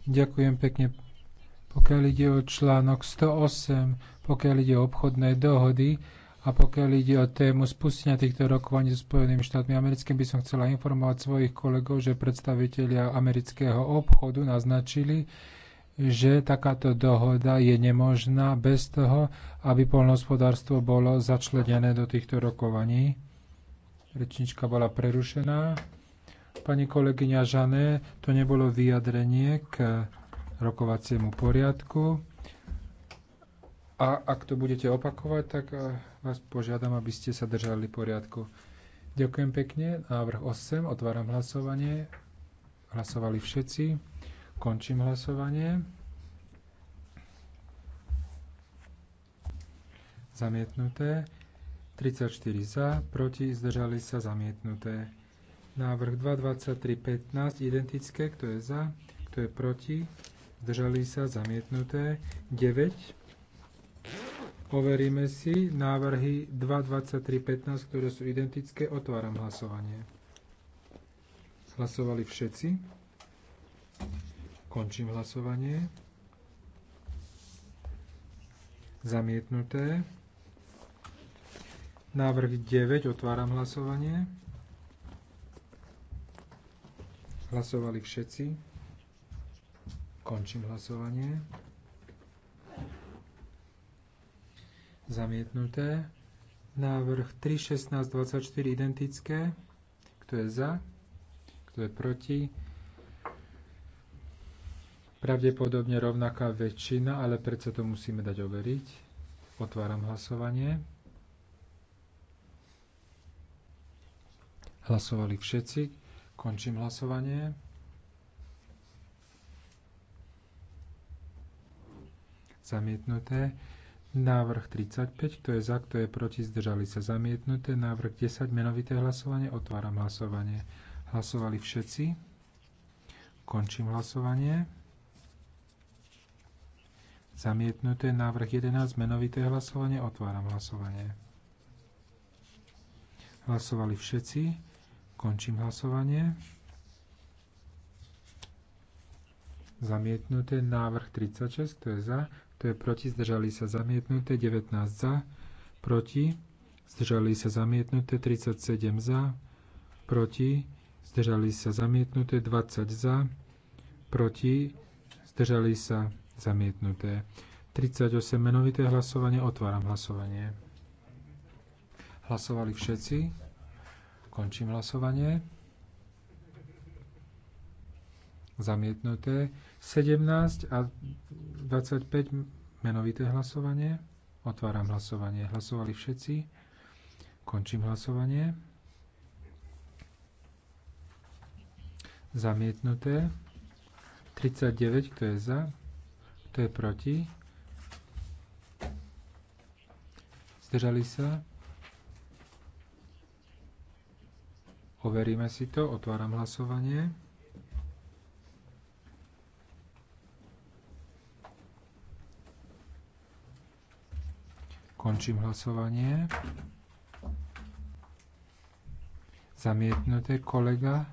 Ďakujem pekne. Pokiaľ ide o článok 108 pokiaľ ide o obchodné dohody a pokiaľ ide o tému spustenia týchto rokovaní so Spojenými štátmi americkými, by som chcela informovať svojich kolegov, že predstavitelia amerického obchodu naznačili, že takáto dohoda je nemožná bez toho, aby poľnohospodárstvo bolo začlenené do týchto rokovaní. Rečnička bola prerušená. Pani kolegyňa Žané, to nebolo vyjadrenie k rokovaciemu poriadku. A ak to budete opakovať, tak eh, vás požiadam, aby ste sa držali poriadku. Ďakujem pekne. Návrh 8. Otváram hlasovanie. Hlasovali všetci. Končím hlasovanie. Zamietnuté. 34 za, proti, zdržali sa zamietnuté. Návrh 2, 23, 15, identické, kto je za, kto je proti, zdržali sa zamietnuté. 9, Overíme si návrhy 2, 23, 15, ktoré sú identické. Otváram hlasovanie. Hlasovali všetci. Končím hlasovanie. Zamietnuté. Návrh 9. Otváram hlasovanie. Hlasovali všetci. Končím hlasovanie. Zamietnuté. Návrh 3, 16, 24 identické. Kto je za? Kto je proti? Pravdepodobne rovnaká väčšina, ale predsa to musíme dať overiť. Otváram hlasovanie. Hlasovali všetci. Končím hlasovanie. Zamietnuté. Návrh 35, kto je za, kto je proti, zdržali sa zamietnuté. Návrh 10, menovité hlasovanie, otváram hlasovanie. Hlasovali všetci. Končím hlasovanie. Zamietnuté návrh 11, menovité hlasovanie, otváram hlasovanie. Hlasovali všetci. Končím hlasovanie. Zamietnuté návrh 36, kto je za, to je proti, zdržali sa zamietnuté, 19 za, proti, zdržali sa zamietnuté, 37 za, proti, zdržali sa zamietnuté, 20 za, proti, zdržali sa zamietnuté. 38 menovité hlasovanie, otváram hlasovanie. Hlasovali všetci. Končím hlasovanie. Zamietnuté. 17 a 25 menovité hlasovanie. Otváram hlasovanie. Hlasovali všetci. Končím hlasovanie. Zamietnuté. 39, kto je za, kto je proti. Zdržali sa. Overíme si to. Otváram hlasovanie. Končím hlasovanie. Zamietnuté kolega.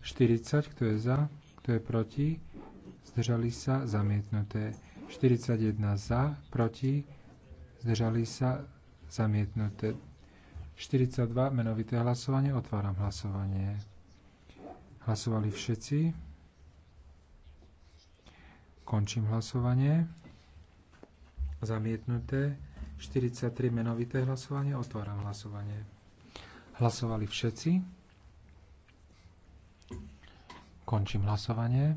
40, kto je za, kto je proti, zdržali sa, zamietnuté. 41 za, proti, zdržali sa, zamietnuté. 42, menovité hlasovanie, otváram hlasovanie. Hlasovali všetci. Končím hlasovanie. Zamietnuté. 43 menovité hlasovanie. Otváram hlasovanie. Hlasovali všetci. Končím hlasovanie.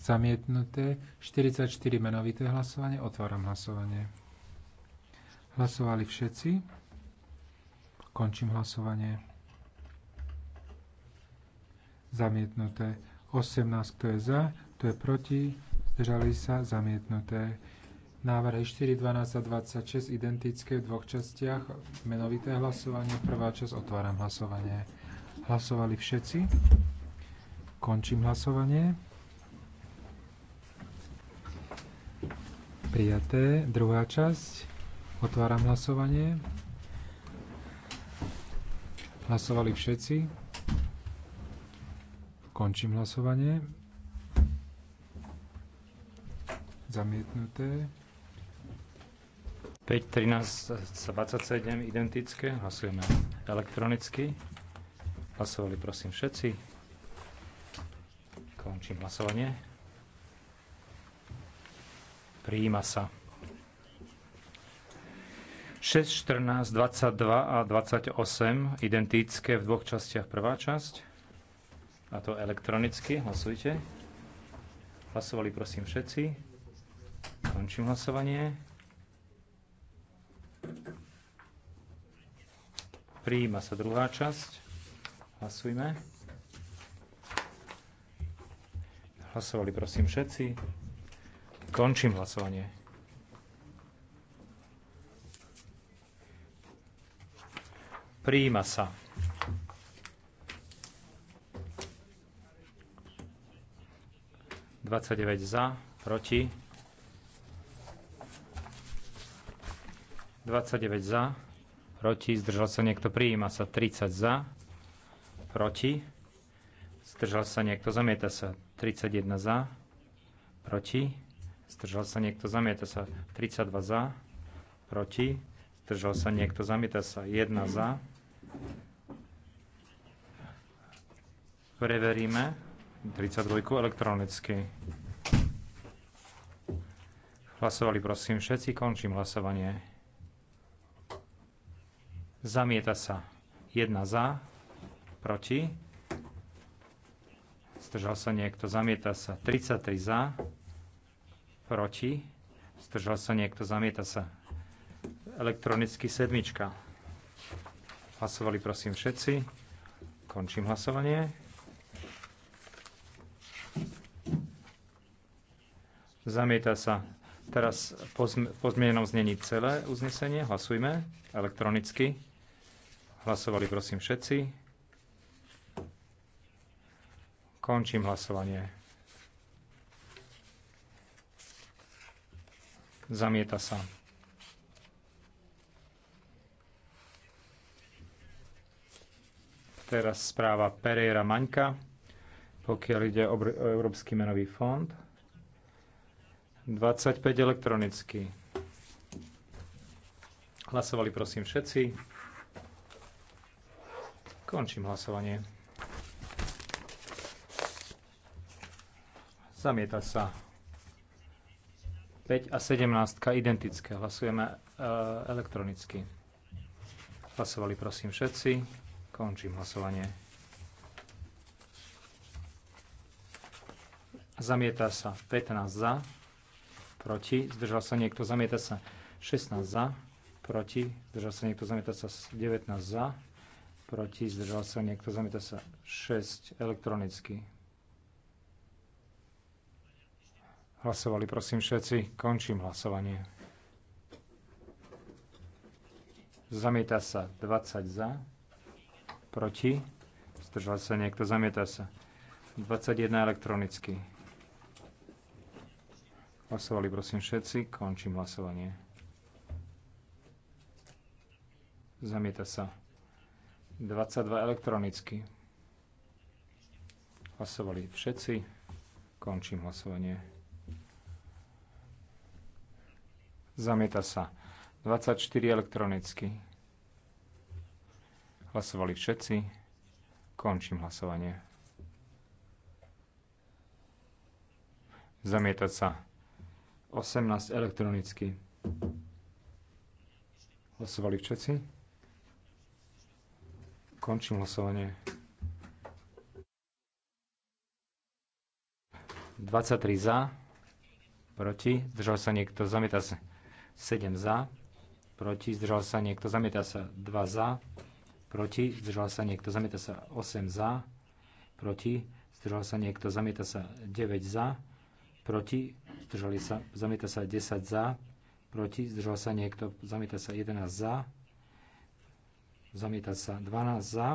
Zamietnuté. 44 menovité hlasovanie. Otváram hlasovanie. Hlasovali všetci. Končím hlasovanie. Zamietnuté. 18, kto je za, kto je proti, zdržali sa, zamietnuté. Návrhy 4, 12 a 26 identické v dvoch častiach. Menovité hlasovanie. Prvá časť. Otváram hlasovanie. Hlasovali všetci. Končím hlasovanie. Prijaté. Druhá časť. Otváram hlasovanie. Hlasovali všetci. Končím hlasovanie. Zamietnuté. 5, 13, 27 identické. Hlasujeme elektronicky. Hlasovali prosím všetci. Končím hlasovanie. Prijíma sa. 6, 14, 22 a 28 identické v dvoch častiach prvá časť a to elektronicky. Hlasujte. Hlasovali prosím všetci. Končím hlasovanie. Prijíma sa druhá časť. Hlasujme. Hlasovali prosím všetci. Končím hlasovanie. Prijíma sa. 29 za, proti. 29 za, proti. Zdržal sa niekto, prijíma sa. 30 za, proti. Zdržal sa niekto, zamieta sa. 31 za, proti. Zdržal sa niekto, zamieta sa. 32 za, proti. Zdržal sa niekto, zamieta sa. 1 za. Preveríme. 32 elektronicky. Hlasovali prosím všetci, končím hlasovanie. Zamieta sa. 1 za, proti. Zdržal sa niekto, zamieta sa. 33 za, proti. Zdržal sa niekto, zamieta sa. Elektronicky sedmička. Hlasovali prosím všetci. Končím hlasovanie. Zamieta sa. Teraz po pozmienenom znení celé uznesenie. Hlasujme elektronicky. Hlasovali prosím všetci. Končím hlasovanie. Zamieta sa. Teraz správa Pereira Maňka, pokiaľ ide o Európsky menový fond. 25 elektronicky. Hlasovali prosím všetci. Končím hlasovanie. Zamieta sa. 5 a 17 identické. Hlasujeme e, elektronicky. Hlasovali prosím všetci. Končím hlasovanie. Zamieta sa 15 za, proti, zdržal sa niekto, zamieta sa 16 za, proti, zdržal sa niekto, zamieta sa 19 za, proti, zdržal sa niekto, zamieta sa 6 elektronicky. Hlasovali prosím všetci, končím hlasovanie. Zamieta sa 20 za, proti, zdržal sa niekto, zamieta sa 21 elektronicky. Hlasovali prosím všetci. Končím hlasovanie. Zamieta sa. 22 elektronicky. Hlasovali všetci. Končím hlasovanie. Zamieta sa. 24 elektronicky. Hlasovali všetci. Končím hlasovanie. Zamieta sa. 18 elektronicky. Hlasovali všetci? Končím hlasovanie. 23 za, proti, zdržal sa niekto, zamieta sa 7 za, proti, zdržal sa niekto, zamieta sa 2 za, proti, zdržal sa niekto, zamieta sa 8 za, proti, zdržal sa niekto, zamieta sa 9 za, proti, zdržali sa, zamieta sa 10 za, proti, zdržal sa niekto, zamieta sa 11 za, zamieta sa 12 za,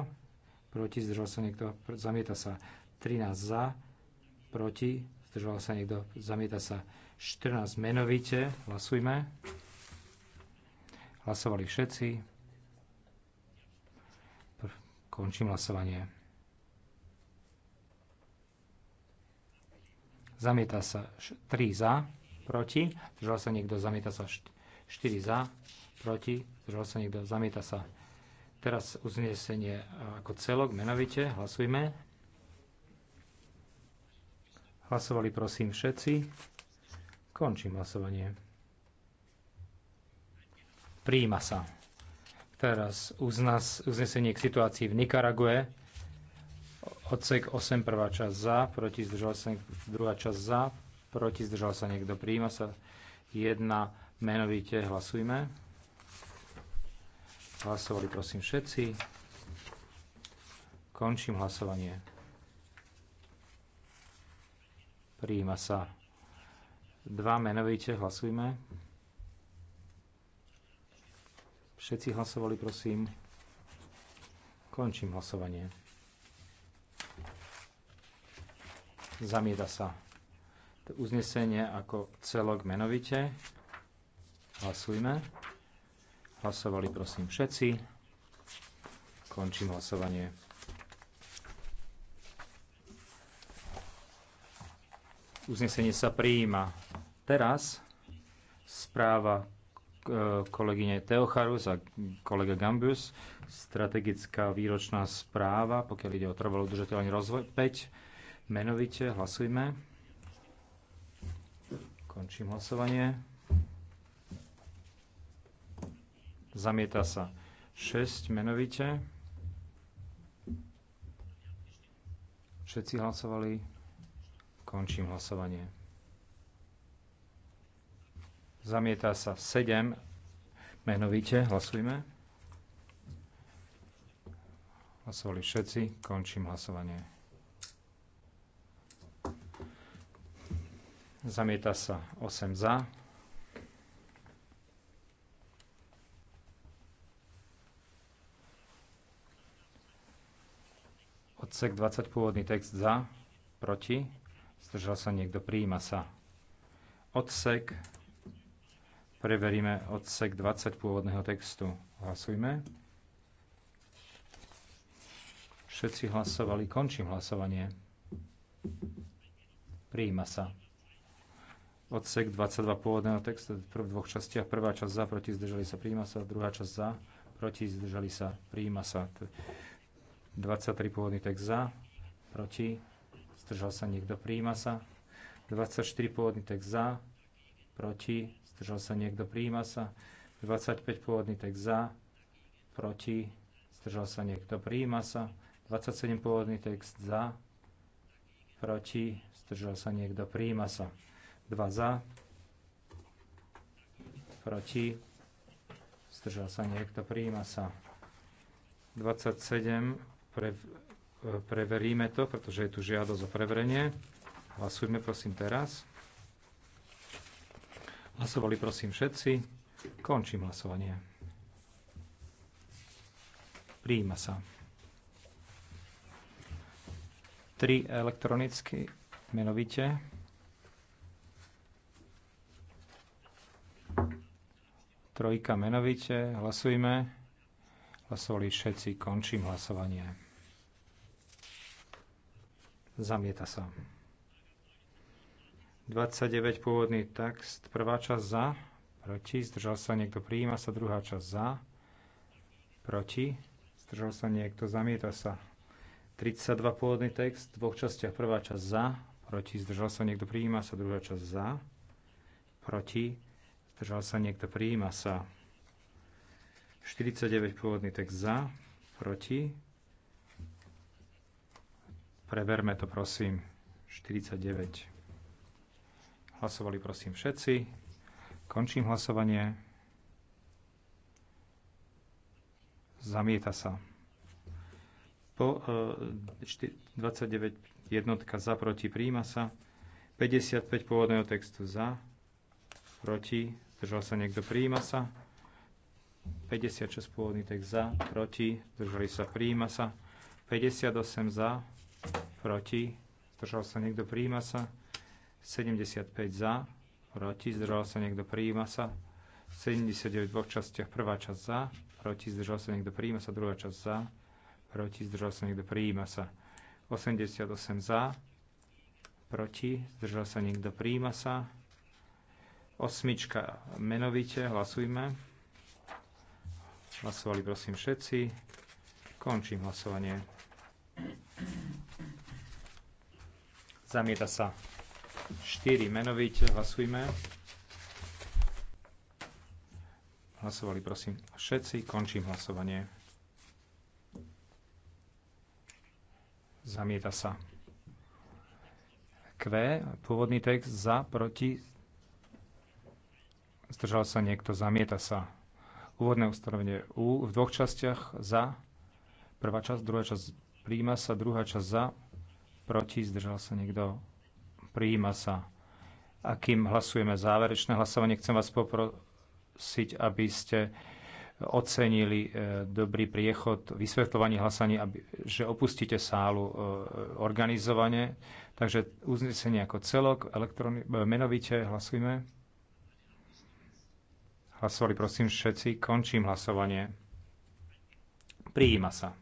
proti, zdržal sa niekto, zamieta sa 13 za, proti, zdržal sa niekto, zamieta sa 14 menovite, hlasujme. Hlasovali všetci. Končím hlasovanie. Zamieta sa 3 za, proti. Zdržal sa niekto, zamieta sa 4 za, proti. Zdržal sa niekto, zamieta sa. Teraz uznesenie ako celok, menovite. Hlasujme. Hlasovali prosím všetci. Končím hlasovanie. Príjima sa. Teraz uznas, uznesenie k situácii v Nikarague. Odsek 8, prvá časť za, proti zdržal sa niekto, druhá časť za, proti zdržal sa niekto, príjima sa jedna, menovite hlasujme. Hlasovali prosím všetci. Končím hlasovanie. Príjima sa dva, menovite hlasujme. Všetci hlasovali prosím. Končím hlasovanie. Zamieta sa. To uznesenie ako celok menovite. Hlasujme. Hlasovali prosím všetci. Končím hlasovanie. Uznesenie sa prijíma. Teraz správa e, kolegyne Teocharus a kolega Gambius. strategická výročná správa, pokiaľ ide o trvalo udržateľný rozvoj, 5 Menovite hlasujme. Končím hlasovanie. Zamieta sa 6 menovite. Všetci hlasovali. Končím hlasovanie. Zamieta sa 7 menovite. Hlasujme. Hlasovali všetci. Končím hlasovanie. Zamieta sa 8 za. Odsek 20 pôvodný text za, proti, zdržal sa niekto, prijíma sa. Odsek, preveríme odsek 20 pôvodného textu. Hlasujme. Všetci hlasovali, končím hlasovanie. Prijíma sa odsek 22 pôvodného textu v dvoch častiach. Prvá časť za, proti, zdržali sa, príjma sa. Druhá časť za, proti, zdržali sa, príjma sa. 23 pôvodný text za, proti, zdržal sa niekto, príjma sa. 24 pôvodný text za, proti, zdržal sa niekto, príjma sa. 25 pôvodný text za, proti, zdržal sa niekto, príjma sa. 27 pôvodný text za, proti, zdržal sa niekto, príjma sa. 2 za, proti, zdržal sa niekto, prijíma sa 27, pre, e, preveríme to, pretože je tu žiadosť o preverenie. Hlasujme prosím teraz. Hlasovali prosím všetci. Končím hlasovanie. Prijíma sa. 3 elektronicky, menovite. Trojka menovite. Hlasujme. Hlasovali všetci. Končím hlasovanie. Zamieta sa. 29 pôvodný text. Prvá časť za. Proti. Zdržal sa niekto. Prijíma sa. Druhá časť za. Proti. Zdržal sa niekto. Zamieta sa. 32 pôvodný text. V dvoch častiach. Prvá časť za. Proti. Zdržal sa niekto. Prijíma sa. Druhá časť za. Proti Zdržal sa niekto? Prijíma sa. 49 pôvodný text za, proti. Preverme to, prosím. 49. Hlasovali, prosím, všetci. Končím hlasovanie. Zamieta sa. Po 29 e, jednotka za, proti, prijíma sa. 55 pôvodného textu za, proti, zdržal sa niekto, prijíma sa. 56 pôvodný text za, proti, zdržali sa, prijíma sa. 58 za, proti, zdržal sa niekto, prijíma sa. 75 za, proti, zdržal sa niekto, prijíma sa. 79 v dvoch častiach, prvá časť za, proti, zdržal sa niekto, prijíma sa, druhá časť za, proti, zdržal sa niekto, prijíma sa. 88 za, proti, zdržal sa niekto, prijíma sa. Osmička menovite, hlasujme. Hlasovali prosím všetci. Končím hlasovanie. Zamieta sa 4 menovite, hlasujme. Hlasovali prosím všetci, končím hlasovanie. Zamieta sa. Q, pôvodný text za, proti, zdržal sa niekto, zamieta sa. Úvodné ustanovenie U v dvoch častiach za, prvá časť, druhá časť príjima sa, druhá časť za, proti, zdržal sa niekto, príjima sa. A kým hlasujeme záverečné hlasovanie, chcem vás poprosiť, aby ste ocenili e, dobrý priechod, vysvetľovanie hlasania, aby, že opustíte sálu e, organizovane. Takže uznesenie ako celok, e, menovite hlasujme. Hlasovali prosím všetci. Končím hlasovanie. Prijíma sa.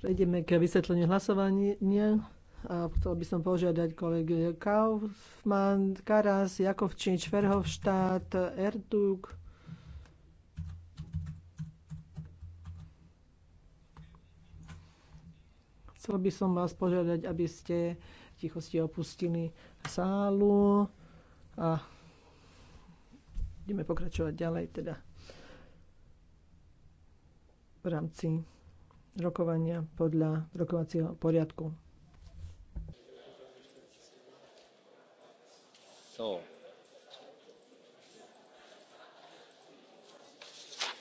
Prejdeme k vysvetleniu hlasovania. A chcel by som požiadať kolegy Kaufmann, Karas, Jakovčič, Verhofstadt, Erdug. Chcel by som vás požiadať, aby ste tichosti opustili sálu a ideme pokračovať ďalej teda v rámci rokovania podľa rokovacieho poriadku. So.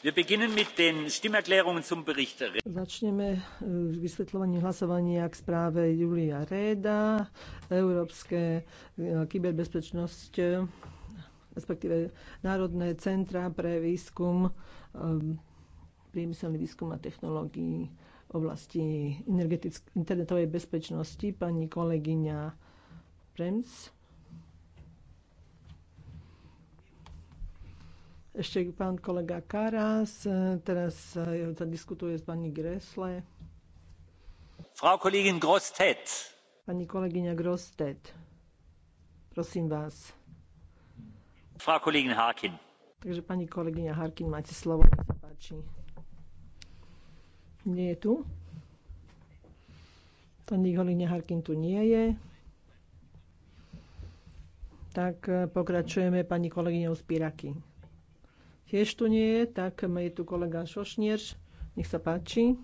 Wir beginnen mit den Stimmerklärungen zum Bericht. Začneme eh, s vysvetľovaním hlasovania k správe Julia Reda, Európske eh, kyberbezpečnosť, eh, respektíve Národné centra pre výskum priemyselný výskum a technológií v oblasti internetovej bezpečnosti. Pani kolegyňa Prems. Ešte pán kolega Karas, teraz eh, sa diskutuje s pani Gresle. Frau Kollegin Grostet. Pani kolegyňa Grostet, prosím vás. Frau Kollegin Harkin. Takže pani kolegyňa Harkin, máte slovo, nech sa páči nie je tu. Pani Holine Harkin tu nie je. Tak e, pokračujeme pani kolegyňou Spiraky. Tiež tu nie je, tak je tu kolega Šošnierš. Nech sa páči.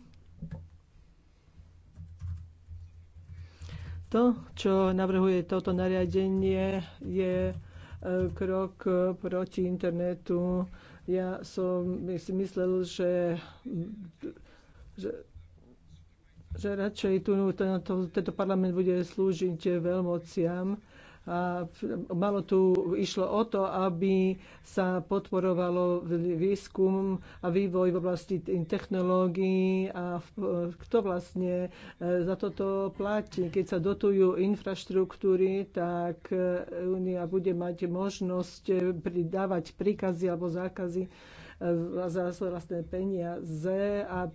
To, čo navrhuje toto nariadenie, je e, krok e, proti internetu. Ja som si myslel, že že, že radšej tu, ten, to, tento parlament bude slúžiť veľmociam. A malo tu išlo o to, aby sa podporovalo výskum a vývoj v oblasti technológií a kto vlastne e, za toto platí. Keď sa dotujú infraštruktúry, tak e, Únia bude mať možnosť pridávať príkazy alebo zákazy za svoje vlastné peniaze a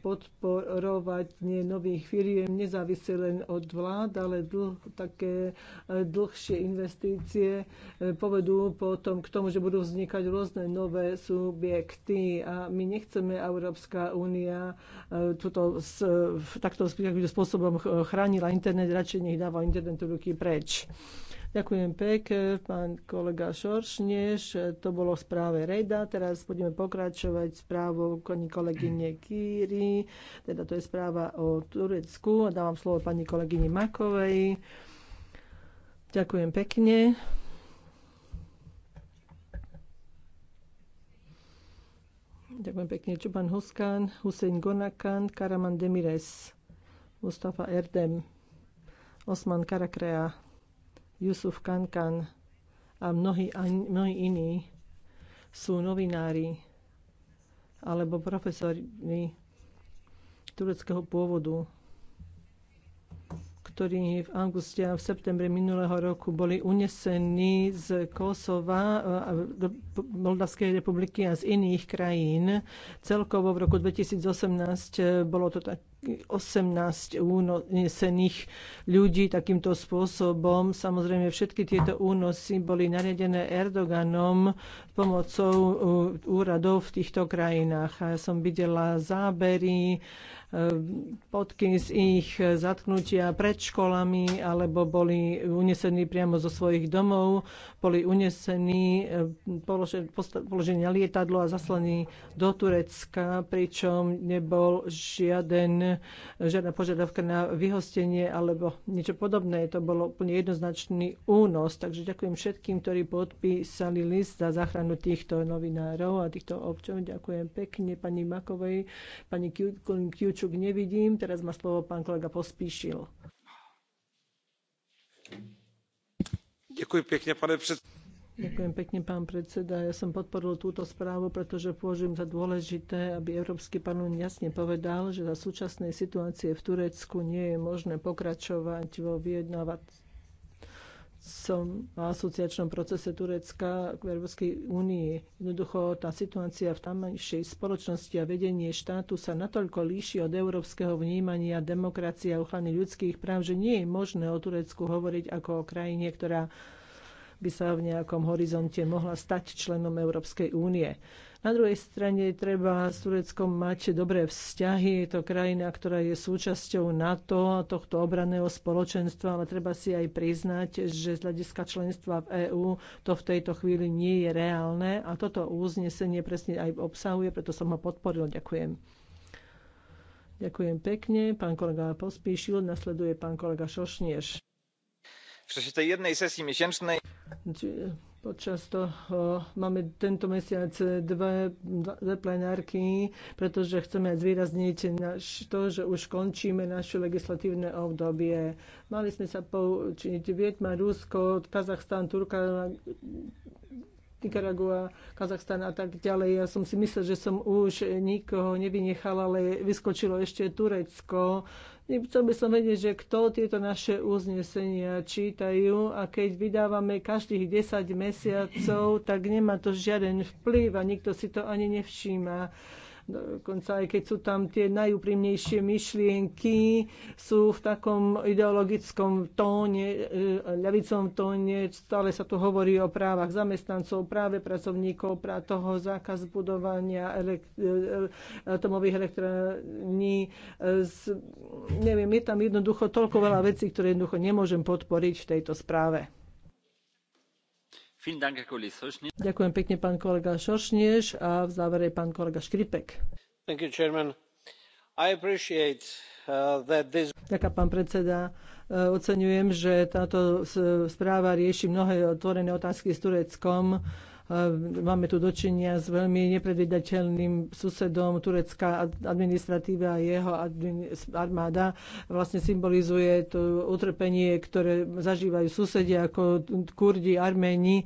nie nových firiem nezávisle len od vlád, ale dlh, také e, dlhšie investície e, povedú potom k tomu, že budú vznikať rôzne nové subjekty a my nechceme Európska únia e, tuto s, takto spôsobom chránila internet, radšej nech dáva internetu ruky preč. Ďakujem pekne, pán kolega Šorš. to bolo v správe Rejda, teraz budeme pokračovať správou pani kolegyne Kýry, teda to je správa o Turecku. A dávam slovo pani kolegyni Makovej. Ďakujem pekne. Ďakujem pekne. Čuban Huskan, Husein Gonakan, Karaman Demires, Mustafa Erdem, Osman Karakrea, Jusuf Kankan a mnohí, mnohí iní sú novinári alebo profesori tureckého pôvodu, ktorí v auguste a v septembre minulého roku boli unesení z Kosova, e, e, Moldavskej republiky a z iných krajín. Celkovo v roku 2018 e, bolo to tak 18 únosených ľudí takýmto spôsobom. Samozrejme, všetky tieto únosy boli nariadené Erdoganom pomocou uh, úradov v týchto krajinách. A ja som videla zábery, podky uh, z ich zatknutia pred školami, alebo boli unesení priamo zo svojich domov, boli unesení, uh, položení na lietadlo a zaslaní do Turecka, pričom nebol žiaden žiadna požiadavka na vyhostenie alebo niečo podobné. To bolo úplne jednoznačný únos. Takže ďakujem všetkým, ktorí podpísali list za záchranu týchto novinárov a týchto občanov. Ďakujem pekne pani Makovej, pani Kiučuk nevidím. Teraz má slovo pán kolega Pospíšil. Děkuji pěkně, pane předsedající Ďakujem pekne, pán predseda. Ja som podporil túto správu, pretože považujem za dôležité, aby Európsky parlament jasne povedal, že za súčasnej situácie v Turecku nie je možné pokračovať vo vyjednávacom a asociačnom procese Turecka k Európskej únii. Jednoducho tá situácia v tamnejšej spoločnosti a vedenie štátu sa natoľko líši od európskeho vnímania demokracie a ochrany ľudských práv, že nie je možné o Turecku hovoriť ako o krajine, ktorá by sa v nejakom horizonte mohla stať členom Európskej únie. Na druhej strane treba s Tureckom mať dobré vzťahy. Je to krajina, ktorá je súčasťou NATO a tohto obraného spoločenstva, ale treba si aj priznať, že z hľadiska členstva v EÚ to v tejto chvíli nie je reálne a toto uznesenie presne aj obsahuje, preto som ho podporil. Ďakujem. Ďakujem pekne. Pán kolega pospíšil, nasleduje pán kolega Šošnieš w czasie tej jednej sesji miesięcznej Počas toho máme tento mesiac dve, dve plenárky, pretože chceme zvýrazniť naš, to, že už končíme naše legislatívne obdobie. Mali sme sa poučiť Vietma, Rusko, Kazachstan, Turka, Nicaragua, Kazachstan a tak ďalej. Ja som si myslel, že som už nikoho nevynechal, ale vyskočilo ešte Turecko Chcel by som vedieť, že kto tieto naše uznesenia čítajú a keď vydávame každých 10 mesiacov, tak nemá to žiaden vplyv a nikto si to ani nevšíma. Dokonca aj keď sú tam tie najúprimnejšie myšlienky, sú v takom ideologickom tóne, e, ľavicom tóne, stále sa tu hovorí o právach zamestnancov, práve pracovníkov, prá toho zákaz budovania elekt- e, e, atomových elektrární. Neviem, je tam jednoducho toľko veľa vecí, ktoré jednoducho nemôžem podporiť v tejto správe. Ďakujem pekne, pán kolega Šošnieš a v závere pán kolega Škripek. Uh, Ďakujem, pán predseda. E, oceňujem, že táto správa rieši mnohé otvorené otázky s Tureckom Máme tu dočinia s veľmi nepredvidateľným susedom. Turecká administratíva a jeho armáda vlastne symbolizuje to utrpenie, ktoré zažívajú susedia ako Kurdi, Arméni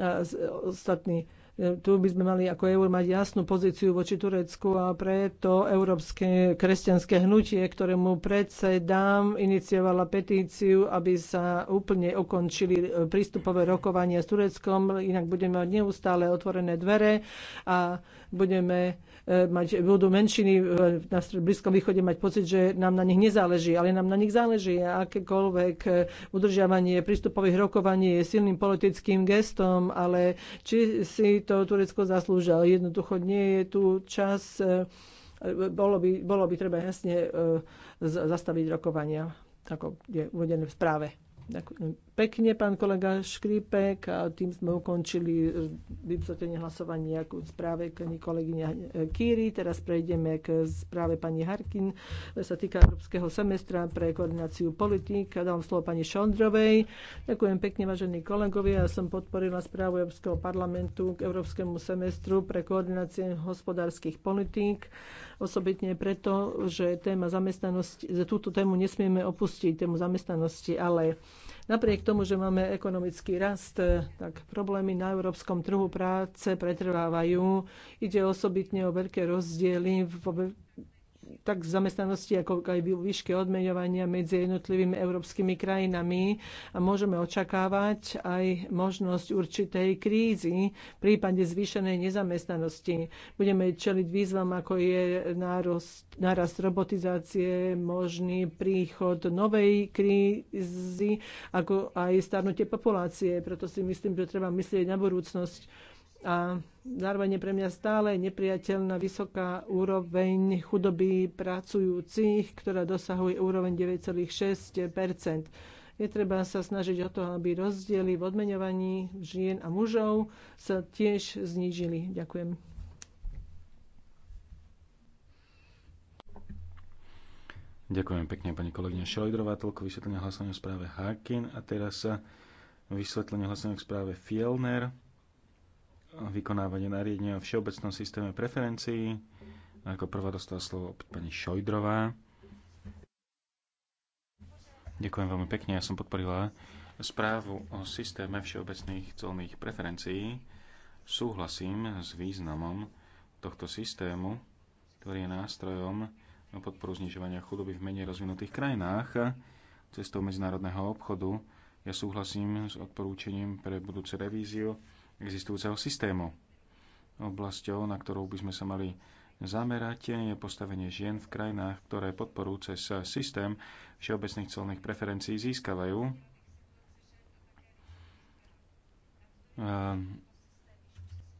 a ostatní tu by sme mali ako EU mať jasnú pozíciu voči Turecku a preto Európske kresťanské hnutie, ktorému predsedám, iniciovala petíciu, aby sa úplne ukončili e, prístupové rokovania s Tureckom, inak budeme mať neustále otvorené dvere a budeme e, mať, budú menšiny e, na Blízkom východe mať pocit, že nám na nich nezáleží, ale nám na nich záleží a akékoľvek e, udržiavanie prístupových rokovaní je silným politickým gestom, ale či si to Turecko zaslúžia. Jednoducho nie je tu čas, bolo by, bolo by treba jasne zastaviť rokovania, ako je uvedené v správe. Ďakujem pekne, pán kolega Škripek. A tým sme ukončili e, vypsotenie hlasovania k správe pani kolegyne e, Kýry. Teraz prejdeme k správe pani Harkin. E, sa týka Európskeho semestra pre koordináciu politík. Dávam slovo pani Šondrovej. Ďakujem pekne, vážení kolegovia. Ja som podporila správu Európskeho parlamentu k Európskemu semestru pre koordináciu hospodárskych politík osobitne preto, že téma zamestnanosti, túto tému nesmieme opustiť, tému zamestnanosti, ale Napriek tomu, že máme ekonomický rast, tak problémy na európskom trhu práce pretrvávajú. Ide osobitne o veľké rozdiely v tak zamestnanosti, ako aj výške odmeňovania medzi jednotlivými európskymi krajinami a môžeme očakávať aj možnosť určitej krízy v prípade zvýšenej nezamestnanosti. Budeme čeliť výzvam, ako je nárost, nárast robotizácie, možný príchod novej krízy, ako aj starnutie populácie. Preto si myslím, že treba myslieť na budúcnosť a zároveň je pre mňa stále nepriateľná vysoká úroveň chudoby pracujúcich, ktorá dosahuje úroveň 9,6 je treba sa snažiť o to, aby rozdiely v odmeňovaní žien a mužov sa tiež znížili. Ďakujem. Ďakujem pekne pani kolegyňa Šelidrová, toľko vysvetlenia hlasovania v správe Harkin a teraz sa vysvetlenie hlasovania v správe Fielner vykonávanie nariadenia o všeobecnom systéme preferencií. Ako prvá dostala slovo pani Šojdrová. Ďakujem veľmi pekne, ja som podporila správu o systéme všeobecných colných preferencií. Súhlasím s významom tohto systému, ktorý je nástrojom na podporu znižovania chudoby v menej rozvinutých krajinách cestou medzinárodného obchodu. Ja súhlasím s odporúčením pre budúcu revíziu existujúceho systému. Oblasťou, na ktorú by sme sa mali zamerať, je postavenie žien v krajinách, ktoré podporu cez systém všeobecných colných preferencií získavajú. Ehm,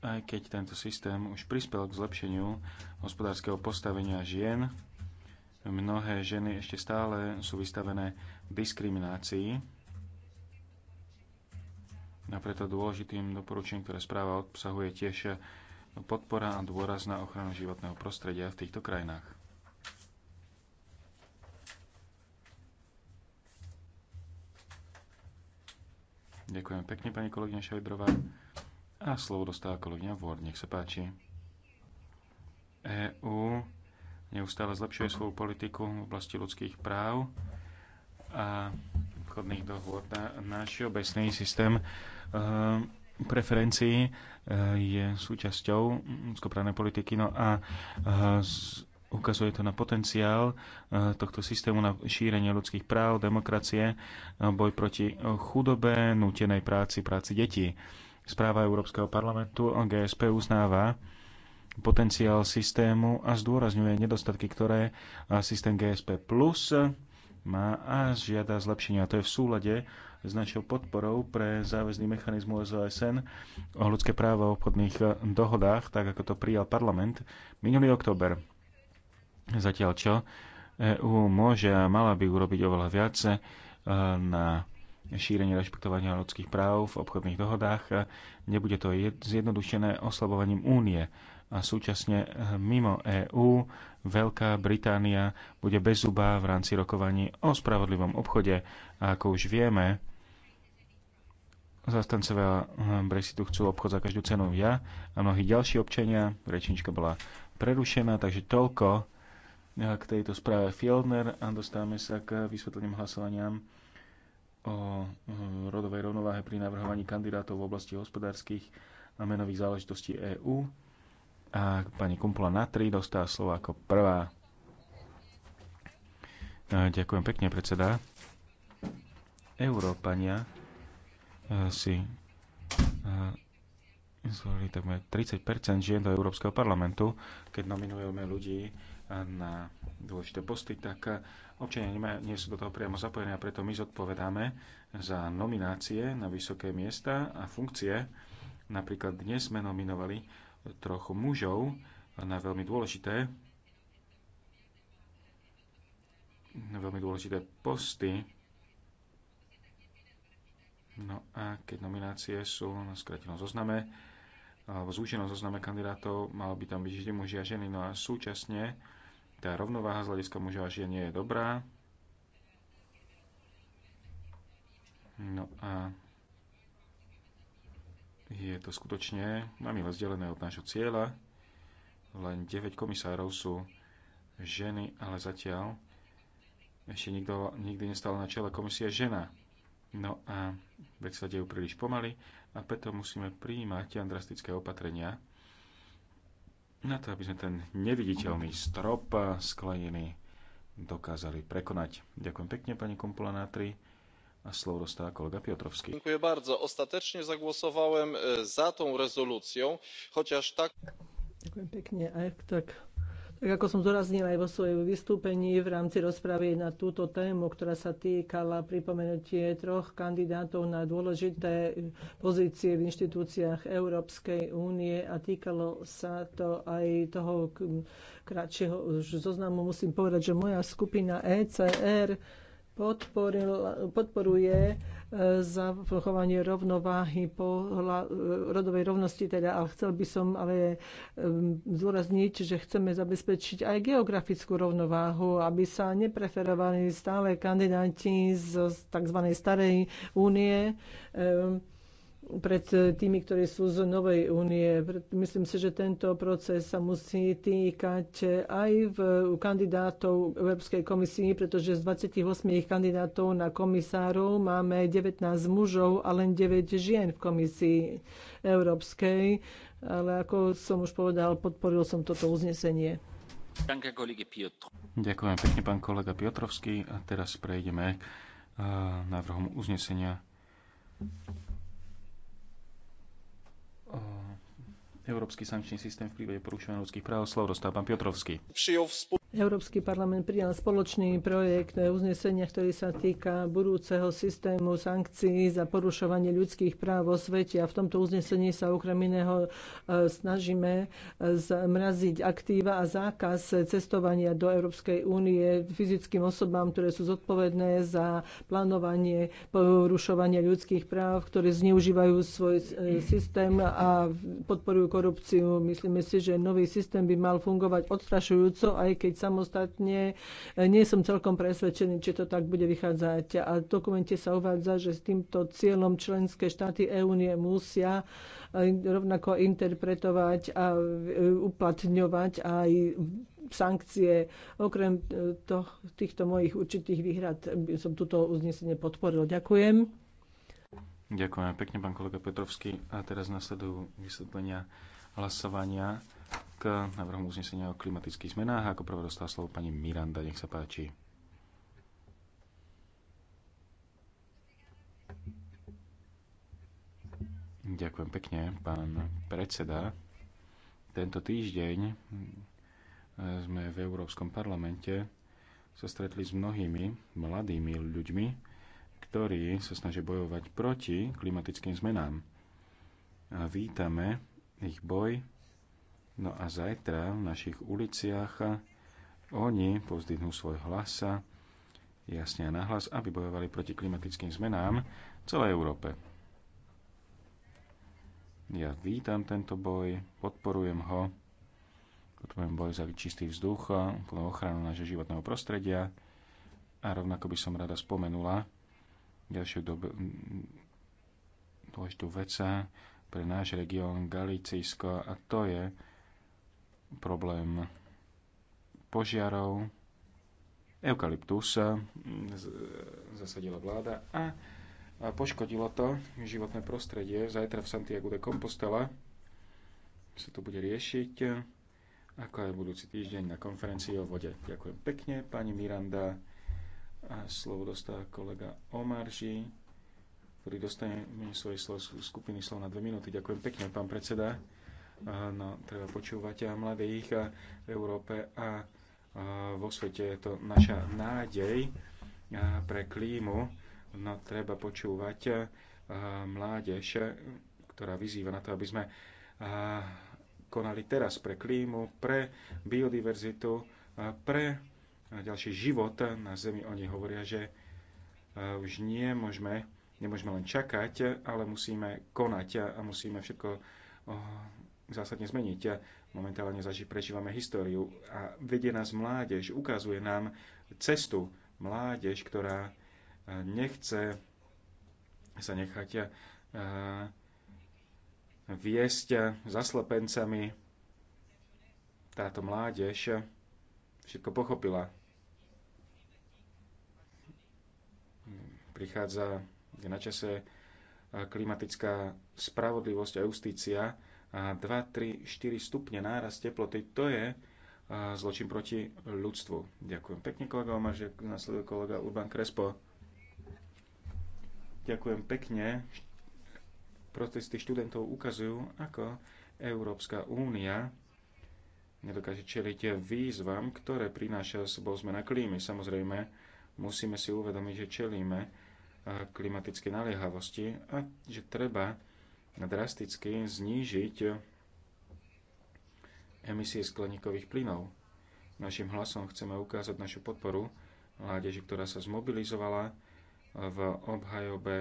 aj keď tento systém už prispel k zlepšeniu hospodárskeho postavenia žien, mnohé ženy ešte stále sú vystavené diskriminácii a preto dôležitým doporučením, ktoré správa obsahuje tiež podpora a dôraz na ochranu životného prostredia v týchto krajinách. Ďakujem pekne, pani kolegyňa Šajdrová. A slovo dostáva kolegyňa Ward. Nech sa páči. EÚ neustále zlepšuje svoju politiku v oblasti ľudských práv a obchodných dohôd. Náš obecný systém eh, preferencií eh, je súčasťou skoprávnej politiky. No a eh, ukazuje to na potenciál tohto systému na šírenie ľudských práv, demokracie, boj proti chudobe, nútenej práci, práci detí. Správa Európskeho parlamentu a GSP uznáva potenciál systému a zdôrazňuje nedostatky, ktoré systém GSP Plus má a žiada zlepšenia. To je v súlade s našou podporou pre záväzný mechanizmus OSN o ľudské práva v obchodných eh, dohodách, tak ako to prijal parlament minulý október. Zatiaľ čo EU môže a mala by urobiť oveľa viac eh, na šírenie rešpektovania ľudských práv v obchodných dohodách. Nebude to zjednodušené oslabovaním únie a súčasne eh, mimo EÚ Veľká Británia bude bez zuba v rámci rokovaní o spravodlivom obchode. A ako už vieme, zastancovia hm, Brexitu chcú obchod za každú cenu ja a mnohí ďalší občania. Rečnička bola prerušená, takže toľko k tejto správe Fieldner a dostávame sa k vysvetleným hlasovaniam o hm, rodovej rovnováhe pri navrhovaní kandidátov v oblasti hospodárskych a menových záležitostí EÚ. A pani Kumpula na 3 dostá slovo ako prvá. Ďakujem pekne, predseda. Európania e, si e, zvolili takmer 30 žien do Európskeho parlamentu. Keď nominujeme ľudí e, na dôležité posty, tak občania nie sú do toho priamo zapojení a preto my zodpovedáme za nominácie na vysoké miesta a funkcie. Napríklad dnes sme nominovali trochu mužov na veľmi dôležité na veľmi dôležité posty. No a keď nominácie sú na skratenom zozname, alebo zúženom zozname kandidátov, malo by tam byť vždy muži a ženy, no a súčasne tá rovnováha z hľadiska muža, a žien nie je dobrá. No a je to skutočne na rozdelené od nášho cieľa. Len 9 komisárov sú ženy, ale zatiaľ ešte nikto, nikdy nestala na čele komisie žena. No a veci sa dejú príliš pomaly a preto musíme prijímať drastické opatrenia na to, aby sme ten neviditeľný strop skleniny dokázali prekonať. Ďakujem pekne, pani Kumpula Natri. A slovo dostáva kolega Piotrowski. Dziękuję bardzo. Ostatecznie zagłosowałem e, za tą rezolucją, chociaż tak... Ďakujem pekne. tak, tak ako som zdôraznila aj vo svojom vystúpení v rámci rozpravy na túto tému, ktorá sa týkala pripomenutie troch kandidátov na dôležité pozície v inštitúciách Európskej únie a týkalo sa to aj toho kratšieho zoznamu, musím povedať, že moja skupina ECR podporil, podporuje e, zachovanie rovnováhy po e, rodovej rovnosti. Teda, ale chcel by som ale e, zdôrazniť, že chceme zabezpečiť aj geografickú rovnováhu, aby sa nepreferovali stále kandidáti z tzv. starej únie. Um, pred e, tými, ktorí sú z Novej únie. Myslím si, že tento proces sa musí týkať e, aj v kandidátov Európskej komisii, pretože z 28 kandidátov na komisárov máme 19 mužov a len 9 žien v komisii Európskej. Ale ako som už povedal, podporil som toto uznesenie. Ďakujem pekne, pán kolega Piotrovský. A teraz prejdeme k e, návrhom uznesenia Európsky sankčný systém v prípade porušovania ľudských práv. Slovo dostal pán Piotrovský. Európsky parlament prijal spoločný projekt uznesenia, ktorý sa týka budúceho systému sankcií za porušovanie ľudských práv vo svete. A v tomto uznesení sa okrem iného e, snažíme e, zmraziť aktíva a zákaz cestovania do Európskej únie fyzickým osobám, ktoré sú zodpovedné za plánovanie porušovania ľudských práv, ktoré zneužívajú svoj e, systém a podporujú korupciu. Myslíme si, že nový systém by mal fungovať odstrašujúco, aj keď sa samostatne. Nie som celkom presvedčený, či to tak bude vychádzať. A v dokumente sa uvádza, že s týmto cieľom členské štáty EÚ musia e, rovnako interpretovať a e, uplatňovať aj sankcie. Okrem e, to, týchto mojich určitých výhrad som túto uznesenie podporil. Ďakujem. Ďakujem pekne, pán kolega Petrovský. A teraz nasledujú vysvetlenia hlasovania k návrhom uznesenia o klimatických zmenách. Ako prvé dostala slovo pani Miranda, nech sa páči. Ďakujem pekne, pán predseda. Tento týždeň sme v Európskom parlamente sa stretli s mnohými mladými ľuďmi, ktorí sa snažia bojovať proti klimatickým zmenám. A vítame ich boj No a zajtra v našich uliciach oni pozdvihnú svoj hlas jasne a nahlas, aby bojovali proti klimatickým zmenám v celej Európe. Ja vítam tento boj, podporujem ho, podporujem boj za čistý vzduch, plnú ochranu nášho životného prostredia a rovnako by som rada spomenula ďalšiu dobe, dôležitú vec pre náš región Galicísko a to je problém požiarov, eukalyptus mm, e, zasadila vláda a poškodilo to životné prostredie. Zajtra v Santiago de Compostela sa to bude riešiť, ako aj budúci týždeň na konferencii o vode. Ďakujem pekne, pani Miranda. A slovo dostáva kolega Omarži, ktorý dostane svoje slovo skupiny slov na dve minúty. Ďakujem pekne, pán predseda no, treba počúvať a mladých v Európe a vo svete. Je to naša nádej pre klímu. No, treba počúvať mládež, ktorá vyzýva na to, aby sme konali teraz pre klímu, pre biodiverzitu, a pre ďalší život na Zemi. Oni hovoria, že už môžeme, nemôžeme len čakať, ale musíme konať a musíme všetko zásadne zmeniť. Momentálne zaži, prežívame históriu a vedie nás mládež, ukazuje nám cestu. Mládež, ktorá e, nechce sa nechať e, viesť slepencami. Táto mládež všetko pochopila. Prichádza je na čase e, klimatická spravodlivosť a justícia, 2, 3, 4 stupne náraz teploty. To je zločin proti ľudstvu. Ďakujem pekne, kolega Omaž, nasleduje kolega Urban Krespo. Ďakujem pekne. Protesty študentov ukazujú, ako Európska únia nedokáže čeliť výzvam, ktoré prináša sebou zmena klímy. Samozrejme, musíme si uvedomiť, že čelíme klimatické naliehavosti a že treba drasticky znížiť emisie skleníkových plynov. Našim hlasom chceme ukázať našu podporu mládeži, ktorá sa zmobilizovala v obhajobe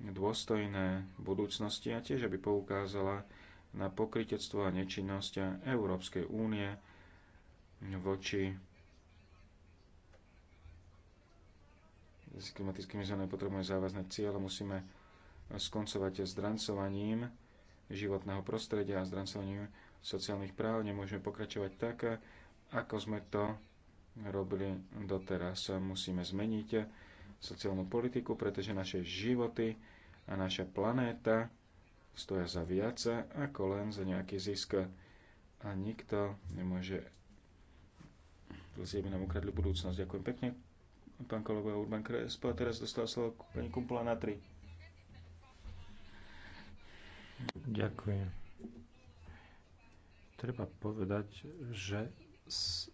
dôstojné budúcnosti a tiež, aby poukázala na pokritectvo a nečinnosť Európskej únie voči s klimatickými zónami potrebujeme závazné cieľe, musíme skoncovať s drancovaním životného prostredia a s drancovaním sociálnych práv. Nemôžeme pokračovať tak, ako sme to robili doteraz. Musíme zmeniť sociálnu politiku, pretože naše životy a naša planéta stoja za viac ako len za nejaký zisk. A nikto nemôže zjevne nám ukradli budúcnosť. Ďakujem pekne, pán kolega Urban Krespo. A teraz dostal slovo pani Kumpula na 3. Ďakujem. Treba povedať, že s...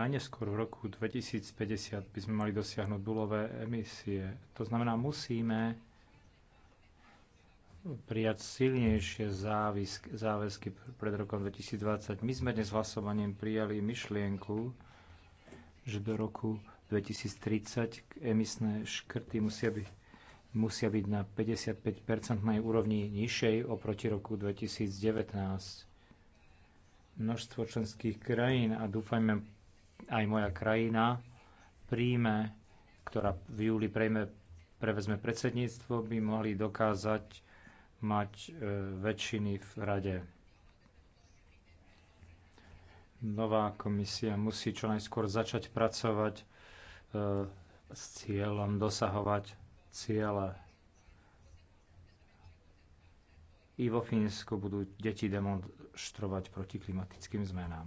najneskôr v roku 2050 by sme mali dosiahnuť nulové emisie. To znamená, musíme prijať silnejšie závisk, záväzky pred rokom 2020. My sme dnes hlasovaním prijali myšlienku, že do roku 2030 emisné škrty musia byť musia byť na 55-percentnej úrovni nižšej oproti roku 2019. Množstvo členských krajín a dúfajme aj moja krajina príjme, ktorá v júli prejme, prevezme predsedníctvo, by mohli dokázať mať e, väčšiny v rade. Nová komisia musí čo najskôr začať pracovať e, s cieľom dosahovať ciele. I vo Fínsku budú deti demonstrovať proti klimatickým zmenám.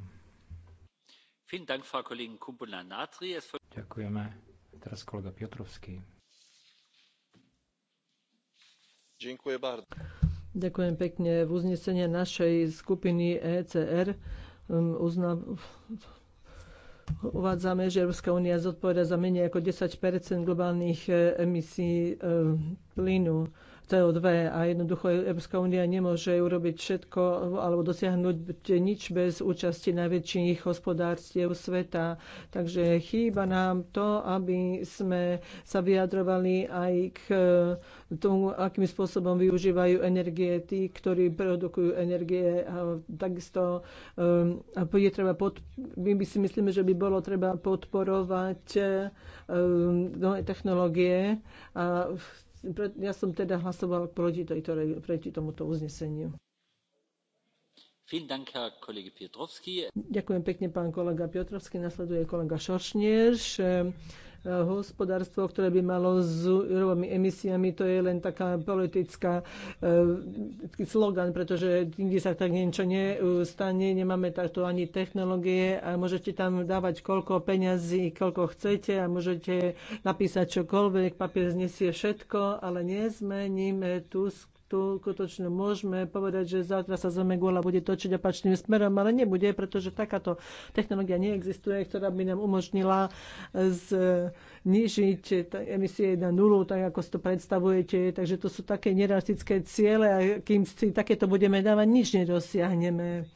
Ďakujeme. Teraz kolega Piotrovský. Ďakujem pekne. V uznesenie našej skupiny ECR um, uzna, uvádzame, že Európska únia zodpoveda za menej ako 10 globálnych eh, emisí eh, plynu. CO2 a jednoducho Európska únia nemôže urobiť všetko alebo dosiahnuť nič bez účasti najväčších hospodárstiev sveta. Takže chýba nám to, aby sme sa vyjadrovali aj k tomu, akým spôsobom využívajú energie tí, ktorí produkujú energie. A takisto um, je treba pod, my by si myslíme, že by bolo treba podporovať um, nové technológie a ja som teda hlasoval proti, tejto, proti tomuto uzneseniu. Ďakujem pekne, pán kolega Piotrovský. Nasleduje kolega Šoršnierš hospodárstvo, ktoré by malo s úrovými emisiami, to je len taká politická eh, slogan, pretože nikdy sa tak niečo nestane, nemáme takto ani technológie a môžete tam dávať koľko peňazí, koľko chcete a môžete napísať čokoľvek, papier znesie všetko, ale nezmeníme tú tu skutočne môžeme povedať, že zajtra sa zeme gola bude točiť opačným smerom, ale nebude, pretože takáto technológia neexistuje, ktorá by nám umožnila e, e, znižiť emisie na nulu, tak ako si to predstavujete. Takže to sú také nerastické ciele a kým si takéto budeme dávať, nič nedosiahneme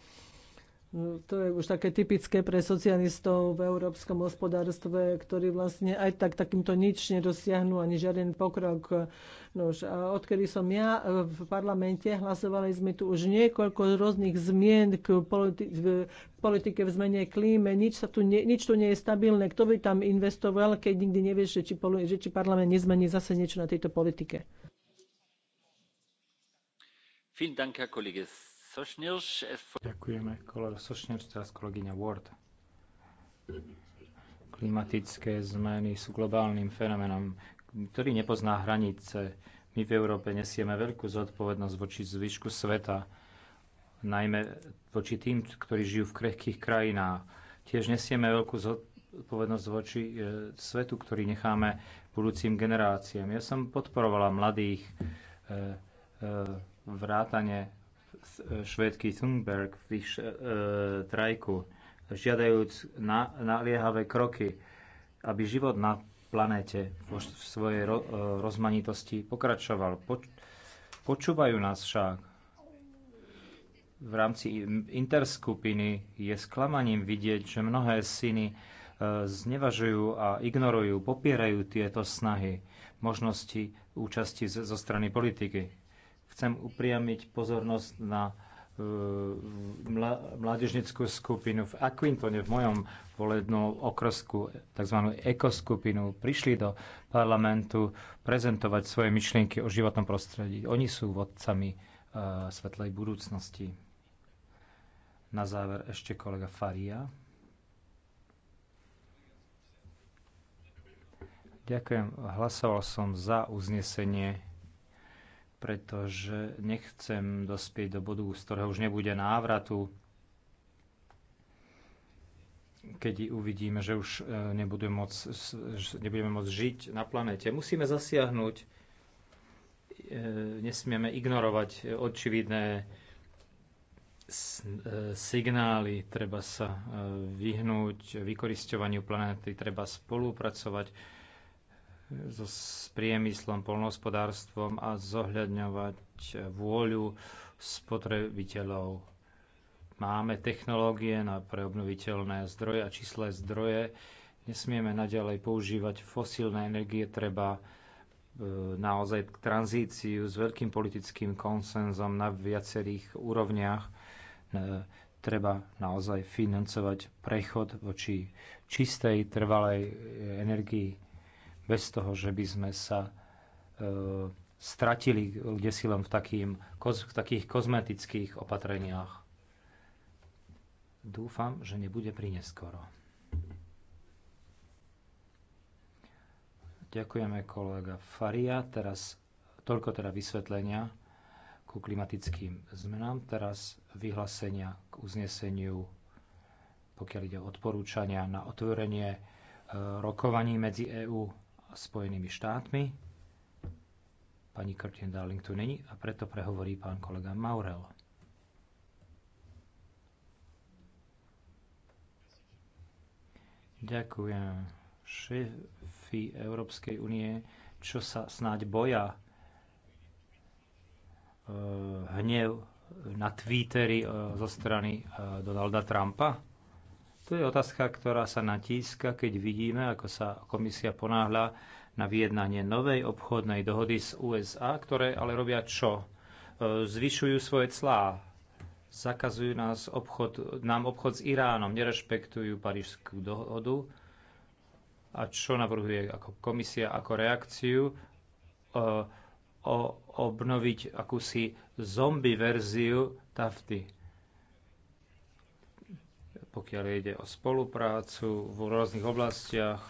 to je už také typické pre socialistov v európskom hospodárstve, ktorí vlastne aj tak takýmto nič nedosiahnu, ani žiaden pokrok. Nož, a odkedy som ja v parlamente, hlasovali sme tu už niekoľko rôznych zmien k politi- v politike v zmene klíme, nič, sa tu nie, nič tu nie je stabilné. Kto by tam investoval, keď nikdy nevieš, že či, že či parlament nezmení zase niečo na tejto politike? Vielen Dank, Herr Kollege E, Ďakujeme, kolega Sošnirš, teraz kolegyňa Ward. Klimatické zmeny sú globálnym fenomenom, ktorý nepozná hranice. My v Európe nesieme veľkú zodpovednosť voči zvyšku sveta, najmä voči tým, ktorí žijú v krehkých krajinách. Tiež nesieme veľkú zodpovednosť voči e, svetu, ktorý necháme budúcim generáciám. Ja som podporovala mladých e, e, vrátane švédsky Thunberg vyš, e, trajku, žiadajúc na, naliehavé kroky, aby život na planéte v svojej ro, e, rozmanitosti pokračoval. Poč, počúvajú nás však. V rámci interskupiny je sklamaním vidieť, že mnohé syny e, znevažujú a ignorujú, popierajú tieto snahy, možnosti účasti zo strany politiky chcem upriamiť pozornosť na e, mládežnickú skupinu v Aquintone, v mojom volebnom okrsku, tzv. ekoskupinu, prišli do parlamentu prezentovať svoje myšlienky o životnom prostredí. Oni sú vodcami uh, svetlej budúcnosti. Na záver ešte kolega Faria. Ďakujem. Hlasoval som za uznesenie pretože nechcem dospieť do bodu, z ktorého už nebude návratu, keď uvidíme, že už e, nebudeme môcť, nebudeme môcť žiť na planéte, Musíme zasiahnuť, e, nesmieme ignorovať očividné e, signály, treba sa vyhnúť vykoristovaniu planéty, treba spolupracovať so, s priemyslom, polnohospodárstvom a zohľadňovať eh, vôľu spotrebiteľov. Máme technológie na preobnoviteľné zdroje a číslé zdroje. Nesmieme naďalej používať fosílne energie, treba eh, naozaj k tranzíciu s veľkým politickým konsenzom na viacerých úrovniach. Eh, treba naozaj financovať prechod voči čistej, trvalej energii bez toho, že by sme sa e, stratili kde si len v, takým, v takých kozmetických opatreniach. Dúfam, že nebude prineskoro. Ďakujeme kolega Faria. Teraz toľko teda vysvetlenia ku klimatickým zmenám. Teraz vyhlásenia k uzneseniu, pokiaľ ide o odporúčania na otvorenie e, rokovaní medzi EÚ Spojenými štátmi. Pani Curtin Darling tu není a preto prehovorí pán kolega Maurel. Ďakujem šéfy Európskej únie, čo sa snáď boja e, hnev na Twittery e, zo strany e, Donalda Trumpa? To je otázka, ktorá sa natíska, keď vidíme, ako sa komisia ponáhľa na vyjednanie novej obchodnej dohody z USA, ktoré ale robia čo? E, zvyšujú svoje clá, zakazujú nás obchod, nám obchod s Iránom, nerešpektujú Parížskú dohodu. A čo navrhuje ako komisia ako reakciu? O, e, o, obnoviť akúsi zombie verziu tafty pokiaľ ide o spoluprácu v rôznych oblastiach. E,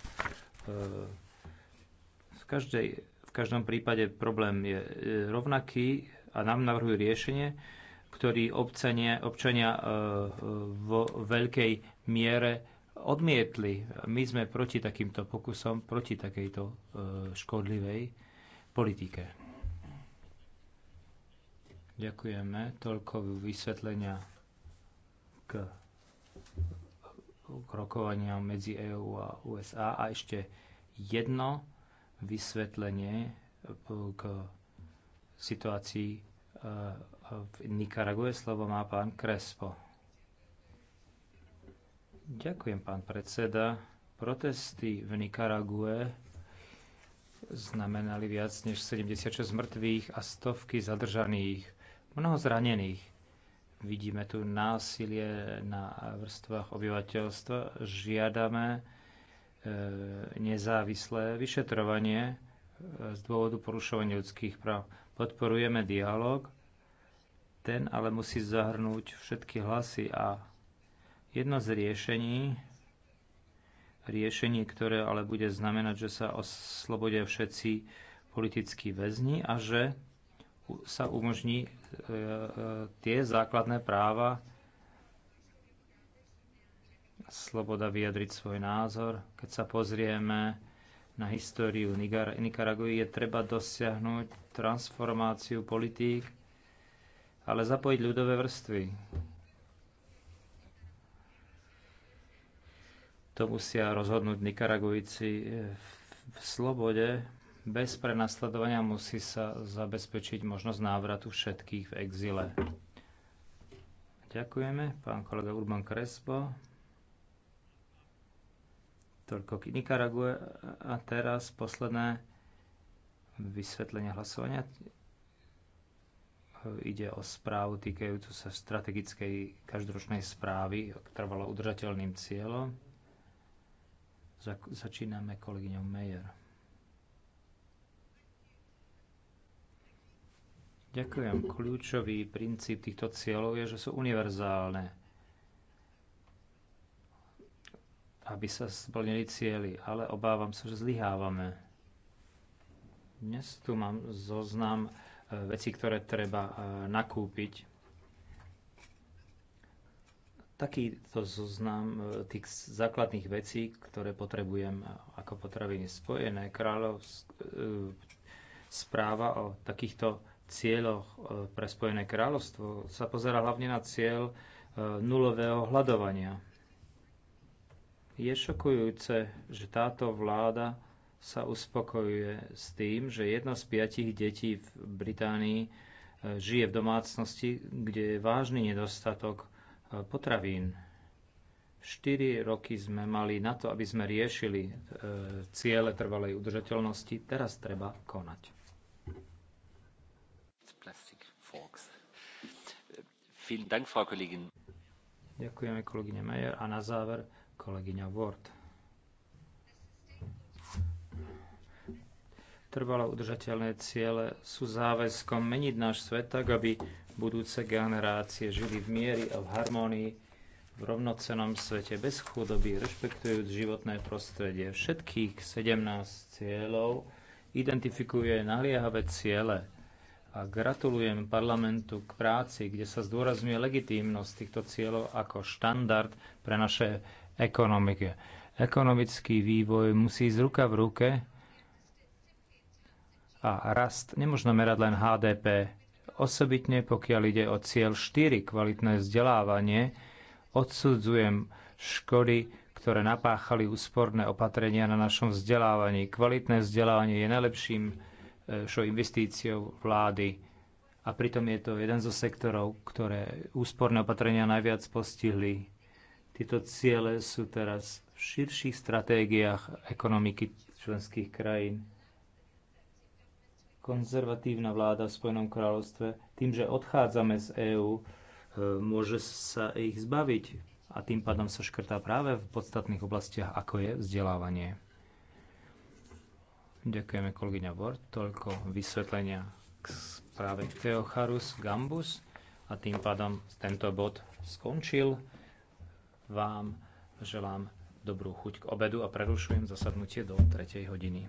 v, každej, v každom prípade problém je e, rovnaký a nám navrhujú riešenie, ktorý občania, občania e, vo veľkej miere odmietli. My sme proti takýmto pokusom, proti takejto škodlivej politike. Ďakujeme. Toľko vysvetlenia k k rokovaniam medzi EÚ a USA. A ešte jedno vysvetlenie k situácii e, v Nikarague. Slovo má pán Krespo. Ďakujem, pán predseda. Protesty v Nikarague znamenali viac než 76 mŕtvych a stovky zadržaných, mnoho zranených. Vidíme tu násilie na vrstvách obyvateľstva. Žiadame e, nezávislé vyšetrovanie e, z dôvodu porušovania ľudských práv. Podporujeme dialog, ten ale musí zahrnúť všetky hlasy a jedno z riešení, riešení, ktoré ale bude znamenať, že sa oslobodia všetci politickí väzni a že sa umožní e, e, tie základné práva, sloboda vyjadriť svoj názor. Keď sa pozrieme na históriu Nicar je treba dosiahnuť transformáciu politík, ale zapojiť ľudové vrstvy. To musia rozhodnúť Nikaragujci e, v slobode, bez prenasledovania musí sa zabezpečiť možnosť návratu všetkých v exile. Ďakujeme, pán kolega Urban Crespo. Toľko k Nikarague. A teraz posledné vysvetlenie hlasovania. Ide o správu týkajúcu sa strategickej každoročnej správy ktorá trvalo udržateľným cieľom. Začíname kolegyňou Meyer. Ďakujem. Kľúčový princíp týchto cieľov je, že sú univerzálne. Aby sa splnili cieľy, ale obávam sa, že zlyhávame. Dnes tu mám zoznam e, veci, ktoré treba e, nakúpiť. Takýto zoznam e, tých základných vecí, ktoré potrebujem ako potraviny Spojené kráľov, správa o takýchto cieľoch e, pre Spojené kráľovstvo sa pozera hlavne na cieľ e, nulového hľadovania. Je šokujúce, že táto vláda sa uspokojuje s tým, že jedna z piatich detí v Británii e, žije v domácnosti, kde je vážny nedostatok potravín. Štyri roky sme mali na to, aby sme riešili ciele trvalej udržateľnosti. Teraz treba konať. Ďakujeme kolegyne Mayer a na záver kolegyňa Ward. Trvalo udržateľné ciele sú záväzkom meniť náš svet tak, aby budúce generácie žili v miery a v harmónii v rovnocenom svete bez chudoby, rešpektujúc životné prostredie. Všetkých 17 cieľov identifikuje naliehavé ciele a gratulujem parlamentu k práci, kde sa zdôrazňuje legitímnosť týchto cieľov ako štandard pre naše ekonomiky. Ekonomický vývoj musí ísť ruka v ruke a rast nemôžno merať len HDP, osobitne pokiaľ ide o cieľ 4 kvalitné vzdelávanie, odsudzujem škody, ktoré napáchali úsporné opatrenia na našom vzdelávaní. Kvalitné vzdelávanie je najlepším investíciou vlády. A pritom je to jeden zo sektorov, ktoré úsporné opatrenia najviac postihli. Tieto ciele sú teraz v širších stratégiách ekonomiky členských krajín. Konzervatívna vláda v Spojenom kráľovstve tým, že odchádzame z EÚ, e, môže sa ich zbaviť a tým pádom sa škrtá práve v podstatných oblastiach, ako je vzdelávanie. Ďakujeme kolegyňa bord, Toľko vysvetlenia k správe Theocharus Gambus a tým pádom tento bod skončil. Vám želám dobrú chuť k obedu a prerušujem zasadnutie do 3. hodiny.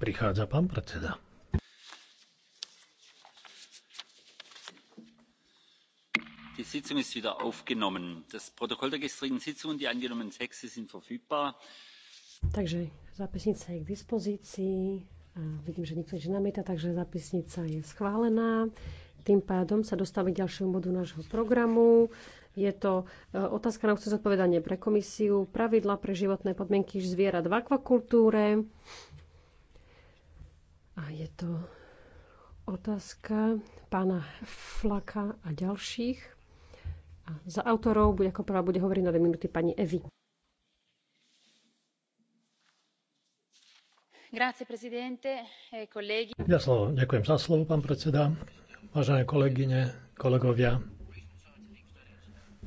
Prichádza pán predseda. die sitzung ist wieder aufgenommen. das protokoll der gestrigen sitzung und die angenommenen texte sind verfügbar. takže zápisnica je k dispozícii. vidím, že nikto nič nenamieta takže zápisnica je schválená. Tým pádom sa dostávame k ďalšiemu bodu nášho programu. Je to e, otázka na ústne zodpovedanie pre komisiu, pravidla pre životné podmienky zvierat v akvakultúre. A je to otázka pána Flaka a ďalších. A za autorov bude ako prvá bude hovoriť na dve minúty pani Evi. Grazie, presidente, eh, Ja slovo, ďakujem za slovo, pán predseda vážené kolegyne, kolegovia.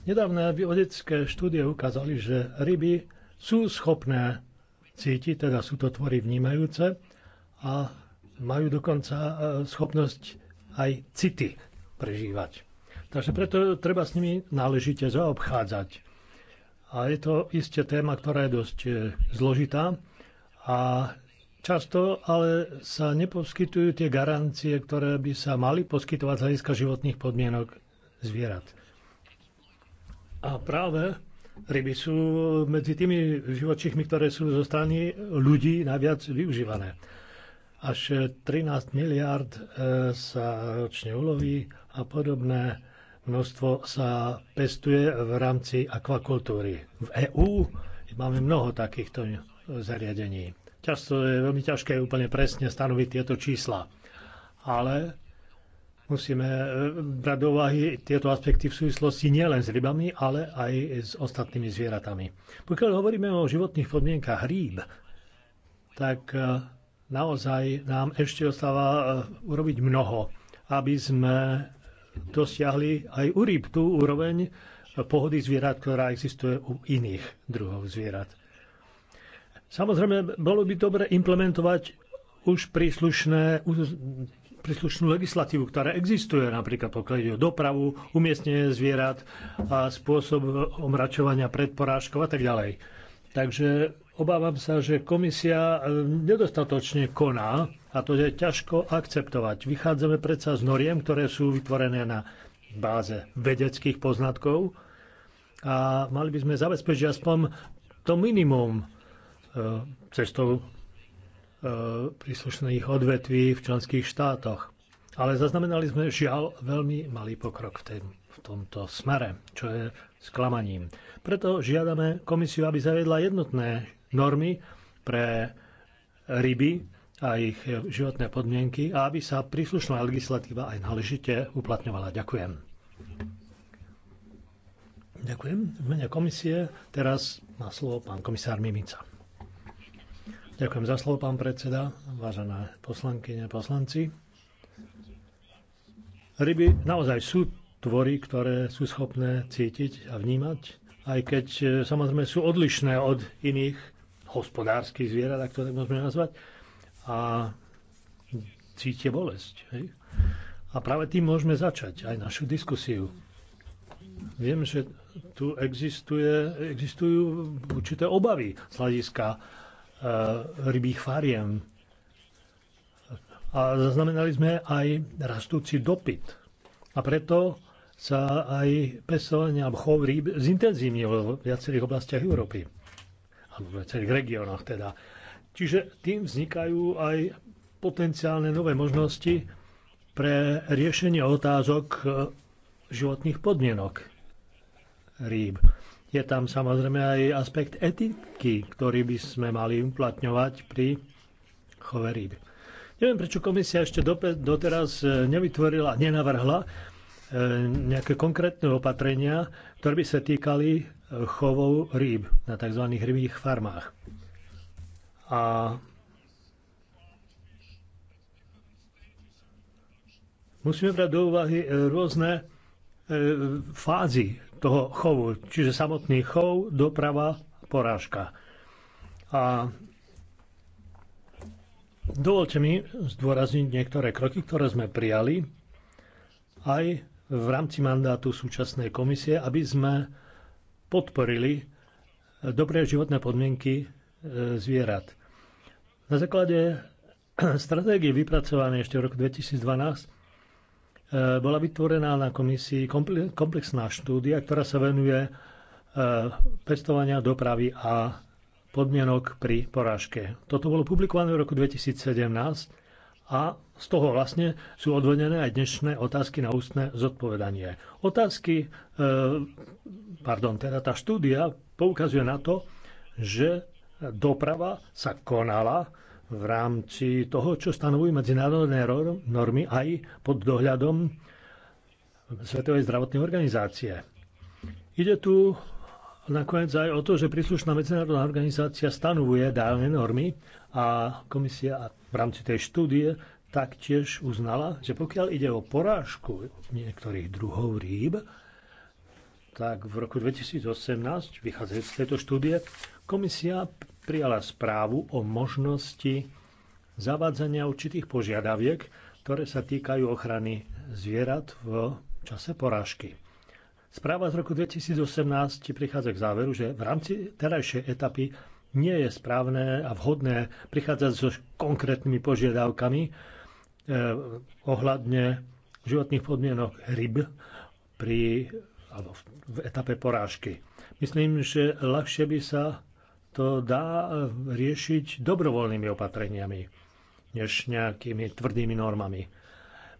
Nedávne vedecké štúdie ukázali, že ryby sú schopné cítiť, teda sú to tvory vnímajúce a majú dokonca e, schopnosť aj city prežívať. Takže preto treba s nimi náležite zaobchádzať. A je to isté téma, ktorá je dosť e, zložitá a Často ale sa neposkytujú tie garancie, ktoré by sa mali poskytovať z hľadiska životných podmienok zvierat. A práve ryby sú medzi tými živočichmi, ktoré sú zo strany ľudí najviac využívané. Až 13 miliard e, sa ročne uloví a podobné množstvo sa pestuje v rámci akvakultúry. V EÚ máme mnoho takýchto zariadení. Často je veľmi ťažké úplne presne stanoviť tieto čísla. Ale musíme e, brať do úvahy tieto aspekty v súvislosti nielen s rybami, ale aj s ostatnými zvieratami. Pokiaľ hovoríme o životných podmienkach rýb, tak e, naozaj nám ešte ostáva e, urobiť mnoho, aby sme dosiahli aj u rýb tú úroveň pohody zvierat, ktorá existuje u iných druhov zvierat. Samozrejme, bolo by dobre implementovať už príslušné, príslušnú legislatívu, ktorá existuje, napríklad pokiaľ ide o dopravu, umiestnenie zvierat a spôsob omračovania pred porážkou a tak ďalej. Takže obávam sa, že komisia e, nedostatočne koná a to je ťažko akceptovať. Vychádzame predsa z noriem, ktoré sú vytvorené na báze vedeckých poznatkov a mali by sme zabezpečiť aspoň to minimum, E, cestou e, príslušných odvetví v členských štátoch. Ale zaznamenali sme žiaľ veľmi malý pokrok v, tém, v tomto smere, čo je sklamaním. Preto žiadame komisiu, aby zaviedla jednotné normy pre ryby a ich životné podmienky a aby sa príslušná legislatíva aj náležite uplatňovala. Ďakujem. Ďakujem. V mene komisie teraz má slovo pán komisár Mimica. Ďakujem za slovo, pán predseda, vážené poslankyne, poslanci. Ryby naozaj sú tvory, ktoré sú schopné cítiť a vnímať, aj keď e, samozrejme sú odlišné od iných hospodárskych zvierat, ak to tak môžeme nazvať, a cítia bolesť. Hej? A práve tým môžeme začať aj našu diskusiu. Viem, že tu existuje, existujú určité obavy z hľadiska Eh, rybých fariem. A zaznamenali sme aj rastúci dopyt. A preto sa aj pestovanie a chov rýb zintenzívnilo v viacerých oblastiach Európy. Alebo v viacerých regiónoch teda. Čiže tým vznikajú aj potenciálne nové možnosti pre riešenie otázok eh, životných podmienok rýb. Je tam samozrejme aj aspekt etiky, ktorý by sme mali uplatňovať pri chove ryb. Neviem, prečo komisia ešte doteraz e, nevytvorila, nenavrhla e, nejaké konkrétne opatrenia, ktoré by sa týkali e, chovov rýb na tzv. rybých farmách. A musíme brať do úvahy rôzne fázy toho chovu. Čiže samotný chov, doprava, porážka. A dovolte mi zdôrazniť niektoré kroky, ktoré sme prijali aj v rámci mandátu súčasnej komisie, aby sme podporili dobré životné podmienky e, zvierat. Na základe stratégie vypracované ešte v roku 2012 Eh, bola vytvorená na komisii komplexná štúdia, ktorá sa venuje eh, pestovania dopravy a podmienok pri porážke. Toto bolo publikované v roku 2017 a z toho vlastne sú odvedené aj dnešné otázky na ústne zodpovedanie. Otázky, eh, pardon, teda tá štúdia poukazuje na to, že doprava sa konala v rámci toho, čo stanovujú medzinárodné normy aj pod dohľadom Svetovej zdravotnej organizácie. Ide tu nakoniec aj o to, že príslušná medzinárodná organizácia stanovuje dávne normy a komisia v rámci tej štúdie taktiež uznala, že pokiaľ ide o porážku niektorých druhov rýb, tak v roku 2018, vychádzajúc z tejto štúdie, komisia prijala správu o možnosti zavádzania určitých požiadaviek, ktoré sa týkajú ochrany zvierat v čase porážky. Správa z roku 2018 prichádza k záveru, že v rámci terajšej etapy nie je správne a vhodné prichádzať so konkrétnymi požiadavkami eh, ohľadne životných podmienok ryb pri, alebo v, v etape porážky. Myslím, že ľahšie by sa to dá eh, riešiť dobrovoľnými opatreniami, než nejakými tvrdými normami.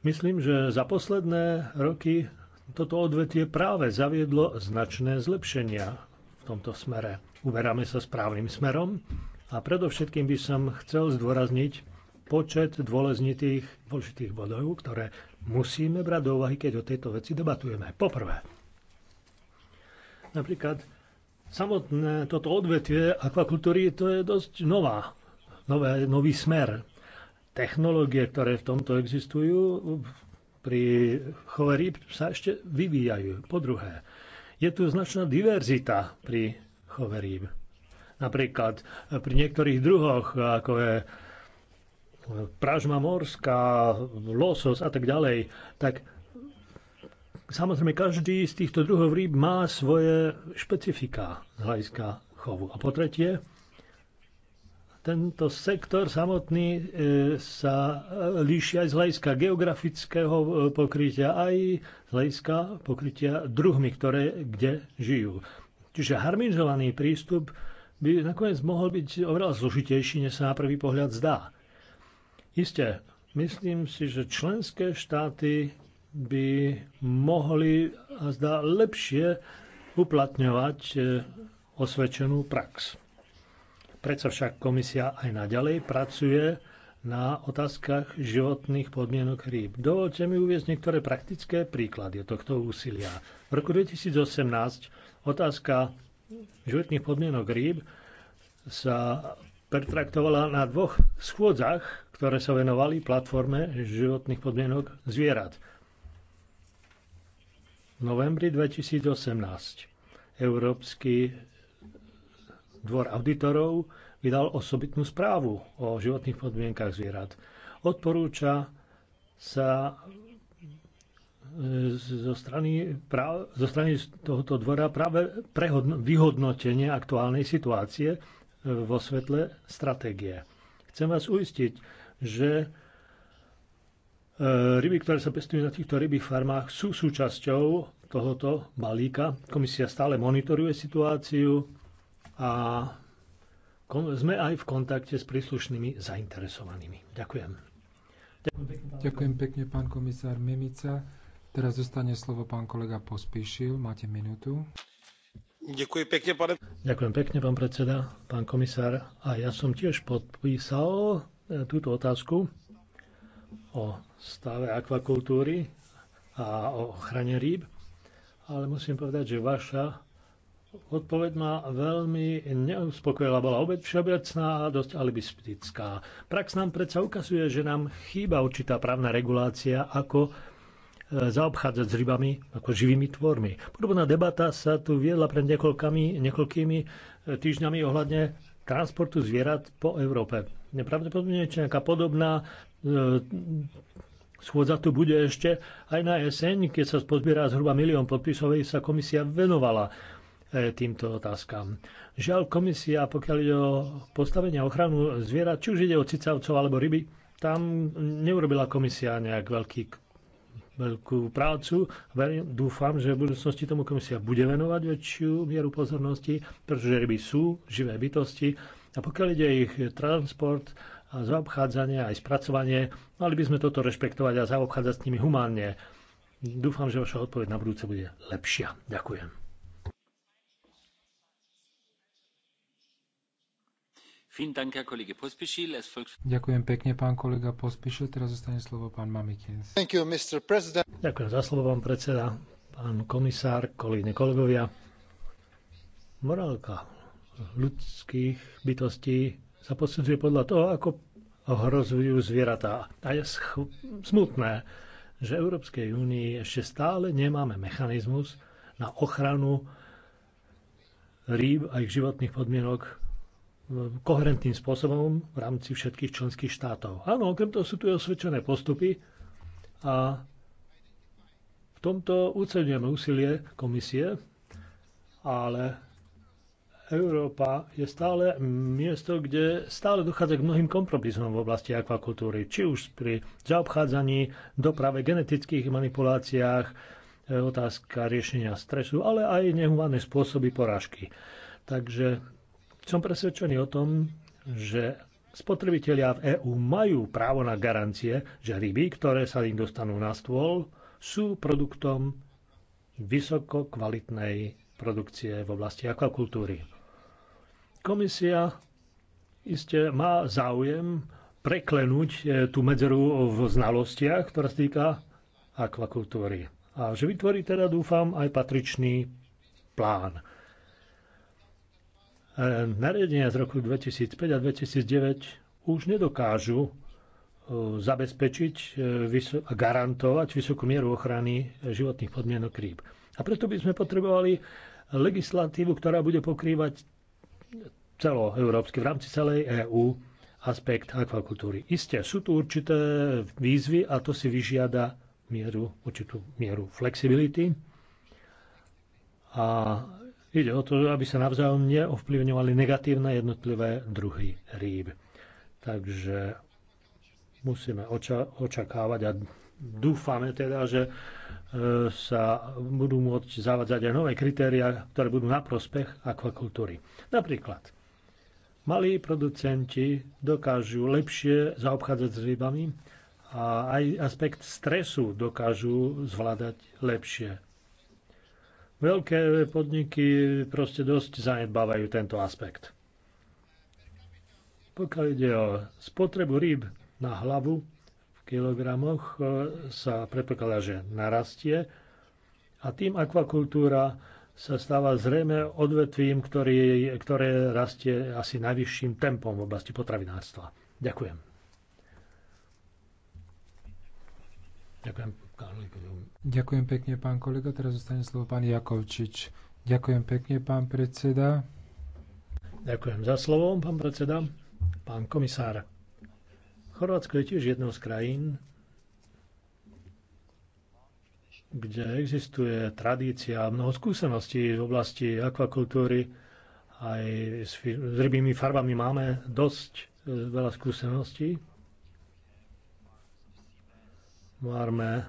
Myslím, že za posledné roky toto odvetie práve zaviedlo značné zlepšenia v tomto smere. Uberáme sa správnym smerom a predovšetkým by som chcel zdôrazniť počet dôležitých, dôležitých bodov, ktoré musíme brať do úvahy, keď o tejto veci debatujeme. Poprvé, napríklad Samotné toto odvetvie akvakultúry to je dosť nová, nové, nový smer. Technológie, ktoré v tomto existujú, pri chove rýb sa ešte vyvíjajú. Po druhé, je tu značná diverzita pri chove rýb. Napríklad eh, pri niektorých druhoch, ako je eh, pražma morská, losos a tak ďalej, tak Samozrejme, každý z týchto druhov rýb má svoje špecifika z hľadiska chovu. A po tretie, tento sektor samotný e, sa líši aj z hľadiska geografického e, pokrytia, aj z hľadiska pokrytia druhmi, ktoré kde žijú. Čiže harmonizovaný prístup by nakoniec mohol byť oveľa zložitejší, než sa na prvý pohľad zdá. Isté, myslím si, že členské štáty by mohli zdá lepšie uplatňovať e, osvedčenú prax. Predsa však komisia aj naďalej pracuje na otázkach životných podmienok rýb. Dovolte mi uvieť niektoré praktické príklady tohto úsilia. V roku 2018 otázka životných podmienok rýb sa pertraktovala na dvoch schôdzach, ktoré sa venovali platforme životných podmienok zvierat – novembri 2018 Európsky dvor auditorov vydal osobitnú správu o životných podmienkach zvierat. Odporúča sa e, zo strany, práv, zo strany tohoto dvora práve prehodno, vyhodnotenie aktuálnej situácie e, vo svetle stratégie. Chcem vás uistiť, že E, ryby, ktoré sa pestujú na týchto rybých farmách, sú súčasťou tohoto balíka. Komisia stále monitoruje situáciu a sme aj v kontakte s príslušnými zainteresovanými. Ďakujem. Ďakujem pekne, pán, Ďakujem pekne, pán komisár Mimica. Teraz zostane slovo pán kolega Pospíšil. Máte minútu. Ďakujem pekne, pane... Ďakujem pekne, pán predseda, pán komisár. A ja som tiež podpísal e, túto otázku o stave akvakultúry a o ochrane rýb, ale musím povedať, že vaša odpoveď ma veľmi neuspokojila. Bola obec všeobecná a dosť alibistická. Prax nám predsa ukazuje, že nám chýba určitá právna regulácia, ako e, zaobchádzať s rybami ako živými tvormi. Podobná debata sa tu viedla pred niekoľkami, niekoľkými e, týždňami ohľadne transportu zvierat po Európe. Nepravdepodobne je nejaká podobná E, schôdza tu bude ešte aj na jeseň, keď sa pozbiera zhruba milión podpisov, sa komisia venovala e, týmto otázkam. Žiaľ, komisia, pokiaľ ide o postavenie a ochranu zvierat, či už ide o cicavcov alebo ryby, tam neurobila komisia nejak veľký, veľkú prácu. Verím, dúfam, že v budúcnosti tomu komisia bude venovať väčšiu mieru pozornosti, pretože ryby sú živé bytosti a pokiaľ ide ich transport, a zaobchádzanie aj spracovanie. Mali by sme toto rešpektovať a zaobchádzať s nimi humánne. Dúfam, že vaša odpoveď na budúce bude lepšia. Ďakujem. Ďakujem pekne, pán kolega Pospišil. Teraz zostane slovo pán Mamikins. Ďakujem za slovo, pán predseda, pán komisár, kolegyne, kolegovia. Morálka ľudských bytostí sa posudzuje podľa toho, ako ohrozujú zvieratá. A je smutné, že Európskej únii ešte stále nemáme mechanizmus na ochranu rýb a ich životných podmienok e, koherentným spôsobom v rámci všetkých členských štátov. Áno, okrem toho sú tu osvedčené postupy a v tomto uceňujeme úsilie komisie, ale Európa je stále miesto, kde stále dochádza k mnohým kompromisom v oblasti akvakultúry. Či už pri zaobchádzaní, doprave, genetických manipuláciách, e, otázka riešenia stresu, ale aj nehumánne spôsoby porážky. Takže som presvedčený o tom, že spotrebitelia v EÚ majú právo na garancie, že ryby, ktoré sa im dostanú na stôl, sú produktom vysokokvalitnej produkcie v oblasti akvakultúry. Komisia iste má záujem preklenúť eh, tú medzeru v znalostiach, ktorá sa týka akvakultúry. A že vytvorí teda, dúfam, aj patričný plán. Eh, nariadenia z roku 2005 a 2009 už nedokážu eh, zabezpečiť a garantovať vysokú mieru ochrany životných podmienok rýb. A preto by sme potrebovali legislatívu, ktorá bude pokrývať celoeurópsky, v rámci celej EÚ aspekt akvakultúry. Isté, sú tu určité výzvy a to si vyžiada mieru, určitú mieru flexibility a ide o to, aby sa navzájom neovplyvňovali negatívne jednotlivé druhy rýb. Takže musíme oča- očakávať a dúfame teda, že E, sa budú môcť zavádzať aj nové kritéria, ktoré budú na prospech akvakultúry. Napríklad, malí producenti dokážu lepšie zaobchádzať s rybami a aj aspekt stresu dokážu zvládať lepšie. Veľké podniky proste dosť zanedbávajú tento aspekt. Pokiaľ ide o spotrebu rýb na hlavu, kilogramoch e, sa predpokladá, že narastie a tým akvakultúra sa stáva zrejme odvetvím, ktorý, ktoré rastie asi najvyšším tempom v oblasti potravinárstva. Ďakujem. Ďakujem. Ďakujem pekne, pán kolega. Teraz zostane slovo pán Jakovčič. Ďakujem pekne, pán predseda. Ďakujem za slovo, pán predseda. Pán komisár. Chorvátsko je tiež jednou z krajín, kde existuje tradícia a mnoho skúseností v oblasti akvakultúry. Aj s, s rybými farbami máme dosť e, veľa skúseností. Máme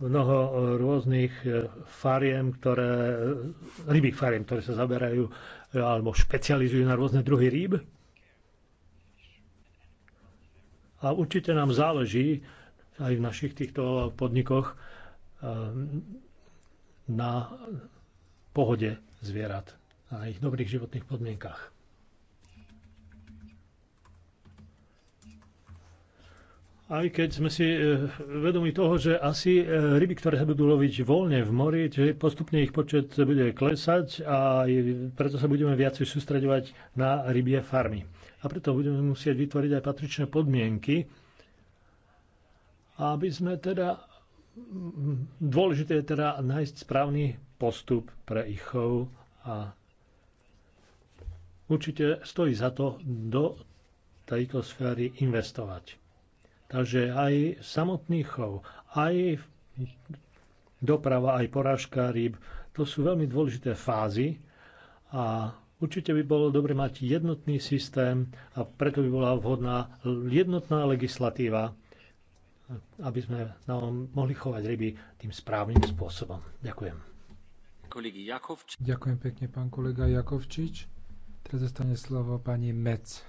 mnoho e, rôznych e, fariem, ktoré, rybých fariem, ktoré sa zaberajú alebo špecializujú na rôzne druhy rýb. A určite nám záleží aj v našich týchto podnikoch eh, na pohode zvierat a ich dobrých životných podmienkach. Aj keď sme si eh, vedomi toho, že asi eh, ryby, ktoré sa budú loviť voľne v mori, že postupne ich počet bude klesať a preto sa budeme viacej sústredovať na rybie farmy a preto budeme musieť vytvoriť aj patričné podmienky, aby sme teda mm, dôležité je teda nájsť správny postup pre ich chov a určite stojí za to do tejto sféry investovať. Takže aj samotný chov, aj doprava, aj porážka rýb, to sú veľmi dôležité fázy a Určite by bolo dobre mať jednotný systém a preto by bola vhodná jednotná legislatíva, aby sme nám mohli chovať ryby tým správnym spôsobom. Ďakujem. Ďakujem pekne, pán kolega Jakovčič. Teraz zostane slovo pani Mec.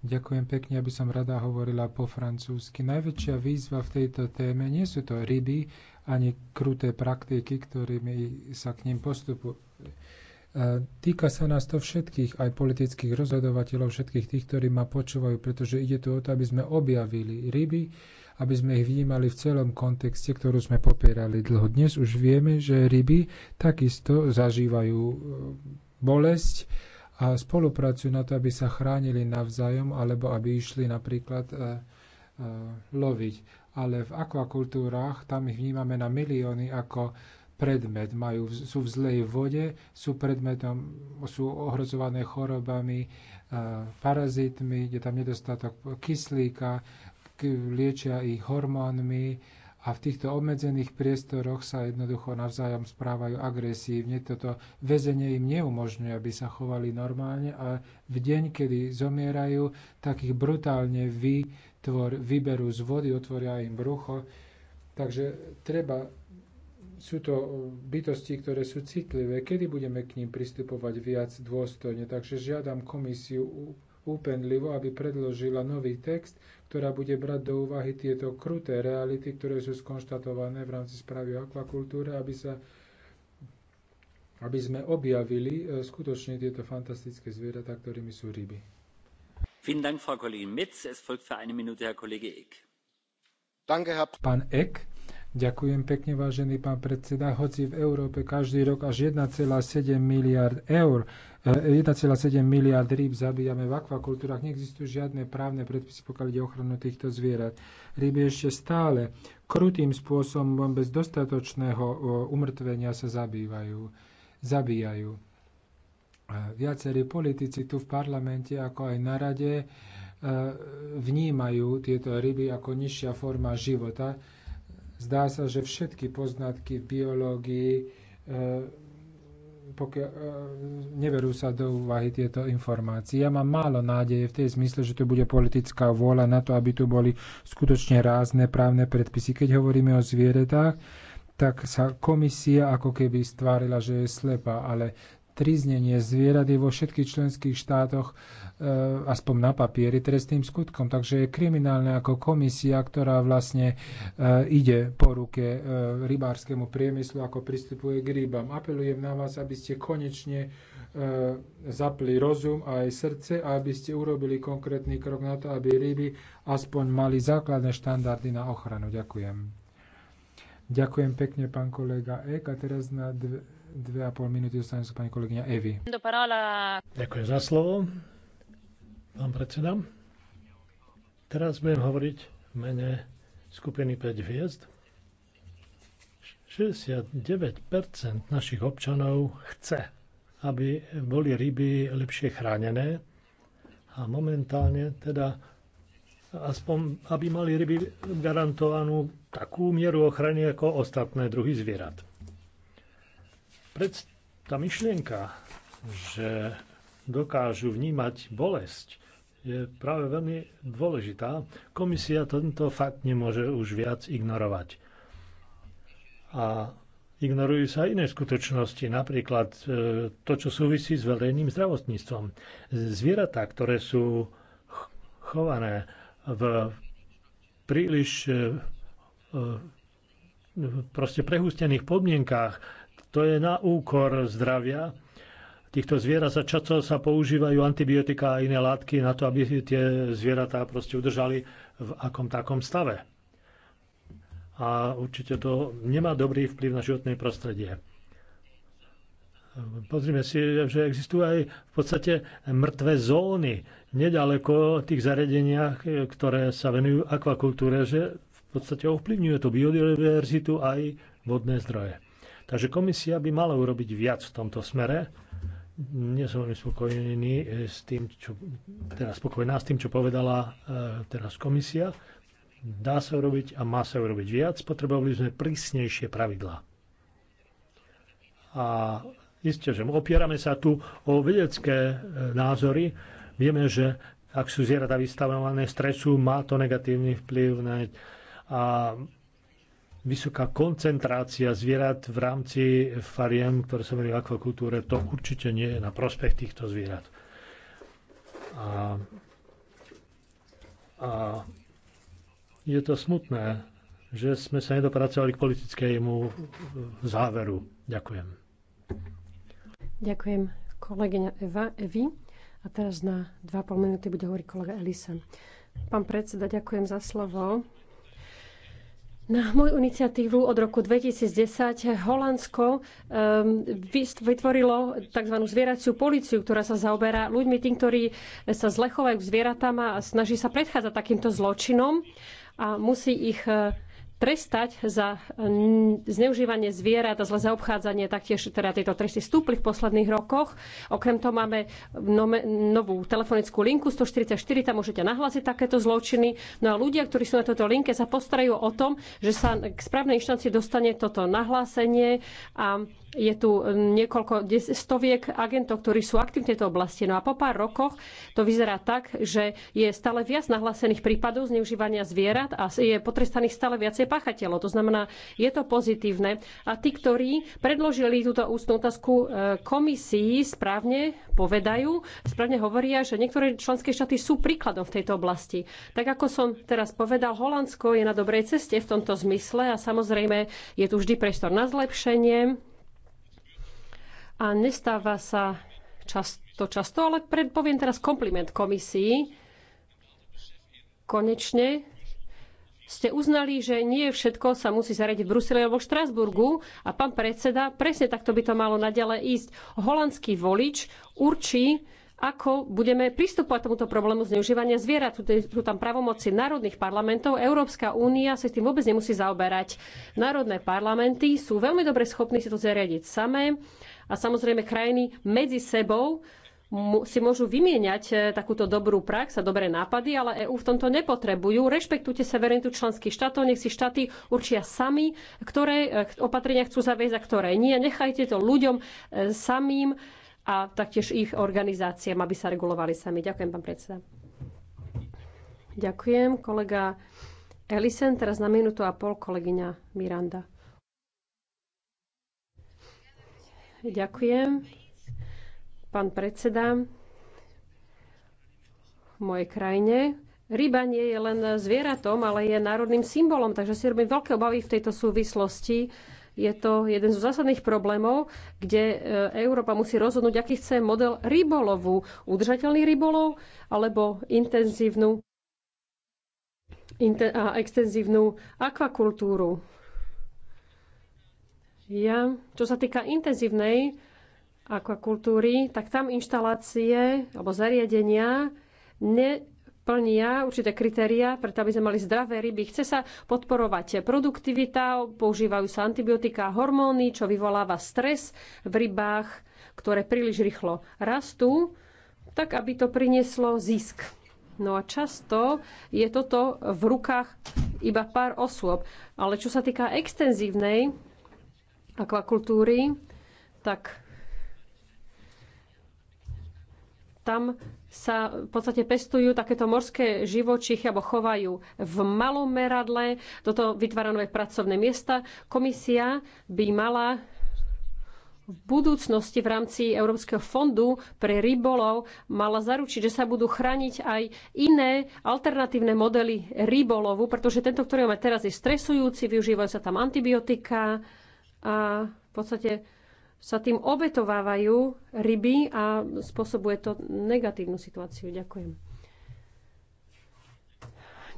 Ďakujem pekne, aby som rada hovorila po francúzsky. Najväčšia výzva v tejto téme nie sú to ryby ani kruté praktiky, ktorými sa k ním postupuje. Týka sa nás to všetkých, aj politických rozhodovateľov, všetkých tých, ktorí ma počúvajú, pretože ide tu o to, aby sme objavili ryby, aby sme ich vnímali v celom kontexte, ktorú sme popierali dlho. Dnes už vieme, že ryby takisto zažívajú e, bolesť a spolupracujú na to, aby sa chránili navzájom alebo aby išli napríklad e, e, loviť. Ale v akvakultúrach tam ich vnímame na milióny ako predmet, majú, sú v zlej vode, sú predmetom, sú ohrozované chorobami, e, parazitmi, je tam nedostatok kyslíka, liečia ich hormónmi a v týchto obmedzených priestoroch sa jednoducho navzájom správajú agresívne. Toto väzenie im neumožňuje, aby sa chovali normálne a v deň, kedy zomierajú, tak ich brutálne vytvor, vyberú z vody, otvoria im brucho. Takže treba sú to e, bytosti, ktoré sú citlivé. Kedy budeme k ním pristupovať viac dôstojne? Takže žiadam komisiu úpenlivo, aby predložila nový text, ktorá bude brať do úvahy tieto kruté reality, ktoré sú skonštatované v rámci správy o akvakultúre, aby, sa, aby sme objavili e, skutočne tieto fantastické zvieratá, ktorými sú ryby. Pan Eck. Ďakujem pekne, vážený pán predseda. Hoci v Európe každý rok až 1,7 miliard eur, 1,7 eh, miliard rýb zabíjame v akvakultúrach, neexistujú žiadne právne predpisy, pokiaľ ide ochranu týchto zvierat. Ryby ešte stále krutým spôsobom bez dostatočného eh, umrtvenia sa zabývajú, zabíjajú. Viacerí politici tu v parlamente, ako aj na rade, eh, vnímajú tieto ryby ako nižšia forma života, Zdá sa, že všetky poznatky v biológii e, pokia, e, neverú sa do úvahy tieto informácie. Ja mám málo nádeje v tej zmysle, že tu bude politická vôľa na to, aby tu boli skutočne rázne právne predpisy. Keď hovoríme o zvieratách, tak sa komisia ako keby stvárila, že je slepá, ale triznenie zvierat je vo všetkých členských štátoch, e, aspoň na papieri, trestným skutkom. Takže je kriminálne ako komisia, ktorá vlastne e, ide po ruke e, rybárskému priemyslu, ako pristupuje k rybám. Apelujem na vás, aby ste konečne e, zapli rozum a aj srdce a aby ste urobili konkrétny krok na to, aby ryby aspoň mali základné štandardy na ochranu. Ďakujem. Ďakujem pekne, pán kolega Ek. A teraz na dve, dve a pol minúty dostane sa pani kolegyňa Evi. Ďakujem za slovo, pán predseda. Teraz budem hovoriť v mene skupiny 5 hviezd. 69% našich občanov chce, aby boli ryby lepšie chránené a momentálne teda aspoň, aby mali ryby garantovanú takú mieru ochrany ako ostatné druhy zvierat. Pred tá myšlienka, že dokážu vnímať bolesť, je práve veľmi dôležitá. Komisia tento fakt nemôže už viac ignorovať. A ignorujú sa iné skutočnosti, napríklad e, to, čo súvisí s verejným zdravotníctvom. Zvieratá, ktoré sú chované v príliš e, e, proste prehústených podmienkách, to je na úkor zdravia. Týchto zvierat sa často sa používajú antibiotika a iné látky na to, aby tie zvieratá proste udržali v akom takom stave. A určite to nemá dobrý vplyv na životné prostredie. Pozrime si, že existujú aj v podstate mŕtve zóny nedaleko tých zariadeniach, ktoré sa venujú akvakultúre, že v podstate ovplyvňuje to biodiverzitu aj vodné zdroje. Takže komisia by mala urobiť viac v tomto smere. Nie som veľmi spokojný s tým, čo, teda spokojná s tým, čo povedala e, teraz komisia. Dá sa urobiť a má sa urobiť viac. Potrebovali sme prísnejšie pravidlá. A isté, že opierame sa tu o vedecké e, názory. Vieme, že ak sú zvieratá vystavované stresu, má to negatívny vplyv na a vysoká koncentrácia zvierat v rámci fariem, ktoré sa venujú akvakultúre, to určite nie je na prospech týchto zvierat. A, a je to smutné, že sme sa nedopracovali k politickému záveru. Ďakujem. Ďakujem kolegyňa Eva, Evi. A teraz na dva pol minúty bude hovoriť kolega Elisa. Pán predseda, ďakujem za slovo. Na moju iniciatívu od roku 2010 Holandsko ehm, vytvorilo tzv. zvieraciu policiu, ktorá sa zaoberá ľuďmi, tým, ktorí sa zlechovajú k zvieratám a snaží sa predchádzať takýmto zločinom a musí ich eh, trestať za mm, zneužívanie zvierat a zle zaobchádzanie, taktiež teda tieto tresty stúpli v posledných rokoch. Okrem toho máme novú telefonickú linku 144, tam môžete nahlásiť takéto zločiny. No a ľudia, ktorí sú na tejto linke, sa postarajú o tom, že sa k správnej inštancii dostane toto nahlásenie a je tu um, niekoľko stoviek agentov, ktorí sú aktívni v tejto oblasti. No a po pár rokoch to vyzerá tak, že je stále viac nahlásených prípadov zneužívania zvierat a je potrestaných stále viacej páchateľov. To znamená, je to pozitívne. A tí, ktorí predložili túto ústnu otázku e, komisii, správne povedajú, správne hovoria, že niektoré členské štáty sú príkladom v tejto oblasti. Tak ako som teraz povedal, Holandsko je na dobrej ceste v tomto zmysle a samozrejme je tu vždy priestor na zlepšenie a nestáva sa často, často, ale predpoviem teraz kompliment komisii. Konečne ste uznali, že nie všetko sa musí zariadiť v Bruseli alebo v Štrasburgu a pán predseda, presne takto by to malo naďalej ísť. Holandský volič určí, ako budeme pristupovať tomuto problému zneužívania zvierat. Sú tam pravomoci národných parlamentov. Európska únia sa s tým vôbec nemusí zaoberať. Národné parlamenty sú veľmi dobre schopní si to zariadiť samé a samozrejme krajiny medzi sebou si môžu vymieňať e, takúto dobrú prax a dobré nápady, ale EÚ v tomto nepotrebujú. Rešpektujte severitu členských štátov, nech si štáty určia sami, ktoré e, opatrenia chcú zaviesť a ktoré nie. Nechajte to ľuďom e, samým a taktiež ich organizáciám, aby sa regulovali sami. Ďakujem, pán predseda. Ďakujem, kolega Elisen. Teraz na minútu a pol kolegyňa Miranda. Ďakujem. Pán predseda, v mojej krajine ryba nie je len zvieratom, ale je národným symbolom, takže si robím veľké obavy v tejto súvislosti je to jeden zo zásadných problémov, kde e, Európa musí rozhodnúť, aký chce model rybolovu. Udržateľný rybolov alebo intenzívnu a extenzívnu akvakultúru. Ja, čo sa týka intenzívnej akvakultúry, tak tam inštalácie alebo zariadenia ne plnia určité kritéria, preto aby sme mali zdravé ryby. Chce sa podporovať produktivita, používajú sa antibiotika, a hormóny, čo vyvoláva stres v rybách, ktoré príliš rýchlo rastú, tak aby to prinieslo zisk. No a často je toto v rukách iba pár osôb. Ale čo sa týka extenzívnej akvakultúry, tak tam sa v podstate pestujú takéto morské živočichy alebo chovajú v malom meradle. Toto vytvára nové pracovné miesta. Komisia by mala v budúcnosti v rámci Európskeho fondu pre rybolov mala zaručiť, že sa budú chrániť aj iné alternatívne modely rybolovu, pretože tento, ktorý máme teraz, je stresujúci, využívajú sa tam antibiotika a v podstate sa tým obetovávajú ryby a spôsobuje to negatívnu situáciu. Ďakujem.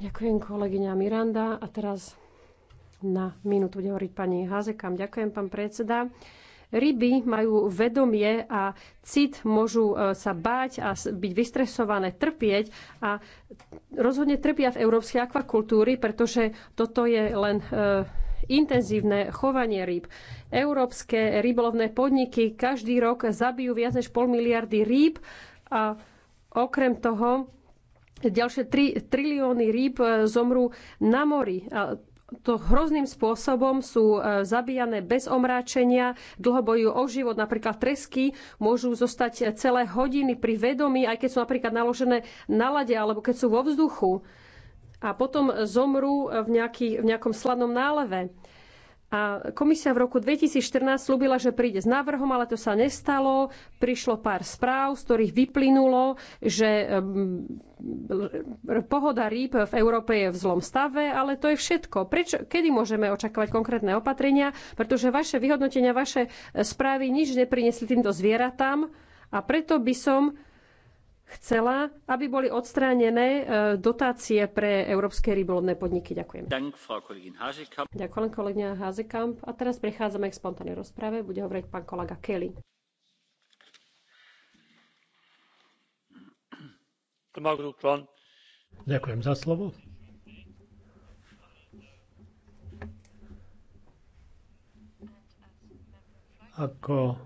Ďakujem kolegyňa Miranda. A teraz na minútu bude hovoriť pani Hazekam. Ďakujem, pán predseda. Ryby majú vedomie a cit, môžu e, sa báť a byť vystresované, trpieť a rozhodne trpia v európskej akvakultúry, pretože toto je len e, intenzívne chovanie rýb. Európske rybolovné podniky každý rok zabijú viac než pol miliardy rýb a okrem toho ďalšie 3 trilióny rýb e, zomrú na mori. A to hrozným spôsobom sú e, zabíjane bez omráčenia, dlho bojujú o život, napríklad tresky môžu zostať celé hodiny pri vedomí, aj keď sú napríklad naložené na lade alebo keď sú vo vzduchu a potom zomrú v, nejaký, v nejakom sladnom náleve. A komisia v roku 2014 slúbila, že príde s návrhom, ale to sa nestalo. Prišlo pár správ, z ktorých vyplynulo, že mm, pohoda rýb v Európe je v zlom stave, ale to je všetko. Prečo, kedy môžeme očakávať konkrétne opatrenia? Pretože vaše vyhodnotenia, vaše správy nič neprinesli týmto zvieratám a preto by som chcela, aby boli odstránené e, dotácie pre európske rybolovné podniky. Ďakujem. Ďakujem, kolegyňa Hazekamp. A teraz prechádzame k spontánnej rozprave. Bude hovoriť pán kolega Kelly. Ďakujem za slovo. Ako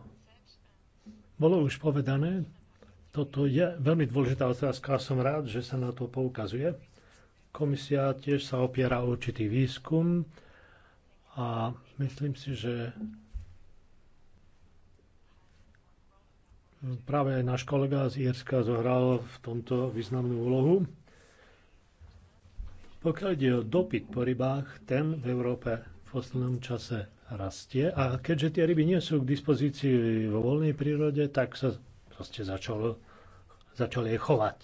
bolo už povedané, toto je veľmi dôležitá otázka a som rád, že sa na to poukazuje. Komisia tiež sa opiera o určitý výskum a myslím si, že práve aj náš kolega z Írska zohral v tomto významnú úlohu. Pokiaľ ide o dopyt po rybách, ten v Európe v poslednom čase rastie a keďže tie ryby nie sú k dispozícii vo voľnej prírode, tak sa proste začalo začali je chovať,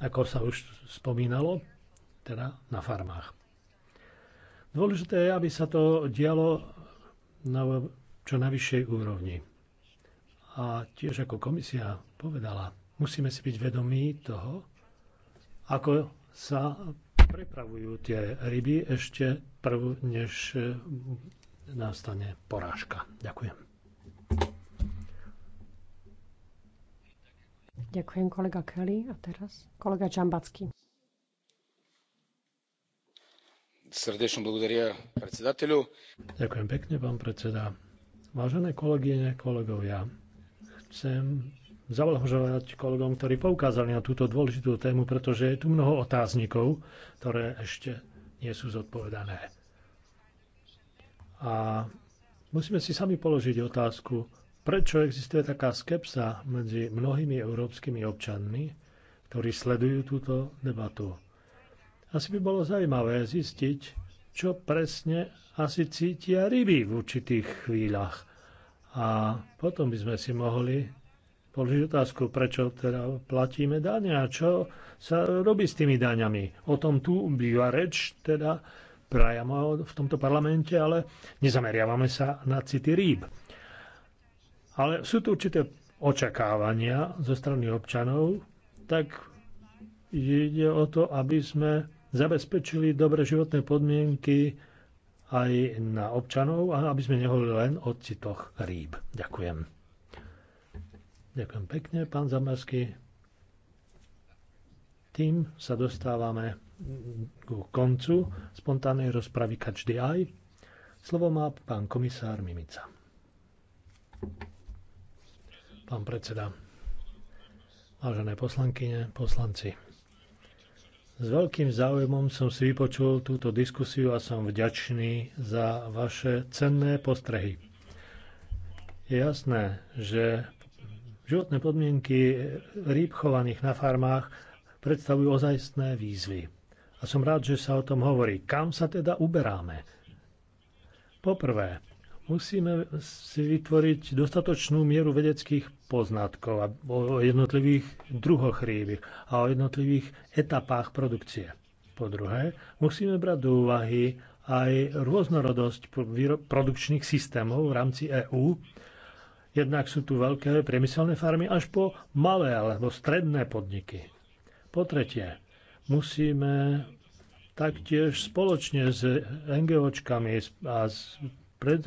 ako sa už spomínalo, teda na farmách. Dôležité je, aby sa to dialo na čo najvyššej úrovni. A tiež ako komisia povedala, musíme si byť vedomí toho, ako sa prepravujú tie ryby ešte prv, než nastane porážka. Ďakujem. Ďakujem kolega Kelly a teraz kolega Čambacký. Srdečnú blúderia predsedateľu. Ďakujem pekne, pán predseda. Vážené kolegyne, kolegovia, chcem zablahoželať kolegom, ktorí poukázali na túto dôležitú tému, pretože je tu mnoho otáznikov, ktoré ešte nie sú zodpovedané. A musíme si sami položiť otázku, Prečo existuje taká skepsa medzi mnohými európskymi občanmi, ktorí sledujú túto debatu? Asi by bolo zaujímavé zistiť, čo presne asi cítia ryby v určitých chvíľach. A potom by sme si mohli položiť otázku, prečo teda platíme dania, čo sa robí s tými daňami. O tom tu býva reč, teda v tomto parlamente, ale nezameriavame sa na city rýb. Ale sú tu určité očakávania zo strany občanov, tak ide o to, aby sme zabezpečili dobré životné podmienky aj na občanov a aby sme nehovorili len o citoch rýb. Ďakujem. Ďakujem pekne, pán Zamersky. Tým sa dostávame ku koncu spontánnej rozpravy Catch the Eye. Slovo má pán komisár Mimica pán predseda. Vážené poslankyne, poslanci. S veľkým záujmom som si vypočul túto diskusiu a som vďačný za vaše cenné postrehy. Je jasné, že životné podmienky rýb chovaných na farmách predstavujú ozajstné výzvy. A som rád, že sa o tom hovorí. Kam sa teda uberáme? Poprvé, Musíme si vytvoriť dostatočnú mieru vedeckých poznatkov o jednotlivých druhoch rýby a o jednotlivých etapách produkcie. Po druhé, musíme brať do úvahy aj rôznorodosť produkčných systémov v rámci EÚ. Jednak sú tu veľké priemyselné farmy až po malé alebo stredné podniky. Po tretie, musíme taktiež spoločne s NGOčkami a s pred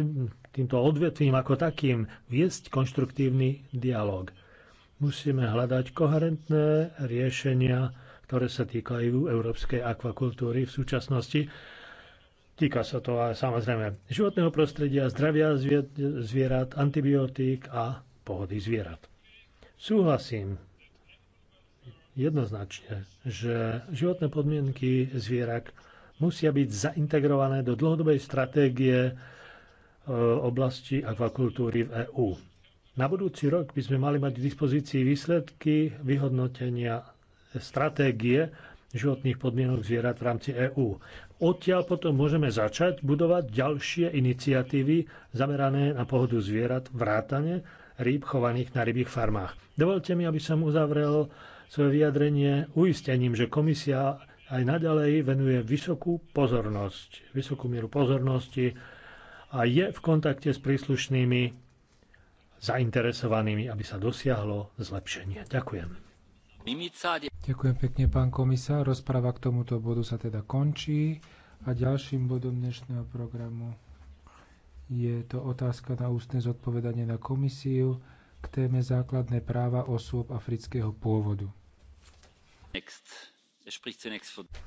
týmto odvetvím ako takým viesť konštruktívny dialog. Musíme hľadať koherentné riešenia, ktoré sa týkajú európskej akvakultúry v súčasnosti. Týka sa to aj samozrejme životného prostredia, zdravia zvierat, antibiotík a pohody zvierat. Súhlasím jednoznačne, že životné podmienky zvierat musia byť zaintegrované do dlhodobej stratégie E, oblasti akvakultúry v EÚ. Na budúci rok by sme mali mať v dispozícii výsledky vyhodnotenia stratégie životných podmienok zvierat v rámci EÚ. Odtiaľ potom môžeme začať budovať ďalšie iniciatívy zamerané na pohodu zvierat vrátane rýb chovaných na rybých farmách. Dovolte mi, aby som uzavrel svoje vyjadrenie uistením, že komisia aj naďalej venuje vysokú pozornosť, vysokú mieru pozornosti a je v kontakte s príslušnými zainteresovanými, aby sa dosiahlo zlepšenie. Ďakujem. Ďakujem pekne, pán komisár. Rozpráva k tomuto bodu sa teda končí. A ďalším bodom dnešného programu je to otázka na ústne zodpovedanie na komisiu k téme základné práva osôb afrického pôvodu. Next.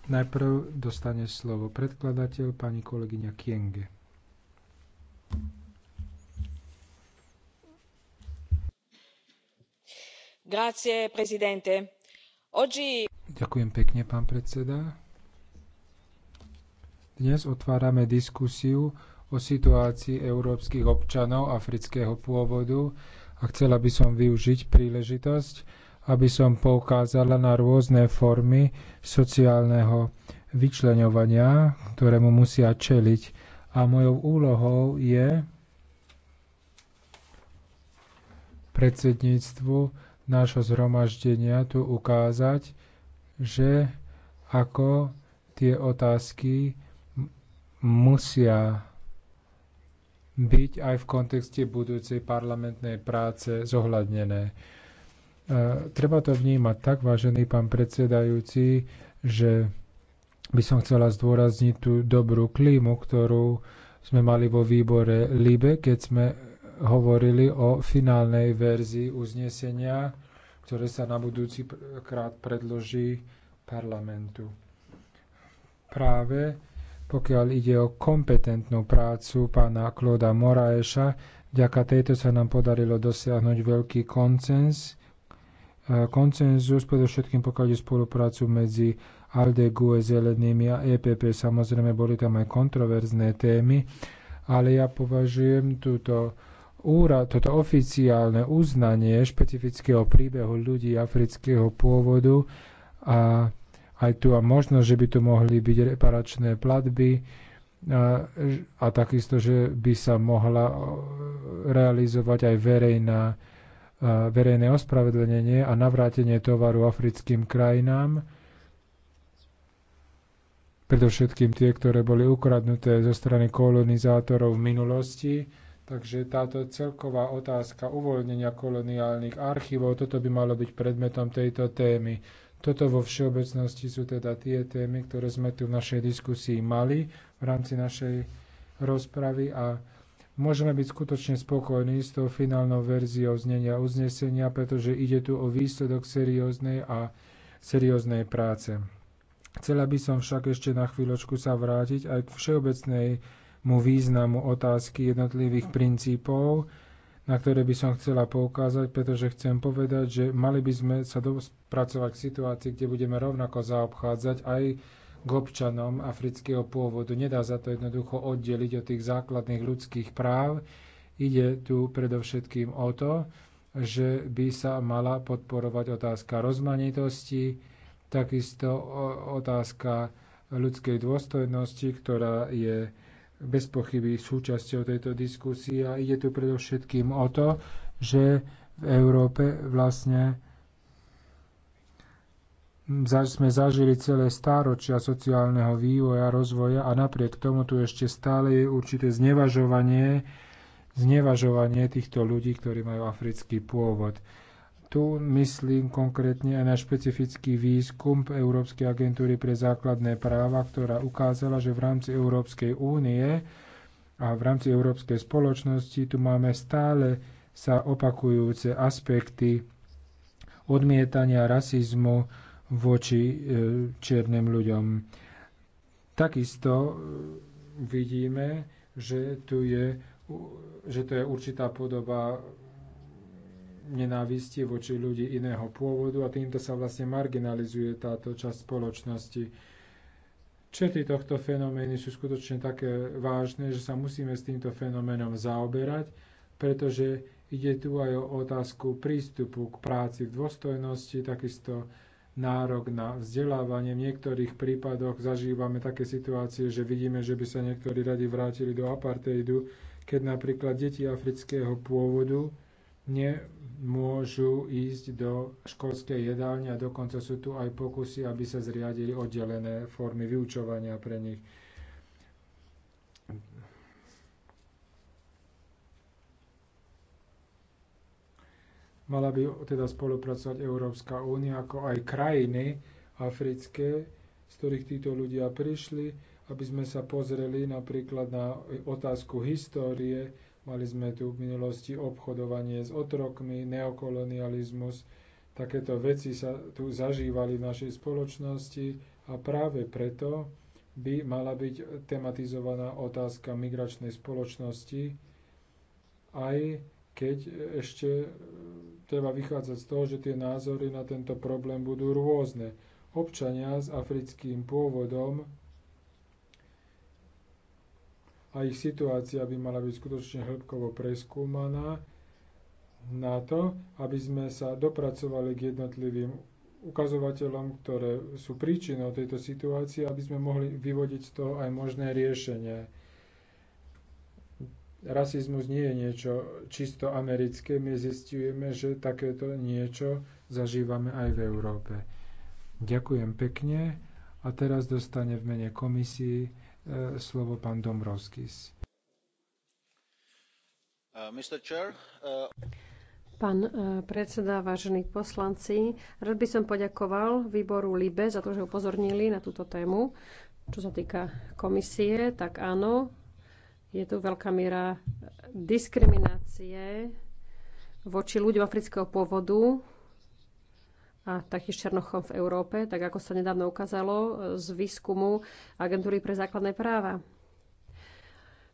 Najprv dostane slovo predkladateľ pani kolegyňa Kienge. Ďakujem pekne, pán predseda. Dnes otvárame diskusiu o situácii európskych občanov afrického pôvodu a chcela by som využiť príležitosť, aby som poukázala na rôzne formy sociálneho vyčleňovania, ktorému musia čeliť. A mojou úlohou je predsedníctvu nášho zhromaždenia tu ukázať, že ako tie otázky musia byť aj v kontexte budúcej parlamentnej práce zohľadnené. E, treba to vnímať tak, vážený pán predsedajúci, že by som chcela zdôrazniť tú dobrú klímu, ktorú sme mali vo výbore LIBE, keď sme hovorili o finálnej verzii uznesenia, ktoré sa na budúci krát predloží parlamentu. Práve pokiaľ ide o kompetentnú prácu pána Klóda Moraeša, vďaka tejto sa nám podarilo dosiahnuť veľký koncens, e, koncenzus, predovšetkým pokiaľ ide spoluprácu medzi ALDE, GUE, Zelenými a EPP. Samozrejme, boli tam aj kontroverzné témy, ale ja považujem túto úra, toto oficiálne uznanie špecifického príbehu ľudí afrického pôvodu a aj tu a možnosť, že by tu mohli byť reparačné platby a, a takisto, že by sa mohla realizovať aj verejná, verejné ospravedlenie a navrátenie tovaru africkým krajinám predovšetkým tie, ktoré boli ukradnuté zo strany kolonizátorov v minulosti Takže táto celková otázka uvoľnenia koloniálnych archívov, toto by malo byť predmetom tejto témy. Toto vo všeobecnosti sú teda tie témy, ktoré sme tu v našej diskusii mali v rámci našej rozpravy a môžeme byť skutočne spokojní s tou finálnou verziou znenia uznesenia, pretože ide tu o výsledok serióznej a serióznej práce. Chcela by som však ešte na chvíľočku sa vrátiť aj k všeobecnej mu významu otázky jednotlivých princípov, na ktoré by som chcela poukázať, pretože chcem povedať, že mali by sme sa dopracovať k situácii, kde budeme rovnako zaobchádzať aj k občanom afrického pôvodu. Nedá sa to jednoducho oddeliť od tých základných ľudských práv. Ide tu predovšetkým o to, že by sa mala podporovať otázka rozmanitosti, takisto otázka ľudskej dôstojnosti, ktorá je bez pochyby súčasťou tejto diskusie a ide tu predovšetkým o to, že v Európe vlastne sme zažili celé stáročia sociálneho vývoja, rozvoja a napriek tomu tu ešte stále je určité znevažovanie, znevažovanie týchto ľudí, ktorí majú africký pôvod. Tu myslím konkrétne aj na špecifický výskum Európskej agentúry pre základné práva, ktorá ukázala, že v rámci Európskej únie a v rámci Európskej spoločnosti tu máme stále sa opakujúce aspekty odmietania rasizmu voči e, čiernym ľuďom. Takisto e, vidíme, že, tu je, že to je určitá podoba nenávisti voči ľudí iného pôvodu a týmto sa vlastne marginalizuje táto časť spoločnosti. Čety tohto fenomény sú skutočne také vážne, že sa musíme s týmto fenoménom zaoberať, pretože ide tu aj o otázku prístupu k práci v dôstojnosti, takisto nárok na vzdelávanie. V niektorých prípadoch zažívame také situácie, že vidíme, že by sa niektorí radi vrátili do apartheidu, keď napríklad deti afrického pôvodu nemôžu ísť do školskej jedálne a dokonca sú tu aj pokusy, aby sa zriadili oddelené formy vyučovania pre nich. Mala by teda spolupracovať Európska únia, ako aj krajiny africké, z ktorých títo ľudia prišli, aby sme sa pozreli napríklad na otázku histórie, Mali sme tu v minulosti obchodovanie s otrokmi, neokolonializmus. Takéto veci sa tu zažívali v našej spoločnosti a práve preto by mala byť tematizovaná otázka migračnej spoločnosti, aj keď ešte treba vychádzať z toho, že tie názory na tento problém budú rôzne. Občania s africkým pôvodom a ich situácia by mala byť skutočne hĺbkovo preskúmaná na to, aby sme sa dopracovali k jednotlivým ukazovateľom, ktoré sú príčinou tejto situácie, aby sme mohli vyvodiť z toho aj možné riešenie. Rasizmus nie je niečo čisto americké, my zistujeme, že takéto niečo zažívame aj v Európe. Ďakujem pekne a teraz dostane v mene komisii E, slovo pán Dombrovskis. E, e, pán predseda, vážení poslanci, rád by som poďakoval výboru LIBE za to, že upozornili na túto tému. Čo sa týka komisie, tak áno, je tu veľká miera diskriminácie voči ľuďom afrického pôvodu, a takých černochom v Európe, tak ako sa nedávno ukázalo e, z výskumu Agentúry pre základné práva.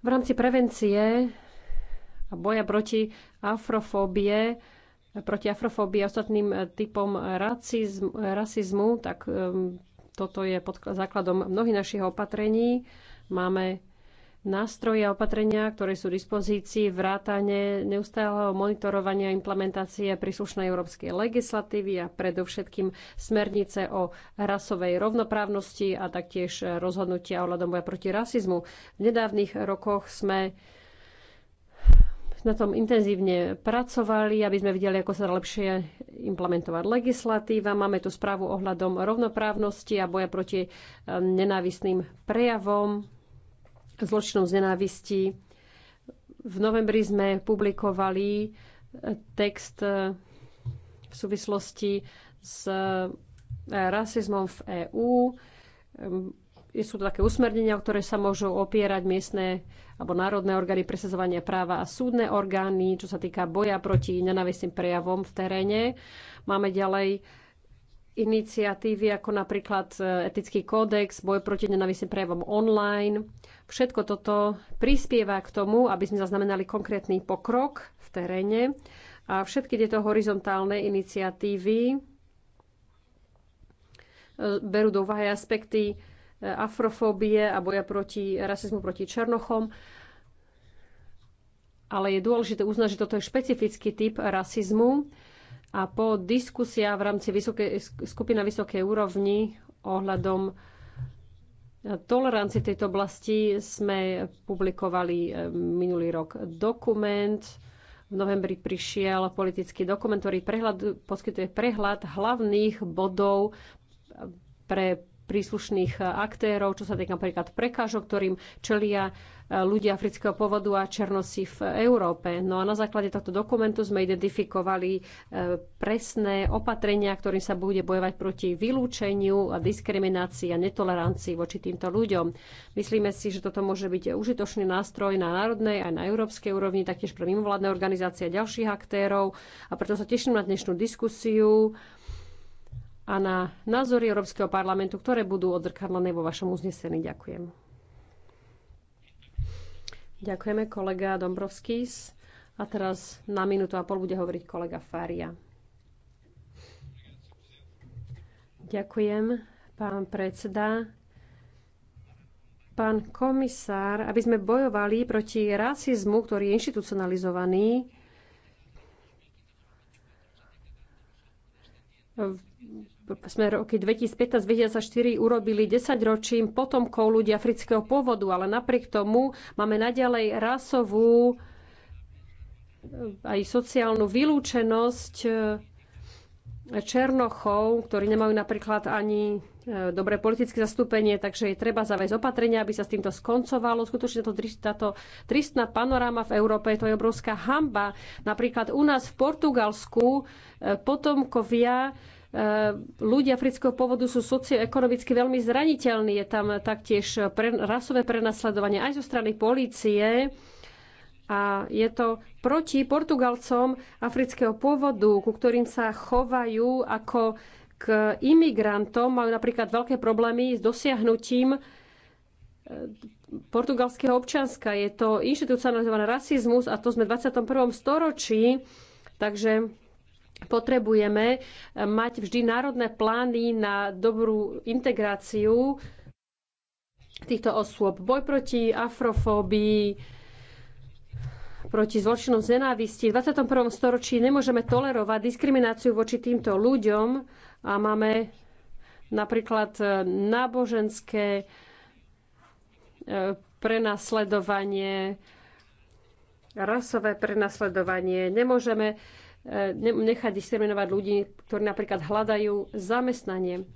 V rámci prevencie a boja proti afrofóbie, proti afrofóbii a ostatným e, typom racizm, rasizmu, tak um, toto je pod základom mnohých našich opatrení. Máme nástroje a opatrenia, ktoré sú v dispozícii, vrátane neustáleho monitorovania implementácie príslušnej európskej legislatívy a predovšetkým smernice o rasovej rovnoprávnosti a taktiež rozhodnutia ohľadom boja proti rasizmu. V nedávnych rokoch sme na tom intenzívne pracovali, aby sme videli, ako sa lepšie implementovať legislatíva. Máme tu správu ohľadom rovnoprávnosti a boja proti eh, nenávistným prejavom zločinom z nenávisti. V novembri sme publikovali eh, text eh, v súvislosti s eh, rasizmom v EÚ. Ehm, sú to také usmernenia, o ktoré sa môžu opierať miestne alebo národné orgány presadzovania práva a súdne orgány, čo sa týka boja proti nenavistným prejavom v teréne. Máme ďalej iniciatívy ako napríklad etický kódex, boj proti nenavistným prejavom online. Všetko toto prispieva k tomu, aby sme zaznamenali konkrétny pokrok v teréne a všetky tieto horizontálne iniciatívy e, berú do úvahy aspekty e, afrofóbie a boja proti rasizmu proti černochom. Ale je dôležité uznať, že toto je špecifický typ rasizmu a po diskusia v rámci skupina vysokej úrovni ohľadom toleranci tejto oblasti sme publikovali eh, minulý rok dokument. V novembri prišiel politický dokument, ktorý prehľad, poskytuje prehľad hlavných bodov pre príslušných eh, aktérov, čo sa týka napríklad prekážok, ktorým čelia eh, ľudia afrického povodu a černosí v Európe. No a na základe tohto dokumentu sme identifikovali eh, presné opatrenia, ktorým sa bude bojovať proti vylúčeniu a diskriminácii a netolerancii voči týmto ľuďom. Myslíme si, že toto môže byť užitočný nástroj na národnej aj na európskej úrovni, taktiež pre mimovládne organizácie a ďalších aktérov. A preto sa teším na dnešnú diskusiu a na názory Európskeho parlamentu, ktoré budú odrkadlené vo vašom uznesení. Ďakujem. Ďakujeme kolega Dombrovskis. A teraz na minútu a pol bude hovoriť kolega Faria. Ďakujem, pán predseda. Pán komisár, aby sme bojovali proti rasizmu, ktorý je inštitucionalizovaný, sme roky 2015-2004 urobili 10 ročím potomkov ľudí afrického pôvodu, ale napriek tomu máme naďalej rasovú eh, aj sociálnu vylúčenosť eh, Černochov, ktorí nemajú napríklad ani eh, dobré politické zastúpenie, takže je treba zavesť opatrenia, aby sa s týmto skoncovalo. Skutočne to, táto tristná panoráma v Európe, to je obrovská hamba. Napríklad u nás v Portugalsku potomkovia Ehm, ľudia afrického pôvodu sú socioekonomicky veľmi zraniteľní. Je tam taktiež pre, rasové prenasledovanie aj zo strany polície. A je to proti Portugalcom afrického pôvodu, ku ktorým sa chovajú ako k imigrantom. Majú napríklad veľké problémy s dosiahnutím e, portugalského občanska. Je to inštitucionalizovaný rasizmus a to sme v 21. storočí. Takže potrebujeme eh, mať vždy národné plány na dobrú integráciu týchto osôb. Boj proti afrofóbii, proti zločinom z nenávisti. V 21. storočí nemôžeme tolerovať diskrimináciu voči týmto ľuďom a máme napríklad eh, náboženské eh, prenasledovanie, rasové prenasledovanie. Nemôžeme nechať diskriminovať ľudí, ktorí napríklad hľadajú zamestnanie.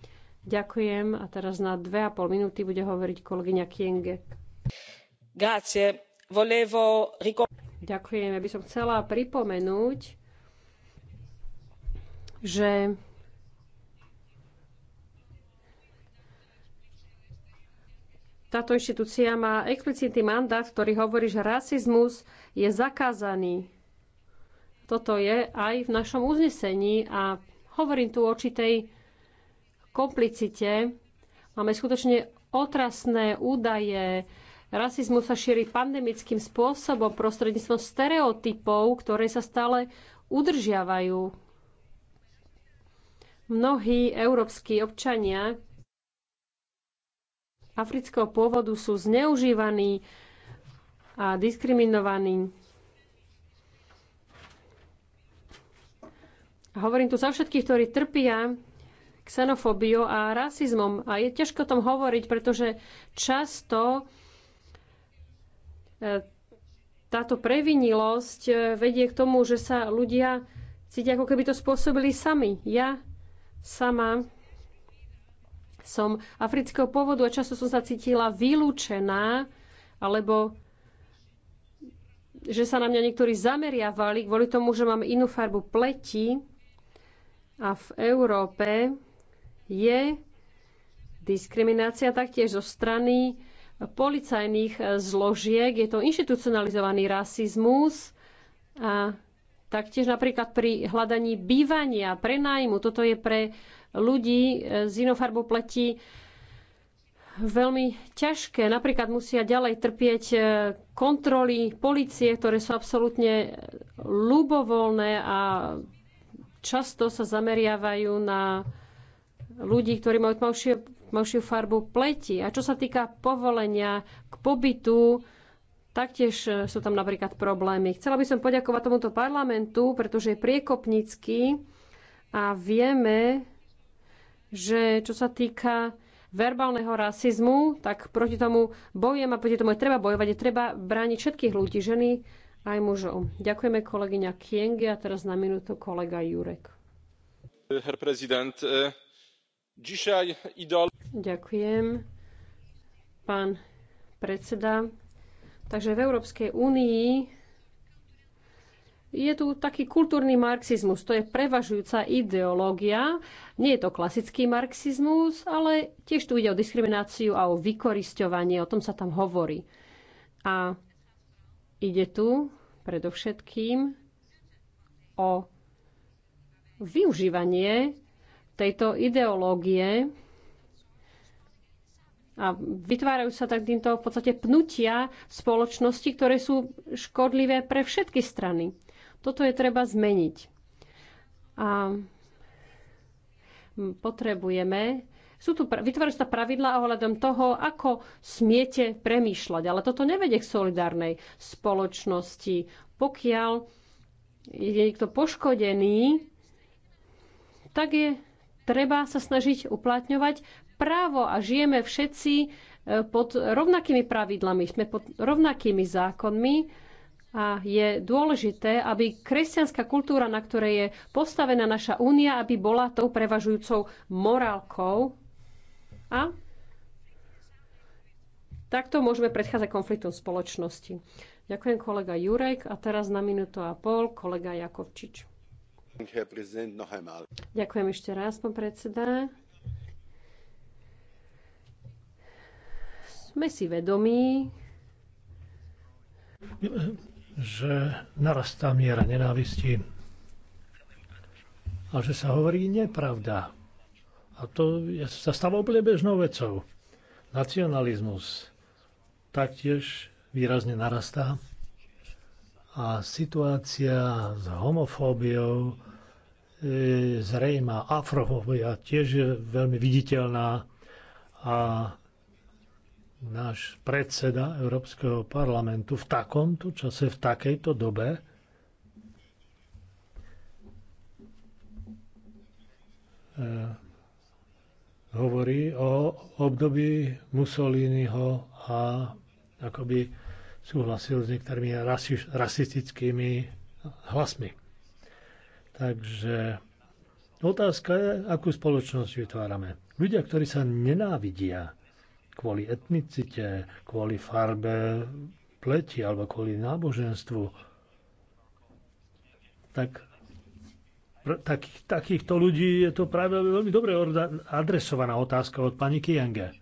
Ďakujem a teraz na dve a pol minúty bude hovoriť kolegyňa Kienge. Grazie. Volevo... Ďakujem. Ja by som chcela pripomenúť, že táto inštitúcia má explicitný mandát, ktorý hovorí, že rasizmus je zakázaný. Toto je aj v našom uznesení a hovorím tu o určitej komplicite. Máme skutočne otrasné údaje. Rasizmus sa šíri pandemickým spôsobom prostredníctvom stereotypov, ktoré sa stále udržiavajú. Mnohí európsky občania afrického pôvodu sú zneužívaní a diskriminovaní. Hovorím tu za všetkých, ktorí trpia xenofóbiou a rasizmom. A je ťažko o tom hovoriť, pretože často e, táto previnilosť e, vedie k tomu, že sa ľudia cítia, ako keby to spôsobili sami. Ja sama som afrického pôvodu a často som sa cítila vylúčená alebo že sa na mňa niektorí zameriavali kvôli tomu, že mám inú farbu pleti. A v Európe je diskriminácia taktiež zo strany policajných zložiek. Je to inštitucionalizovaný rasizmus a taktiež napríklad pri hľadaní bývania, prenájmu. Toto je pre ľudí s inou farbou pleti veľmi ťažké. Napríklad musia ďalej trpieť e, kontroly policie, ktoré sú absolútne ľubovoľné a často sa zameriavajú na ľudí, ktorí majú tmavšiu, tmavšiu farbu pleti. A čo sa týka povolenia k pobytu, taktiež e, sú tam napríklad problémy. Chcela by som poďakovať tomuto parlamentu, pretože je priekopnícky a vieme, že čo sa týka verbálneho rasizmu, tak proti tomu bojujem a proti tomu je treba bojovať, je treba brániť všetkých ľudí, ženy, aj mužov. Ďakujeme kolegyňa Kienge a teraz na minútu kolega Jurek. Herr prezident, eh, dzisiaj idol... Ďakujem, pán predseda. Takže v Európskej únii je tu taký kultúrny marxizmus, to je prevažujúca ideológia. Nie je to klasický marxizmus, ale tiež tu ide o diskrimináciu a o vykorisťovanie, o tom sa tam hovorí. A Ide tu predovšetkým o využívanie tejto ideológie a vytvárajú sa tak týmto v podstate pnutia spoločnosti, ktoré sú škodlivé pre všetky strany. Toto je treba zmeniť. A potrebujeme sú tu, vytvárajú sa pravidlá ohľadom toho, ako smiete premýšľať, ale toto nevedie k solidárnej spoločnosti. Pokiaľ je niekto poškodený, tak je treba sa snažiť uplatňovať právo a žijeme všetci e, pod rovnakými pravidlami, sme pod rovnakými zákonmi. A je dôležité, aby kresťanská kultúra, na ktorej je postavená naša únia, aby bola tou prevažujúcou morálkou a takto môžeme predchádzať konfliktom spoločnosti. Ďakujem kolega Jurek a teraz na minútu a pol kolega Jakovčič. Ďakujem ešte raz, pán predseda. Sme si vedomí, že narastá miera nenávisti a že sa hovorí nepravda a to sa stáva úplne bežnou vecou. Nacionalizmus taktiež výrazne narastá a situácia s homofóbiou e, zrejma afrofóbia tiež je veľmi viditeľná a náš predseda Európskeho parlamentu v takomto čase, v takejto dobe e, hovorí o období Mussoliniho a akoby súhlasil s niektorými rasi, rasistickými hlasmi. Takže otázka je, akú spoločnosť vytvárame. Ľudia, ktorí sa nenávidia kvôli etnicite, kvôli farbe pleti alebo kvôli náboženstvu, tak takých, takýchto ľudí je to práve veľmi dobre adresovaná otázka od pani Kiange.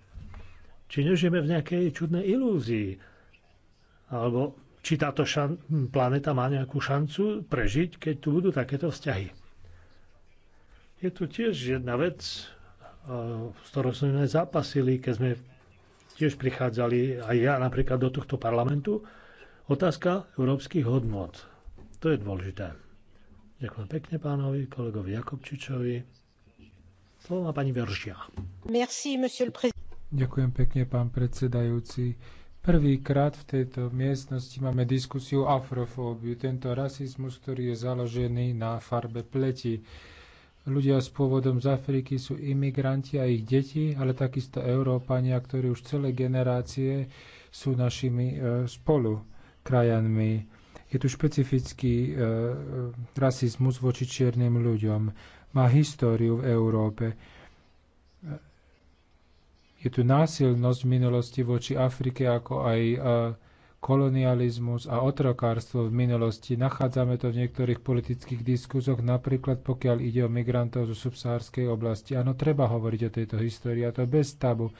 Či nežijeme v nejakej čudnej ilúzii? Alebo či táto šan- planeta má nejakú šancu prežiť, keď tu budú takéto vzťahy? Je tu tiež jedna vec, s e, ktorou sme zápasili, keď sme tiež prichádzali, aj ja napríklad do tohto parlamentu, otázka európskych hodnot. To je dôležité. Ďakujem pekne pánovi, kolegovi Jakobčičovi. Slovo má pani Veržia. Merci, monsieur le président. Ďakujem pekne, pán predsedajúci. Prvýkrát v tejto miestnosti máme diskusiu afrofóbiu, tento rasizmus, ktorý je založený na farbe pleti. Ľudia s pôvodom z Afriky sú imigranti a ich deti, ale takisto Európania, ktorí už celé generácie sú našimi e, spolu krajanmi. Je tu špecifický e, e rasizmus voči čiernym ľuďom. Má históriu v Európe. Je tu násilnosť v minulosti voči Afrike, ako aj e, kolonializmus a otrokárstvo v minulosti. Nachádzame to v niektorých politických diskuzoch, napríklad pokiaľ ide o migrantov zo subsahárskej oblasti. Áno, treba hovoriť o tejto histórii a to bez tabu.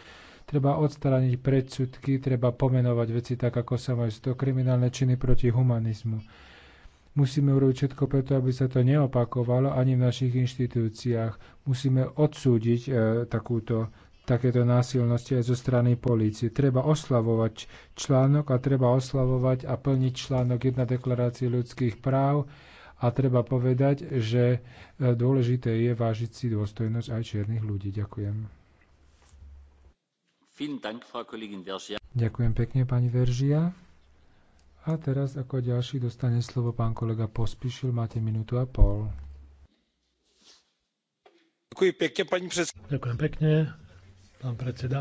Treba odstrániť predsudky, treba pomenovať veci tak, ako sa majú. to kriminálne činy proti humanizmu. Musíme urobiť všetko preto, aby sa to neopakovalo ani v našich inštitúciách. Musíme odsúdiť e, takúto takéto násilnosti aj zo strany polície. Treba oslavovať článok a treba oslavovať a plniť článok 1 deklarácie ľudských práv a treba povedať, že e, dôležité je vážiť si dôstojnosť aj čiernych ľudí. Ďakujem. Ďakujem pekne, pani Veržia. A teraz ako ďalší dostane slovo pán kolega Pospišil. Máte minútu a pol. Ďakujem pekne, pani predseda. Ďakujem pekne, pán predseda.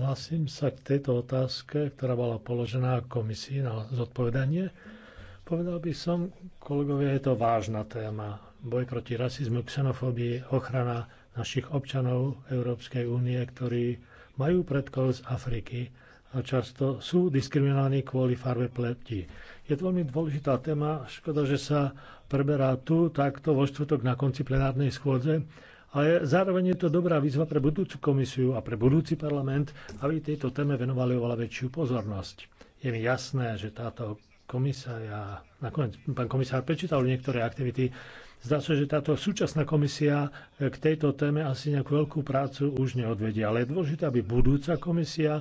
Hlasím sa k tejto otázke, ktorá bola položená komisii na zodpovedanie. Povedal by som, kolegovia, je to vážna téma. Boj proti rasizmu, xenofóbii, ochrana našich občanov Európskej únie, ktorí majú predkov z Afriky a často sú diskriminovaní kvôli farbe pleti. Je to veľmi dôležitá téma, škoda, že sa preberá tu takto vo štvrtok na konci plenárnej schôdze, ale zároveň je to dobrá výzva pre budúcu komisiu a pre budúci parlament, aby tejto téme venovali oveľa väčšiu pozornosť. Je mi jasné, že táto komisia, ja nakoniec pán komisár prečítal niektoré aktivity Zdá sa, že táto súčasná komisia eh, k tejto téme asi nejakú veľkú prácu už neodvedia, ale je dôležité, aby budúca komisia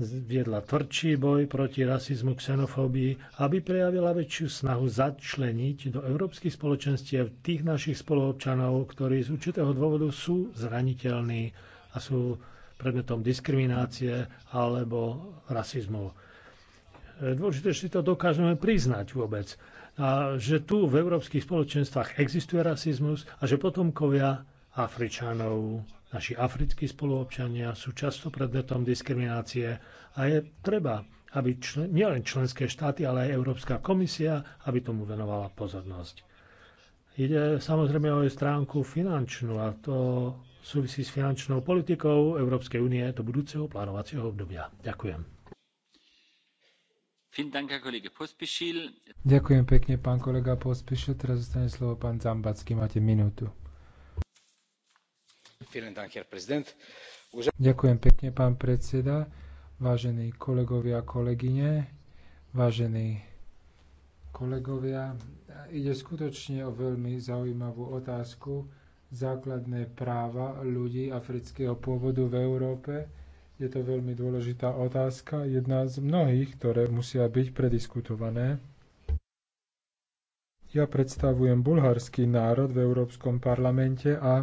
viedla tvrdší boj proti rasizmu, xenofóbii, aby prejavila väčšiu snahu začleniť do európskych spoločenstiev tých našich spoluobčanov, ktorí z určitého dôvodu sú zraniteľní a sú predmetom diskriminácie alebo rasizmu. Eh, dôležité, že si to dokážeme priznať vôbec a že tu v európskych spoločenstvách existuje rasizmus a že potomkovia Afričanov, naši africkí spoluobčania sú často predmetom diskriminácie a je treba, aby člen, nielen členské štáty, ale aj Európska komisia, aby tomu venovala pozornosť. Ide samozrejme o stránku finančnú a to súvisí s finančnou politikou Európskej únie do budúceho plánovacieho obdobia. Ďakujem. Ďakujem pekne, pán kolega Pospíšil. Teraz zostane slovo pán Zambacký. Máte minútu. Ďakujem pekne, pán predseda, vážení kolegovia a kolegyne, vážení kolegovia. Ide skutočne o veľmi zaujímavú otázku základné práva ľudí afrického pôvodu v Európe je to veľmi dôležitá otázka, jedna z mnohých, ktoré musia byť prediskutované. Ja predstavujem bulharský národ v Európskom parlamente a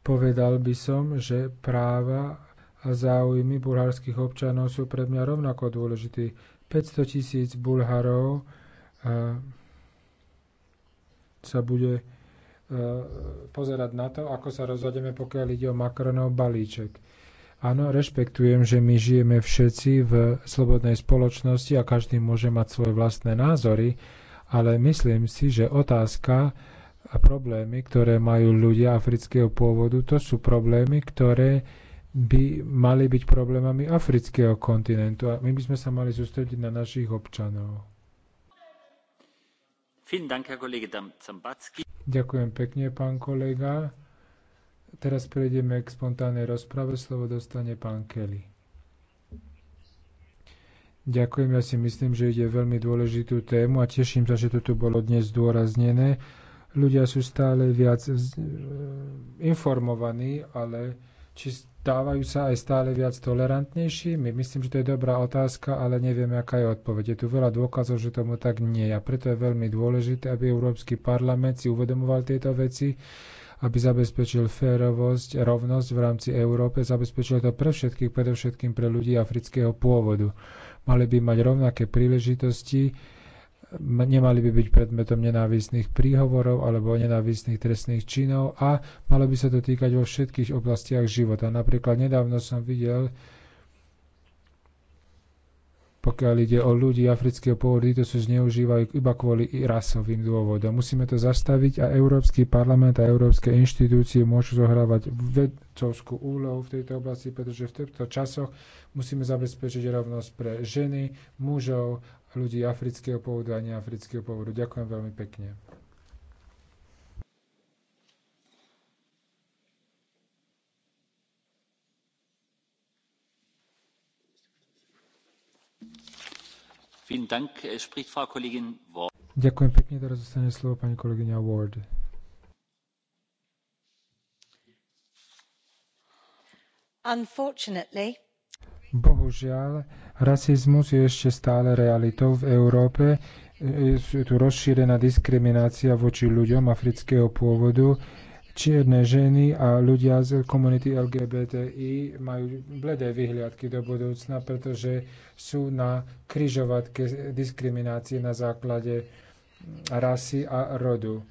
povedal by som, že práva a záujmy bulharských občanov sú pre mňa rovnako dôležitý. 500 tisíc Bulharov sa bude pozerať na to, ako sa rozhodneme, pokiaľ ide o Macronov balíček. Áno, rešpektujem, že my žijeme všetci v slobodnej spoločnosti a každý môže mať svoje vlastné názory, ale myslím si, že otázka a problémy, ktoré majú ľudia afrického pôvodu, to sú problémy, ktoré by mali byť problémami afrického kontinentu a my by sme sa mali sústrediť na našich občanov. Ďakujem pekne, pán kolega. Teraz prejdeme k spontánnej rozprave. Slovo dostane pán Kelly. Ďakujem, ja si myslím, že ide veľmi dôležitú tému a teším sa, že to tu bolo dnes zdôraznené. Ľudia sú stále viac eh, informovaní, ale či stávajú sa aj stále viac My Myslím, že to je dobrá otázka, ale nevieme, aká je odpoveď. Je tu veľa dôkazov, že tomu tak nie je. A preto je veľmi dôležité, aby Európsky parlament si uvedomoval tieto veci, aby zabezpečil férovosť, rovnosť v rámci Európe, zabezpečil to pre všetkých, predovšetkým pre ľudí afrického pôvodu. Mali by mať rovnaké príležitosti, nemali by byť predmetom nenávistných príhovorov alebo nenávistných trestných činov a malo by sa to týkať vo všetkých oblastiach života. Napríklad nedávno som videl, pokiaľ ide o ľudí afrického pôvodu, to sú zneužívajú iba kvôli rasovým dôvodom. Musíme to zastaviť a Európsky parlament a európske inštitúcie môžu zohrávať vedcovskú úlohu v tejto oblasti, pretože v týchto časoch musíme zabezpečiť rovnosť pre ženy, mužov, ľudí afrického pôvodu a neafrického pôvodu. Ďakujem veľmi pekne. Ďakujem pekne, teraz zostane slovo pani kolegyňa Ward. Bohužiaľ, rasizmus je ešte stále realitou v Európe. Je e, tu rozšírená diskriminácia voči ľuďom afrického pôvodu čierne ženy a ľudia z komunity LGBTI majú bledé vyhliadky do budúcna, pretože sú na križovatke diskriminácie na základe rasy a rodu.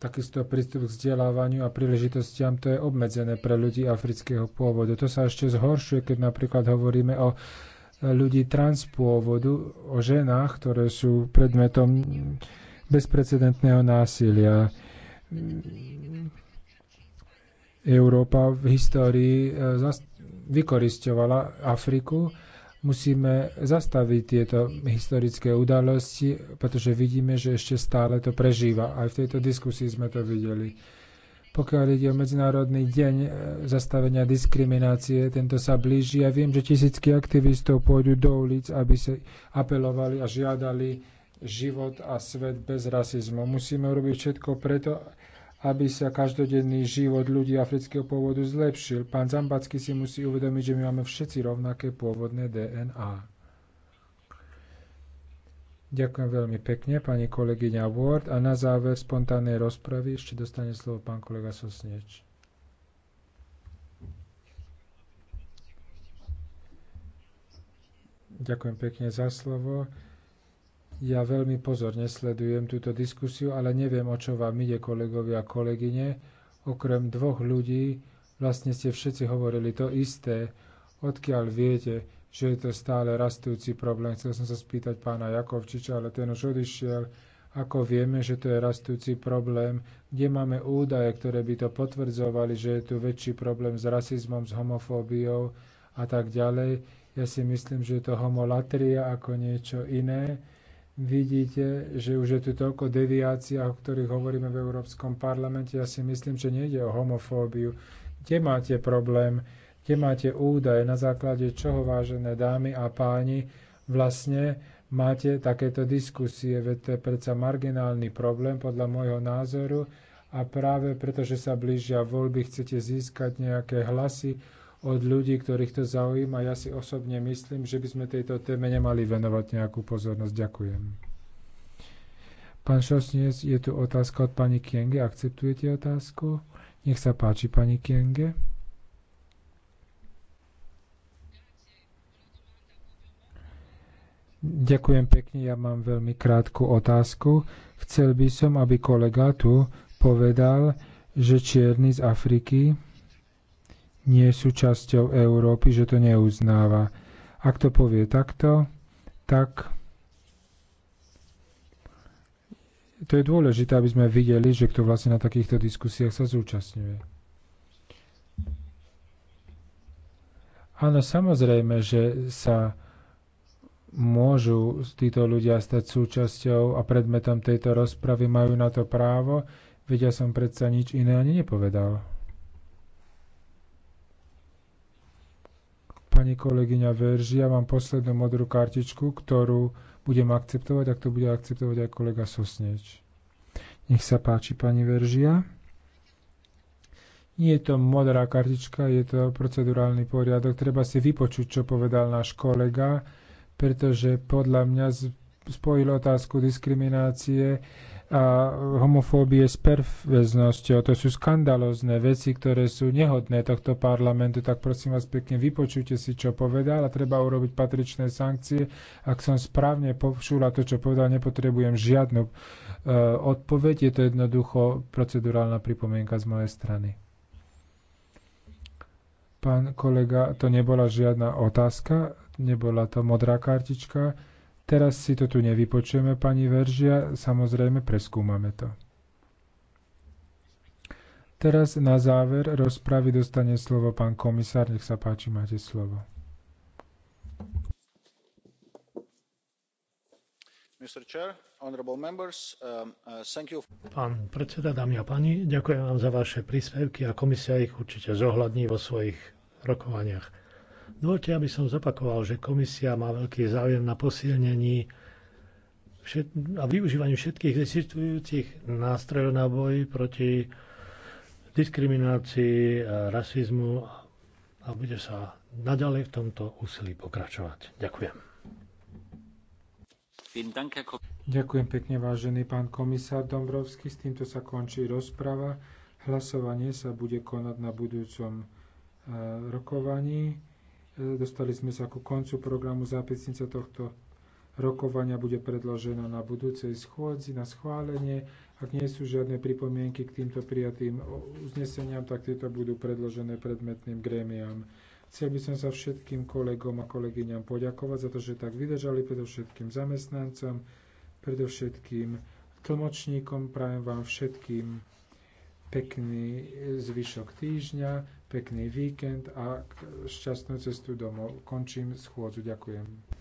Takisto prístup k vzdelávaniu a príležitostiam to je obmedzené pre ľudí afrického pôvodu. To sa ešte zhoršuje, keď napríklad hovoríme o ľudí transpôvodu, o ženách, ktoré sú predmetom bezprecedentného násilia. Európa v histórii eh, vykoristovala Afriku. Musíme zastaviť tieto historické udalosti, pretože vidíme, že ešte stále to prežíva. Aj v tejto diskusii sme to videli. Pokiaľ ide o Medzinárodný deň eh, zastavenia diskriminácie, tento sa blíži a ja viem, že tisícky aktivistov pôjdu do ulic, aby sa apelovali a žiadali život a svet bez rasizmu. Musíme robiť všetko preto, aby sa každodenný život ľudí afrického pôvodu zlepšil. Pán Zambacký si musí uvedomiť, že my máme všetci rovnaké pôvodné DNA. Ďakujem veľmi pekne, pani kolegyňa Ward. A na záver spontánnej rozpravy ešte dostane slovo pán kolega Sosnieč. Ďakujem pekne za slovo. Ja veľmi pozorne sledujem túto diskusiu, ale neviem, o čo vám ide, kolegovia a kolegyne. Okrem dvoch ľudí vlastne ste všetci hovorili to isté. Odkiaľ viete, že je to stále rastúci problém? Chcel som sa spýtať pána Jakovčiča, ale ten už odišiel. Ako vieme, že to je rastúci problém? Kde máme údaje, ktoré by to potvrdzovali, že je tu väčší problém s rasizmom, s homofóbiou a tak ďalej? Ja si myslím, že je to homolatria ako niečo iné Vidíte, že už je tu toľko deviácií, o ktorých hovoríme v Európskom parlamente. Ja si myslím, že nejde o homofóbiu. Kde máte problém? Kde máte údaje, na základe čoho, vážené dámy a páni, vlastne máte takéto diskusie? Veď to je predsa marginálny problém, podľa môjho názoru. A práve preto, že sa blížia voľby, chcete získať nejaké hlasy, od ľudí, ktorých to zaujíma. Ja si osobne myslím, že by sme tejto téme nemali venovať nejakú pozornosť. Ďakujem. Pán Šosniec, je tu otázka od pani Kienge. Akceptujete otázku? Nech sa páči, pani Kienge. Ďakujem pekne, ja mám veľmi krátku otázku. Chcel by som, aby kolega tu povedal, že čierny z Afriky nie sú časťou Európy, že to neuznáva. Ak to povie takto, tak to je dôležité, aby sme videli, že kto vlastne na takýchto diskusiách sa zúčastňuje. Áno, samozrejme, že sa môžu títo ľudia stať súčasťou a predmetom tejto rozpravy, majú na to právo, veď ja som predsa nič iné ani nepovedal. Pani kolegyňa Veržia, mám poslednú modrú kartičku, ktorú budem akceptovať, ak to bude akceptovať aj kolega Sosneč. Nech sa páči, pani Veržia. Nie je to modrá kartička, je to procedurálny poriadok. Treba si vypočuť, čo povedal náš kolega, pretože podľa mňa spojil otázku diskriminácie a homofóbie s perveznosťou. To sú skandalozne veci, ktoré sú nehodné tohto parlamentu, tak prosím vás pekne, vypočujte si, čo povedal a treba urobiť patričné sankcie. Ak som správne počula to, čo povedal, nepotrebujem žiadnu e, odpoveď. Je to jednoducho procedurálna pripomienka z mojej strany. Pán kolega, to nebola žiadna otázka, nebola to modrá kartička Teraz si to tu nevypočujeme, pani Veržia, samozrejme preskúmame to. Teraz na záver rozpravy dostane slovo pán komisár. Nech sa páči, máte slovo. Um, uh, pán predseda, dámy a páni, ďakujem vám za vaše príspevky a komisia ich určite zohľadní vo svojich rokovaniach. Dovolte, aby som zopakoval, že komisia má veľký záujem na posilnení a využívaní všetkých existujúcich nástrojov na boj proti diskriminácii, rasizmu a bude sa naďalej v tomto úsilí pokračovať. Ďakujem. Ďakujem pekne, vážený pán komisár Dombrovský. S týmto sa končí rozprava. Hlasovanie sa bude konať na budúcom eh, rokovaní. Dostali sme sa ku koncu programu. Zápisnica tohto rokovania bude predložená na budúcej schôdzi na schválenie. Ak nie sú žiadne pripomienky k týmto prijatým uzneseniam, tak tieto budú predložené predmetným grémiám. Chcel by som sa všetkým kolegom a kolegyňam poďakovať za to, že tak vydržali, predovšetkým zamestnancom, predovšetkým tlmočníkom. Prajem vám všetkým pekný zvyšok týždňa pekný víkend a šťastnú cestu domov. Končím schôdzu. Ďakujem.